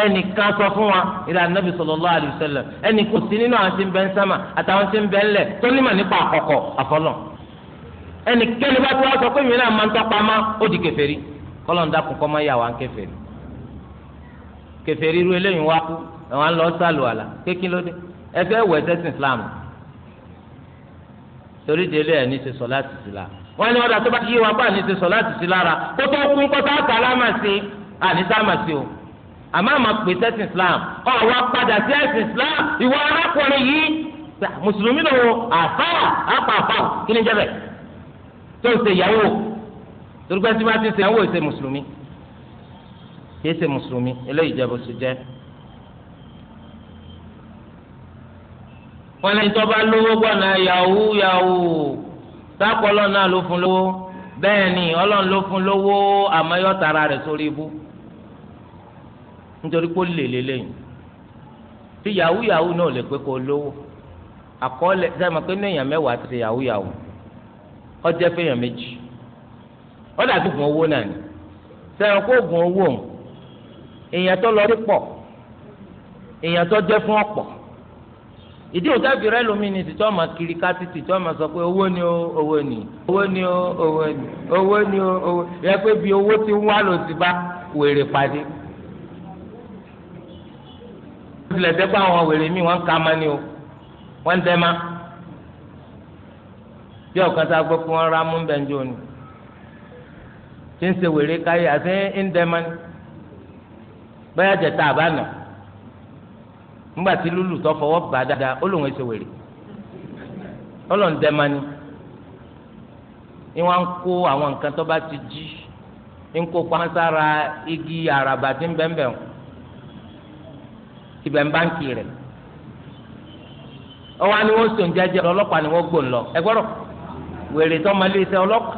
ẹnìkan sọ fún wa ìlà nàbì sallallahu alaihi wasallam ẹnì kò sí nínú àwọn tí ń bẹ ń sámà àtàwọn tí ń bẹ ń lẹ̀ tó ní mà nípa àkọ́kọ́ àfọlọ́ ẹnìkẹ́ni bá ti wá sọ pé mi náà máa ń tọ́pa má ó di kèfèrí kọ́lọ́ ń dákun kọ́ máa yà wá ń kèfèrí kẹfẹ́rí irú eléyìí wá kú àwọn àlọ́ sàlùwàlà kékin ló dé ẹ fẹ́ wẹ̀ Islam torí délé ẹ̀ ní ti sọ láti sí la wọ́n ní ọ̀dà tó bá yí wa bá ní ti sọ láti sí lára kó tó kún kó tá sálámà sí àní sálámà sí o àmọ́ àmọ́ pè sẹ́sìn Islam ọ̀wọ́ padà sí ẹ̀sìn Islam ìwọ arákùnrin yìí mùsùlùmí ló wo àfà àpà àfà kí ni jẹ́ bẹ̀ tó ń ṣe ìyàwó torí pé tí wọ́n ti ṣe ìyàwó ìṣe mùsùlùmí. kìí ṣe mùsùlùmí eléyìí jẹ́ bó ṣe jẹ́. lówó yahoo yahoo sápọ̀lọ́ náà ló fún lówó bẹ́ẹ̀ ni ọlọ́run ló fún lówó àmọ́ yọ tara rẹ̀ sórí ibú nítorí tí yahoo yahoo náà lè pé kó lówó àkọọ́lẹ̀ pé ní yahoo yahoo ọjẹ́ méjì ọ̀dà tó gun owó náà ni sẹ́yìn kó gun owó èèyàn tó lọ sí pọ̀ èèyàn tó jẹ́ fún ọ̀pọ̀ ìdí òtá ìbíra lómi ni tìtọ́ ọmọ kiri ká ti tìtọ́ ọmọ sọ pé owó ni ó owó ni owó ni ó owó ni owó ni ó owó yẹ pé bí owó ti ń wá ló ti bá wèrè pàdé. ó tilẹ̀ dẹ́pọ̀ àwọn wèrè míì wọ́n ń ka mani o wọ́n ń dẹ́ ma. bí ọ̀kan tá a gbọ́ pé wọ́n rá mú ni tí ń ṣe wèrè káyé àti ń dẹ́ mani. bẹ́ẹ̀ jẹ̀ta àbánà ńgbà tí lulu tó fọwọ́ bá dáadáa ó ẹsẹ̀ wèrè ọlọ́run dẹ́ ni wọ́n kó àwọn nǹkan ti jí ń kó igi àràbà tí ń bẹ́ẹ̀ bẹ́ẹ̀ ibẹ̀ ń báńkì rẹ̀ ọwọ́ ni wọ́n ọlọ́pàá ni wọ́n lọ wèrè tó lé iṣẹ́ ọlọ́pàá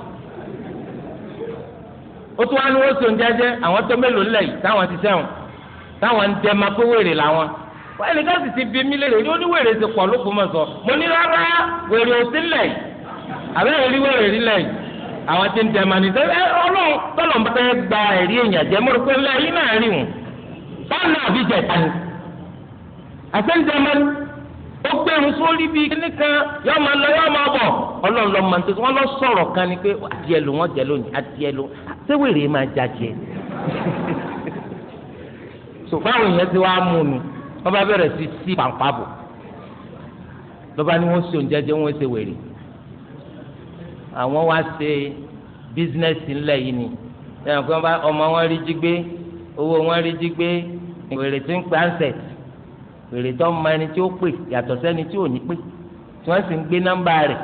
ó tún táwọn ń dẹ ma pé wèrè làwọn wọ́n ẹnì kan sì ti bí mí léèrè ó ní wèrè ti pọ̀ lóko mọ̀ sọ mo ní rárá wèrè ò sí lẹ̀ àbí èrè wèrè rí lẹ̀ àwọn ti ń dẹ ma ní sẹ́ ẹ ọlọ́run tọ́lọ̀ ń bá fẹ́ gba ẹ̀rí èèyàn jẹ́ mo rò pé ńlá yín náà rí wọn táwọn náà fi jẹ̀ tani àti ń dẹ ma ní ó gbẹrun sórí bíi kíní kan yóò máa lọ yóò máa bọ̀ ọlọ́run lọ máa ń tẹsán wọn lọ sọ̀rọ̀ kan ni pé adìẹ ló wọn jẹ lónìí adìẹ ló ṣé wèrè máa jà jẹ sòfò àwọn èèyàn ti wá mú un wọn bá bẹ̀rẹ̀ sí sí pàǹpà bò lọ́ba ni wọ́n ṣe oúnjẹ jẹ wọ́n ṣe wèrè àwọn wá ṣe bísínẹ́sì ńlẹ̀ yìí ni ẹ̀yàn kan bá ọmọ wọn rí jí gbé owó wọn rí jí gbé wèrè tó ń pè ansẹ̀t wèrè tó ń mọ ẹni tí ó pè yàtọ̀ sẹ́ni tí ò ní pè tí wọ́n sì ń gbé nọ́mbà rẹ̀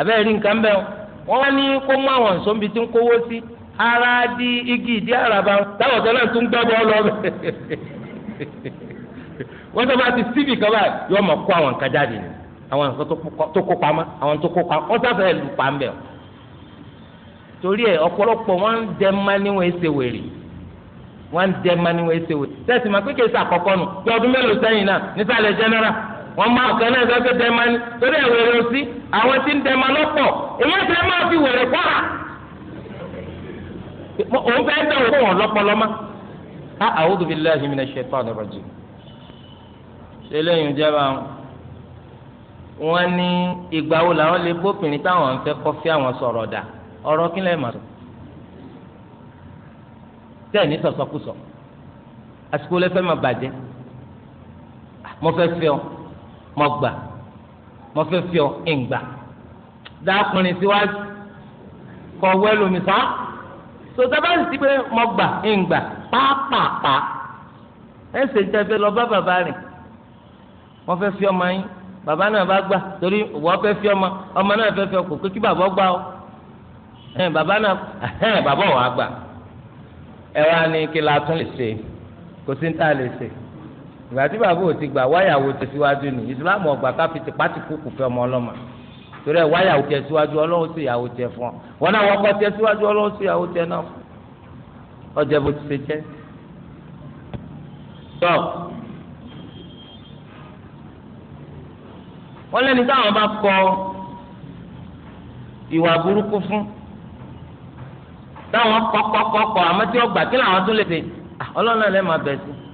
àbẹ́rẹ́ rí nǹkan bẹ́ẹ̀ wọ́n wá ní kó mú àwọn ǹsọ́nbi tí ń kówó sí. Si ara di igi ìdí araba táwọn ọ̀sẹ̀ náà tún gbẹ́ bọ́ lọ wọ́n tó bá ti síbì kan báyìí yóò mọ̀ kó àwọn nǹkan jáde ni àwọn nǹkan tó kó pamọ́ àwọn pa ń bẹ̀ torí ẹ ọ̀pọ̀lọpọ̀ wọ́n ń dẹ wèrè wọ́n ń dẹ wèrè ma pé kèsì àkọ́kọ́ nù bí ọdún mélòó sẹ́yìn náà nísàlẹ̀ general wọ́n máa ọ̀kẹ́ náà sọ pé dẹ mma lọ́pọ̀ èyí òun fẹ́ẹ́ dẹ̀ òun wọn lọ́pọlọ mọ́ a a'udhu billahi minash shaitani rajim eléyìí jẹ́ bá wọn ní ìgbà wo làwọn lè bópinrin táwọn ń fẹ́ kọ́fí àwọn sọ̀rọ̀ dà ọ̀rọ̀ kí lẹ́ẹ̀ máa sọ tẹ́ẹ̀ ní sọ̀sọ́kùsọ̀ àsìkò lẹ́fẹ́ máa bàjẹ́ mo fẹ́ fẹ́ ọ mo gbà mo fẹ́ fẹ́ ọ ìgbà dákùnrin síwájú kọ̀ wẹ́lómi sáà tó sábà ń ti pé mo gbà ń gbà pàápàá ẹ ṣe jẹ fẹ lọ bá bàbá rẹ wọn fẹ́ fi ọmọ yín bàbá náà bá gbà torí wọn fẹ́ fi ọmọ ọmọ náà fẹ́ fi ọkọ pé kí bàbá gbà ó ẹ bàbá náà ẹ bàbá wọn á gbà ẹ wá ní kí la tún lè ṣe kò sí ní tá a lè ṣe ìgbà tí bàbá ò ti gbà wáyà wo tẹ̀síwájú ni ìsìlámù ọgbà ká fi tìpátìkù kù ọmọ ọlọ́mọ torí ẹ wáyàwó tẹ síwájú ọlọ́run sì yàwó tẹ fún ọ wọn náà wọ́n kọ́ tẹ síwájú ọlọ́run sì yàwó tẹ náà ọjọ́ bó ti ṣe jẹ́ tọ́ wọ́n lẹ́ni táwọn bá kọ ìwà burúkú fún táwọn kọ́kọ́kọ́kọ́ àmọ́ tí wọ́n gbà kí làwọn tó lè ṣe ah, ọlọ́run náà lẹ́ẹ̀ máa bẹ̀ sí i.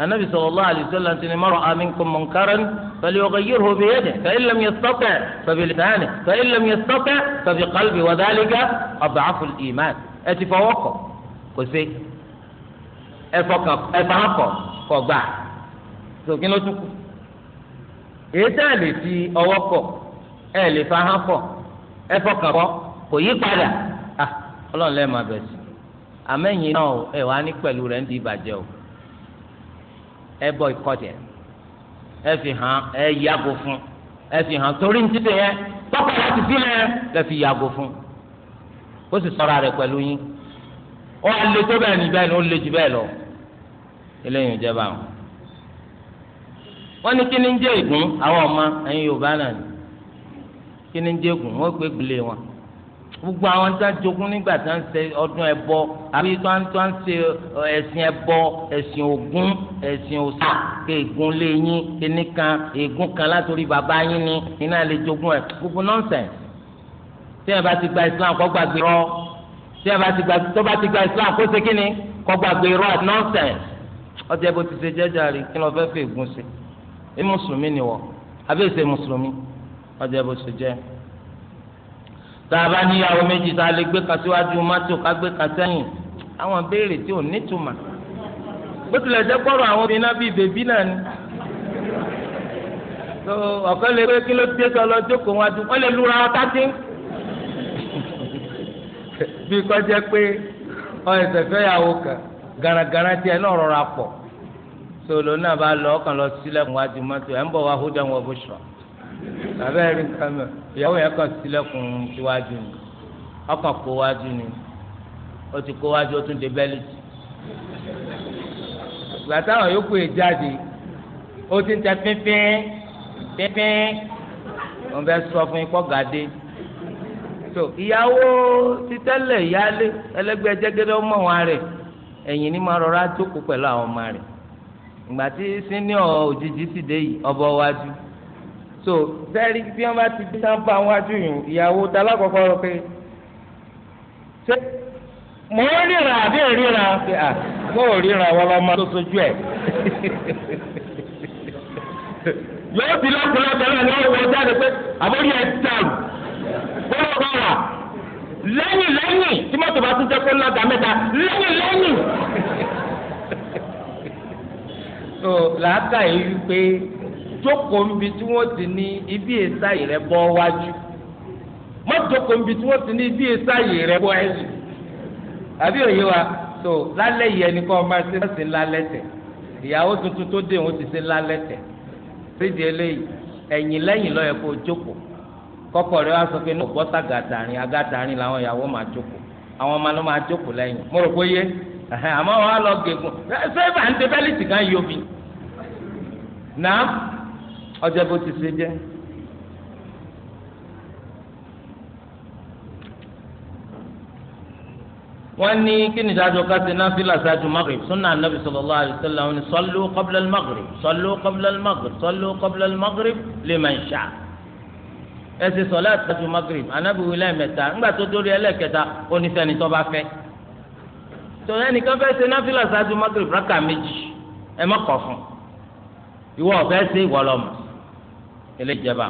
النبي صلى الله عليه وسلم إن مرأة منكم منكرا فليغيره بيده فإن لم يستطع فبلسانه فإن لم يستطع فبقلبه وذلك أضعف الإيمان أتفوقه كسي أفوقه فوقع سوكين لتوكو إيه lè fi ọwọ́ kọ ẹ lè fa hàn kọ ẹ fọkàn kọ kò yí padà دي lẹ́ẹ̀ ẹ bọ ìkọjẹ ẹ fi hàn ẹ yàgò fún ẹ fi hàn torí ní títẹ yẹn tọkọ láti lẹ fi yàgò fún ó sì sọra rẹ pẹ̀lú yín ó lè tó O ní ó o jù bẹ́ẹ̀ lọ eléyìí ò jẹ báwọn ní ni ń jẹ ìgún àwọn ọmọ ẹ̀yin Yorùbá náà ni kí wọn gbogbo àwọn tó ń jogún nígbà tó ń ṣe ọdún ẹbọ àbí tó ń tó ń ṣe ẹ̀sìn ẹbọ ẹ̀sìn Ògún ẹ̀sìn òsà kéègún léyìn kíníkan ègún kan látòrí bàbá yín ni iná lè jogún ẹ gbogbo nọ́ọ̀sẹ̀nsì tí ẹ bá ti gba Islam kó gbàgbé rọ tí ẹ bá ti gba tó bá ti gba Islam kó ṣe kíni kó gbàgbé rọ nọ́ọ̀sẹ̀nsì ọtí ẹbọ ti ṣe jẹjẹ rí kí lọ fẹ́ fẹ́ ègún ṣe é mùsùlùmí ni wọ àbí èsè mùsùlùmí ọtí ẹbọ ṣe jẹ. tá a bá níyàwó méjì tá a lè gbé kan síwájú mọ́tò ká gbé kan sẹ́yìn àwọn béèrè tí ò nítumọ̀ bó tilẹ̀ jẹ́ kọ́rọ̀ àwọn obìnrin náà bíi bèbí náà ni tó ọ̀kẹ́ lè gbé kí ló dé sọ lọ jókòó wọn adùn wọ́n lè lura wọn tátí bí kọjá pé ọ ẹsẹ̀ fẹ́ yàwó kan garagara tiẹ̀ náà rọra pọ̀ sọlọ náà bá lọ ọkàn lọ sílẹ̀ wọn adùn mọ́tò ẹ̀ ń bọ̀ wá hó abẹ́rẹ́ rí nǹkan ìyàwó yẹn kàn sílẹ̀kùn síwájú ni ọkàn kó wájú ni ó ti kó wájú ó tún dé bẹ́lí tì ìgbà táwọn yòókù yẹn jáde ti ń tẹ pínpín pínpín wọn bẹ sọ fún ikọ́ gàdé tó ìyàwó títẹ́lẹ̀ ìyáálé ẹlẹ́gbẹ́ jẹ́gẹ́dẹ́ ọmọ wọn rẹ̀ ẹ̀yìn ni máa rọra jókòó pẹ̀lú àwọn ọmọ rẹ̀ ìgbà tí sínú òjijì so sẹ́ẹ̀rí bí wọ́n bá ti bí sábà wájú yùn ìyàwó talákọ̀ọ́kọ́ rọ pé ṣé mò ń ríra àbí ríra pé à ríra wọn lọ́mọ tó sojú ẹ̀ yóò ti lọ́kùnrin ọ̀tẹ̀lẹ̀ ní ọ̀wọ́ jáde pé àbórí ẹ̀ dàrú bọ́lá bọ́lá lẹ́yìn lẹ́yìn tí mọ́tò bá tún jẹ́ pé lọ́gàá mẹ́ta lẹ́yìn lẹ́yìn. so làákà yìí wípé. jókòó nbi tí wọ́n ti ní ibi èsà rẹ bọ wájú má jókòó nbi tí wọ́n ti ní ibi rẹ bọ ẹ̀yìn àbí òye wa tó lálẹ́ yìí ẹni kọ́ máa ṣe máa ṣe lálẹ́ ìyàwó tuntun tó dé òun ti ṣe eléyìí kó jókòó rẹ wá sọ pé làwọn ìyàwó máa jókòó àwọn ọmọ ló máa ọjọ́ bó ti ṣe jẹ́. wọ́n ní kí ni ìdájọ́ ká ṣe náfìlà ṣáájú maghrib sunna anabi sallallahu alayhi wa sallam ní sallu qabla al-maghrib sallu qabla al-maghrib sallu qabla al-maghrib liman sha'a ẹ ṣe sọlá ṣáájú maghrib anabi wílẹ̀ mẹ́ta ńgbà tó dórí ẹlẹ́kẹta oníṣẹ́ni tó bá fẹ́ tòun ẹnìkan fẹ́ ṣe náfìlà ṣáájú maghrib rákà méjì ẹ má kọ̀ fún ìwọ ọ̀fẹ́ ṣe ìwọ lọ́mọ eléjẹba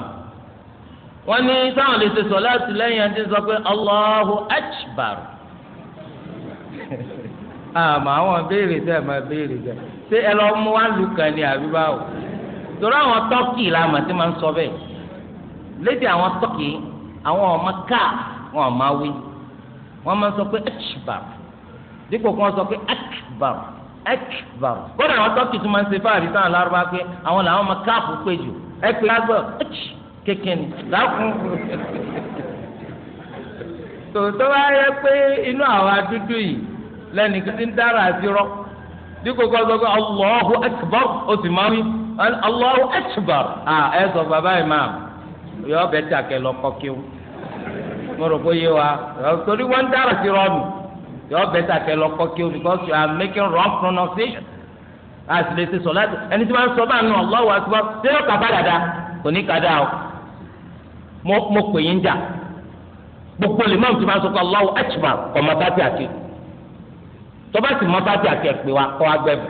wọn ní táwọn lè ṣe sọ láti lẹ́yìn ẹni tí ń sọ pé Allahu Akbar àmọ́ àwọn béèrè tẹ ẹ máa béèrè tẹ ṣé ẹ lọ mú wá lùkàn ní àbí báwo torí àwọn tọ́kì la mà ti máa ń sọ bẹ́ẹ̀ lédè àwọn tọ́kì àwọn ọmọ káà wọn ò máa wọn máa ń sọ pé Akbar dípò kí wọn sọ pé Akbar Akbar kódà àwọn tọ́kì tó máa ń ṣe fáàrí sáà lárúbá pé àwọn làwọn ọmọ káàpù pé ẹ pè lágbọ kékeré dákun tòótọ́ bá yẹ pé inú àwọn adúdú yìí lẹ́nu kí n dára àti rọ dípò kọ́sọ́kọ́ Allahu Akbar o sì máa wí Allahu Akbar ẹ sọ bàbá imam yọ ọbẹ̀ tí a kẹ lọ kọ́ kí mo rò pé yé wa torí wọ́n ń dára sí rọ́ọ̀nù yọ ọbẹ̀ tí a kẹ lọ kọ́ kí because you are making wrong pronunciation àti lè ṣe sọ̀láàtì ẹni tí wọ́n sọ bá nù Allahu akbar ṣé yóò kàbá dàda kò ní kàdá o mo pè yín jà gbogbo lè máa tí wọ́n sọ pé Allahu akbar kò má bàtì àti tọ́ba sì má bàtì àti ẹ̀pẹ́ wa kọ́ agbẹ́bù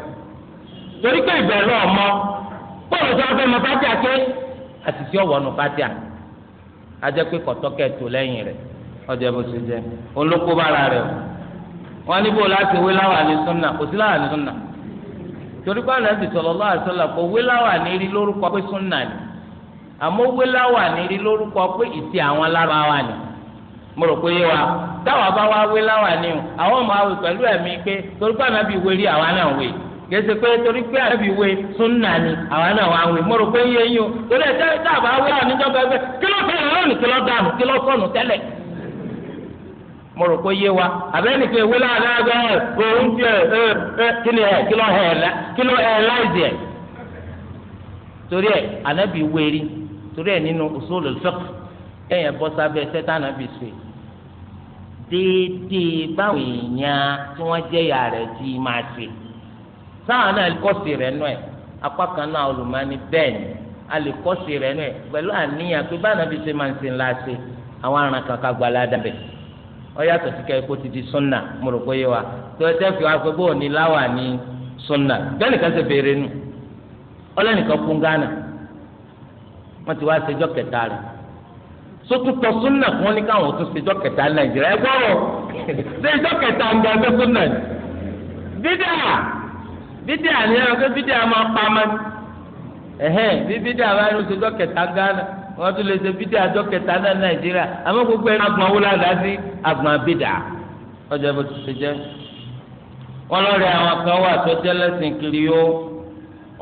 torí pé ìbẹ̀rù ọmọ bọ́ọ̀lù tí wọ́n fẹ́ má bàtì àti àtìsí ọ̀wọ́ nù bàtì à ajẹ́ pé kọ̀tọ́kẹ́ tó lẹ́yìn rẹ̀ ọjọ́ bó ṣe jẹ́ olóko bára rẹ̀ wọ́n níbo láti wé láwàní súnà kò sí láwàní súnà torí pé ànábì sallallahu alaihi wasallam kò wé láwà ní rí lórúkọ pé súnà ni àmọ́ wé láwà ní rí lórúkọ pé ìtì àwọn alábàáwá ni mo rò pé wa táwa bá wá wé láwà ni o àwọn ọmọ àwẹ pẹ̀lú ẹ̀mí pé torí pé ànábì wé rí àwa náà wé gèsè pé torí pé ànábì wé súnà ni àwa náà wá wé mo rò pé yé o torí ẹ̀ táwa bá wé láwà níjọba ẹgbẹ́ kí ló fi hàn lónìí kí ló dànù kí ló sọnù tẹ́lẹ̀ mo kó yé wa àbẹ́ nìkan ìwé láàdáàgá ẹ̀ òun ti ẹ̀ ẹ̀ kí ni ẹ̀ kí ló ẹ̀ lá kí ló ẹ̀ láìsí ẹ̀. torí ẹ̀ ànábì wéri torí ẹ̀ nínú usulul fiqh ẹ̀yẹn bọ́ sábẹ́ sè déédéé báwọn èèyàn tí ti máa sè sáwọn náà nù apá kan náà bẹ́ẹ̀ ni a lè kọ́sì rẹ̀ nù ẹ̀ pẹ̀lú àníyàn pé sè máa ń sè ńlá sè àwọn ọyàtọ̀ ka kẹ́kọ̀ọ́ ti di sunna mo rò pé yé wa tọ́tẹ́ fi wá pé bóò ní láwà ní sunna nìkan ṣe béèrè nù ọlọ́nìkan kún gánà wọ́n ti wá ṣèjọ́ kẹta rẹ̀ sotutọ sunna kún ní káwọn tún ṣèjọ́ kẹta nàìjíríà ẹgbọ́n ṣèjọ́ kẹta ń sunna ni ẹ̀rọ pé máa pa ẹ̀hẹ́n bí máa ń ṣèjọ́ kẹta gánà. wọ́n tún lè ṣe bídà àjọ kẹta náà nàìjíríà àmọ́ gbogbo ẹni agbọ̀n wúlò àdá sí agbọ̀n bídà ọjọ́ bó ti ṣe jẹ́. wọ́n lọ rẹ àwọn kan wà tó jẹ́ lẹ́sìn kiri yó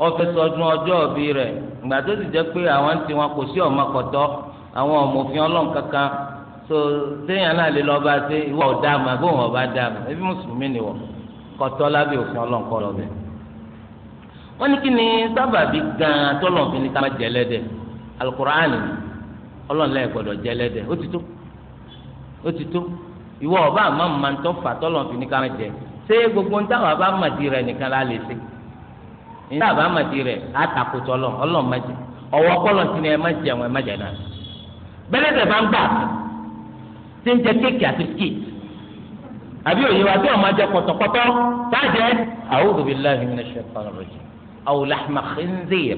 ọfẹ́ sọdún ọjọ́ òbí rẹ̀ ìgbà tó sì jẹ́ pé àwọn ti wọn kò sí ọmọ kọ̀tọ́ àwọn ọmọfin ọlọ́run kankan so téèyàn náà lè lọ́ọ́ bá ṣe ìwọ ọ̀dà àmà bó wọn bá dà àmà ẹbí mùsùlùmí ni wọ kọ̀tọ́ lábẹ́ òfin ọlọ́run kọ́ lọ́bẹ̀. wọ́n ní kí ni sábàbí gan-an tọ́lọ̀ fi ní ká má jẹ́ lẹ́dẹ̀ẹ́ alukur'an ọlọ́nlá ẹ̀ gbọ́dọ̀ jẹ́ ẹlẹ́dẹ̀ ó ti tó ó ti tó ìwọ ọba àmọ́ màá tó fà tọ́lọ̀ fi ní ká má jẹ ṣé gbogbo níta wà bá màdì rẹ̀ nìkan la lè ṣe níta bá màdì rẹ̀ àtàkù tọ́lọ̀ ọlọ́ má jẹ ọwọ́ kọ́lọ̀ ti ní ẹ má jẹ àwọn ẹ má jẹ náà bẹ́lẹ̀ tẹ̀ bá ń gbà ṣé ń jẹ kéèkì àti skit àbí òye wa tí wọn máa jẹ pọ̀tọ̀pọ̀tọ̀ tájẹ a'udhu billahi minash shaitanir rajim aw lahma khinzir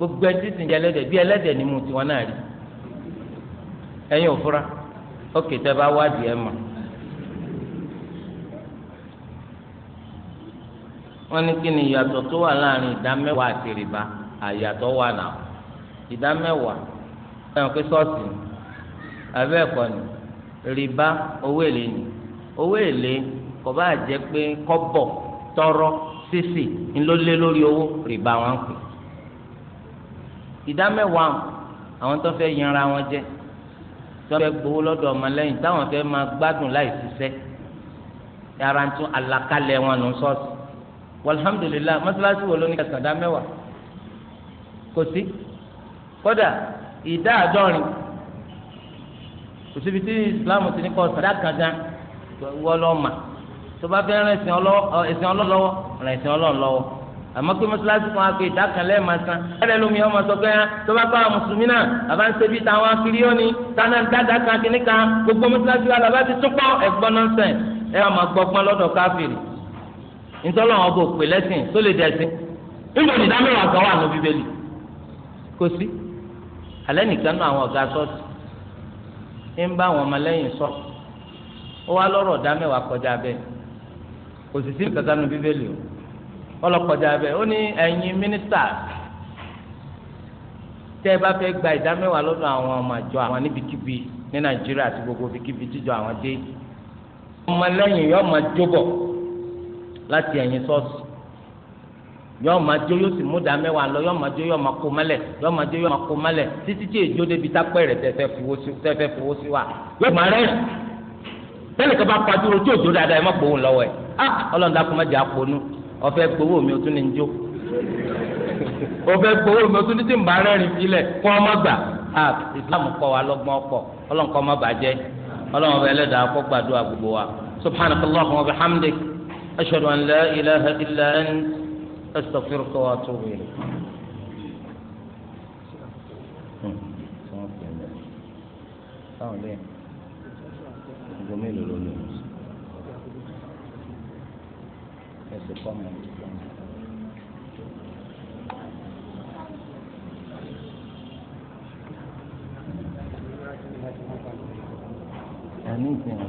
gbogbo ẹni títí jẹ ẹlẹ́dẹ̀ bí ẹlẹ́dẹ̀ ni mu tiwọn náà rí ẹ̀yin òfura ókè tẹ́ bá wádìí ẹ mọ̀ wọ́n ní kí ni ìyàtọ̀ tó wà láàrin ìdá mẹ́wàá àti rìbá àyàtọ̀ wà náà ìdá mẹ́wàá ẹ̀wọ̀n pé ṣọ́ọ̀ṣì ni abẹ́ ẹ̀kọ́ ni rìbá owó èlé ni owó èlé kò bá jẹ́ pé kọ́bọ̀ tọrọ sísì ńlọlé lórí owó rìbá wọn pè ìdá mẹ́wàá àwọn tó fẹ́ yanra wọn jẹ tó fẹ́ gbowó lọ́dọ̀ ọmọlẹ́yìn táwọn fẹ́ máa gbádùn láì ṣiṣẹ́ yàrá tún àlàkalẹ̀ wọn nù sọ́ọ̀sì walhamdulillah mọ́sálásí wo ló ní kẹsàn-án dá mẹ́wàá kò sí kódà ìdá àádọ́rin kò síbi tí Islam ti ní kọ́ sàdá kan gan wọ́n lọ́ọ́ mà tó bá fẹ́ rìn ẹ̀sìn ọlọ́lọ́wọ́ rìn ẹ̀sìn ọlọ́ọ̀ lọ́wọ́ àmọ́ pé mọ́sálásí kan á pé ìdákanlẹ̀ máa san ẹ̀rẹ́ lómi ọmọ sọ pé ah, tó bá bá mùsùlùmí náà bàbá ń ṣebí táwọn akíríọ́ni táná dáadáa kan kìíní kan gbogbo mọ́sálásí wa làbá ti tún pọ̀ ẹ̀gbọ́n nọ́ọ̀sẹ̀ ẹ̀ wà gbọ́gbọ́n lọ́dọ̀ káfíìrì nítorí àwọn ọba òpè lẹ́sìn tó lè dẹ̀sìn níbo ni dámẹ́wàá kan wà ní bíbélì kò sí alẹ́ nìkan náà àwọn ọ̀gá sọ́ọ̀tì ń bá àwọn ọmọlẹ́yìn sọ ó ọlọ́kọjá bẹ́ẹ̀ ó ní ẹ̀yin mínísítà tẹ́ ẹ bá fẹ́ gba ìdá mẹ́wàá lọ́dọ̀ àwọn ọmọ àjọ àwọn níbikíbi ní nàìjíríà àti gbogbo bíkíbi tíjọ àwọn dé ọmọlẹ́yìn yóò máa jóbọ̀ láti ẹ̀yìn ṣọ́ọ̀ṣì yóò máa jó yóò sì mú ìdá mẹ́wàá lọ yóò máa jó yóò máa kó mọ́lẹ̀ yóò máa jó yóò máa kó mọ́lẹ̀ títí tí èjó débi tápẹ́rẹ́ tẹ́fẹ́ fowó sí wa yóò máa rẹ́rìn tẹ́lẹ̀ kan bá pàdúró tí òjò dáadáa ẹ má pòun lọ́wọ́ ẹ̀ ah ọlọ́run dákun ọ̀fẹ́ gbowó mi ò tún ní jó ọ̀fẹ́ gbowó mi ò tún ní tí ń bá rẹ́rìn sílẹ̀ kó ọmọ gbà á Islam kọ́ wa lọ́gbọ́n ọkọ̀ ọlọ́run kọ́ ọmọ bàjẹ́ ọlọ́run ọba ẹlẹ́dàá kó gbàdúrà gbogbo wa subhanakallahumma wa bihamdik ashhadu an la ilaha illa ant astaghfiruka wa atubu ilayk. táwọn lẹ́yìn ọgbọ́n mélòó ló lò ó. That's the Anything.